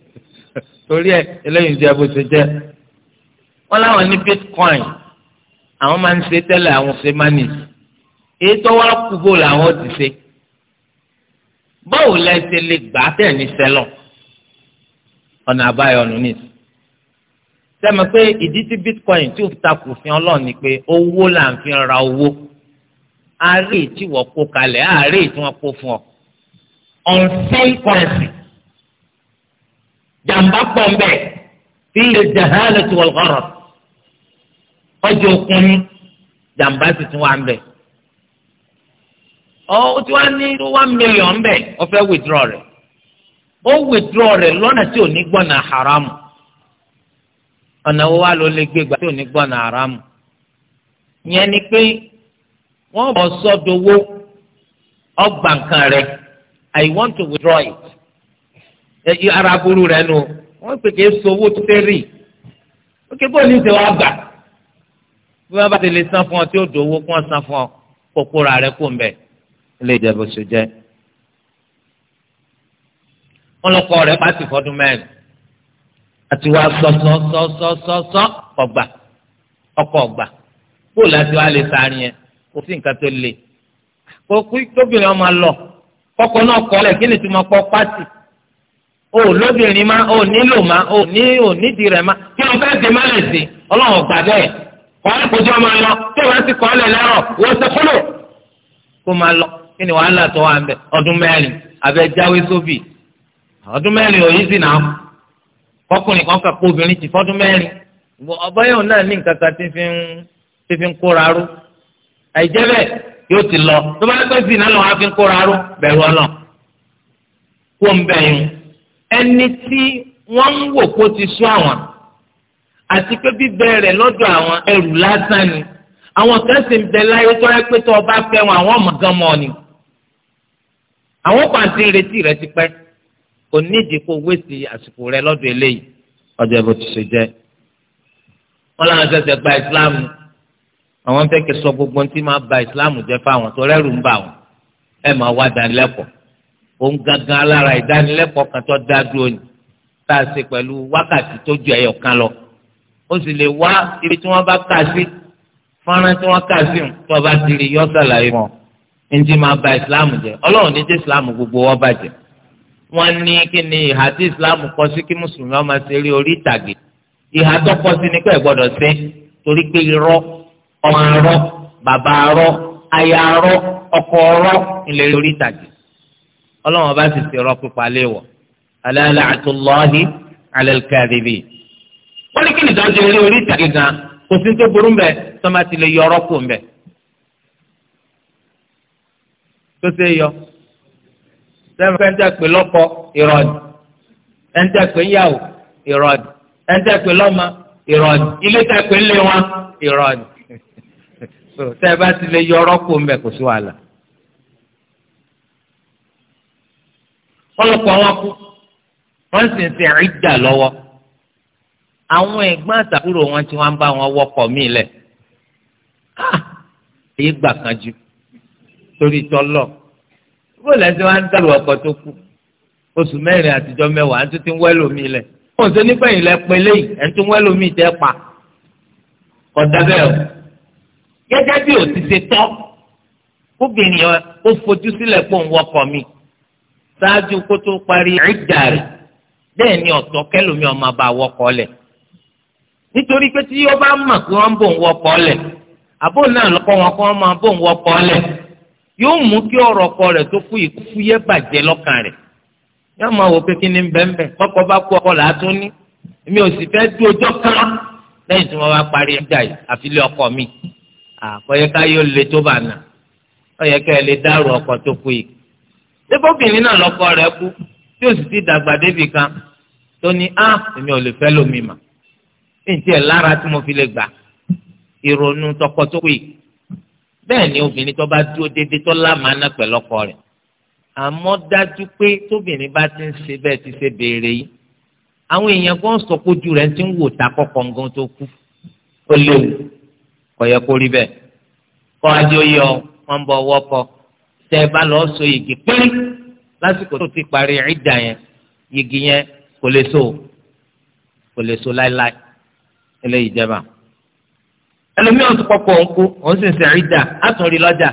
torí ẹ eléyìí ìjẹ́bù ṣe jẹ́ wọn láwọn ní bitcoin àwọn máa ń ṣe tẹ́lẹ̀ àwọn ṣe mánì èyí tó wá kúbò làwọn ti ṣe báwo lẹ ṣe lè gbà á tẹ̀ ní sẹ́lọ̀n ọ̀nà àbáyọ nù ní ìsìn. sẹ́mi pé ìdí tí bitcoin tí ó fi takò fi ọlọ́run ni pé owó là ń fi ra owó àárẹ̀ tí wọ́n kó kalẹ̀ àárẹ̀ tí wọ́n kó fún ọ unfair currency jàǹbá pọ̀ mbẹ́ fi lè jahalati wal gharar ọjọ́ òkun ni jàǹbá sì tún wà mbẹ́ ọ ó ti wá ní one million mbẹ́ ọ fẹ́ withdraw rẹ̀ ó wìdúrọ̀ rẹ lọ́nà tí ò ní na haramu ọ̀nà wo wá ló lè gbé gbà tí ò ní haramu yẹn ni pé wọ́n bọ̀ sọ́dowó ọgbà nǹkan rẹ i want to withdraw it èyí ara burú rẹ nu wọ́n pè é sowó tẹ́rì ó ké bó ní ṣe wá gbà bí wọ́n bá ti lè san fún ọ san fún ọ kókó ra wọn lọkọ rẹ̀ bá ti fọdún mẹ́rin àti wàá sọsọsọsọsọ ọgbà ọkọ ọgbà kó láti wàá lè sáré yẹn kò sí nǹkan tó le kò kú tóbìnrin ọmọ lọ kọkọ náà kọlẹ kí ni tí mo kọ pátì o lóbìnrin ma o nílò ma o ní o nídìí rẹ̀ ma kí ló fẹ́ di má lè sè ọlọ́run ọgbà bẹ́ẹ̀ kọ́lẹ̀ kó jẹ́ ọmọ lọ kí wọ́n ti kọ́lẹ̀ lẹ́rọ̀ wọ́n ṣe kúlò kó máa lọ kí ni wàhálà tó wà ń bẹ ọdún mẹ́rin abẹ́jáwé sóbì ọdún mẹ́rin ò yí sí náà kọkùnrin kan kà kó obìnrin ti fọdún mẹ́rin ọbẹ̀yẹ̀wò náà ní nǹkan kan tí fi ń tí fi ń kóra ró àìjẹ́ bẹ́ẹ̀ yóò ti lọ tó bá pẹ́ sí náà lọ́wọ́ á fi ń kóra ró bẹ̀rù ọ̀nà kó ń bẹ̀ yín ẹni tí wọ́n ń wò kó ti sún àwọn àti pé bíbẹ̀ rẹ̀ lọ́dọ̀ àwọn ẹrù lásán ni àwọn kan sì ń bẹ láyé tó rẹ pé tó ọba fẹ́ wọn àwọn ọmọ gan mọ́ ni àwọn pàǹtí ìrètí rẹ ti pẹ́ kò nídìí kó wéṣì àsìkò rẹ lọ́dọ̀ eléyìí ọjọ́ ìbò tó ṣe jẹ́. wọ́n láwọn ṣẹ̀ṣẹ̀ gba ìsìláàmù àwọn ń fẹ́kẹ̀ sọ gbogbo ohun tí máa ba ìsìláàmù jẹ́ fáwọn tó rẹ́rù ń bà wọ́n ẹ̀ máa wá dánilẹ́kọ̀ọ́ òun gangan alára ìdánilẹ́kọ̀ọ́ kan tó dá dúró ni tá a ṣe pẹ̀lú wákàtí tó ju ẹyọ kan lọ ó sì lè wá ibi tí wọ́n bá kà sí fọ́nrán tí wọ́n kà sí tó bá ti rí yọ́ sàlàyé wọn ní ti máa ba ìsìláàmù jẹ́ ọlọ́run ní jẹ́ ìsìláàmù gbogbo wọn bàjẹ́ wọ́n ní kí ni ìhà tí islam kọ sí kí mùsùlùmí ọmọ ṣe rí orí ìtàgé ìhà tó kọ sí ni pé ẹ gbọ́dọ̀ ṣe torí pé irọ́ ọmọ arọ́ bàbá arọ́ aya arọ́ ọkọ ọrọ́ ilẹ̀ orí ìtàgé ọlọ́run ọba sì ti rọ pípa léwọ̀ ala la'atullahi ala al-kadhibin ní kí ni ìdájọ́ eré orí ìtàgé gan kò sí tó burú mbẹ sọ́mà ti lè yọ ọrọ́ kù mbẹ tó ṣe yọ sẹ́mi fẹ́ ń tẹ́ pé lọ́kọ ìrọ̀dì ẹ̀ ń tẹ́ pé yàwó ìrọ̀dì ẹ̀ ń tẹ́ pé lọ́mọ ìrọ̀dì ilé tẹ́ pé lé wọn ìrọ̀dì tẹ́ ẹ bá ti lè yọ ọ́rọ́ kó mbẹ́ kò sí wàhálà. ọlọ́pàá wọn kú wọ́n sì ń sin ìdá lọ́wọ́ àwọn ẹ̀gbọ́n àtàkùrọ̀ wọn tí wọ́n bá wọn wọ́pọ̀ mí lẹ̀ èyí ah! gbà kan jù torí tọ́lọ̀ bó lẹ́sẹ̀ wá ń dàrú ọkọ tó kú oṣù mẹ́rin àtijọ́ mẹ́wàá ń tún ti ń wẹ́ lómi lẹ̀ wọ́n ṣe nígbẹ̀yìn lẹ pé léyìí ẹ̀ ń tún wẹ́ lómi tẹ́ pa ọ̀dà bẹ́ẹ̀ o gẹ́gẹ́ bí òtí ṣe tọ́ kóbìnrin yẹn ó fojú sílẹ̀ pọ̀ ń wọkọ̀ mi ṣáájú kó tó parí ìdá rẹ̀ bẹ́ẹ̀ ni ọ̀tọ̀ kẹlòmí ọmọ bá wọkọ̀ lẹ̀ nítorí pé tí yóò bá mọ̀ pé wọ́n bò ń wọkọ̀ lẹ̀ àbò náà lọ́kọ́ wọn kó wọ́n máa bò ń wọkọ̀ lẹ̀ yóò mú kí ọ̀rọ̀ ọkọ rẹ tó kú yìí fúyẹ́ bàjẹ́ lọ́kàn yóò máa wò pé bẹ́ẹ̀nbẹ́ ọkọ làá tún ní èmi ò sì fẹ́ dú ọjọ́ kan lẹ́yìn tí wọ́n bá parí ẹja yìí àfilẹ́ ọkọ mi àkọyẹ yóò le tó bá nà ọyẹ ká lè dárò ọkọ tó náà rẹ kú tí ó dàgbà débì kan tó ní á èmi ò lè fẹ́ lómi mà lára tọkọ bẹ́ẹ̀ ni obìnrin tó bá dúró déédéé tó lámàánà pẹ̀lú ọkọ rẹ̀ àmọ́ dájú pé tóbìnrin bá ti ń ṣe bẹ́ẹ̀ ti ṣe béèrè yìí àwọn èèyàn kan sọ pójú rẹ̀ ti ń wò ta kọ́kọ́ nǹkan tó kú ó léwu kò yẹ kó rí bẹ́ẹ̀ kọ́ adé oyè ọ wọ́n bọ̀ wọ́pọ̀ tẹ́ ẹ bá lọ sọ yìgì péré lásìkò tó ti parí ìdá yẹn yìgì yẹn kò lè so kò lè so láéláé eléyìí jẹ́ báà ẹlòmíì ò tún kọkọ òǹkú òun sì ń sẹ ìdá àtún rí lọ́jà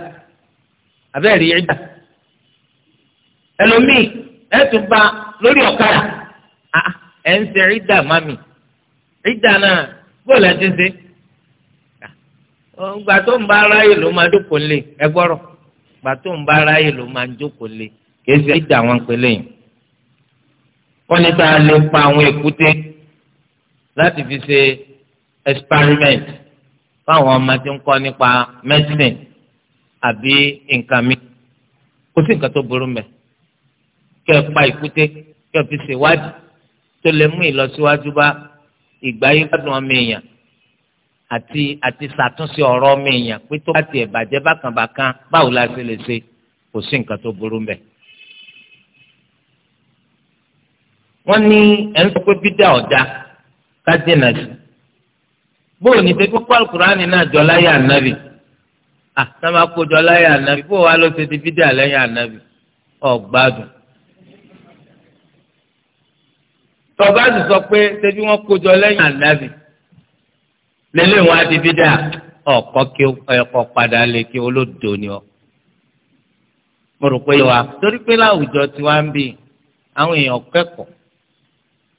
abẹ́ẹ̀ rí ìdá ẹlòmíì ẹ bá lórí ọ̀kadà ah, ẹ ń sẹ ìdá mami ìdá náà bóòlù ẹ ti ṣe ah, gbà tó ń bá aráyè ló máa jókòó lé ẹ gbọ́rọ̀ gbà tó ń bá aráyè ló máa jókòó lé kì ṣe ìdá wọn pé lẹ́yìn wọ́n ní ká lè pa àwọn èkúté láti fi ṣe experiment fáwọn ọmọ tí ń kọ́ nípa medicine àbí nǹkan mi kò sí nǹkan tó burú mẹ́ kẹ́ ẹ pa ìkúté kẹ́ ẹ fi ṣèwádìí tó lè mú ìlọsíwájú bá ìgbáyégbádùn ọmọ èèyàn àti àti ṣàtúnṣe ọ̀rọ̀ ọmọ èèyàn pé tó bá tiẹ̀ bàjẹ́ bákànbákan báwo la ṣe lè ṣe kò sí nǹkan tó burú mẹ́. wọ́n ní ẹ̀ ń sọ pé bídà ọ̀dà ká dènà sí i bóò ní ṣe kókó alukurani náà jọ láyé ànábì ah sábà kójọ láyé ànábì bóò wá ló ṣe ti fídíà lẹ́yìn ànábì ọ̀gbádùn. tọ́ba sì sọ pé ṣebí wọ́n kójọ lẹ́yìn ànábì lélẹ̀ wọn á ti fídíà ọ̀kọ́ kí ẹ̀kọ́ padà lè kí olódò ni ọ. mo rò pé wa torí pé láwùjọ tí wàá ń bì àwọn èèyàn kẹ́kọ̀ọ́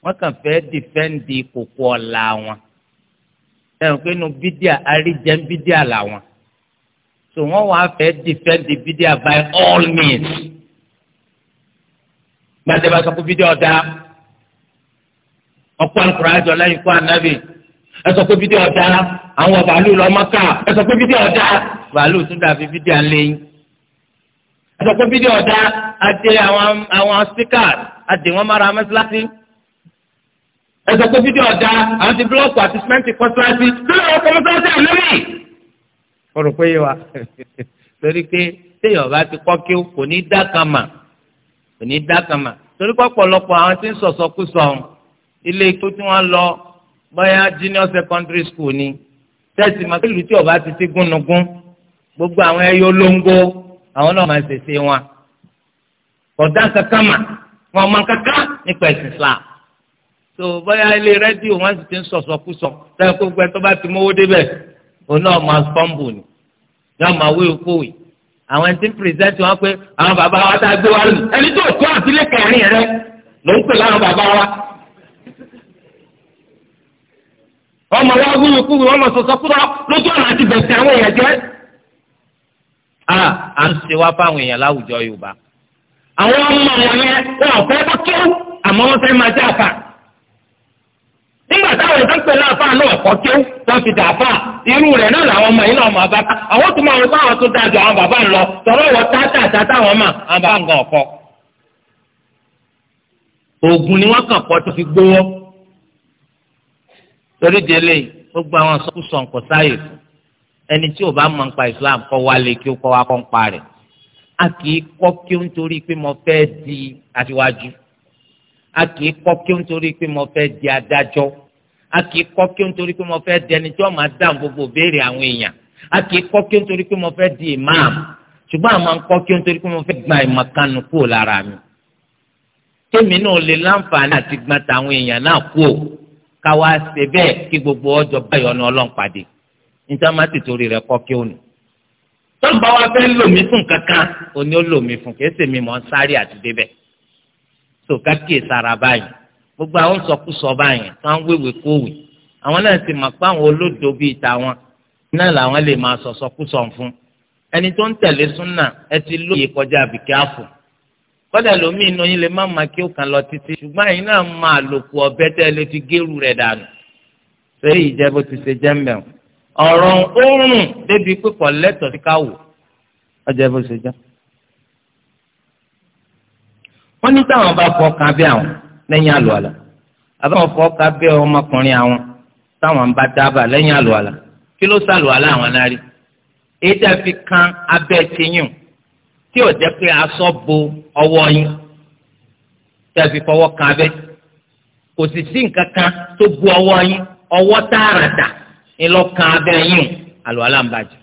wọ́n kàn fẹ́ dìfẹ́ǹdì kòkó ọ̀la wọn ẹnu pé nu bídíà àríjẹ bídíà làwọn so wọn wà fẹ́ defend the bídíà by all means gbàdé bá sọ pé bídíà ọ̀dà ọ̀pọ̀ àlùkùrọ̀ àjọ lẹ́yìn fún ànábì ẹ sọ pé bídíà ọ̀dà àwọn bàálù lọ Mákà ẹ sọ pé bídíà ọ̀dà bàálù tún dàbí bídíà lẹ́yìn ẹ sọ pé bídíà ọ̀dà àti àwọn àwọn stickers àti wọn mara mẹ́sàlásí ẹsẹ pé fídíò ọ̀dà àwọn ti búlọ́ọ̀kù àti sìmẹ́ǹtì kọ́síláṣí sílẹ̀ ọkọ̀ mọ́sálásí àlẹ́mì. o rò pé wa torí pé téèyàn bá ti kọ́ kí kò ní dá kan mà kò ní dá kan mà torí pọ̀pọ̀lọpọ̀ àwọn tí ń sọ̀sọ̀kúsọ ilé tó tí wọ́n lọ bóyá junior secondary school ni tẹ́sí màkìlù tí ọba ti ti gúnnugún gbogbo àwọn ẹyọ lóńgó àwọn náà máa ṣèṣe wọn kọ̀dá kankan mà wọn ọmọ kankan nípa ẹ̀sìn Islam so bóyá ilé rẹ́díò wọ́n sì ti ń sọ̀sọ̀kúsọ sẹ́yìn gbogbo ẹ̀ tó bá ti mówó débẹ̀ òun náà máa fọ́ǹbù ni yóò máa wé okó yìí àwọn ẹni tí ń pírẹsẹ́ǹtì wọn pé àwọn bàbá wa tá a gbé wa lù ẹni tó tó àtìlẹ́ kẹrin rẹ ló ń pè láwọn bàbá wa. ọmọ wa wúwo kúwe wọn lọ sọ̀sọ̀kúsọ lójú ọ̀nà àti bẹ̀tẹ̀ àwọn èèyàn jẹ́. a ń ṣe wá fáwọn èèyàn láwùjọ Yorùbá àwọn ọmọ àwọn yẹn wọn ò fẹ́ bọ́ kí àmọ́ wọn fẹ́ máa jẹ́ àfà nígbà táwọn ìtàn pẹ̀lú àfa náà kọ́ kí wọ́n ti dà fà irú rẹ̀ náà làwọn ọmọ yìí náà máa bá àwọn tó máa ń bá àwọn tó dájọ àwọn bàbá ń lọ tọ́lọ́ wọ tátàtà táwọn mà àwọn bàbá ń gan ọ̀kọ́. oògùn ni wọ́n kàn kọ́ tó fi gbówó. torí délé ó gba àwọn sọ́kùsọ̀ nǹkan sáyè fún ẹni tí ò bá mọ̀ nípa Islam kọ́ wálé kí ó kọ́ wá kọ́ ń parẹ̀. a kì í kọ́ kí ó ń torí pé mo fẹ́ di aṣíwájú a kì í kọ́ kí ó nítorí pé mo fẹ́ di adájọ́ a kì í kọ́ kí ó nítorí pé mo fẹ́ di ẹni tí wọ́n máa dáhùn gbogbo béèrè àwọn èèyàn a kì í kọ́ kí ó nítorí pé mo fẹ́ di imam ṣùgbọ́n àmọ́ ń kọ́ kí ó nítorí pé mo fẹ́ gba ìmọ̀kanu kúrò lára mi tèmi náà lè láǹfààní àti gbọ́n tàwọn èèyàn náà kú ò káwa ṣe bẹ́ẹ̀ kí gbogbo ọjọ́ báyọ̀ ní ọlọ́ǹpàdé níta má ti torí rẹ̀ kọ́ kí ó nù tọ́ǹbà wa fẹ́ lò mí fún kankan òní ó lò fún kì í mọ́ sáré àti débẹ̀ so kákìí sára báyìí gbogbo àwọn sọkúsọ báyìí tó ń wéwèé kówè àwọn náà ti mọ̀ pé àwọn olódò bíi tàwọn náà làwọn lè máa sọ sọkúsọ fún ẹni tó ń tẹ̀lé súnà ẹ ti lóye kọjá àbíkẹ́ àfò kọ́dà lómi inú yín lè má máa kí ó kàn lọ títí ṣùgbọ́n ẹ̀yin náà máa lòkù ọ̀bẹ tẹ́ ẹ lè fi gẹ́rù rẹ̀ dànù ṣé ìjẹ́ bó ti ṣe jẹ́ mbẹ́ ọ̀rọ̀ òórùn débi pé lẹ́tọ̀ọ́ wọ́n ní táwọn bá fọ kábẹ́ àwọn lẹ́yìn àlùwàlà àbáwọn fọ kábẹ́ ọmọkùnrin àwọn táwọn bá dábà lẹ́yìn àlùwàlà kí ló sàlùwàlà àwọn náà èyí tá a fi kan abẹ́ tiyún tí ò jẹ́ pé aṣọ bo ọwọ́ yín tá a fi fọwọ́ kan abẹ́ kò sì sí nǹkan kan tó bu ọwọ́ yín ọwọ́ tààràtà ńlọ́kan abẹ́ yín àlùwàlà ń bàjẹ́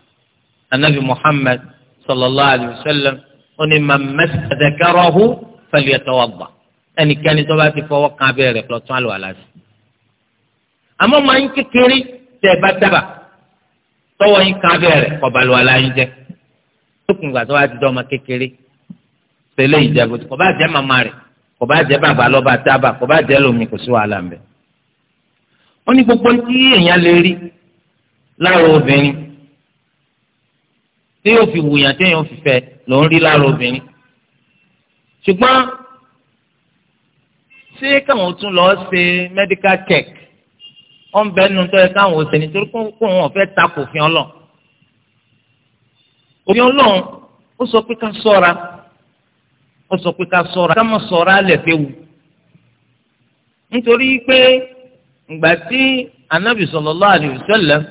anabi muhammad sallallahu alayhi wa sallam ó ní mamman sadakarahu falyatawadda ẹnikẹ́ni tó bá ti fọwọ́ kan abẹ́ rẹ̀ lọ tún àlùwàlá sí. àmọ́ máa ń kékeré tẹ́ ẹ bá dábà tọwọ́ yín kan abẹ́ rẹ̀ kọ́ balùwàlá yín jẹ́ lókun ìgbà tó bá ti dọ́mọ kékeré tẹ́lẹ̀ ìjẹ́bù kò bá jẹ́ màmá rẹ̀ kò bá jẹ́ bàbá lọ́ba tábà kò bá jẹ́ lómi kò sí wàhálà ń bẹ̀. wọ́n ní gbogbo tí èèyàn lè rí lára obìnrin tí yóò fi wùyàn tí yóò fi fẹ́ lòún rí lára obìnrin ṣùgbọ́n ṣé káwọn tún lọ ṣe medical check wọ́n bẹ́ẹ̀ nu tó yẹ káwọn ò ṣe nítorí kó wọn fẹ́ takò òfin ọlọ́run òfin ọlọ́run ó sọ pé ká ṣọ́ra ó sọ pé ká ṣọ́ra ká má ṣọ́ra lẹ́fẹ̀ẹ́ wù nítorí pé ìgbà tí anabi sallallahu alaihi wasallam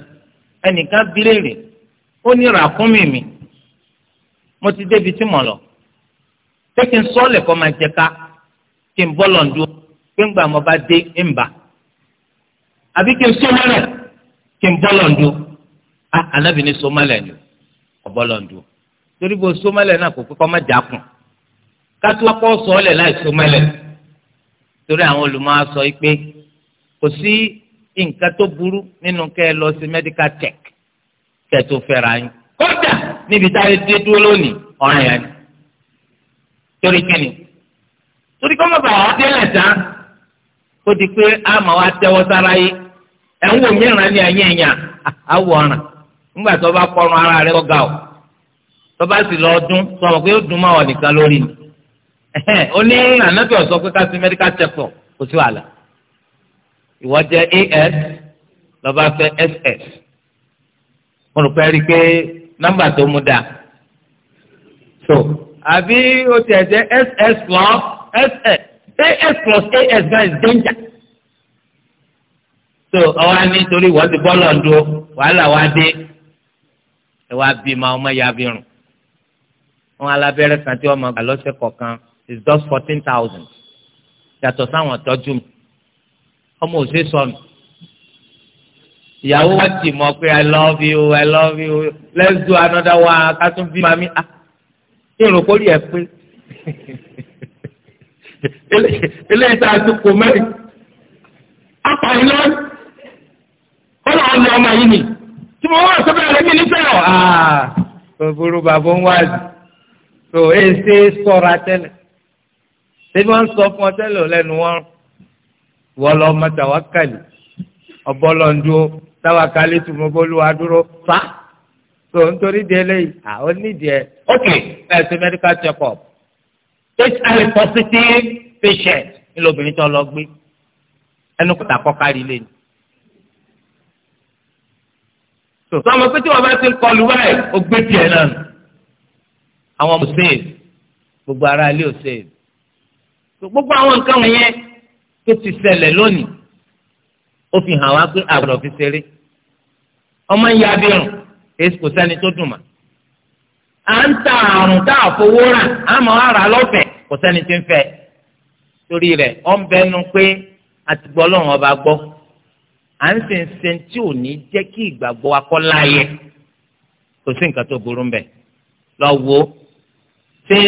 ẹnìkan bí léèrè ó ní ràkúnmí mi mo ti débi tí mo lọ pé kí n sọ́ọ̀lẹ̀ kọ́ máa jẹ ká kí n bọ́lọ̀ ń pé ńgbà mo bá dé ń bà àbí kí n sọ́ọ̀lẹ̀ kí n bọ́lọ̀ ń a ànábì ní sọ́mọ́lẹ̀ ni ọ bọ́lọ̀ ń dúró torí bó sọ́mọ́lẹ̀ náà kò kọ́kọ́ má jà kùn kátólọ́kọ́ sọ́ọ̀lẹ̀ láì sọ́mọ́lẹ̀ torí àwọn olùmọ̀ á sọ pé kò sí nǹkan tó burú nínú kẹ́ ẹ lọ sí medical check kẹ́ ẹ tó fẹ́ra yín kódà níbi táyé dé dúró lónìí ọ̀ràn yẹn ni torí kíni torí kọ́ mọ̀ bá wà á délẹ̀ tá ó di pé a máa wá tẹ́wọ́ sára yé ẹ̀ ń wò mìíràn ní ẹ̀yìn ẹ̀yà àwọ̀ ọ̀ràn nígbà bá ara rẹ̀ ọ̀gá o tó bá sì lọ dún sọ mọ̀ pé ó dùn mọ́ check kò sí wàhálà ìwọ jẹ́ as lọ́ba ss mo rò pé rí i pé so. àbí o ti ẹ̀jẹ̀ ss plus ss as plus as gan is danger. so ọwọ́ á ní torí wọ́n ti bọ́ lọ́ndún wàhálà wá dé ẹ wá bí ma ọmọ ya bí rùn wọn alábẹ́rẹ́ kan tí wọ́n máa gbà lọ́sẹ̀ kọ̀ọ̀kan is just fourteen thousand yàtọ̀ sáwọn tọ́jú mi ọmọ ò ṣe sọnù ìyàwó wa ti mọ̀ pé i love you i love you let's do another one kátó bí mami ah irun kórìí ẹ pé eléyìí tá a ti kò mẹ́rin apààyàn náà ó lọ́ọ́ lọ ọmọ yìí ni tí mo wá sọ́bẹ̀ rẹ̀ mí nífẹ̀ẹ́ ọ̀ òfurufú bàbá ń wá sí tó e ṣe sọ́ra tẹ́lẹ̀ ṣébi wọ́n sọ fún ọ tẹ́lẹ̀ lẹ́nu wọn wọ́n lọ́ọ́ mọ́tàwákàlì ọ̀bọ́lọ́ndúró táwákàlì tùmọ̀bọ́lúwa dúró fa so nítorí di eléyìí àwọn onídìí ẹ ok ẹ ṣe medical check up hiv positive patient nílò obìnrin tó lọ gbé ẹnu kọta kọkárí lé ní. so sọmọ pé tí wọn bá ti ń kọlu wáyé o gbé tiẹ̀ náà àwọn ọmọ save gbogbo ara ilé ò save so gbogbo àwọn nǹkan wọ̀nyẹn tó ti ṣẹlẹ̀ lónìí ó fi hàn wá pé àgbọ̀dọ̀ fi ṣeré ọmọ ń ya abirùn. èsì kò sẹ́ni tó dùn mà. à ń ta àrùn tá a fowó rà á mọ̀ ara lọ́fẹ̀ẹ́ kò sẹ́ni tí ń fẹ́ torí rẹ̀ ọ ń bẹnu pé àtìgbọ́ lọ́rùn ọba gbọ́ à ń sìn sìn tí ò ní jẹ́ kí ìgbàgbọ́ akọ́lá yẹ kò sí nǹkan tó burú mbẹ̀ lọ wo ṣé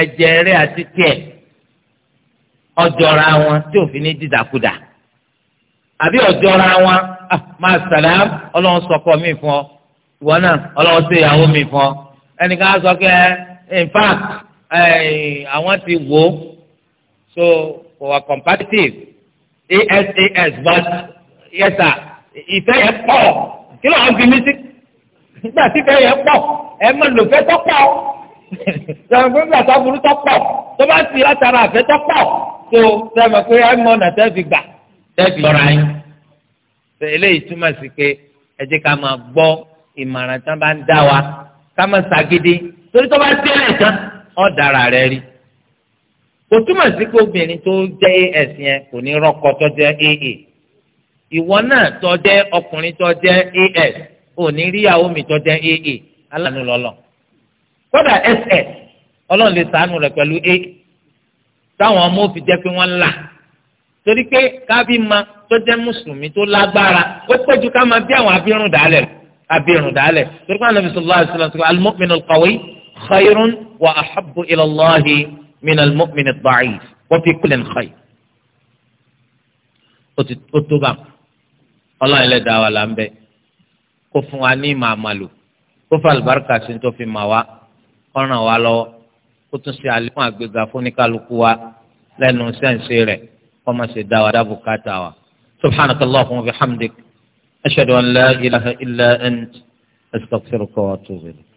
ẹ̀jẹ̀ rẹ̀ àti tiẹ̀ ọjọ́ra wọn tí òfin ní dídàkudà àbí ọjọ́ra wọn. Ah, máa sàlám ọlọ́run sọkọ mi fún ọ ìwọ náà ọlọ́run ṣe ìyàwó mi fún ọ ẹnìkan á sọ pé in fact eh, àwọn ti wò ó so kò wà competitive asas but yes sir ìfẹ́ yẹn pọ̀ kí ló ń fi mí sí nígbà tí ìfẹ́ yẹn pọ̀ ẹ mọ̀ lòfẹ́ tó pọ̀ sọ̀rọ̀ pé nígbà tó burú tó pọ̀ tó bá ti látara àfẹ́ tó pọ̀ tó sọ̀rọ̀ pé ẹ mọ̀ ọ̀nà tẹ́ fi gbà tẹ́ fi lọ́ra yín. eléyìí túmọ̀ sí pé ẹ ká máa gbọ́ ìmọ̀ràn tán bá ń dá wa ká máa ṣàgídí torí tó bá tẹ́lẹ̀ tán ọ̀ dára rẹ̀ rí kò túmọ̀ sí pé obìnrin tó jẹ́ as yẹn kò ní rọ́kọ tó jẹ́ aa ìwọ náà tó jẹ́ ọkùnrin tó jẹ́ as ò ní ríyàwó mi tó jẹ́ aa aláàánú lọ́lọ́ kódà ss ọlọ́run lè ṣàánú rẹ̀ pẹ̀lú aa táwọn ọmọ òfin jẹ́ pé wọ́n ń là torí pé kábí ma tó jẹ́ mùsùlùmí tó lágbára ó pẹ́ ju ká máa bí àwọn abirùn dálẹ̀ abirùn dálẹ̀ torí pé anabi sallallahu alayhi wa sallam sọ al-mu'min al-qawi khayrun wa ahabbu ila Allahi min al-mu'min ad-da'if wa fi kullin khayr. ó tó bá ọlọ́run ẹlẹ́dàá wa là ń bẹ kó fún wa ní ìmọ̀ àmàlò kó fún àlùbáríkà sí tó fi mà wá kó ràn lọ́wọ́ kó tún ṣe àlékún àgbéga fún wa lẹ́nu sẹ́ǹsì rẹ̀. kọ́má ṣe dá wa dá bùkátà wa subhanak allahumma wa bihamdik ashhadu an la ilaha illa ant astaghfiruka wa atubu ilayk.